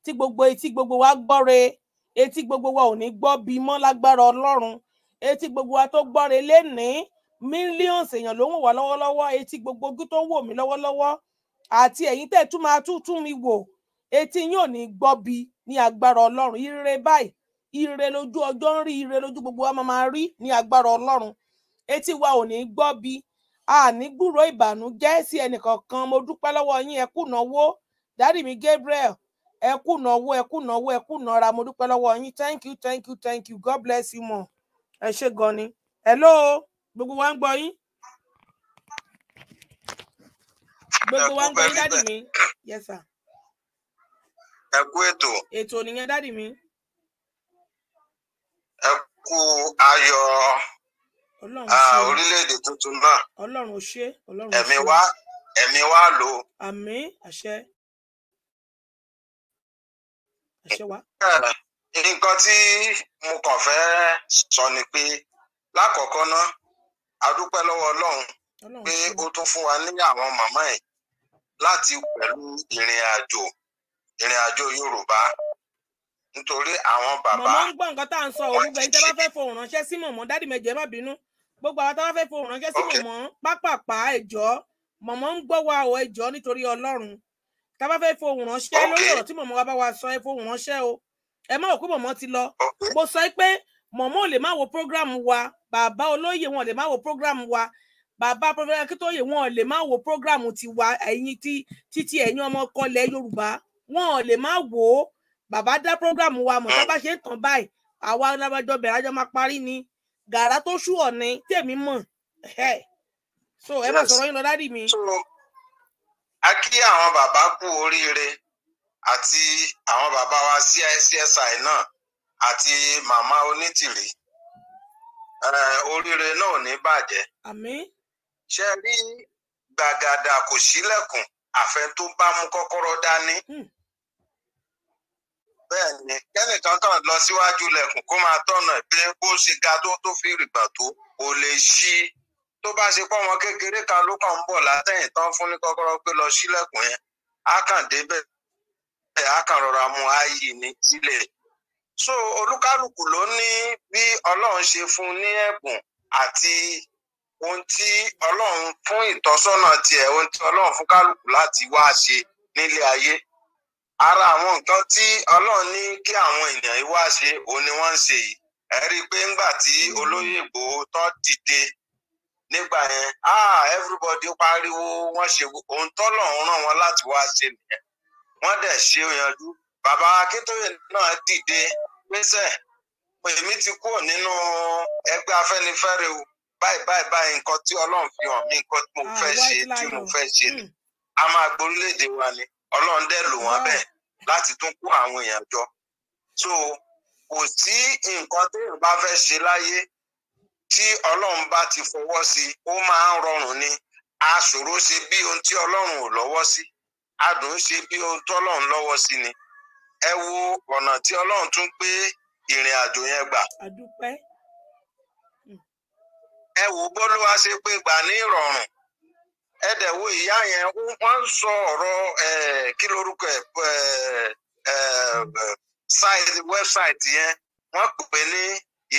tí gbogbo etí gbogbo wa gbọ́re etí gbogbo wa ò ní gbọ́ bí mọ́ lágbára Ọlọ́run etí gbogbo wa tó gbọ́re lénìí mílíọ̀nsì èèyàn ló ń wò wá lọ́wọ́lọ́wọ́ etí gbogbo ojú tó wò mí lọ́wọ́lọ́wọ́ àti ẹ̀yin tẹ̀ tún máa tún tún mi wò etí yín ò ní gbọ́ bí ní agbára ọlọ́run ire báyìí ire lójú ọjọ́ ń rí ire lójú gbogbo wa máa rí ní agbára ọlọ́run etí wa ò ní gbọ́ bí àní gbúrò ìbànújẹ́ sí ẹnìkankan mo dúpẹ́ lọ́wọ́ yín ẹ náwó dádì mi Gabriel ẹ kú náwó ẹ kú náwó ẹ nara mo dúpẹ́ lọ́wọ́ yín thank you thank you thank you God bless you more ẹ ṣé gan ni hello gbogbo wa ń gbọ́ yín gbogbo wa ń gbọ́ yín dádì mi yes sir ẹ kú ètò. ètò nìyẹn dádì mi. ẹ kú ayọ̀ orílẹ̀-èdè tuntun náà. ọlọ́run ò ṣe ọlọ́run ò ṣe. ẹ̀mí wá ẹ̀mí wá lò. àmín àṣẹ. àṣẹ wa. nǹkan tí mo kàn fẹ́ sọ ni pé lákọ̀ọ́kọ́ ná a dúpẹ́ lọ́wọ́ ọlọ́run pé ó tún fún wa ní àwọn màmá ẹ̀ láti pẹ̀lú ìrìn àjò ìrìn àjò yorùbá nítorí àwọn bàbá. màmá ń gbọ́ nǹkan tá à ń sọ òun gbogbo ẹni tẹ́ bá fẹ́ fohùn ránṣẹ́ sí mọ̀mọ́ dádì mẹ́jẹ̀ má bínú gbogbo àwọn tá bá fẹ́ fohùn ránṣẹ́ sí mọ̀mọ́ pápápá ẹ̀jọ́ mọ̀mọ́ ń gbọ́ wa o ẹ̀jọ́ nítorí ọlọ́run tá bá fẹ́ fohùn ránṣẹ́ lórí ọ̀rọ̀ tí mọ̀mọ́ wa bá wa sọ ẹ fohùn ránṣẹ́ o ẹ má wò pé mọ̀mọ́ ti lọ mo sọ pé mọ̀mọ́ ò lè má wo program wa bàbá olóyè wọn ò lè má wo program wa bàbá pọfẹ́sọ̀ Akíntóyè wọn ò lè má wo program tiwa ẹ̀yin tí títí ẹ̀yin ọmọ kọlẹ̀ Yorùbá wọn ò lè má wò ó bàbá dá program wa mọ̀ tá bá ṣe ń tàn báyìí àwa ọlábàjọ bẹ̀rẹ̀ àjọ máa parí ni gàrà tó ṣú ọ̀nì tèmi mọ̀ so ẹ má sọ̀rọ̀ yín lọ dádì mi. a kí àwọn bàbá kú oríire àti àwọn bàbá wa CSI náà àti màmá onítìrí oríire náà ò ní bàjẹ́. àmín. ṣe rí gbàgàdà kò sílẹ̀kùn àfẹn tó bá mú kọ́kọ́rọ́ dání. Hmm bẹ́ẹ̀ni kẹ́nìkan kan lọ síwájú lẹ̀kùn kó máa tọ̀nà pé bó ṣe ga tó tó fi rìgbà tó kò lè ṣí i tó bá ṣe pọ́ ọmọ kékeré kan ló kàn ń bọ̀ látẹ̀yìn tán fún ní kọ́kọ́rọ́ pé lọ sílẹ̀kùn yẹn á kàn débẹ̀ á kàn rọra mu ààyè ní sílẹ̀ so olúkálùkù ló ní bí ọlọ́run ṣe fún ní ẹ̀bùn àti ohun tí ọlọ́run fún ìtọ́sọ́nà tiẹ̀ ohun tí ọlọ́run fún kálùkù láti wá ṣe nílé ayé ara àwọn nǹkan tí ọlọ́run ní kí àwọn èèyàn yìí wá ṣe òun ni wọ́n ń ṣe yìí ẹ rí i pé ńgbà tí olóyè Ìgbòho tó dìde nígbà yẹn ah everybody pariwo wọ́n ṣe ohun tọ́lọ́run rán wọn láti wá ṣe nìyẹn wọ́n dẹ̀ ṣe yanjú bàbá Akíntóyè náà dìde pèsè èmi ti kúrò nínú ẹgbẹ́ Afẹ́nifẹ́re o báyìí báyìí báyìí nǹkan tí ọlọ́run fi hàn mí nǹkan tí mo fẹ́ ah, ṣe tí mo fẹ́ ṣe ni hmm. a máa gborílẹ̀-èdè wa ni ọlọ́run dẹ̀ lò wọ́n bẹ́ẹ̀ ah. láti tún kó àwọn èèyàn jọ so kò sí nǹkan téèyàn bá fẹ́ ṣe láyé tí ọlọ́run bá ti fọwọ́ sí i ó máa ń rọrùn ni a ṣòro ṣe bí ohun tí ọlọ́run ò lọ́wọ́ sí a dùn ṣe bí ohun tí ọlọ́run lọ́wọ́ sí ni ẹ wo ọ̀nà tí ọlọ́run tún gbé ìrìn àjò yẹn gbà. Hmm. ẹ wo bọ́lúwa ṣe pé gbà ní ìrọ̀rùn edewo ìyá yẹn wọ́n sọ ọrọ e, kí lorúkọ ẹ̀ e, e, wẹbsáìtì yẹn wọ́n pè ní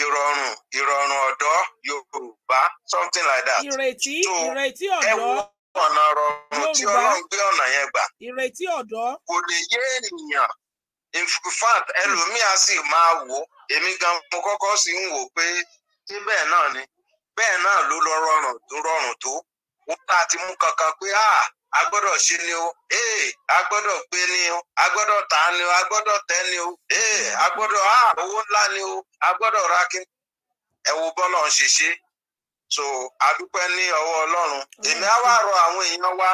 ìrọ̀rùn ìrọ̀rùn ọ̀dọ́ yorùbá something like that. ireti ireti ọdọ. yorùbá ọ̀nà rọrùn tí ọlọ́run gbé ọ̀nà yẹn gbà. ìrètí ọ̀dọ́. kò lè yé ènìyàn in fact ẹlòmíà sì máa wò èmi gan mo kọ́kọ́ sì ń wò pé ṣé bẹ́ẹ̀ náà ni bẹ́ẹ̀ náà ló lọ rọrùn tó rọrùn tó wọn tá a ti mú kankan pé a a gbọ́dọ̀ ṣe ni o ee a gbọ́dọ̀ ni o a ta ni o a tẹ ni o ee a a owó ńlá ni o a gbọ́dọ̀ ra kí ẹ wo ń ṣe so a dúpẹ́ ní ọwọ́ Ọlọ́run èmi á wá rọ àwọn èèyàn wa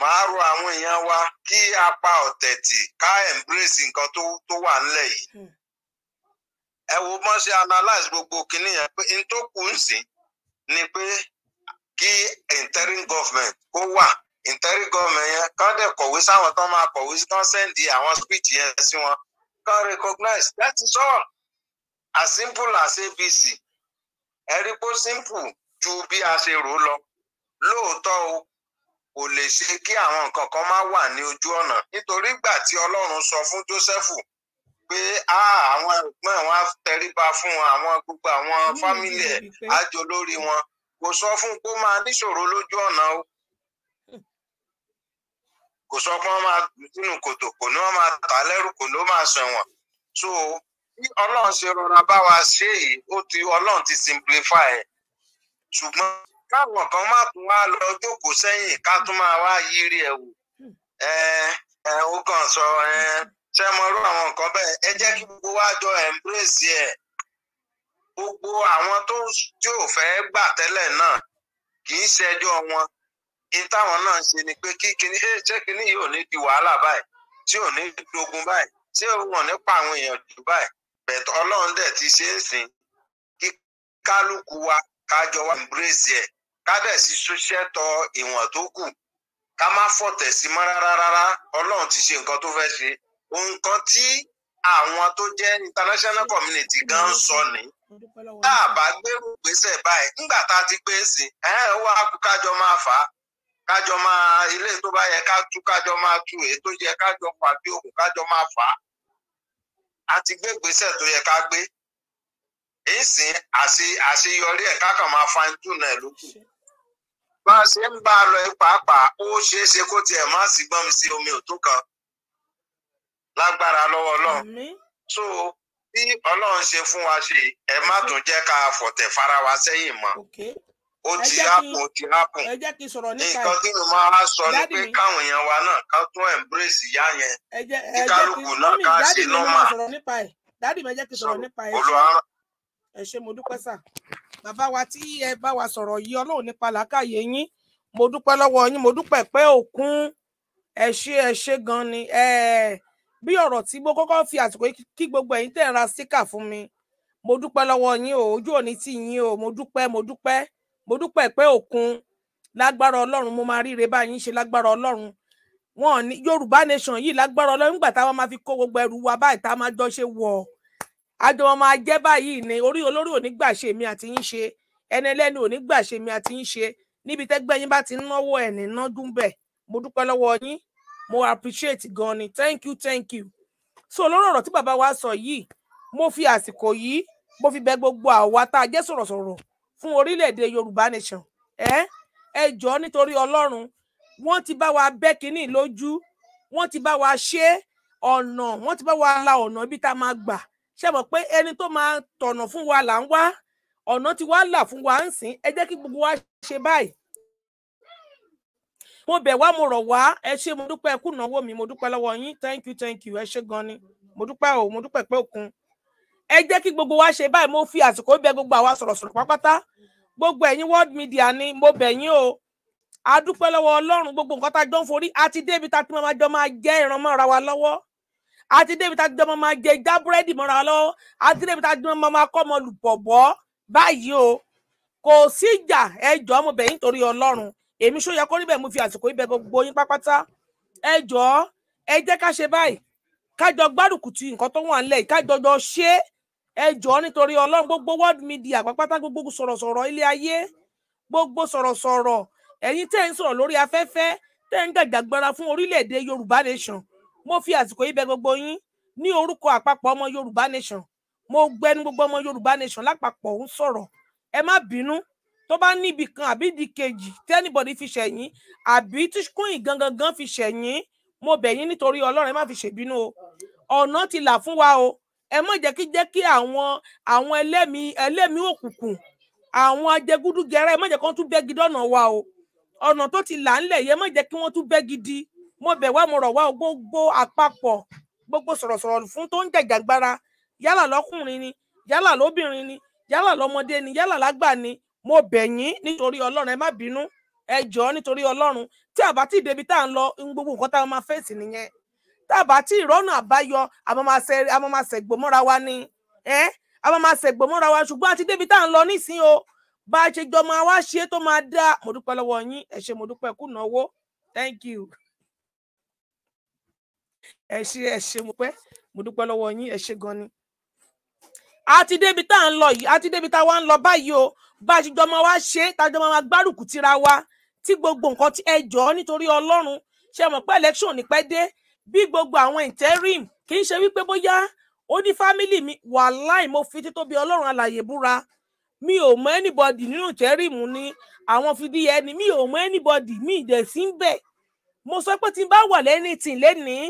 màá rọ àwọn èèyàn wa kí a pa ọ̀tẹ̀ tì ká embrace nǹkan tó tó wà ńlẹ̀ yìí hmm. ẹ mọ́ ṣe analyze gbogbo kinní yẹn pé n tó kù ń sìn ni pé kí interim government kó wà interim government yẹn kán dẹ̀ kọ̀wé sáwọn tán máa kọ̀wé kán sẹ́ndì àwọn speech yẹn sí wọn kán recognize that is all as simple as abc ẹ̀rí pó simple ju bí a ṣe rò ó lọ lóòótọ́ o kò lè ṣe kí àwọn nǹkan kan má wà ní ojú ọ̀nà nítorí ìgbà tí ọlọ́run sọ fún jósẹ́fù pé àwọn ẹ̀gbọ́n wọn á tẹríba fún àwọn gbogbo àwọn fámìlì ẹ̀ àjò lórí wọn kò sọ fún kó máa níṣòro lójú ọ̀nà o kò sọ pé wọ́n máa nínú kòtò kò ní wọ́n máa tà lẹ́rù kò ní wọ́n máa ṣẹ̀wọ̀n so bí ọlọ́run ṣe rọra bá wa ṣe yìí ó ti ọlọ́run ti simplify ẹ̀ ṣùgbọ́n káwọn kan má tún wá lọ jókòó sẹ́yìn ká tún máa wá yiri ẹ̀ wò ẹ ẹ ó kàn sọ ẹ ṣe mọ irú àwọn nǹkan bẹ́ẹ̀ ẹ jẹ́ kí gbogbo wa jọ embrace ẹ̀ gbogbo àwọn tó tí ò fẹ́ gbà tẹ́lẹ̀ náà kì í ṣẹjọ́ wọn in táwọn náà ṣe ni pé kí kíní ẹ ṣé kíní yìí ò ní di wàhálà báyìí tí ò ní dogun báyìí tí òun ò àwọn èèyàn jù báyìí bẹ̀tọ̀ ọlọ́run dẹ̀ ti ṣe é sìn kí kálukú wa kájọ wa embrace ẹ̀ ká dẹ̀ sí ṣiṣẹ́ tọ ìwọ̀n tó kù ká má fọ̀tẹ̀ sí mọ́ rárá rárá ọlọ́run ti ṣe nǹkan tó fẹ́ ṣe nǹkan tí àwọn tó jẹ́ international community gan sọ nìyí tá a bá gbérù gbèsè báyìí nígbà tá a ti gbé e sí ẹ ẹ wá kú kájọ máa fà á kájọ máa ilé tó bá yẹ ká tú kájọ máa tú èyí tó yẹ kájọ fà bí òkú kájọ máa fà á a ti gbé gbèsè tó yẹ ká gbé ìsìn àti àṣeyọrí ẹ kákan máa fa ń dùn náà lókù bá a ṣe ń bá a lọ pàápàá ó ṣeé ṣe kó tiẹ̀ má sì gbọ́n mi sí omi òtún kan lágbára lọ́wọ́ ọlọ́run tí ọlọ́run ṣe fún wa ṣe ẹ má tún jẹ́ ká fọ̀tẹ̀ fara wa sẹ́yìn mọ́ ó ti hápùn ó ti hápùn nǹkan tí mo máa sọ ni pé káwọn èèyàn wa náà ká tún embrace ìyá yẹn kí kálukú náà ká ṣe nọ́mà dádì mi ẹ jẹ́ kí n sọ̀rọ̀ nípa ẹ̀ ẹ ṣé mo dúpẹ́ sà bàbá wa tí ẹ bá wa sọ̀rọ̀ yìí ọlọ́run nípa làákàyè yín mo dúpẹ́ lọ́wọ́ yín mo dúpẹ́ pé òkun ẹ ṣé ẹ ṣé gan ni ẹ. Eh, bí ọ̀rọ̀ tí mo kọ́kọ́ fi àsìkò kí gbogbo ẹ̀yin tẹ́ ra síkà fún mi mo dúpẹ́ lọ́wọ́ yín o ojú òní tì yín o mo dúpẹ́ mo dúpẹ́ mo dúpẹ́ pé òkun lágbára Ọlọ́run mo máa ríre báyìí ṣe lágbára Ọlọ́run wọn ní Yorùbá nation yìí lágbára Ọlọ́run nígbà táwọn máa fi kó gbogbo ẹrù wa báyìí tá a máa jọ ṣe wọ àjọ wọn máa jẹ báyìí ni orí olórí òní gbà ṣe mi àti yín ṣe ẹni ẹlẹ́ni òní gbà ṣe mi àti yín ṣe níbi tẹ́gbẹ́ yín bá ti ń náwó ẹ̀ ní náà dùn mo dúpẹ́ lọ́wọ́ yín mo appreciate gan thank you thank you so lórí ọ̀rọ̀ tí bàbá wa sọ yìí mo fi àsìkò yìí mo fi bẹ gbogbo àwa tá a jẹ́ sọ̀rọ̀sọ̀rọ̀ fún orílẹ̀-èdè yorùbá nation ẹ ẹ jọ̀ọ́ nítorí ọlọ́run wọ́n ti bá wa bẹ́ kínní lójú wọ́n ti bá wa ṣe ọ̀nà wọ́n ti bá wa la ọ̀nà ibi tá a máa gbà ṣe mọ̀ pé ẹni tó máa tọ̀nà fún wa là ń wá ọ̀nà tí wàá là fún wa ń sìn ẹ jẹ́ kí gbogbo wa ṣe báyìí mo bẹ̀ wá mo rọ̀ wá ẹ ṣe mo dúpẹ́ ẹ kú náwó mi mo dúpẹ́ lọ́wọ́ yín thank you thank you ẹ ṣe gan ni mo dúpẹ́ o mo dúpẹ́ pé òkun ẹ jẹ́ kí gbogbo wa ṣe báyìí mo fi àsìkò bẹ̀ gbogbo àwa sọ̀rọ̀sọ̀rọ̀ pápátá gbogbo ẹ̀yin world media ni mo bẹ̀ yín o a dúpẹ́ lọ́wọ́ Ọlọ́run gbogbo nǹkan tá a jọ ń forí àti débi tá a ti máa jọ máa jẹ́ ìrànmọ́ ara wa lọ́wọ́ àti débi tá a ti jọ máa jẹ já búrẹ́dì mọ́ra wa lọ́wọ́ àti débi tá a ti máa kọ́ ọmọ lùpọ̀ bọ́ báyìí o kò síjà ẹ jọ̀ọ́ mo bẹ̀ yín torí Ọlọ́run èmi ṣó yẹ kó rí bẹ́ẹ̀ mo fi àsìkò ibẹ̀ gbogbo yín pápátá ẹ jọ̀ọ́ ẹ jẹ́ ká ṣe báyìí kájọ gbárùkù ti nǹkan tó wà nílẹ̀ kájọjọ ṣe ẹ jọ̀ọ́ nítorí Ọlọ́run gbogbo world media pápátá gbogbo sọ̀rọ̀sọ̀rọ̀ ilé ayé gbogbo sọ̀rọ̀sọ̀rọ̀ ẹ̀yin tẹ́ ń sọ̀rọ̀ lórí afẹ́fẹ́ tẹ́ ń gàgàgbara fún orílẹ̀-èdè Yorùbá nation mo fi àsìkò yìí bẹ̀ gbogbo yín ní orúkọ àpapọ̀ ọmọ Yorùbá nation mo gbẹnu gbogbo ọmọ Yorùbá nation lápapọ̀ ń sọ̀rọ̀ ẹ má bínú tó bá níbi kan àbí di kejì tẹ́nìbọ̀dì fi ṣẹ̀yìn àbí tí Queen gangan fi ṣẹ̀yìn mo bẹ̀ yín nítorí ọlọ́run ẹ má fi ṣèbínú o ọ̀nà ti là fún wa o ẹ má jẹ́ kí jẹ́ kí àwọn àwọn ẹlẹ́mìí ẹlẹ́mìí òkùnkùn àwọn ajẹgúdúgẹrẹ ẹ má jẹ́ kí wọ́n tún bẹ́gi dọ́nà wa o ọ̀nà tó ti là ńlẹ̀ yẹ má jẹ́ kí wọ́n tún bẹ́gi di mo bẹ̀ wá mo rọ̀ wá o gbogbo àpapọ̀ gbogbo sọ̀rọ̀sọ̀rọ̀ fún tó ń jẹ̀jàgbara yálà lọ́kùnrin ni yálà lóbìnrin ni yálà lọ́mọdé ni yálà lágbà ni mo bẹ̀ yín nítorí ọlọ́run ẹ má bínú ẹ jọ̀ọ́ nítorí ọlọ́run tí a bá ti débi tá à ń lọ gbogbo nǹkan tá a máa fèsì nìyẹn tá a bá ti ìrọ́nà àbáyọ a máa máa ṣègbò wa ni ẹ a máa máa ṣègbò mọ́ra wa ṣùgbọ́n a ti débi tá à ń lọ nísìnyí o bá a ṣe jọ máa wá ṣe é tó máa dá mo dúpẹ́ lọ́wọ́ yín ẹ ṣé mo dúpẹ́ kùnà owó thank you ẹ ṣé ẹ ṣé mo pẹ́ mo dúpẹ́ lọ́wọ́ yín ẹ ṣé gan ni a débi tá à ń lọ yìí a débi tá a ń lọ báyìí o bá a ṣe jọmọ wa ṣe tájọ máa gbárùkù tira wa tí gbogbo nǹkan tí ẹ jọ nítorí Ọlọ́run ṣe mọ̀ pé election ní pẹ́ dé bí gbogbo àwọn interim kì í ṣe wípé bóyá ó ní fámìlì mi wàláì mo fi títóbi Ọlọ́run alàyè búra mi ò mọ anybody nínú interim ni àwọn fìdí ẹni mi ò mọ anybody mi ìdẹ̀ sí ń bẹ̀ mo sọ pé tí n bá wà lẹ́ni tì lẹ́nìí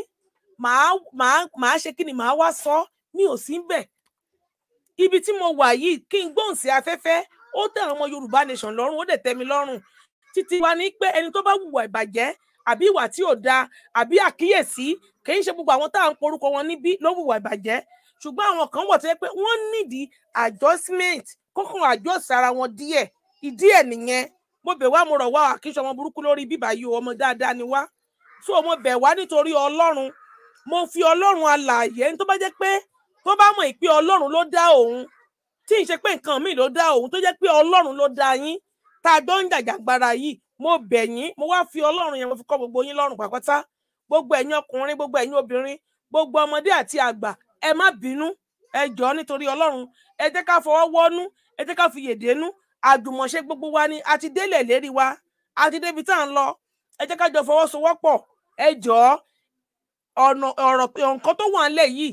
màá màá màá ṣe kí ni màá wá sọ mi ò sí ń bẹ̀ ibi tí mo wà yìí kí n gbóhùn sí afẹ́fẹ́ ó tẹ àwọn ọmọ yorùbá nation lọ́rùn ó dẹ̀ tẹ́ mi lọ́rùn títí wa ní pé ẹni tó bá wùwà ìbàjẹ́ àbí ìwà tí ò dáa àbí àkíyèsí kì í ṣe gbogbo àwọn tá à ń porúkọ wọn níbí ló wùwà ìbàjẹ́ ṣùgbọ́n àwọn kan wọ̀ tó yẹ pé wọ́n nídìí adjustment kókàn adjust ara wọn díẹ̀ ìdí ẹ̀ nìyẹn mo bẹ̀ wá mo rọ̀ wá àkíṣe ọmọ burúkú lórí bíbá yìí ọmọ dáadáa ni wá tí o mo bẹ̀ wá nítorí ọlọ́run mo fi ọlọ́run alààyè tó bá jẹ́ pé tó bá mọ̀ pé ọlọ́run ló dá òun tí ń ṣe pé nǹkan míì ló dá òun tó jẹ́ pé ọlọ́run ló dá yín tá a jọ ń jàjàgbara yìí mo bẹ̀ yín mo wá fi ọlọ́run yẹn mo fi kọ́ gbogbo yín lọ́rùn pàpátá gbogbo ẹ̀yin ọkùnrin gbogbo ẹ̀yin obìnrin gbogbo ọmọdé àti àgbà ẹ má bínú ẹ jọ nítorí ọlọ́run ẹ jẹ́ ká fọwọ́ wọ́nú ẹ jẹ́ ká fi yèdénú àdùmọ̀ṣe gbogbo wa ni àti délẹ̀ lérí wa àti débi tá à ń lọ ẹ jẹ́ ká jọ fọwọ́sowọ́pọ̀ ẹ jọ ọ̀nà ọ̀rọ̀ nǹkan tó wà ńlẹ̀ yìí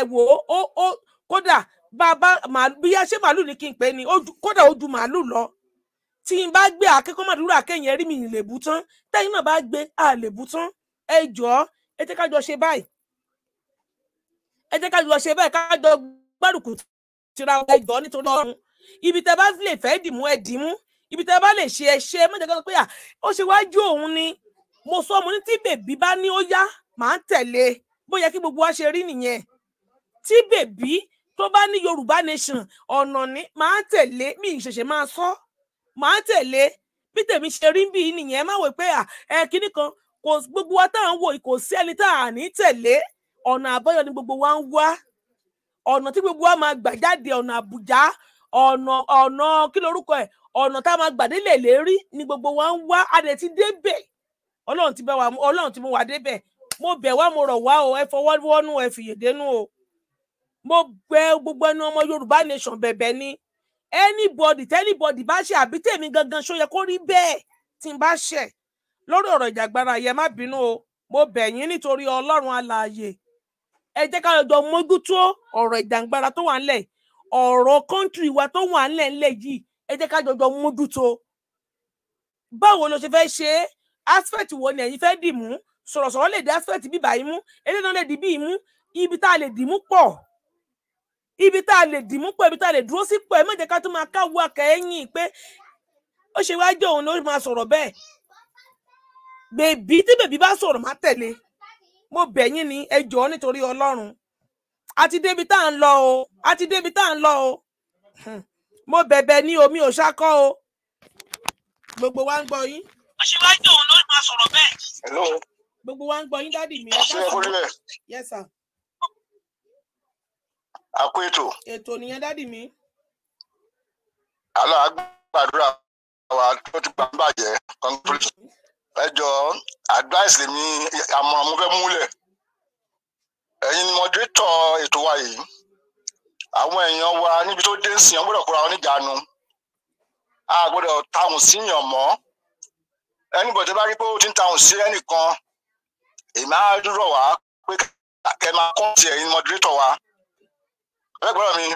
ẹ wò ó kódà bàbá màálù bí yáṣẹ màálù ni kí n pè ní kódà ó ju màálù lọ tí n bá gbé akẹ́kọ̀ọ́ màdúrà kẹ́yìn ẹrí mi lè bú tán tẹ́yìn náà bá gbé a lè bú tán ẹ jọ̀ọ́ ẹ jẹ́ ká jọ ṣe báyìí ẹ jẹ́ ká jọ ṣe báyìí ká jọ gbárùkù tira ẹ jọ̀ọ́ nítorí ọrùn ibi tẹ́ bá lè fẹ́ dìmú ẹ dìmú ibi tẹ́ bá lè ṣe ẹ ṣe ẹ mọ̀jẹ̀ pé à ó ṣe wájú òun ni mo sọ mo ní tí bèbí bá ní ó yá màá tẹ̀lé bó yẹ kí gbogbo wa ṣe rí nìyẹn tí bèbí tó bá ní yorùbá nation ọ̀nà ni màá tẹ̀lé mi ìṣẹ̀ṣẹ̀ máa sọ màá tẹ̀lé bí tèmi ṣe rí bí nìyẹn má wò pé ẹ kíní kan kò gbogbo wa tá à ń wò kò sí ẹni tá à ní tẹ̀lé ọ̀nà àbáyọ ni gbogbo wa ń wá ọ̀nà tí gbogbo wa máa gbà jáde ọ̀nà àbújá ọ̀nà ọ̀nà kí lorúkọ ẹ̀ ọ̀nà tá a máa gbàdé lè lérí ni gbogbo wa ń wá a dẹ̀ ti débẹ̀ ọlọ́run ti bá wa ọlọ́run ti mú wa débẹ̀ mo bẹ̀ wá mo rọ̀ wá o ẹ fọwọ́ wọ́nú ẹ fìyèdénú o mo gbẹ gbogbo ẹnu ọmọ yorùbá nation bẹ̀bẹ̀ ni anybody tẹnibọdì bá ṣe àbí tèmi gangan ṣó yẹ kó rí bẹ́ẹ̀ tí n bá ṣẹ lórí ọ̀rọ̀ ìjàgbara yẹ má bínú o mo bẹ̀ yín nítorí Ọlọ́run alààyè ẹ jẹ́ ká lọ́jọ́ mójútó ọ̀rọ̀ ìjàgbara tó wà ńlẹ̀ ọ̀rọ̀ kọ́ńtìrì wa tó wà ńlẹ̀ ńlẹ̀ yìí ẹ jẹ́ ká jọjọ mójútó báwo ló ṣe fẹ́ ṣe é aspect wo ni ẹ̀yin fẹ́ dì mú sọ̀rọ̀sọ̀rọ̀ lè di aspect bíbá yín mú eléyìí náà lè di bí yín mú ibi tá a lè dì mú pọ̀ ibi tá a lè dìmú pọ̀ ibi tá a lè dúró sí pọ̀ ẹ má jẹ́ ká tún máa káwọ́ akẹ́yìn pé ó ṣe wájú òun ló máa sọ̀rọ̀ bẹ́ẹ̀ bèbí tí bèbí bá sọ̀rọ̀ má tẹ̀lé mo bẹ̀ yín ni ẹ jọ̀ọ́ nítorí Ọlọ́run a ti débi tá à ń lọ o a ti débi tá à ń lọ o hmm. mo bẹ̀bẹ̀ ní omi ò ṣakọ́ o gbogbo wa ń gbọ́ yín. ó ṣe wájú òun ló máa sọ̀rọ̀ bẹ́ẹ̀. gbogbo wa ń gbọ́ yín dádì mi. ẹ ká sọ̀rọ̀ yẹ́sà àkó ètò. ètò nìyẹn dádì mi. aláàgbàdúrà wa tó ti gbà ń bàjẹ́ congratulations. ẹ jọ advice lèmi àmọ́ mo fẹ́ múlẹ̀ ẹ̀yin mọ̀détọ̀ ètò wa yìí àwọn èèyàn wa níbi tó dé sí ọ gbọ́dọ̀ kóra wọn níjàánu a gbọ́dọ̀ táwọn síyàn mọ́ ẹnìbọdẹ bá rí pé ó ti ń táwọn sí ẹnìkan èmi á rọ̀ wá pé kẹ́ máa kọ́ tiẹ̀ ẹ̀yin mọ̀détọ̀ wa ẹgbẹ́rún mi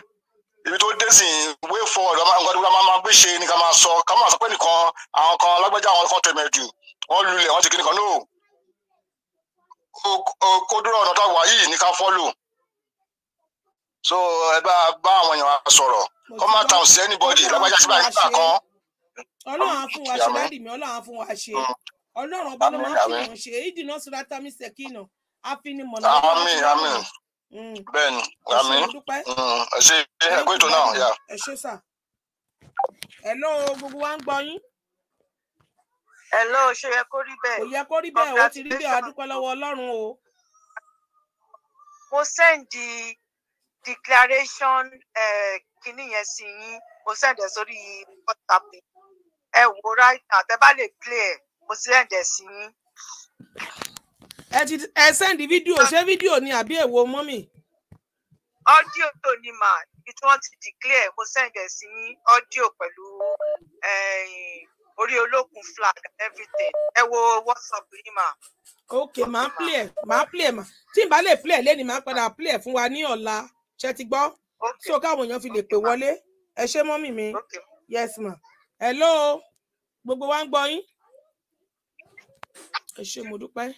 ibi tó dé sí way forward nǹkan tó máa gbé ṣe ni ká máa sọ ká máa sọ pé nìkan àwọn kan lágbájá àwọn kan tẹ̀mẹ̀ jù wọ́n lulẹ̀ wọ́n ti kí nìkan no kó ọ̀nà tó wà yìí ní ká fọ́lù so ẹ bá bá àwọn èèyàn sọ̀rọ̀ come out and see anybody lágbájá sí báyìí nígbà kan. ọlọ́run fún wa ṣe ládìmí ọlọ́run fún wa ṣe mm. ọlọ́run ọba ló máa fi hàn ṣe ìdìnnà sọ́dá támísẹ̀kì náà á fi mọ̀nà. Mm. bẹ́ẹ̀ni àmì ẹ ṣe mm, ẹ pé ètò náà yà. ẹ ṣe sà ẹ lọ gbogbo wa ń gbọ́ yín. ẹ lọ ṣe yẹ kó rí bẹ́ẹ̀. kò yẹ kó rí bẹ́ẹ̀ ó ti rí bẹ́ẹ̀ adúpẹ́ lọ́wọ́ Ọlọ́run o. mo sẹ́ǹdì declaration kínní yẹn sí yín mo sẹ́ǹdẹ̀ sórí WhatsApp ẹ wò right now tẹ bá lè play ẹ mo sẹ́ǹdẹ̀ sí yín ẹ ti ẹ sẹ́ndì fídíò ṣé fídíò ni àbí èwo mọ́mì. ọ́díò ni mà tí wọ́n ti declare mo send ẹ̀ sí ní ọ́díò pẹ̀lú eh, orí olókun flag everything ẹ wo whatsapp yìí mà. ok màá play ẹ màá play ẹ mà tí n bá lè play ẹ lẹ́ni màá padà play ẹ fún wa ní ọ̀la ṣe ti gbọ́ so káwọn èèyàn fi lè pè wọlé ẹ ṣé mọ́mì mi yes ma hello gbogbo wa ń gbọ́ yín ẹ ṣé mo dúpẹ́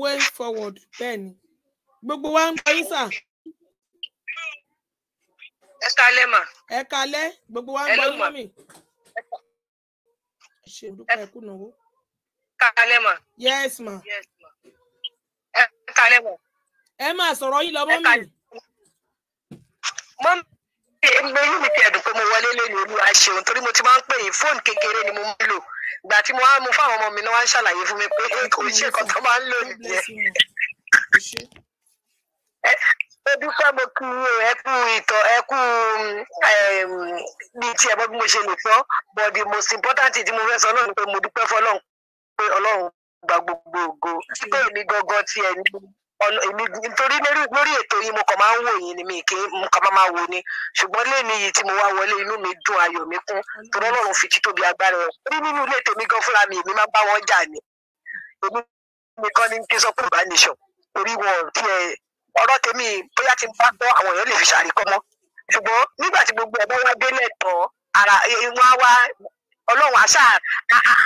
way forward bẹ́ẹ̀ ni gbogbo wa ń gbọ́ yín sà. ẹ kalẹ́ mà. ẹ kalẹ́ gbogbo wa ń gbọ́ yín mọ́mì. ẹ ṣe olùkọ́ ẹ náwó. kalẹ́ mà. yes ma. yes ma. ẹ kalẹ́ mà. ẹ máa sọ̀rọ̀ yín lọ mọ́mì. mọ́mì èmi mi ti ẹ̀dùn pé mo wọlé lé ní olúwa ṣeun torí mo ti máa ń pè yín fóònù kékeré ni mo máa ń lò ìgbà tí mo wá mú fáwọn ọmọ mi náà wá ń ṣàlàyé fún mi pé kò ṣe nǹkan tó máa ń lò nìyẹn. ẹ dúpẹ́ mo kí ẹ kú ìtọ́ ẹ kú ní tiẹ̀ bọ́ bí mo ṣe lè sọ but the most important thing tí mo fẹ́ sọ náà ni pé mo dúpẹ́ fọlọ́run pé ọlọ́run gba gbogbo ògo tí pé èmi gangan tiẹ̀ ní ọ̀nà èmi nítorí lórí ètò yìí mo kàn máa ń wò yín ni mi kì í mo kàn máa wò ni ṣùgbọ́n lẹ́ni yìí tí mo wá wọlé inú mi dùn ayọ̀ mi kún torí ọlọ́run fi títóbi agbára ẹ̀ rí nínú ilé tèmi gan fúnra mi èmi máa bá wọn jà ni èmi nìkan ni kí n sọ pé ìbánisọ̀ torí wọn tiẹ̀ ọ̀rọ̀ tèmi bóyá ti bá gbọ́ àwọn èèyàn lè fi ṣàríkọ́ mọ́ ṣùgbọ́n nígbà tí gbogbo ọ̀dọ́ wá délẹ̀ tán ara wọn wá ọlọ́run àṣà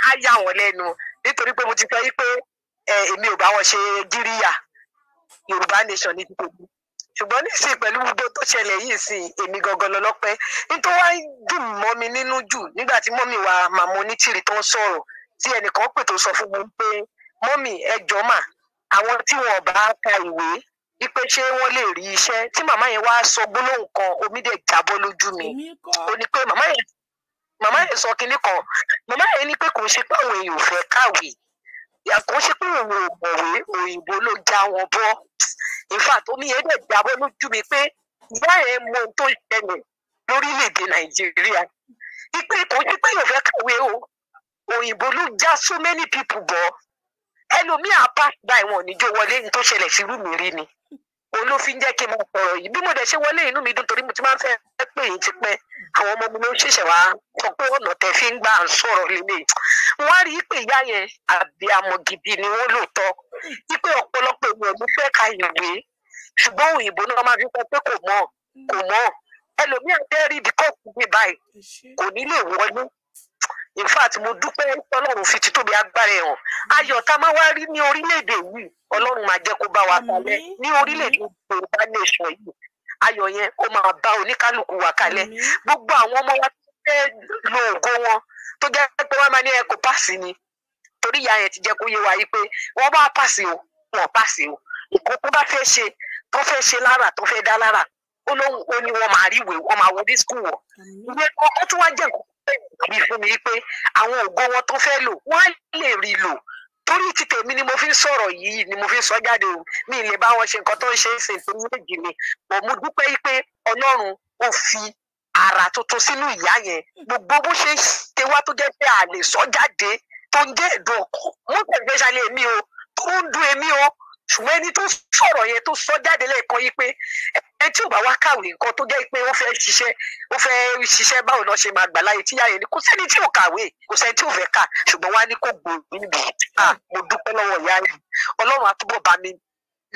á yà wọ́n lẹ́nu nítorí pé mo ti fẹ́ yí pé èmi ò bá wọn ṣe gíríyà yorùbá nation ní títòbí ṣùgbọ́n nísìnyí pẹ̀lú gbogbo tó ṣẹlẹ̀ yìí sí èmi gangan lọ́lọ́pẹ́ nítorí wá dùn mọ́ mi nínú jù nígbà tí mọ́mì wa màmá onítìrì tó ń sọ̀rọ̀ tí ẹnìkan pè tó sọ fún mi pé mọ́mì ẹ jọ̀ọ́ mà àwọn tí wọn bá ka ìwé wípé ṣé wọ́n lè rí iṣẹ́ tí màmá yẹn wá sọ gbólóhùn kan omi dẹ̀ jábọ́ lójú mi ó ní pé màmá yẹn sọ kinní kan màmá yẹn ní pé kò ń ṣe pé àwọn èèyàn ò fẹ́ kàwé kò ṣe pé òun ò mọ̀wé òyìnbó ló já wọn bọ́ in fact omi yẹn dẹ̀ jábọ́ lójú mi pé ìyá ẹ̀ mọ ohun tó ṣẹlẹ̀ lórílẹ̀‐èdè nàìjíríà ìpè kò ṣe pé yóò fẹ́ kàwé o òyìnbó ló já so many people bọ́ ẹlòmíà apá gba ìwọ̀n níjó wọlé ní tó ṣẹlẹ̀ sí rúmi rí ni òun ló fi ń jẹ́ kí n mọ ọ̀rọ̀ yìí bí mo dẹ̀ ṣe wọlé inú mi dùn torí mo ti máa ń fẹ́ pè yín ti pẹ́ àwọn ọmọ mi ló ń ṣẹ̀ṣẹ̀ wá sọ pé ọ̀nà tẹ fi ń gbà ń sọ̀rọ̀ lélẹ̀ wọ́n á rí i pé ìyá yẹn àbí amọ̀ gidi ni wọ́n lóòótọ́ wípé ọ̀pọ̀lọpọ̀ èèyàn ló fẹ́ ka ìwé ṣùgbọ́n òyìnbó náà máa fi sọ pé kò mọ̀ kò mọ̀ ẹlòmíràn dẹ́rì bí kò kú mi báyìí kò ní lè in fact mo dúpẹ́ ọlọ́run fi títóbi agbára ẹ̀ hàn ayọ̀ tá a máa wá rí ní orílẹ̀-èdè yìí ọlọ́run máa jẹ́ kó bá wa kalẹ̀ ní orílẹ̀-èdè yorùbá nation yìí ayọ̀ yẹn ó máa bá oníkálukú wa kalẹ̀ gbogbo àwọn ọmọ wa tó fẹ́ lo ògo wọn tó jẹ́ pé wọ́n máa ní ẹ pàṣẹ ni torí ìyá yẹn ti jẹ́ kó yé wa yìí pé wọ́n bá pàṣẹ o wọ́n pàṣẹ o ìkókó bá fẹ́ ṣe tó fẹ́ ṣe lára tó fẹ́ dá lára ó lóun ó ní wọ́n máa ríwèé wọ́n máa wọlé skul wọ̀ ìyẹn ọkọ tó wá jẹ́ nǹkan ìgbàgbé fún mi pé àwọn ògo wọn tó fẹ́ lò wọ́n á lè rí lò torí ti tèmi ni mo fi ń sọ̀rọ̀ yìí ni mo fi ń sọ jáde o mi lè bá wọn ṣe nǹkan tó ń ṣe é sìn tó méjì ni mo mú dúpẹ́ yìí pé ọlọ́run ó fi àrà tuntun sínú ìyá yẹn gbogbo bó ṣe ṣe wá tó jẹ́ pé a lè sọ jáde tó ń jẹ́ ẹ̀dùn ọkọ̀ mo tẹ̀gbẹ́ ṣàlẹ̀ èmi o tó ń dun èmi o ṣùgbọ́n ẹni tó sọ̀rọ̀ yẹn tó sọ jáde lẹ́ẹ̀kan yìí pé ẹ tí ò bá wá kàwé nǹkan tó jẹ́ pé ó fẹ́ ṣiṣẹ́ ó fẹ́ ṣiṣẹ́ báwo náà ṣe máa gbà láyé tíyá yẹn ni kò sẹ́ni tí ò kàwé kò sẹ́ni tí ò fẹ́ kà ṣùgbọ́n wá ní kò gbòòrò níbi à mo dúpẹ́ lọ́wọ́ ìyá yẹn ọlọ́run àtúbọ̀ bá mi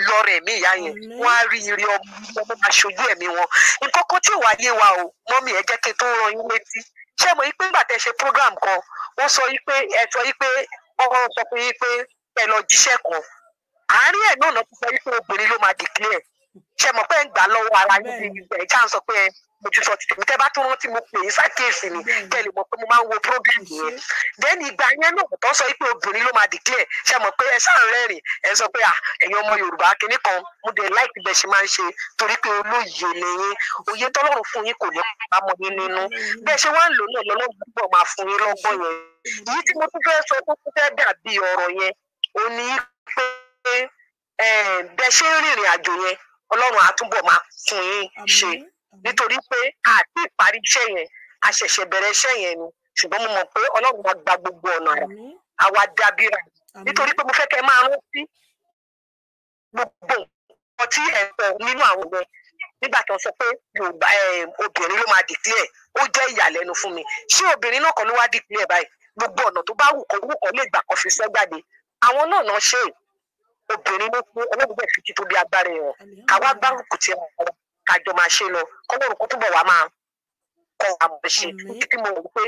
lọ́rẹ̀ mi ìyá yẹn wọ́n á rí ire ọmọ ọmọ aṣojú ẹ̀mí wọn nǹkan kan tí ò wá yé wa o mọ́mí ẹ jẹ́ kí n tó rán yín létí ṣé mo pé nígbà tẹ ṣe program kan wọ́n sọ pé ẹ sọ pé ọkọ̀ sọ pé ẹ lọ jíṣẹ́ kan àárín ẹ̀ náà náà sọ pé obìnrin ló máa dìklẹ̀ ṣe mọ̀ pé ń gbà lọ́wọ́ ara yín bí ìgbà ẹ̀ ṣáà ń sọ pé mo ti sọ ti tèmi tẹ́ bá tún rántí mo pè é ṣàkíyèsí ni kẹ́ lè mọ̀ pé mo máa ń wo program yẹn then ìgbà yẹn náà tó sọ pé obìnrin ló máa declare ṣe mọ̀ pé ẹ ṣáà rẹ́rìn ẹ sọ pé ẹ̀yin ọmọ Yorùbá kìíní kan mo dẹ̀ láìpẹ́ bẹ́ẹ̀ ṣe máa ń ṣe torí pé olóye lẹ́yìn òye tọ́lọ́run fún yín kò ní pamọ́ yín nínú bẹ́ẹ̀ ṣe wá ń lò náà lọ́lọ́run gbọ́dọ̀ máa fún yín lọ́gbọ́n yẹn èyí tí mo tún fẹ́ sọ tó tún fẹ́ dàbí ọ̀rọ̀ yẹn òní pé bẹ́ẹ̀ ṣe ń rìnrìn àjò yẹn ọlọ́run àtúbọ̀ máa fún yín ṣe nítorí pé àti ìparí iṣẹ́ yẹn a ṣẹ̀ṣẹ̀ bẹ̀rẹ̀ iṣẹ́ yẹn ni ṣùgbọ́n mo mọ̀ pé ọlọ́run máa gba gbogbo ọ̀nà rẹ̀ àwa dábìrà nítorí pé mo fẹ́ kẹ́ máa rántí gbogbo nǹkan tí ẹ̀ sọ nínú àwọn ọ̀gbẹ́ nígbà tó ń sọ pé yorùbá obìnrin ló máa dìklẹ̀ ó jẹ́ ìyàlẹ́nu fún mi ṣé obìnrin náà kọ́ ló wá dìklẹ̀ báyìí gbogbo ọ̀nà tó bá wù kọ́ wù kọ́ lè gbà kọ́ fi sẹ́gbàdé àwọn náà náà ṣe é obìnrin ló fún ọlọ́run bẹ́ẹ̀ fi títún bí agbára yẹn káwá gbárùkù tí wọn kájọ máa ṣe lọ kọ́lọ́run kó túbọ̀ wá máa kọ́ àmọ̀ṣe títí mo rò pé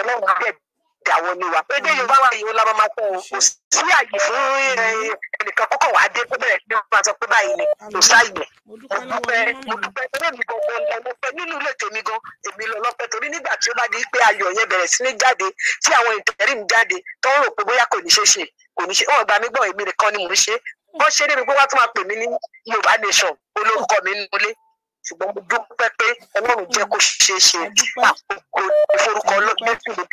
ọlọ́run bẹ́ẹ̀ dáwọ́ ní wa èdè mm. yorùbá wa yìí ó lábọ́ máa fún o sí àyè fún ẹnìkan kọ́kọ́ wàá dé pé bẹ́ẹ̀ ni wọ́n máa sọ pé báyìí ni kò sáàyè ọdúpẹ́ mo dúpẹ́ ẹgbẹ́ mi gan gan lọ lọ́pẹ́ nínú ilé tèmi gan èmi lọ lọ́pẹ́ torí nígbà tí ó bá di pé ayọ̀ yẹn bẹ̀rẹ̀ sí ní jáde tí àwọn interim jáde tó ń rò pé bóyá kò ní ṣe ṣe kò ní ṣe ó gbà mí gbọ́ èmi nìkan ni mò ń ṣe bó ṣe débi pé wá tún máa pè mí ní yorùbá nation olórúkọ mi nílé ṣùgbọ́n mo dúpẹ́ pé ọlọ́run jẹ́ kó ṣeé ṣe àkókò ìforúkọ lọ́tìlédè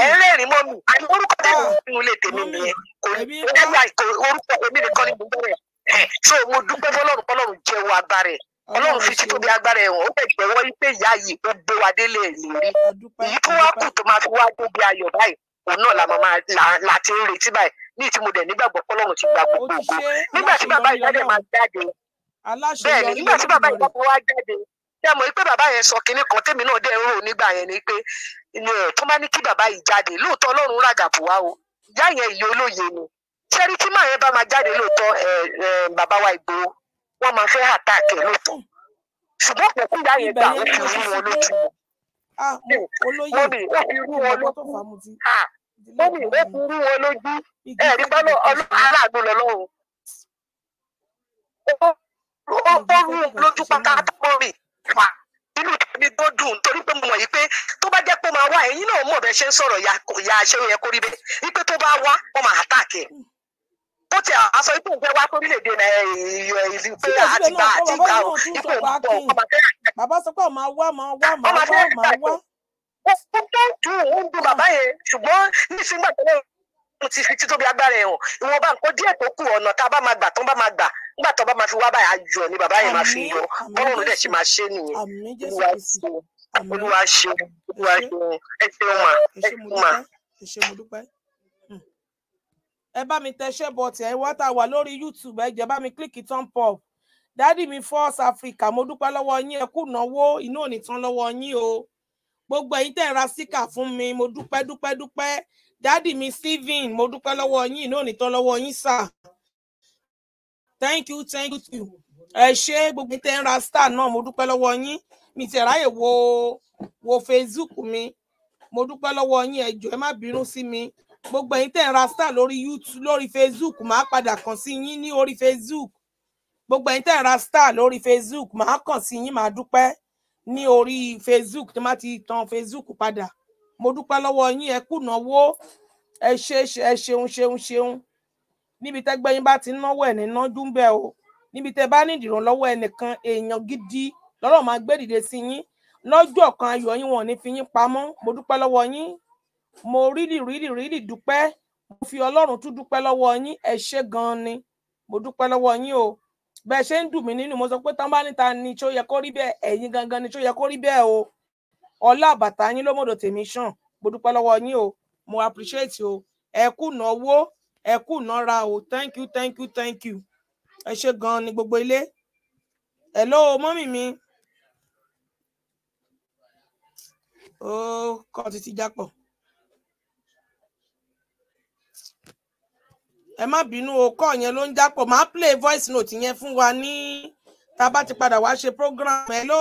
àẹ́rẹ́rìn mọ́ mi àyè orúkọ tẹ̀lé ah. nínú ilé tèmi nìyẹn kò ní ẹ̀rọ àìkò orúkọ èmi nìkan ni mo bẹ̀rẹ̀ ẹ̀ so mo dúpẹ́ fọlọ́run fọlọ́run jẹ́ wo agbára ẹ̀ ọlọ́run fi títún bí agbára ẹ̀wọ̀n ó bẹ̀ jẹ́wọ́ pé ìyá yìí ó gbé wa délé ìlérí èyí tó wá kù tó máa fi wá débi ayọ̀ báyìí òun náà la máa la ti ń retí báyìí ní ìtí mo dẹ̀ nígbàgbọ́ fọlọ́run ti gbà gbogbo ògo nígbà tí bàbá ìyá dẹ̀ máa jáde bẹ́ẹ̀ni nígbà tí bàbá yìí bá wá jáde ṣé mo rí pé bàbá yẹn sọ kinní kan tèmi náà dẹ̀ ń rò nígbà yẹn ni pé tó má ní kí bàbá yìí jáde lóòótọ́ Ọlọ́run ràjà bùwá o ìyá yẹn ìyá olóye ni sẹ́rí tí màá yẹn bá máa jáde lóòótọ́ bàbá wa Ìgbòho wọ́n máa fẹ́ àtàkì lóòótọ́ ṣùgbọ́n òkú ìyá yẹn gbà ah, ó fi ah, rú wọn lójú mọ́mì ó fi rú wọn lójú mọ́mì ó fi rú wọn lójú ẹ̀ẹ́dígbọ́n náà ó rún lójú pátápọ̀ rè wá inú tèmi tó dùn torí pé mo mọ̀ yìí pé tó bá jẹ́ pé máa wá ẹ̀yin náà mọ̀ bẹ́ẹ̀ ṣe ń sọ̀rọ̀ ìyá aṣẹ́wó yẹn kó rí bẹ́ẹ̀ wípé tó bá wá wọ́n máa àtàkì ó ti àṣọ ipò ń wá sórílẹ̀-èdè nàìjíríà ìlú pé àti gbà àti gbà ipò ń bọ̀ ọmọ bàbá sọ pé ọmọ wá máa wá máa wá máa wá. ó tó dùn ó ń dùn bàbá mo ti fi títọ́ bí agbára ẹ̀wọ̀n ìwọ̀nba nǹkan díẹ̀ tó kù ọ̀nà tá a bá máa gbà tán bá máa gbà nígbà tán bá máa fi wá báyà yọ ni bàbá yẹn máa fi yọ bọ́lọ́run dẹ̀ ṣe máa ṣe nìyẹn olúwa ṣe olúwa ṣe olúwa ṣe ẹ ṣe mà ẹ ṣe mà. Hmm. ẹ bá mi tẹ ṣẹ́ bọ̀tì ẹ wá tá a wà lórí YouTube ẹ jẹ́ bá mi kílìkì tán pọ̀ dádì mi First Africa mo dúpẹ́ lọ́wọ́ yín ẹ kú náwó inú ò ní tán lọ́wọ́ yín o gbogbo ẹ̀yin tẹ̀ ra síkà fún mi mo dúpẹ́ dúpẹ́ dúpẹ́ dádì mi Stephen mo dúpẹ́ lọ́wọ́ yín inú òní tán lọ́wọ́ yín sà thank you thank you ẹ ṣe gbogbo tẹ ń ra star náà mo dúpẹ́ lọ́wọ́ yín mi ti ráyè wo wo Facebook mi mo dúpẹ́ lọ́wọ́ yín ẹ jọ̀ọ́ ẹ má bínú sí mi gbogbo ẹ̀yin tẹ ń ra star lórí YouTube lórí Facebook màá padà kàn sí yín ní orí Facebook gbogbo ẹ̀yin tẹ ra star lórí Facebook màá kàn sí yín màá dúpẹ́ ní orí Facebook tí má ti tan Facebook padà mo dúpẹ́ lọ́wọ́ yín ẹ kú náwó ẹ ṣe ẹ ṣeun ṣeun ṣeun níbi tẹ́gbẹ́ yín bá ti ń náwó ẹ̀ ní nájú o níbi tẹ́ bá nídìí ìrànlọ́wọ́ ẹnìkan èèyàn gidi lọ́rọ̀ máa gbé dìde sí yín lọ́jọ́ kan ayọ̀ yín wọn ní fi yín pamọ́ mo dúpẹ́ lọ́wọ́ yín mo rílì rílì rílì dúpẹ́ mo fi ọlọ́run tún dúpẹ́ lọ́wọ́ yín ẹ ṣé gan-an ni mo dúpẹ́ lọ́wọ́ yín o bẹ́ẹ̀ ṣe ń dùn mí nínú mo sọ pé tán bá níta ni tó yẹ kó rí bẹ́ẹ̀ ẹ̀yin gangan ni tó yẹ kó rí bẹ́ẹ̀ o ọlá bàtà yín ló tèmi sàn mo dúpẹ́ lọ́wọ́ yín o mo appreciate o ẹ kú náwó ẹ kú nára o thank you thank you thank you ẹ ṣe gan-an ní gbogbo ilé hello mọ́mì mi ó kọ́ títí jápọ̀ ẹ má bínú o kọ́ yẹn ló ń jápọ̀ máa play voice note yẹn fún wa ní tá a bá ti padà wá ṣe program hello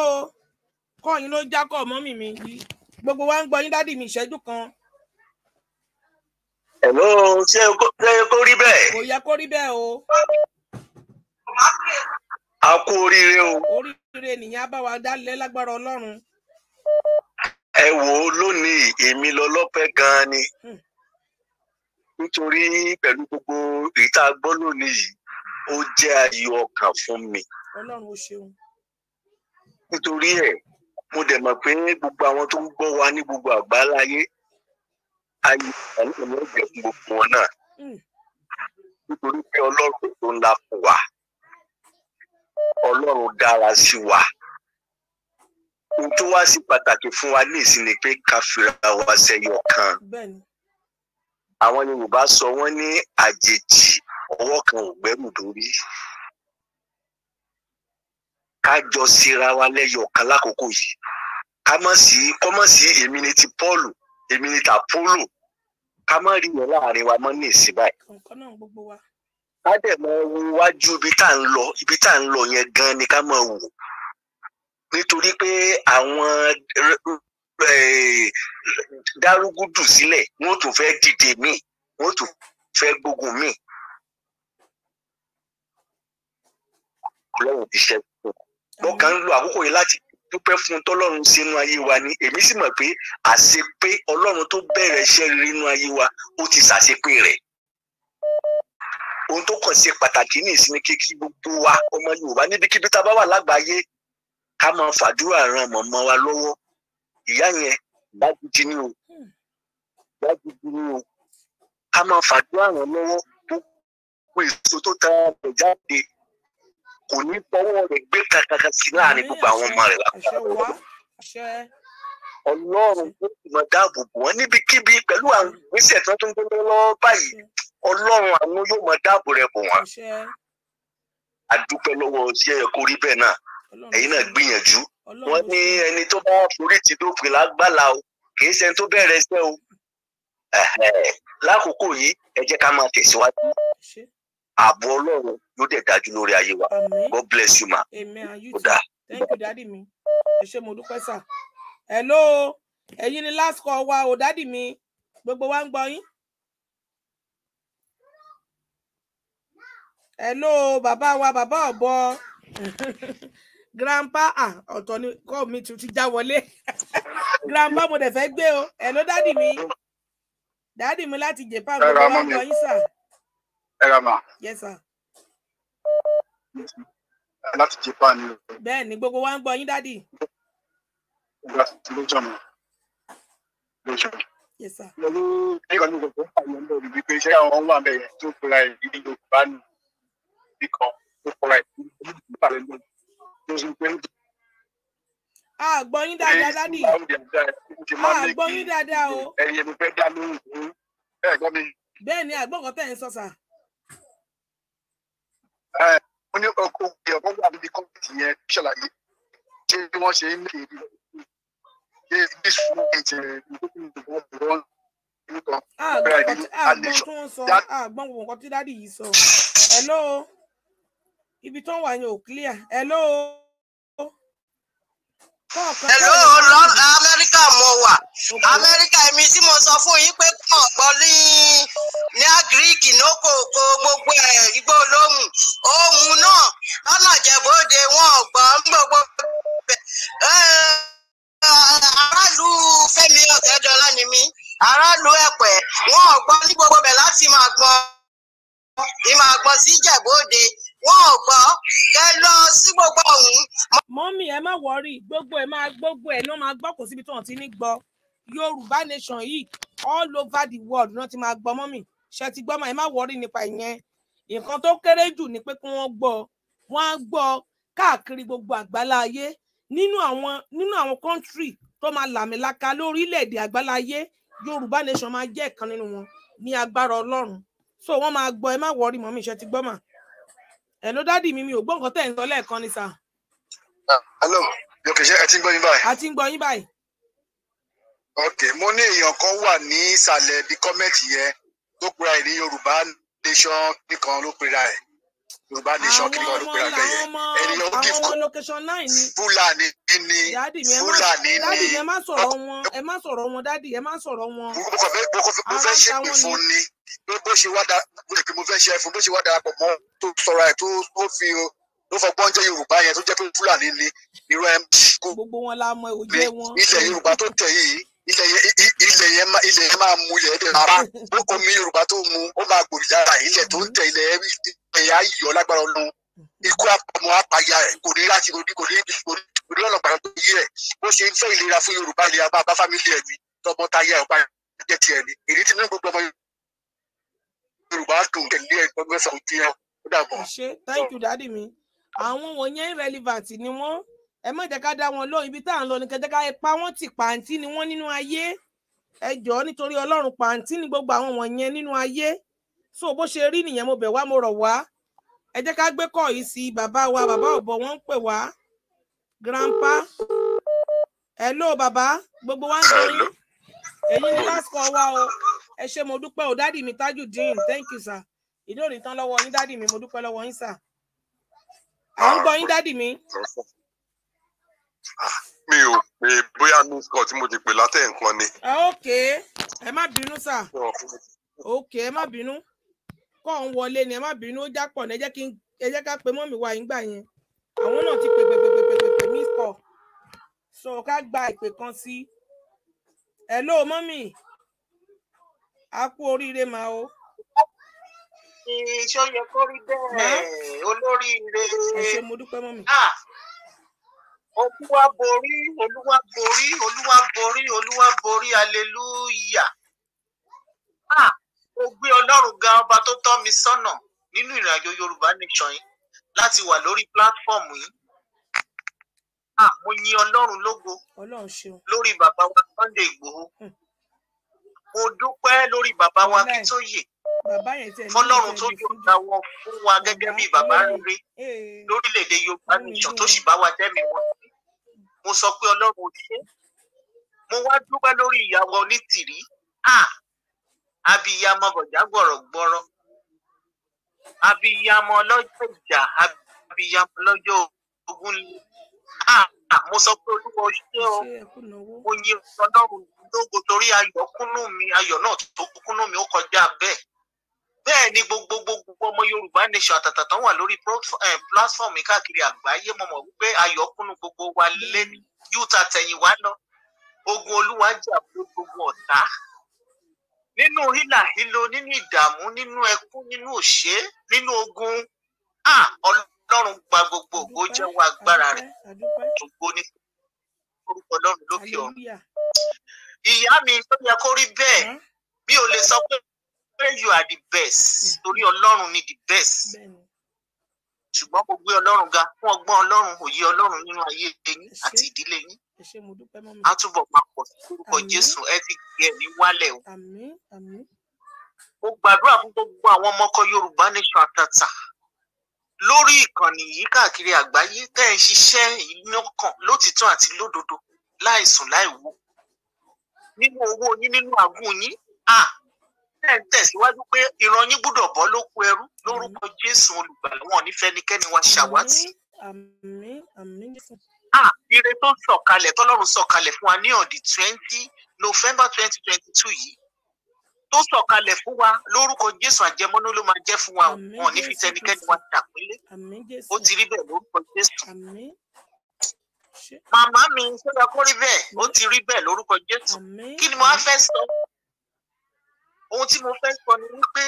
kọ́ ló ń jákọ̀ mọ́mì mi yìí gbogbo wa ń gbọ́ yín dádì mi ìṣẹ́jú kan. ẹ̀ló ṣé ẹ kó rí bẹ́ẹ̀. kò yẹ kó rí bẹ́ẹ̀ o. a kú oríire o. oríire nìyẹn á bá wa dálé lágbára ọlọ́run. ẹ wò lónìí èmi lọ lọ́pẹ́ gan-an ni hmm. nítorí pẹ̀lú gbogbo ìta gbọ́ lónìí yìí ó jẹ́ ayọ̀ ọkàn fún mi. ọlọ́run ó ṣeun. nítorí ẹ̀ mo dẹ̀ mọ̀ pé gbogbo àwọn tó ń gbọ́ wa ní gbogbo àgbáláyé ayé ìgbà náà ló jẹ́ fún gbogbo wọn náà hmm. nítorí pé ọlọ́run tó ń la fún wa ọlọ́run dára sí wa ohun tó wá sí pàtàkì fún wa ní ìsinmi pé ká fira wa sẹ́yọ kan àwọn Yorùbá sọ wọ́n ní àjèjì ọwọ́ kan ò gbẹ́rù dórí ká jọ síra wa lẹ́yọ̀ kan lákòókò yìí ká má sí kọ́ má sí èmi ni ti Pọ́ọ̀lù èmi ni tàpólò ká má rí yẹn láàrin wa mọ́ ní ìsìn báyìí. ká dẹ̀ mọ wo wájú ibi tá à ń lọ ibi tá à ń lọ yẹn gan ni ká máa wò nítorí pé àwọn dárúgúdù sílẹ̀ wọ́n tún fẹ́ dìde míì wọ́n tún fẹ́ gbógun míì. ọlọ́run ti ṣẹ́gun mo kàn ń lo àkókò yìí láti dúpẹ́ fún tọ́lọ́run sínú ayé wa ni èmi sì mọ̀ pé àṣepé ọlọ́run tó bẹ̀rẹ̀ iṣẹ́ rere nínú ayé wa ó ti ṣàṣepé rẹ̀ ohun tó kàn ṣe pàtàkì ní ìsinmi kékeré gbogbo wa ọmọ yorùbá níbikíbi tá a bá wà lágbàáyé ká máa fàdúrà ran mọ̀mọ́ wa lọ́wọ́ ìyá yẹn dájúdí ni o dájúdí hmm. ni o ká máa fàdúrà ran lọ́wọ́ gbogbo èso tó tara rẹ̀ jáde kò ní fọwọ́ rẹ̀ gbé kankan sí láàrin gbogbo àwọn ọmọ rẹ̀ lápapọ̀. ọlọ́run tó ti dáàbò bò wọ́n níbikíbi pẹ̀lú àwọn ìgbésẹ̀ tó ń gbé lọ́wọ́ báyìí ọlọ́run àánú yóò mọ dáàbò rẹ̀ bò wọ́n. àdúpẹ́ lọ́wọ́ tí ẹ kó rí bẹ́ẹ̀ náà ẹ̀yin náà gbìyànjú wọ́n ní ẹni tó bá forí ti dópin lágbàlá o kì í ṣe tó bẹ̀rẹ̀ iṣẹ́ o lákòókò yìí ẹ jẹ́ ká máa tẹ̀síwájú ààbò ọlọ́run yóò dẹ̀ dájú lórí ayé wa god bless you ma ó dáa. thank you dadi mi ẹ ṣé mo dúpẹ́ sà hello ẹ̀yin ni last call wa o dadi mi gbogbo wa ń gbọ́ yín. hello bàbá wa bàbá ọ̀bọ grandpa ah ọ̀tọ̀ ni kọ́ mi tún ti já wọlé grandpa mo dẹ̀ fẹ́ gbé o hello dadi mi dadi mi láti japan gbogbo wa ń gbọ́ yín sà ẹ yes sir. láti japan ni o. bẹ́ẹ̀ ni gbogbo wa ń gbọ́ yín dádì. ìgbà tí lójú. yes sir. mo ní ẹ̀yìn kan ní gbogbo àwọn ọmọ mi wípé iṣẹ́ àwọn ọmọ àbẹ̀ yẹn tó fura ẹ̀ ní yorùbá nù bí tó fura ẹ̀ ní yorùbá rẹ̀ lọ ló sì a gbọ́ yín dáadáa dádì a gbọ́ yín dáadáa o. ẹ̀yẹ̀ mi fẹ́ dá lóhùn ẹ̀gbọ́n mi. bẹ́ẹ̀ ni àgbọ̀ngàn tẹ̀ ń sọ sáà wọ́n ní ọkọ̀ òkè ọ̀kan wà níbi kọ́ńtì yẹn ṣàlàyé ṣé wọ́n ṣe ń lè rí ṣé bí sùn ẹ̀jẹ̀ ìdókòwò ìwọ̀n ìwọ̀n àgbọ̀n wo nǹkan tí dádì yìí sọ hello ibi tó ń wà yẹn ò clear hello. hello amẹ́ríkà mo wà amẹ́ríkà èmi tí mo sọ fún yín pé kọ́ ọ̀gbọ́n ní ní agiriki lókoòkò gbogbo ẹ̀ igbó olóhùn ohun náà lọ́nà jẹ̀bọ́dé wọn ọ̀gbọ́n gbogbo aráàlú Fẹ́mi láti sí wọn ò gbọ́ kẹ lọ sí gbogbo ọ̀hún. mọ́mí ẹ má wọrí gbogbo ẹ máa gbogbo ẹ náà máa gbọ́ kò síbi tí wọ́n ti ní gbọ́ yorùbá nation yìí all over the world náà ti máa gbọ́ mọ́mí ṣe ti gbọ́ máa ẹ má wọrí nípa ìyẹn nǹkan tó kéré jù ni pé kí wọ́n gbọ́ wọ́n á gbọ́ káàkiri gbogbo àgbálá ayé nínú àwọn nínú àwọn kọ́ńtírì tó máa làmìlaka lórílẹ̀‐èdè àgbálá ayé yorùbá nation máa jẹ́ ìkan nínú wọn ní agbára ọlọ́run so wọ́n máa gbọ́ ẹ má wọrí mọ́mí ṣe ti gbọ́ mà. Hello, Daddy Mimi. mi mi ò gbọ́ nǹkan tẹ̀ ń ni sà. Ah, hello yòókè ṣe ẹ ti ń gbọ́ yín báyìí. a ti ń gbọ́ yín báyìí. ok mo ní èèyàn kan wà ní ìsàlẹ̀ bí kọ́mẹ̀tì yẹn tó pera ẹ̀ ní yorùbá nation nìkan ló pera ẹ̀ yorùbá nation kí ni wọn ló pera bẹ yẹn ènìyàn ó give fúlàní ní fúlàní ní. mo kàn mo kàn ṣe pé fún ni bó ṣe wá da èpè mo fẹ́ ṣe fún bó ṣe wá darapọ̀ mọ́ tó sọ̀rọ̀ ẹ̀ tó fi ló fọgbọ́n jẹ́ yorùbá yẹn tó jẹ́ pé fúlàní ni irú ẹ̀ kú. gbogbo ilẹ̀ yorùbá tó tẹ̀ yìí ilẹ̀ yẹn máa ilẹ̀ yẹn máa mu ilẹ̀ yẹn dẹ̀ rárá omi yorùbá tó mu ó máa gbòdì lára ilẹ̀ tó ń tẹ̀ ilẹ̀ yẹn ẹ̀yà yìí ọlágbára ọlọ́run mm-hmm. ikú àpamọ́ apàyà rẹ̀ kò ní láti ronú kò ní kò lọ́nà gbàgbọ́ yí rẹ̀ bó ṣe ń fẹ́ ìlera fún yorùbá ìlera bá bá fámìlì ẹ̀ mi tọmọ táyà ẹ̀ bá tiẹ̀ ni èyí tí nínú gbogbo ọmọ yorùbá dùn tẹ̀lé ẹ̀ gbọ́dọ̀ ojú ẹ̀ ó dàbọ̀. ṣe thank you dadi mi àwọn wọ̀nyẹn irrelevant ni wọ́n ẹ má jẹ́ dá wọn lóhùn ibi tá à ń lọ nìkan jẹ́ ká pa ti pàǹtí ni wọ́n nínú ayé ẹ jọ̀ọ́ nítorí ọlọ́run pàǹtí ni gbogbo àwọn wọ̀nyẹn nínú ayé so bó ṣe rí nìyẹn mo bẹ̀ wá mo rọ̀ wá ẹ jẹ́ ká gbé kọ́ yìí sí bàbá wa bàbá ọ̀bọ wọn ń pè wá grandpa hello bàbá gbogbo wa ń gbọ́ yín èyí ni last call wa o ẹ ṣe mo dúpẹ́ o dádì mi Tajudeen thank you sir ìdí òní tán lọ́wọ́ yín dádì mi mo dúpẹ́ lọ́wọ́ yín sir à ń gbọ́ yín dádì mi. Ah, mi ò pè bóyá news call tí mo ti pè látẹ̀ nǹkan ni. Ah, ok ẹ má bínú sir ok ẹ má bínú kọ́ ń wọlé ni ẹ má bínú ó jápọ̀ ní ẹ jẹ́ kí ẹ jẹ́ ká pe mọ́mì wa ìgbà yẹn àwọn náà ti pè pè pè pè pè pè mí kọ̀ so ká gba ìpè kan sí hello mọ́mì a kú oríire màá o ṣó yẹ kó rí bẹ́ẹ̀ olóríire. ẹ̀sẹ̀ mo dúpẹ́ mọ́ olúwa borí olúwa borí olúwa borí olúwa borí hallelujah mo gbé ọlọ́run ga ọba tó tọ́ mi sọ́nà nínú ìrìnàjò yorùbá nation yìí láti wà lórí platform yìí mo yin ọlọ́run lógo lórí bàbá wa Sunday Igboho hmm. mo dúpẹ́ lórí bàbá wa kí tó yè fọlọ́run tó yọ̀ǹda wọn fún wa gẹ́gẹ́ bí bàbá rere lórílẹ̀‐èdè yorùbá nation tó sì bá wa dẹ́mi wọn mo sọ pé ọlọ́run ò ṣe mo wá dúpẹ́ lórí ìyàwó onítìrí abiyamọ bọjá gbọrọgbọrọ abiyamọ lọ́jọ́ ìjà abiyamọ lọ́jọ́ ogun ni mo sọ pé olúwa ṣé o mo yí Ọlọ́run lógo torí ayọ̀ kúnnú mi ayọ̀ náà tó kúnnú mi ó kọjá bẹ́ẹ̀ bẹ́ẹ̀ ni gbogbo gbogbo ọmọ Yorùbá nation àtàtà tán wà lórí platform káàkiri àgbáyé mo mọ̀ wípé ayọ̀ kúnnú gbogbo wa lé ní yúta tẹ̀yìn wá lọ ogun olúwa jà fún gbogbo ọ̀tá nínú hílàhílo nínú ìdààmú nínú ẹkún nínú òṣè nínú ogun ọlọ́run gba gbogbo ògo jẹ́wọ́ agbára rẹ̀ ògo ní orúkọ ọlọ́run lókè ọ̀run. ìyá mi ló yẹ kó rí bẹ́ẹ̀ mi ò lè sọ pé you are the best hmm. torí ọlọ́run ni the best ṣùgbọ́n kò gbé ọlọ́run ga fún ọgbọ́n ọlọ́run òye ọlọ́run nínú ayé yín àti ìdílé yín ẹ ṣé mo dúpẹ́ mọ́mí. a túbọ̀ papọ̀ lórúkọ jésù ẹ fi gbé ẹ̀mí wálẹ̀ o. àmín àmín. mo gbàdúrà fún gbogbo àwọn ọmọkọ yorùbá nation àtàtà lórí ìkànnì yìí káàkiri àgbáyé tẹ́ ẹ ṣiṣẹ́ ìlọ́kàn lótìtọ́ àti lódodo láìsùn láìwo nínú owó yín nínú àgùn yín à tẹ́ ẹ tẹ̀síwájú pé ìran yín gbúdọ̀ bọ́ lóko ẹrú lórúkọ jésù olùgbàlà wọn nífẹ̀ẹ́ nikẹ́ni wa ṣàwátì. àmín ah ire tó sọ̀kalẹ̀ tọ́lọ́run sọ̀kalẹ̀ fún wa ní ọ̀dì twenty november twenty twenty two yìí tó sọ̀kalẹ̀ fún wa lórúkọ jésù àjẹmọ́nú ló máa jẹ́ fún wa wọn ní fi tẹnikẹ́ni wa ṣàpínlẹ̀ ó ti rí bẹ́ẹ̀ lórúkọ jésù màmá mi sọ́dọ̀ kó rí bẹ́ẹ̀ ó ti rí bẹ́ẹ̀ lórúkọ jésù kí ni mo á fẹ́ sọ ohun tí mo fẹ́ sọ ni wípé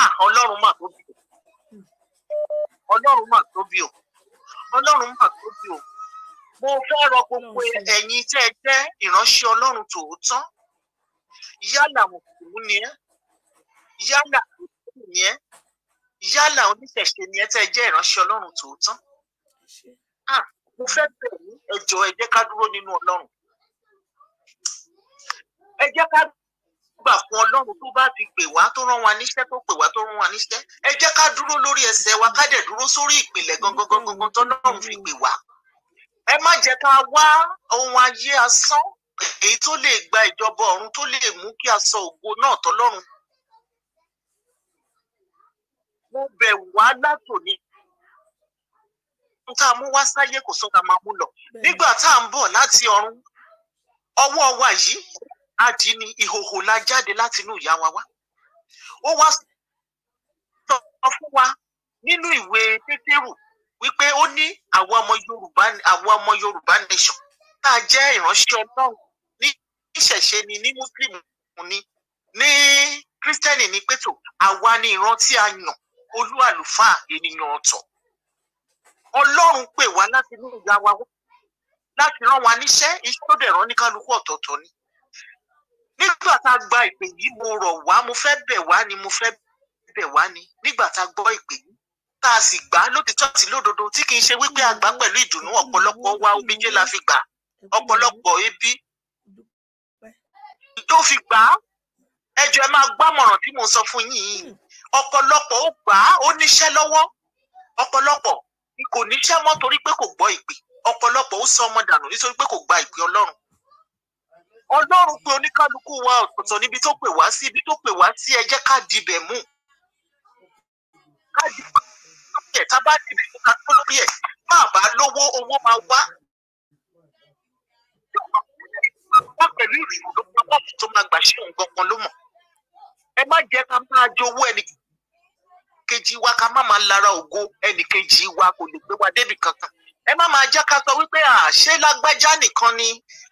ah ọlọ́run mà tóbi o hmm. ọlọ́run mà tóbi o ọlọ́run mà tó bí o mo fẹ́ rọ gbogbo ẹ̀yin tẹ́ ẹ jẹ́ ìránṣẹ́ ọlọ́run tòótọ́ yálà mùsùlùmí ni ẹ́ yálà mùsùlùmí ni ẹ́ yálà oníṣẹ̀ṣe ni ẹ́ tẹ́ ẹ jẹ́ ìránṣẹ́ ọlọ́run tòótọ́ mo fẹ́ bẹ̀ yín ẹ jọ̀ọ́ ẹ jẹ́ ká dúró nínú ọlọ́run ẹ jẹ́ ká gbà fún ọlọ́run tó bá ti pè wá tó rán wa níṣẹ́ tó pè wá tó rán wa níṣẹ́ ẹ jẹ́ ká dúró lórí ẹsẹ̀ wa ká dẹ̀ dúró sórí ìpìlẹ̀ gangan gangan tọ́lọ́run fi pè wá ẹ má jẹ́ ká wá ohun ayé asán èyí tó lè gba ìjọba ọ̀run tó lè mú kí a ògo náà tọ́lọ́run. mo bẹ̀ wá látòní tá a mú wá sáyé kò sún máa mú lọ nígbà tá à ń bọ̀ láti ọ̀run ọwọ́ wa yìí adì ní ìhòhò la jáde láti inú ìyá wa wá ó wá sọ fún wa nínú ìwé pétérù wípé ó ní àwọn ọmọ yorùbá nation tá a jẹ́ ìránṣẹ́ ọlọ́run ní ìṣẹ̀ṣe ni ní mùsùlùmí ni ní kírísítẹ́nì ní pétò àwa ni ìran tí a yàn olú àlùfáà ènìyàn ọ̀tọ̀ ọlọ́run pè wá láti inú ìyá wa wá láti rán wa níṣẹ́ iṣẹ́ tó dẹ̀ rán ní kálukú ọ̀tọ̀ọ̀tọ̀ ni nígbà tá a gba ìpè yìí mo rọ̀ wá mo fẹ́ bẹ̀ wá ni mo fẹ́ bẹ̀ wá ni nígbà tá a gbọ́ ìpè yìí tá a sì gbà lótìtọ́ àti lódodo tí kì í ṣe wípé a gbà pẹ̀lú ìdùnnú ọ̀pọ̀lọpọ̀ wa omijé la fi gbà ọ̀pọ̀lọpọ̀ ebi tó fi gbà á ẹjọ́ ẹ máa gbámọ̀ràn tí mo sọ fún yín yìí ọ̀pọ̀lọpọ̀ ó gbà á ó níṣẹ́ lọ́wọ́ ọ̀pọ̀lọpọ̀ kò níṣẹ́ mọ́ torí pé kò gbọ́ ìpè ọ̀pọ̀lọpọ̀ ó sọ ọmọ dànù nítorí pé kò gba ìpè Ọlọ́run ọlọ́run pé oníkálukú wa ọ̀tọ̀ níbi tó pè wá sí ibi tó pè wá sí ẹ jẹ́ ká dibẹ̀ mú ká dibẹ̀ mú ẹ̀ tá bá dibẹ̀ mú ká tó lórí ẹ̀ máa bá lówó owó máa wá. wá pẹ̀lú ìṣòro pamọ́ tó máa gbà ṣe nǹkan kan ló mọ̀ ẹ má jẹ́ ká máa jowó ẹnì kejì wa ká má máa lara ògo ẹnì kejì wa kò lè gbé wa débi kankan. ẹ má máa jẹ́ ká sọ wípé àṣé lágbájá nìkan ni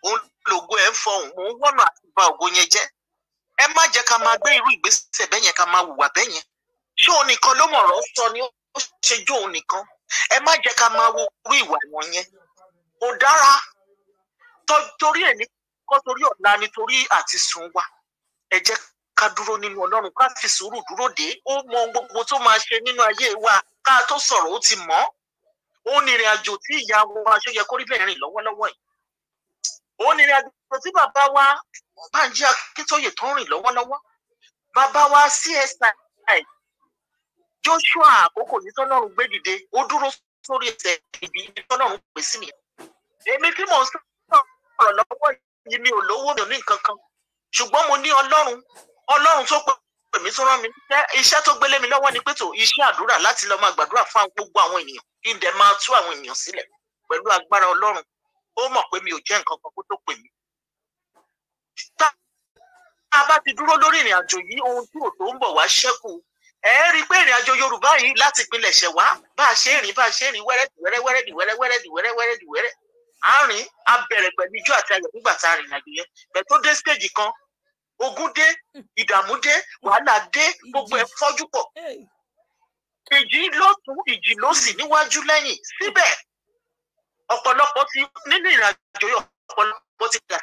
òun lògo ẹ̀ ń fọhùn òun àti ògo yẹn jẹ́ ẹ má jẹ́ ká máa gbé irú ìgbésẹ̀ bẹ́ẹ̀ yẹn ká máa hùwà bẹ́ẹ̀ yẹn ṣé òun nìkan ló mọ̀rọ̀ sọ ni ó ṣe jó òun nìkan ẹ má jẹ́ ká máa wo irú ìwà wọn yẹn kò dára torí kọ́ torí ọ̀la nítorí àti sùn wa ẹ dúró nínú ọlọ́run ká fi dúró dé ó mọ gbogbo òun ni ìrìn àjò tí ìyá wa ṣe yẹ kó rí bẹ́ẹ̀ rìn lọ́wọ́lọ́wọ́ yìí òun ni ìrìn àjò tí bàbá wa Bánjí Akíntóyè tó ń rìn lọ́wọ́lọ́wọ́ bàbá wa CSI Joshua àkókò yìí tọ́lọ́run gbé dìde ó dúró sórí ẹsẹ̀ ìbí tọ́lọ́run pè sí mi èmi tí mò ń sọ̀rọ̀ lọ́wọ́ yìí mi ò lówó mi ò ní nǹkan kan ṣùgbọ́n mo ní Ọlọ́run Ọlọ́run tó pẹ́ pè mí tó rán mi níṣẹ́ iṣẹ́ tó gbélé mi lọ́wọ́ ni pé tó iṣẹ́ àdúrà láti lọ máa gbàdúrà fún gbogbo àwọn ènìyàn kí n dẹ̀ máa tú àwọn ènìyàn sílẹ̀ pẹ̀lú agbára Ọlọ́run ó mọ̀ pé mi ò jẹ́ nǹkan kan kó tó pè mí. tá a bá ti dúró lórí ìrìn àjò yìí ohun tí òtò ń bọ̀ wá ṣẹ́kù ẹ rí i pé ìrìn àjò Yorùbá yìí láti ìpínlẹ̀ ṣẹ̀ wá bá a ṣe rìn bá a ṣe rìn wẹ́rẹ́dìwẹ́rẹ́ wẹ́rẹ́dìwẹ́rẹ́ wẹ́rẹ́dìwẹ́rẹ́ à ń rìn á bẹ̀rẹ̀ pẹ̀lú ijó àti ayọ̀ nígbà tá a rìn àjò yẹn bẹ̀ tó dé stage kan ogun dé ìdààmú dé wàhálà dé gbogbo ẹ̀ fọ́jú pọ̀ ìjì ló tún ìjì ló sì níwájú lẹ́yìn síbẹ̀ ọ̀pọ̀lọpọ̀ ti nínú ìrìnàjò yìí ọ̀pọ̀lọpọ̀ ti gbà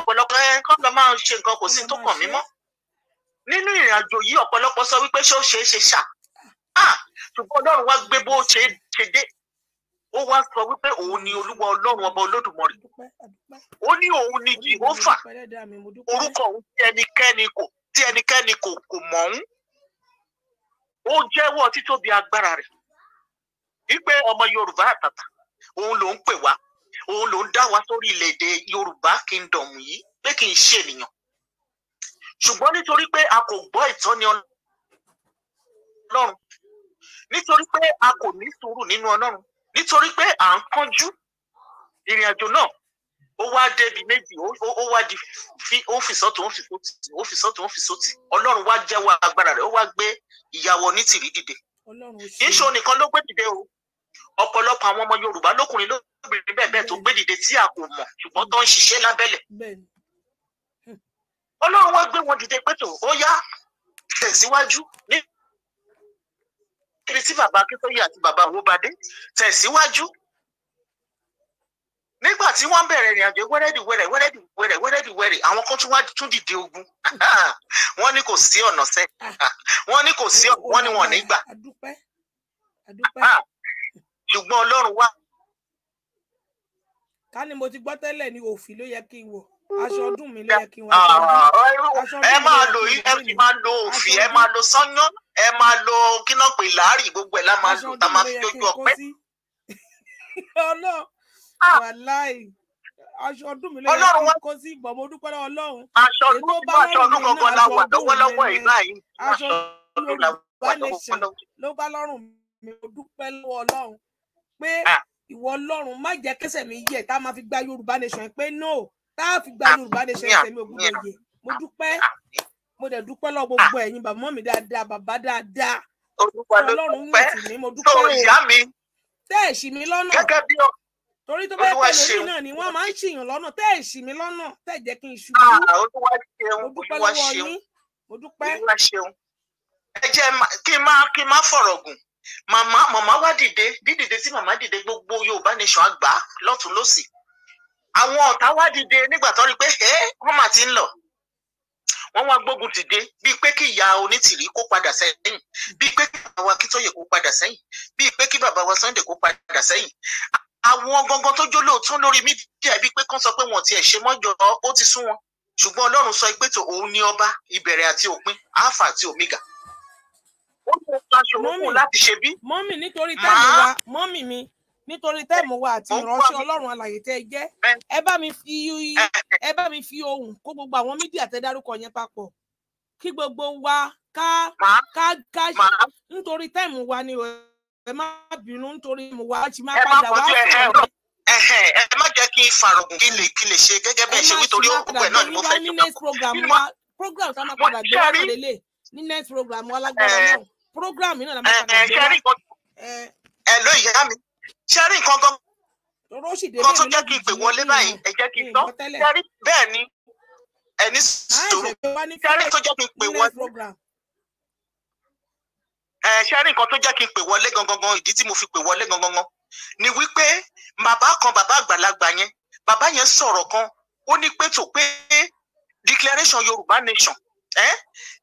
ọ̀pọ̀lọpọ̀ ẹ kọ́ lọ máa ń ṣe nǹkan kò sí tó kàn mí mọ́ nínú ìrìnàjò yìí ọ̀pọ̀lọpọ̀ sọ wípé ṣé ó ṣeé ṣe ṣá ah! ṣùgbọ́n Ọlọ́run wá gbé bó ṣe dé ó wá sọ wípé òun ni olúwa ọlọ́run ọba olódùmarè ó ní òun ni jehova orúkọ òun tí ẹnikẹ́ni kò tí ẹnikẹ́ni kò kò mọ̀ ọ́n ó jẹ́wọ́ títóbi agbára rẹ̀ wípé ọmọ yorùbá àtàtà òun ló ń pè wá òun ló ń dá wa sórí ilẹ̀-èdè yorùbá kingdom yìí pé kì í ṣe ènìyàn ṣùgbọ́n nítorí pé a kò gbọ́ ìtọ́ni ọlọ́run nítorí pé a kò ní sùúrù nínú ọlọ́run nítorí pé à ń kánjú ìrìn àjò náà ó wá débi méjì ó wá di fi ó fi sọ́tò ó fi sọ́tì ó fi sọ́tò ó fi sọ́tì ọlọ́run wá jẹ́wọ́ agbára rẹ̀ ó wá gbé ìyàwó onítìrí dìde kì í ṣe onìkan ló gbé dìde o ọ̀pọ̀lọpọ̀ àwọn ọmọ yorùbá lọ́kùnrin lóbìnrin bẹ́ẹ̀ bẹ́ẹ̀ tó gbé dìde tí a kò mọ̀ ṣùgbọ́n tó ń ṣiṣẹ́ lábẹ́lẹ̀ ọlọ́run wá gbé wọn dìde pẹ́tò ó yá tẹ̀síwájú nínú ibi tí bàbá akíntóyè àti bàbá owóbadé tẹ̀síwájú nígbà tí wọ́n bẹ̀rẹ̀ ìrìn àjò wẹ́rẹ́dìwẹ́rẹ́ wẹ́rẹ́dìwẹ́rẹ́ wẹ́rẹ́dìwẹ́rẹ́ àwọn kan tún wá tún dìde ogun wọ́n ní kò sí ọ̀nà sẹ́ wọ́n ní kò sí wọ́n ní wọ́n nígbà ah, ṣùgbọ́n ọlọ́run wá. ká ní mo ti gbọ́ tẹ́lẹ̀ ní òfì ló yẹ kí n wọ̀ aṣọ ọdún mi ló yẹ kí n wọ̀. Ah, ẹ máa lo òfì ẹ máa lo sányán ẹ máa lo kí náà pè láàrí gbogbo ẹ̀ la máa lò tá a máa fi jójú ọpẹ́. Ah! aṣọ ọdún mi lóye kí n kó sí ìbọn mo dúpẹ́ lọ́wọ́ ọlọ́run aṣọ ọdún kankan la wà lọ́wọ́lọ́wọ́ yìí náà yìí aṣọ ọdún la wà ló bá lọ́rùn mi mo lọ́wọ́ ọlọ́run pé ah! ìwọ ọlọ́run má jẹ́ kẹsẹ̀ mi yẹ̀ tá a máa fi gba yorùbá nation pé no tá a fi gba ah! yorùbá nation ẹsẹ̀ mi ò yẹ mo dúpẹ́ mo dẹ̀ dúpẹ́ lọ gbogbo ẹ̀yin bàbá mi dáadáa bàbá dáadáa ọlọ́run ní ìtì mi mo dúpẹ́ rẹ̀ tẹ́ ẹ̀ ṣì mí lọ́nà torí tó bẹ́ẹ̀ pẹ̀lú mi náà ni wọ́n máa ń ṣìyàn lọ́nà tẹ́ ẹ̀ ṣì mí lọ́nà tẹ́ ẹ̀ jẹ́ kí n ṣubú ah, mo dúpẹ́ lọ́wọ́ yín mo dúpẹ́. ẹ jẹ́ kí n má kí n má fọ̀rọ̀ gùn màmá màmá wá dìde dídìde tí màmá dìde gbogbo Yorùbá nation àgbà lọ́tún lọ́sì àwọn ọ̀tá wá dìde nígbà tó rí pé wọ́n mà ti ń lọ wọ́n wá gbógun ti dé bíi pé kí ìyá onítìrí kó padà sẹ́yìn bíi pé kí bàbá wa Akíntóyè kó padà sẹ́yìn bíi pé kí bàbá wa Sunday kó padà sẹ́yìn àwọn gangan tó jólóòtún lórí mídíà bíi pé kán sọ pé wọn tiẹ̀ ṣe mọ́jọ ó ti sún wọn ṣùgbọ́n Ọlọ́run sọ pé tó òun ní ọba ìbẹ̀rẹ̀ àti òpin alpha àti omega ó ní ọba ṣòro kù láti ṣe bí. mọ́mì nítorí táyà wa mọ́mì mi nítorí tẹ́ẹ̀mù wa àti ìránṣẹ́ ọlọ́run àlàyé tẹ́ ẹ jẹ́ ẹ bá mi fi ẹ bá mi fi ohùn kó gbogbo àwọn mídíà tẹ́ dárúkọ yẹn papọ̀ kí gbogbo wa ká ká ká nítorí tẹ́ẹ̀mù wa ni ẹ má bínú nítorí mu wa ti má padà wá fún ọ ẹ má jẹ́ kí farogun kí lè kí lè ṣe gẹ́gẹ́ bẹ́ẹ̀ ṣe nítorí orúkọ ẹ̀ náà ni mo fẹ́ jù náà. program wa program tá a máa padà gbé wá lélẹ̀ ní next program wa lágbára náà program yìí náà la máa padà gbé wá. ẹ ló ìyá mi ṣe rí nǹkan gan kan tó jẹ́ kí n pè wọlé báyìí ẹ jẹ́ kí n tán ṣe rí bẹ́ẹ̀ ni ẹni sòrò ṣe rí tó jẹ́ kí n pè wọlé ṣe rí nǹkan tó jẹ́ kí n pè wọlé gangan ìdí tí mo fi pè wọlé gangan ni wípé bàbá kan bàbá àgbàlagbà yẹn bàbá yẹn sọ̀rọ̀ kan ó ní pé tó pé declaration Yorùbá nation eh?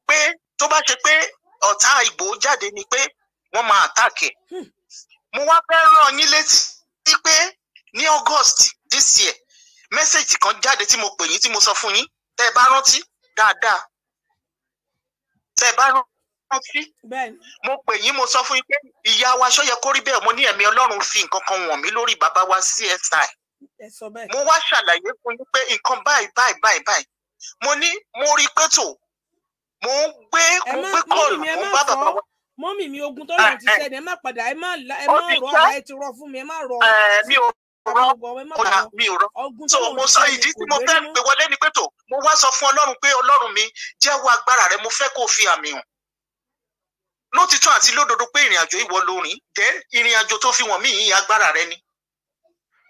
pé tó bá ṣe pé ọ̀tá ìbò jáde ni pé wọ́n máa àtàkì mo wá fẹ́ rán yín létí pé ní August this year mẹ́sẹ̀gì kan jáde tí mo pè yín tí mo sọ fún yín tẹ́ ẹ bá rántí dáadáa tẹ́ ẹ bá rántí mo pè yín mo sọ fún yín pé ìyá wa sọ́yẹ kórí bẹ́ẹ̀ mo ní ẹ̀mí Ọlọ́run fi nǹkan kan wọ̀n mí lórí bàbá wa CSI mo wá ṣàlàyé fún yín pé nǹkan báyìí báyìí báyìí báyìí mo ní mo rí pé mo ń gbé kọ́ọ̀lù mo ń bá bàbá wa mọ́mì mi ogun tó lọ́run ah, ti eh. ṣẹlẹ̀ ẹ má padà ẹ má ẹ má rọ ọ̀rọ̀ ẹ ti rọ fún mi ẹ má rọ eh, mi ò rọ mi ò rọ so mo sọ ìdí tí mo fẹ́ pé wọlé ni pé tó mo wá sọ fún ọlọ́run pé ọlọ́run mi jẹ́wọ́ agbára rẹ mo fẹ́ kó fi àmì hàn lótìtọ́ àti lódodo pé ìrìn àjò ìwọ lórin dẹ́ ìrìn tó fi wọ̀n mí yìí agbára rẹ ni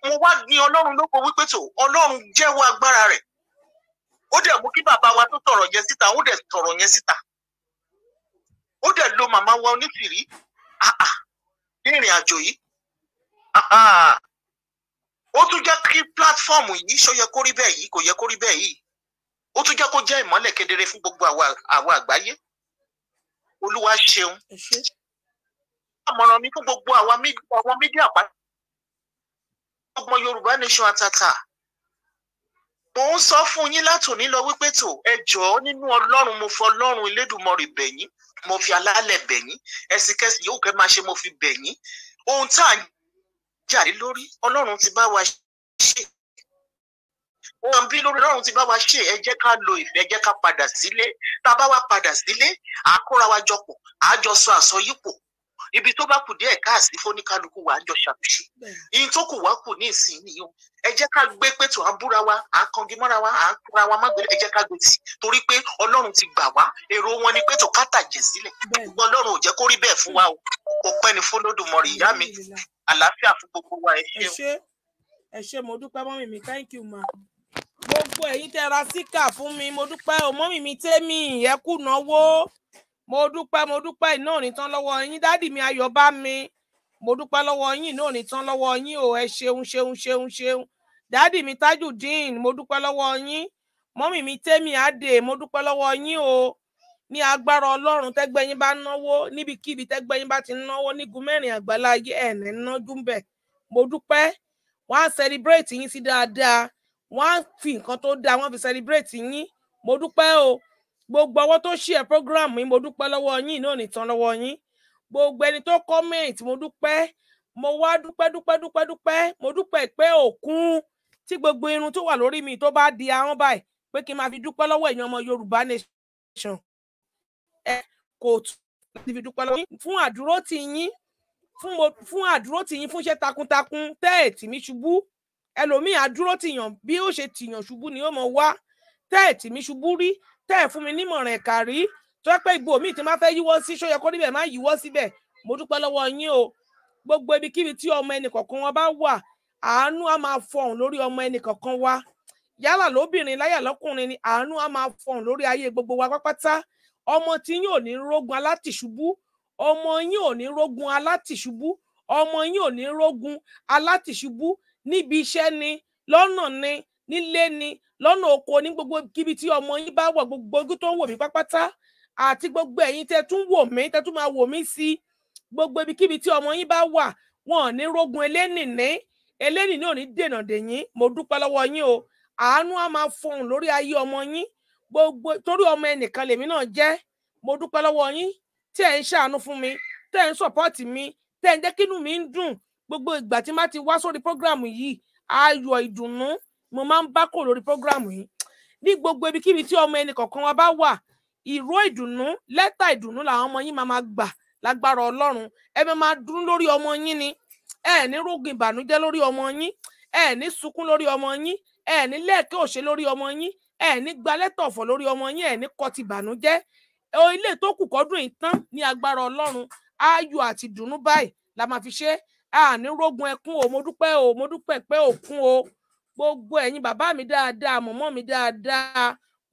mo wá ní ọlọ́run lóko wípé tó ọlọ́run jẹ́wọ́ agbára rẹ̀ ó dẹ̀ mú kí bàbá wa tó tọ̀rọ̀ yẹn síta ó dẹ̀ tọ̀rọ̀ yẹn síta ó dẹ̀ lo màmá wa onífìrí ní ìrìn àjò yìí ó tún jẹ́ kí pílátífọ́ọ̀mù yìí ṣó yẹ kó rí bẹ́ẹ̀ yìí kò yẹ kó rí bẹ́ẹ̀ yìí ó tún jẹ́ kó jẹ́ ìmọ́lẹ̀ kedere fún gbogbo àwa àgbáyé olúwa ṣeun àmọ̀ràn mi fún gbogbo àwọn mídíà pátá ọmọ yorùbá nation àtàtà mò ń sọ fún yín látòní lọ wípé tó ẹ jọ̀ọ́ nínú ọlọ́run mo fọ ọlọ́run elédùnmọ̀rì bẹ̀yín mo fi alálẹ̀ bẹ̀ yín ẹ̀sìnkẹ́sì yòówù kẹ́ máa ṣe mo fi bẹ̀ ohun tá à ń jàre lórí ọlọ́run ti bá wa ṣe wọn bí lórí ọlọ́run ti bá wa ṣe ẹ jẹ́ ká lo ìfẹ́ ẹ jẹ́ ká padà sílé tá a bá wa padà sílé àákóra wa jọpọ̀ àájọsọ àsọyípò ibi tó bá kù díẹ̀ káàsì fóníkálukú wa ń jọ ṣàtúnṣe yìí tó kù wá kù ní ìsìn nìyí ẹ jẹ́ ká gbé pẹ̀tù à ń búra wa à ń kangi mọ́ra wa à ń kúra wa má gbé ẹ jẹ́ ká gbé tì torí pé ọlọ́run ti gbà wá èrò wọn ni pẹ̀tù ká tàjẹ̀ sílẹ̀ ṣùgbọ́n ọlọ́run ò jẹ́ kó rí bẹ́ẹ̀ fún wa o ọpẹ́ ni f'Olódùmarè ìyá mi àlàáfíà fún gbogbo wa ẹ ṣé ẹ ṣé mo dúpẹ́ mọ́mì mi thank you ma gbogbo ẹ̀yin tẹ́ ra síkà fún mi mo dúpẹ́ mi tẹ́mì ẹ̀kú náwó mo dúpẹ́ mo dúpẹ́ iná òní tán lọ́wọ́ yín dádì mi ayọ̀ bá mi mo dúpẹ́ lọ́wọ́ yín iná òní tán lọ́wọ́ yín o ẹ ṣeun ṣeun ṣeun ṣeun dádì mi tajudeen mo dúpẹ́ lọ́wọ́ yín mọ́mì mi tẹ́mi adé mo dúpẹ́ lọ́wọ́ yín o ní agbára ọlọ́run tẹ́gbẹ́ yín bá náwó níbikíbi tẹ́gbẹ́ yín bá ti náwó nígun mẹ́rin àgbàlá ayé ẹ̀ ní nájú bẹ̀ mo dúpẹ́ wọ́n á celebrate yín sí dáadáa wọ́n á fi nǹkan tó dáa wọ́n fi celebrate yín mo dúpẹ́ o gbogbo ọwọ́ tó ṣí ẹ̀ program yìí mo dúpẹ́ lọ́wọ́ yín náà nìtàn lọ́wọ́ yín gbogbo ẹni tó comment mo dúpẹ́ mo wá dúpẹ́ dúpẹ́ dúpẹ́ dúpẹ́ mo dúpẹ́ pé òkun tí gbogbo irun tó wà lórí mi tó bá di ahọ́n báyìí pé kí n máa fi dúpẹ́ lọ́wọ́ èèyàn ọmọ Yorùbá nation ẹ kò tún láti fi dúpẹ́ lọ́wọ́ yín fún àdúró tì yín fún mo fún àdúró tì yín fún iṣẹ́ takuntakun tẹ́ ẹ̀ tì mí ṣubú ẹlòmíì àdúró tìyàn bí ó ṣe tìyàn ṣubú ni ó mọ wá tẹ́ ẹ̀ tì mí ṣubú rí tẹ́ ẹ̀ fún mi nímọ̀ràn ẹ̀ka rí tó yẹ pé ìgbò míì tí máa fẹ́ yíwọ́ sí ṣó yẹ kó níbẹ̀ máa yíwọ́ síbẹ̀ mo dúpẹ́ lọ́wọ́ yín o gbogbo ibikíbi tí ọmọ ẹnì kọ̀ọ̀kan wọn bá wà àánú á máa fọhùn lórí ọmọ ẹnì kọ̀ọ̀kan wa yálà lóbìnrin láyà lọ́kùnrin ni àánú á máa fọhùn lórí ayé gbogbo wa pápátá ọmọ tí yín ò ní rógun alátìṣubú ọmọ yín ò ní rógun alátìṣubú ọmọ yín ò ní rógun alátìṣubú níbi iṣẹ́ ni lọ́nà ni nílé ni lọ́nà oko ní gbogbo kíbi tí ọmọ yín bá wọ̀ gbogbo ojú tó ń wò mí pápátá àti gbogbo ẹ̀yin tẹ́ tún wò mí tẹ́ tún máa wò mí sí gbogbo ibikíbi tí ọmọ yín bá wà wọn ò ní rógun elénìní elénìní ò ní dènà dèyín mo dúpẹ́ lọ́wọ́ yín o àánú á máa fọhùn lórí ayé ọmọ yín gbogbo torí ọmọ ẹnìkan lèmi náà jẹ́ mo dúpẹ́ lọ́wọ́ yín tí ẹ̀ ń ṣàánú fún mi tí ẹ̀ ń sọ̀pọ́ọ̀tì mi tí ẹ̀ ń jẹ́ kínú mi ń dùn gbogbo ìgbà tí má ti wá sórí prógráàmù yìí ayọ̀ ìdùnnú mo máa ń bá kò lórí program yìí ní gbogbo ibikíbi tí ọmọ ẹnì kọ̀ọ̀kan wa bá wà ìró ìdùnnú lẹ́tà ìdùnnú làwọn ọmọ yín máa máa gbà lágbára ọlọ́run ẹ máa dún lórí ọmọ yín ni ẹ ní rògùn ìbànújẹ́ lórí ọmọ yín ẹ ní sunkún lórí ọmọ yín ẹ ní lẹ́ẹ̀kẹ́ òṣè lórí ọmọ yín ẹ ní gba lẹ́tà ọ̀fọ̀ lórí ọmọ yín ẹ ní kọtì ìbànújẹ́ ilé tó kù kọ́dún ìtàn ní agbára ọlọ́run ayọ̀ àti ìdùnnú báyìí la máa fi ṣe àní rògùn ẹkún o mo dúpẹ́ o mo dúpẹ́ pé òkun o gbogbo ẹ̀yin bàbá mi dáadáa mọ̀mọ́ mi dáadáa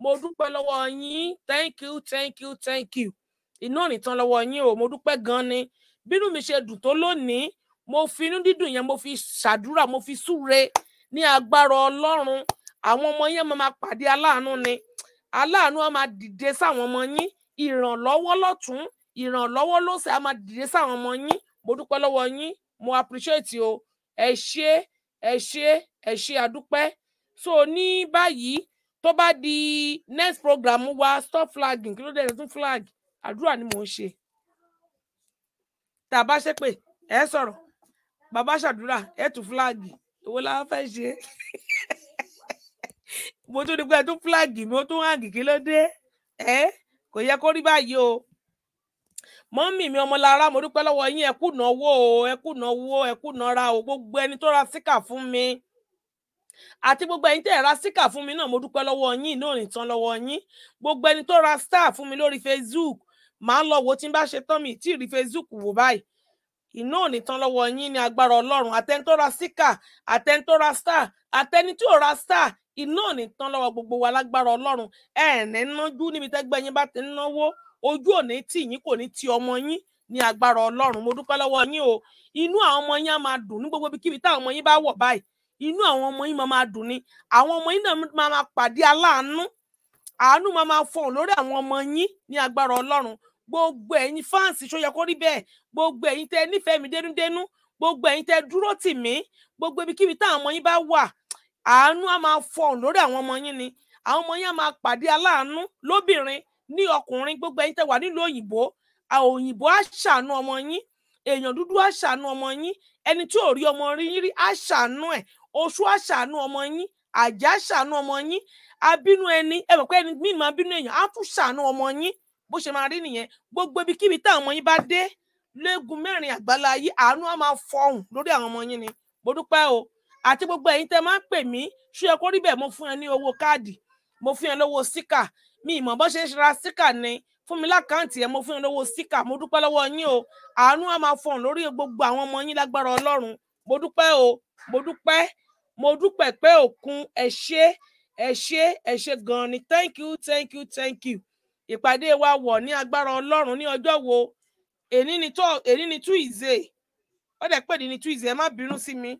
mo dúpẹ́ lọ́wọ́ yín thank you thank you thank you iná nìtàn lọ́wọ́ yín o mo dúpẹ́ gan ni bínú mi ṣe dùn tó lónìí mo fi inú dídùn yẹn mo fi ṣàdúrà mo fi súre ní agbára Ọlọ́run àwọn ọmọ yẹn máa pàdé aláàánú ni aláàánú á máa dìde sáwọn ọmọ yín ìrànlọ́wọ́ lọ́tún ìrànlọ́wọ́ lọ́sẹ̀ máa dìde sáwọn ọmọ yín mo dúpẹ́ lọ́wọ́ yín mo appreciate o ẹ ṣé ẹ ṣé ẹ ṣé àdúpẹ́ so ní báyìí tó bá di next program wa stop flagging kí ló dé tún flag àdúrà ni mò ń ṣe tá a bá ṣépè ẹ sọ̀rọ̀ bàbá ṣàdúrà ẹ tún flag èwo la fẹ́ ṣe mo tún ní pé ẹ tún flag mo tún hàn kí ló dé ẹ kò yẹ kó rí báyìí o mọ́mì mi ọmọlára mo dúpẹ́ lọ́wọ́ yín ẹ kú náwó o ẹ kú ẹ kú o gbogbo ẹni tó ra síkà fún mi àti gbogbo ẹ̀yin tẹ́ ẹ ra síkà fún mi náà mo dúpẹ́ lọ́wọ́ yín náà nìtàn lọ́wọ́ yín gbogbo ẹni tó ra star fún mi lórí facebook màá lọ wo tí n bá ṣe tán mi tí ì rí facebook wò báyìí iná nìtàn lọ́wọ́ yín ní agbára ọlọ́run àtẹni síkà àtẹni star àtẹni ra star iná nìtàn lọ́wọ́ gbogbo wa lágbára ọlọ́run ẹ ẹ ní nájú níbi tẹ́gbẹ́ yín bá ti náwó ojú òní tì yín kò ní ti ọmọ yín ní agbára ọlọ́run mo dúpẹ́ lọ́wọ́ yín o inú àwọn ọmọ yín á máa dùn ní gbogbo ibikíbi táwọn ọmọ yín bá wọ̀ báyìí inú àwọn ọmọ yín máa dùn ni àwọn ọmọ yín náà máa máa pàdé aláàánú àánú máa máa fọhùn lórí àwọn ọmọ yín ní agbára ọlọ́run gbogbo ẹ̀yin fáǹsì ṣó kó rí bẹ́ẹ̀ gbogbo ẹ̀yin tẹ nífẹ̀ẹ́ mi dénúdénú gbogbo ẹ̀yin tẹ dúró tì mí gbogbo ibikíbi táwọn ọmọ yín bá wà àánú á máa fọhùn lórí àwọn ọmọ yín ni àwọn ọmọ yín á máa pàdé aláàánú lóbìnrin ní ọkùnrin gbogbo ẹ̀yin tẹ́ wà nílùú òyìnbó òyìnbó á ṣàánú ọmọ yín èèyàn dúdú á ṣàánú ọmọ yín ẹni tí ò rí ọmọ rí rí á ṣàánú ẹ̀ oṣù á ṣàánú ọmọ yín àjà ṣàánú ọmọ yín abínú ẹni ẹ mọ̀ pé ẹni mí máa bínú èèyàn á tún ṣàánú ọmọ yín bó ṣe máa rí nìyẹn gbogbo ibikíbi táwọn ọmọ yín bá dé léegun mẹ́rin àgbàlá yìí àánú á máa fọhùn lórí àwọn ọmọ yín ni mo dúpẹ́ o àti gbogbo ẹ̀yin tẹ́ máa ń pè mí ṣú ẹ kó rí bẹ́ẹ̀ mo fún ẹ ní owó káàdì mo fún ẹ lówó síkà mi ìmọ̀ bó ṣe ń ṣera síkà ni fún mi lákàntì ẹ̀ mo fún yín lówó síkà mo dúpẹ́ lọ́wọ́ yín o àánú á máa fọ̀n lórí gbogbo àwọn ọmọ yín lágbára ọlọ́run mo dúpẹ́ o mo dúpẹ́ mo dúpẹ́ pé òkun ẹ ṣé ẹ ṣé ẹ ṣé gan ni thank you thank you thank you ìpàdé wa wọ̀ ní agbára ọlọ́run ní ọjọ́ wo èní ni tó èní ni Tuesday ó dẹ̀ pè ní ni Tuesday ẹ má bínú sí mi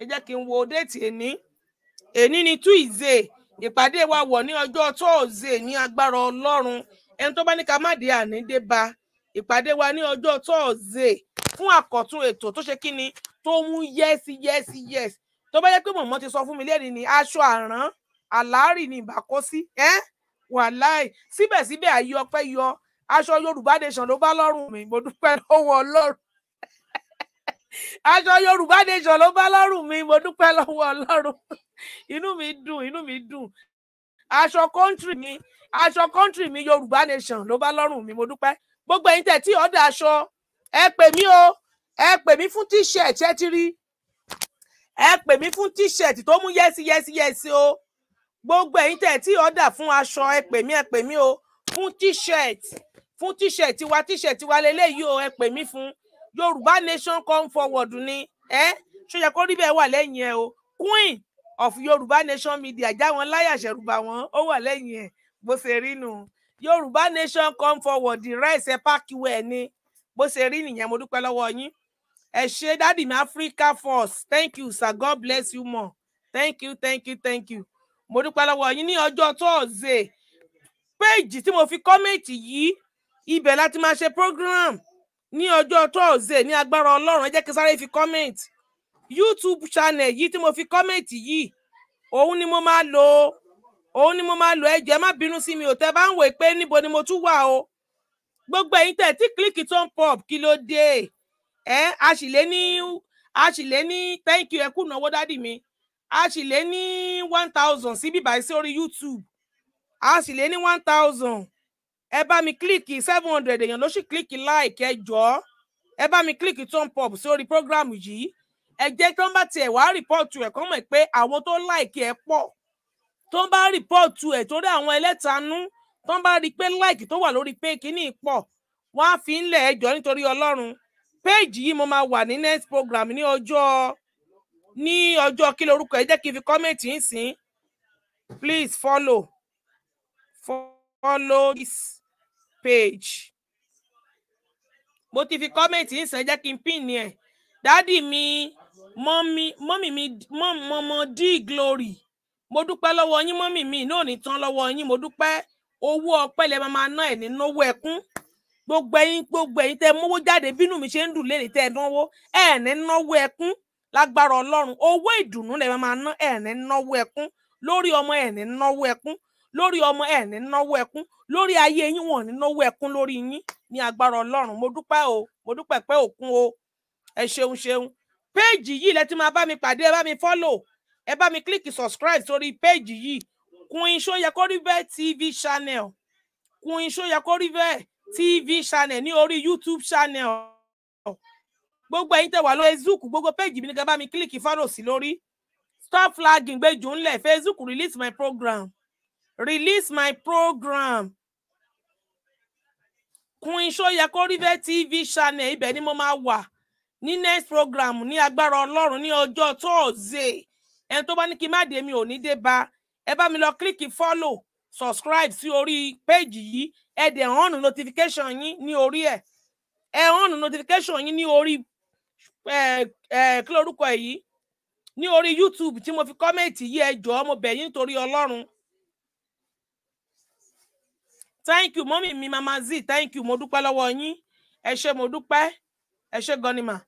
ẹ jẹ́ kí n wo déètì èní èní ni Tuesday ìpàdé wa wọ̀ ní ọjọ́ tóòzè ní agbára ọlọ́run ẹni tó bá ní ká má dé ànídé ba ìpàdé wa ní ọjọ́ tóòzè fún àkọ́tún ètò tó ṣe kí ni tó mú yes yes yes tó bá yẹ pé mọ̀mọ́ ti sọ fún mi lẹ́rìí ni aṣọ àrán àlárì ni ìbá kó sí ẹ́ wàláì síbẹ̀síbẹ̀ àyè ọpẹ́ yọ aṣọ Yorùbá nation ló bá lọ́rùn mi mo dúpẹ́ lọ́wọ́ ọlọ́run aṣọ Yorùbá nation ló bá lọ́rùn mi mo dúpẹ́ lọ́wọ́ ọlọ́run inú mi dùn inú mi dùn aṣọ kọ́ńtírì mi aṣọ kọ́ńtírì mi yorùbá nation ló bá lọ́rùn mi mo dúpẹ́ gbogbo ẹ̀yin tẹ́ tí ọ̀dà aṣọ ẹ pè mí o ẹ pè mí fún t-shirt ẹ ti rí ẹ pè mí fún t-shirt tó mú yẹ́sí yẹ́sí yẹ́sí o gbogbo ẹ̀yin tẹ́ tí ọ̀dà fún aṣọ ẹ pè mí ẹ pè mí o fún t-shirt fún t-shirt tiwa t-shirt tiwa lélẹ́yìí o ẹ pè mí fún yorùbá nation come forward ni ẹ ṣó yẹ kó rí bẹ́ẹ̀ wà lẹ́yìn ẹ o queen of yorùbá nation media já wọn láyà ṣẹ̀rùbà wọn ó wà lẹ́yìn ẹ̀ bó ṣe rí nu yorùbá nation come forward the rice ẹ pákiwẹ ẹ ni bó ṣe rí nìyẹn mo dúpẹ́ lọ́wọ́ yín ẹ ṣe dáàdì mi africa Force. thank you sir god bless you more thank you thank you thank you mo dúpẹ́ lọ́wọ́ yín ní ọjọ́ Thursday péèjì tí mo fi kọ́mẹ̀ntì yìí ibẹ̀ láti máa ṣe program ní ọjọ́ Thursday ní agbára ọlọ́run ẹ jẹ́ kí sáré fi kọ́mẹ̀ntì youtube channel yìí tí mo fi kọ́mẹ̀ntì yìí òun ni mo máa lò òun ni mo máa lò ẹ jẹ́ má bínú sí mi ò tẹ́ bá ń wò pé níbo ni mo tún wà o gbogbo ẹ̀yin tẹ̀ tí kílíkì tó ń pop kí ló dé ẹ a sì lé ní a sì lé ní thank you ẹ kú náwó dádì mi a sì lé ní one thousand sí bíbá sí orí youtube a sì lé ní one thousand ẹ bá mi kílíkì seven hundred èèyàn ló sì kílíkì like ẹ jọ̀ọ́ ẹ bá mi kílíkì tó ń pop sí program yìí ẹ jẹ́ tó ń bá tiẹ̀ wá rìpọ́ọ̀tù ẹ̀ kọ́ mọ̀ pé àwọn tó láìkì ẹ̀ pọ̀ tó ń bá rìpọ́ọ̀tù ẹ̀ torí àwọn ẹlẹ́tanú tó bá rí i pé láìkì tó wà lórí pé kínní pọ̀ wọ́n á fi ń lẹ̀ ẹjọ́ nítorí ọlọ́run péèjì yìí mo máa wà ní next program ní ọjọ́ ní ọjọ́ kí lorúkọ ẹ jẹ́ kí n fi kọ́mẹ̀ntì ń sìn please follow follow this page mo ti fi kọ́mẹ̀ntì ń sìn ẹ jẹ́ kí n pin ní ẹ̀ dádì mi mọ́mí mọ́mí mi mọ́mọ́ di glory mo dúpẹ́ lọ́wọ́ yín mọ́mí mi náà ní tán lọ́wọ́ yín mo dúpẹ́ owó ọpẹ́ lẹ máa ná ẹ̀ ní náwó ẹkún gbogbo ẹ̀yin gbogbo ẹ̀yin tẹ mówó jáde bínú mi ṣe ń dùn lérè tẹ náwó ẹ ní náwó ẹkún lágbára Ọlọ́run owó ìdùnnú lẹ máa ná ẹ ní náwó ẹkún lórí ọmọ ẹ ní náwó ẹkún lórí ọmọ ẹ ní náwó ẹkún lórí ayé yín wọn ní náwó ẹkún lórí yín ní agbára Ọlọ́run mo dúpẹ́ o mo dúpẹ́ pé òkun o ẹ ṣeun ṣeun Page yìí lẹ ti máa bá mi pàdé ẹ bá mi fọ́lò ẹ bá mi kílíkì subscribe sórí péèjì yìí Queen Soyekoribe TV channel Queen Soyekoribe TV channel ní orí YouTube channel gbogbo ẹ̀yin tẹ́ wà lórí Facebook gbogbo péèjì mi ní ká bá mi kílíkì fọ́lò sí lórí stop flagging gbẹjù ńlẹ̀ Facebook release my program release my program Queen Soyekoribe TV channel ibẹ̀ ni mo máa wà ní next program ní agbára ọlọ́run ní ọjọ́ tóòzè ẹni tó bá ní kí n má dé mi ò ní dé bá ẹ bá mi lọ kílíkì follow subscribe sí orí page yìí ẹ dẹ̀ on notification yín ní orí ẹ̀ ẹ on notification yín ní orí kí lorúkọ yìí ní orí YouTube tí mo fi kọ́mẹ̀ntì yìí ẹ jọ̀ọ́ mo bẹ̀ yín nítorí ọlọ́run thank you mọ́mì mi mama z thank you mo dúpẹ́ lọ́wọ́ yín ẹ ṣé mo dúpẹ́ ẹ ṣé gan ni mà.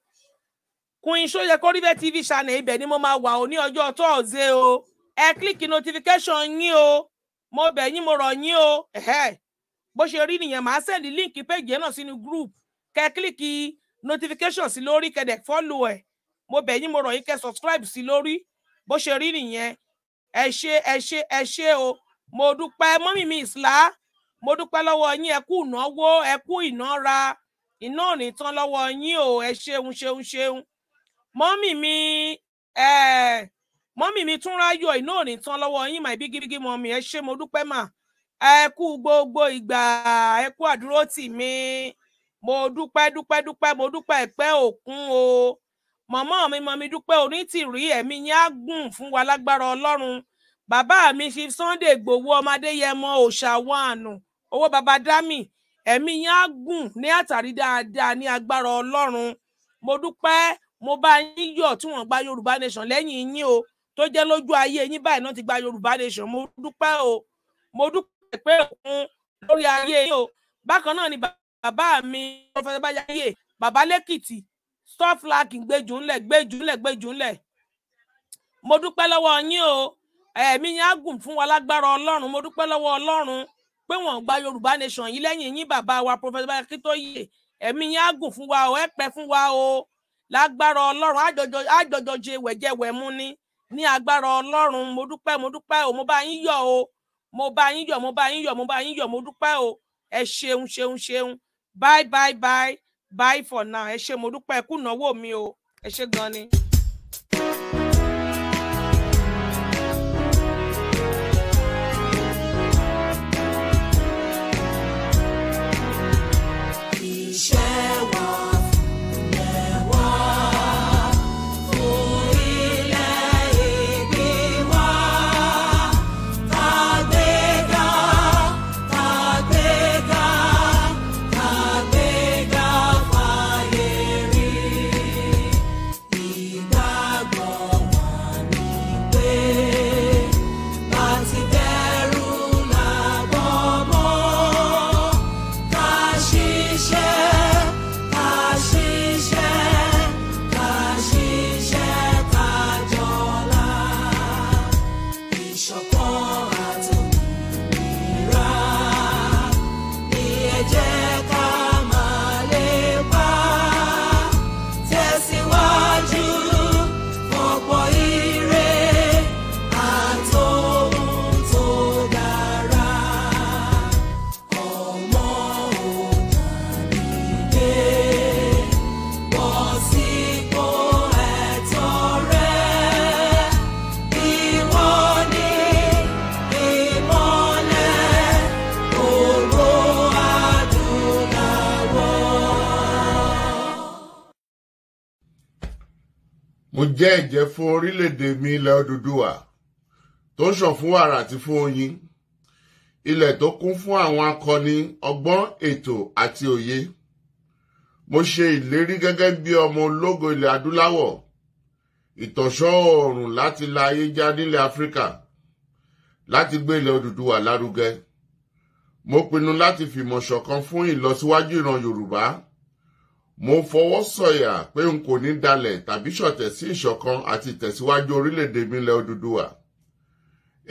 Queen Show yẹ kó TV channel ibẹ̀ ni mo máa wà ó ní ọjọ́ tọ́ọ̀zẹ́ o ẹ kílìkì notification yín o mo bẹ̀ yín mo rọ̀ yín o bó ṣe rí nìyẹn màá send link page náà sínú group kẹ kílìkì notification sí lórí kẹdẹ follow ẹ mo bẹ̀ yín mo rọ̀ yín kẹ subscribe sí lórí bó ṣe rí nìyẹn ẹ ṣe ẹ ṣe ẹ ṣe o mo dúpẹ́ mọ́mì mi ìsìlá mo dúpẹ́ lọ́wọ́ yín ẹ kú ìnáwó ẹ kú ìnára iná ò ní tán lọ́wọ́ yín o ẹ ṣeun ṣeun ṣeun mọ́mì mi mọ́mì mi tún ráyọ̀ iná ò ní tán lọ́wọ́ yín màá bígíbígí mọ́mì ẹ ṣé mo dúpẹ́ mà ẹ kú gbogbo ìgbà ẹ kú àdúró tì mí mo dúpẹ́ dúpẹ́ dúpẹ́ mo dúpẹ́ ẹ̀pẹ́ òkun o mọ̀mọ́ mi mọ̀mí dúpẹ́ onítìrí ẹ̀mí yín á gùn fún wa lágbára ọlọ́run bàbá mi fi Sunday gbowó ọmọdé yẹmọ òòṣà wọn àná owó baba dami ẹ̀mí yín á gùn ní àtàrí dáadáa ní agbára ọlọ́run mo dúpẹ́ mo bá yín yọ̀ tí wọ́n gba yorùbá nation lẹ́yìn yín o tó jẹ́ lójú ayé yín báyìí náà ti gba yorùbá nation mo dúpẹ́ o mo dúpẹ́ pé òkun lórí ayé yín o bákan náà ni bàbá mi prọfẹsẹ báyáyé bàbá lẹ́kìtì stop flagging gbẹjù ńlẹ̀ gbẹjù ńlẹ̀ gbẹjù ńlẹ̀ mo dúpẹ́ lọ́wọ́ yín o ẹ̀mí yín á gùn fún wa lágbára ọlọ́run mo dúpẹ́ lọ́wọ́ ọlọ́run pé wọ́n gba yorùbá nation yìí lẹ́yìn yín bàbá wa prọfẹsẹ báyáyé kí tó yè ẹ̀mí yín á gùn fún wa o ẹ pẹ́ fún wa o lágbára ọlọ́run àjọjọ àjọjọ jẹ wẹ̀jẹ̀wẹ̀ mú ni ní agbára ọlọ́run mo dúpẹ́ mo dúpẹ́ o mo bá yín yọ̀ o mo bá yín yọ̀ mo bá yín yọ̀ mo bá yín yọ̀ mo dúpẹ́ o ẹ ṣeun ṣeun ṣeun bye bye bye bye for now ẹ ṣe mo dúpẹ́ kùnàwó mi o ẹ ṣe gan ni. mo jẹ́ ẹ̀jẹ́ fún orílẹ̀-èdè mi ilẹ̀ Odùduwà tó ń ṣàn fún wàrà àti fún oyin ilẹ̀ tó kún fún àwọn akọni ọgbọ́n ètò àti òye mo ṣe ìlérí gẹ́gẹ́ bí ọmọ ológo ilẹ̀ adúláwọ̀ ìtànṣọ́ oòrùn láti la ayé já nílẹ̀ Áfíríkà láti gbé ilẹ̀ Odùduwà lárugẹ mo pinnu láti fìmọ̀ ṣọ̀kan fún ìlọsíwájú ìran Yorùbá mo fọwọ́ sọ̀yà pé n kò ní dalẹ̀ tàbí ṣọ̀tẹ̀ sí ìṣọ̀kan àti ìtẹ̀síwájú orílẹ̀-èdè mi ilẹ̀ Odùduwà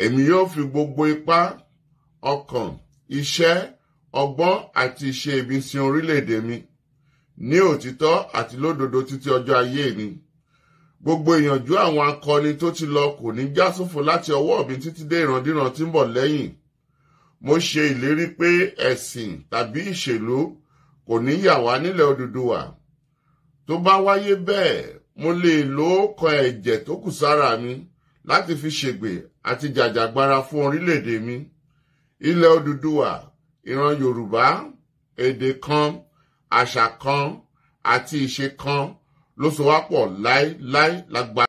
èmi yóò fi gbogbo ipá ọkàn iṣẹ́ ọgbọ́n àti ìṣe mi sin orílẹ̀-èdè mi ní òtítọ́ àti lódodo títí ọjọ́ ayé mi gbogbo ìyànjú àwọn akọni tó ti lọ kò ní já sófo láti ọwọ́ mi títí dé ìrandíran tí ń bọ̀ lẹ́yìn mo ṣe ìlérí pé ẹ̀sìn tàbí ìṣèlú kò ní yà wá nílẹ̀ Odùduwà tó bá wáyé bẹ́ẹ̀ mo lè lo ọkàn ẹ̀jẹ̀ tó kù sára mi láti fi ṣègbè àti jàjàgbara fún orílẹ̀-èdè mi ilẹ̀ Odùduwà ìran Yorùbá èdè kan àṣà kan àti ìṣe kan ló so wá pọ̀ láéláé lágbára.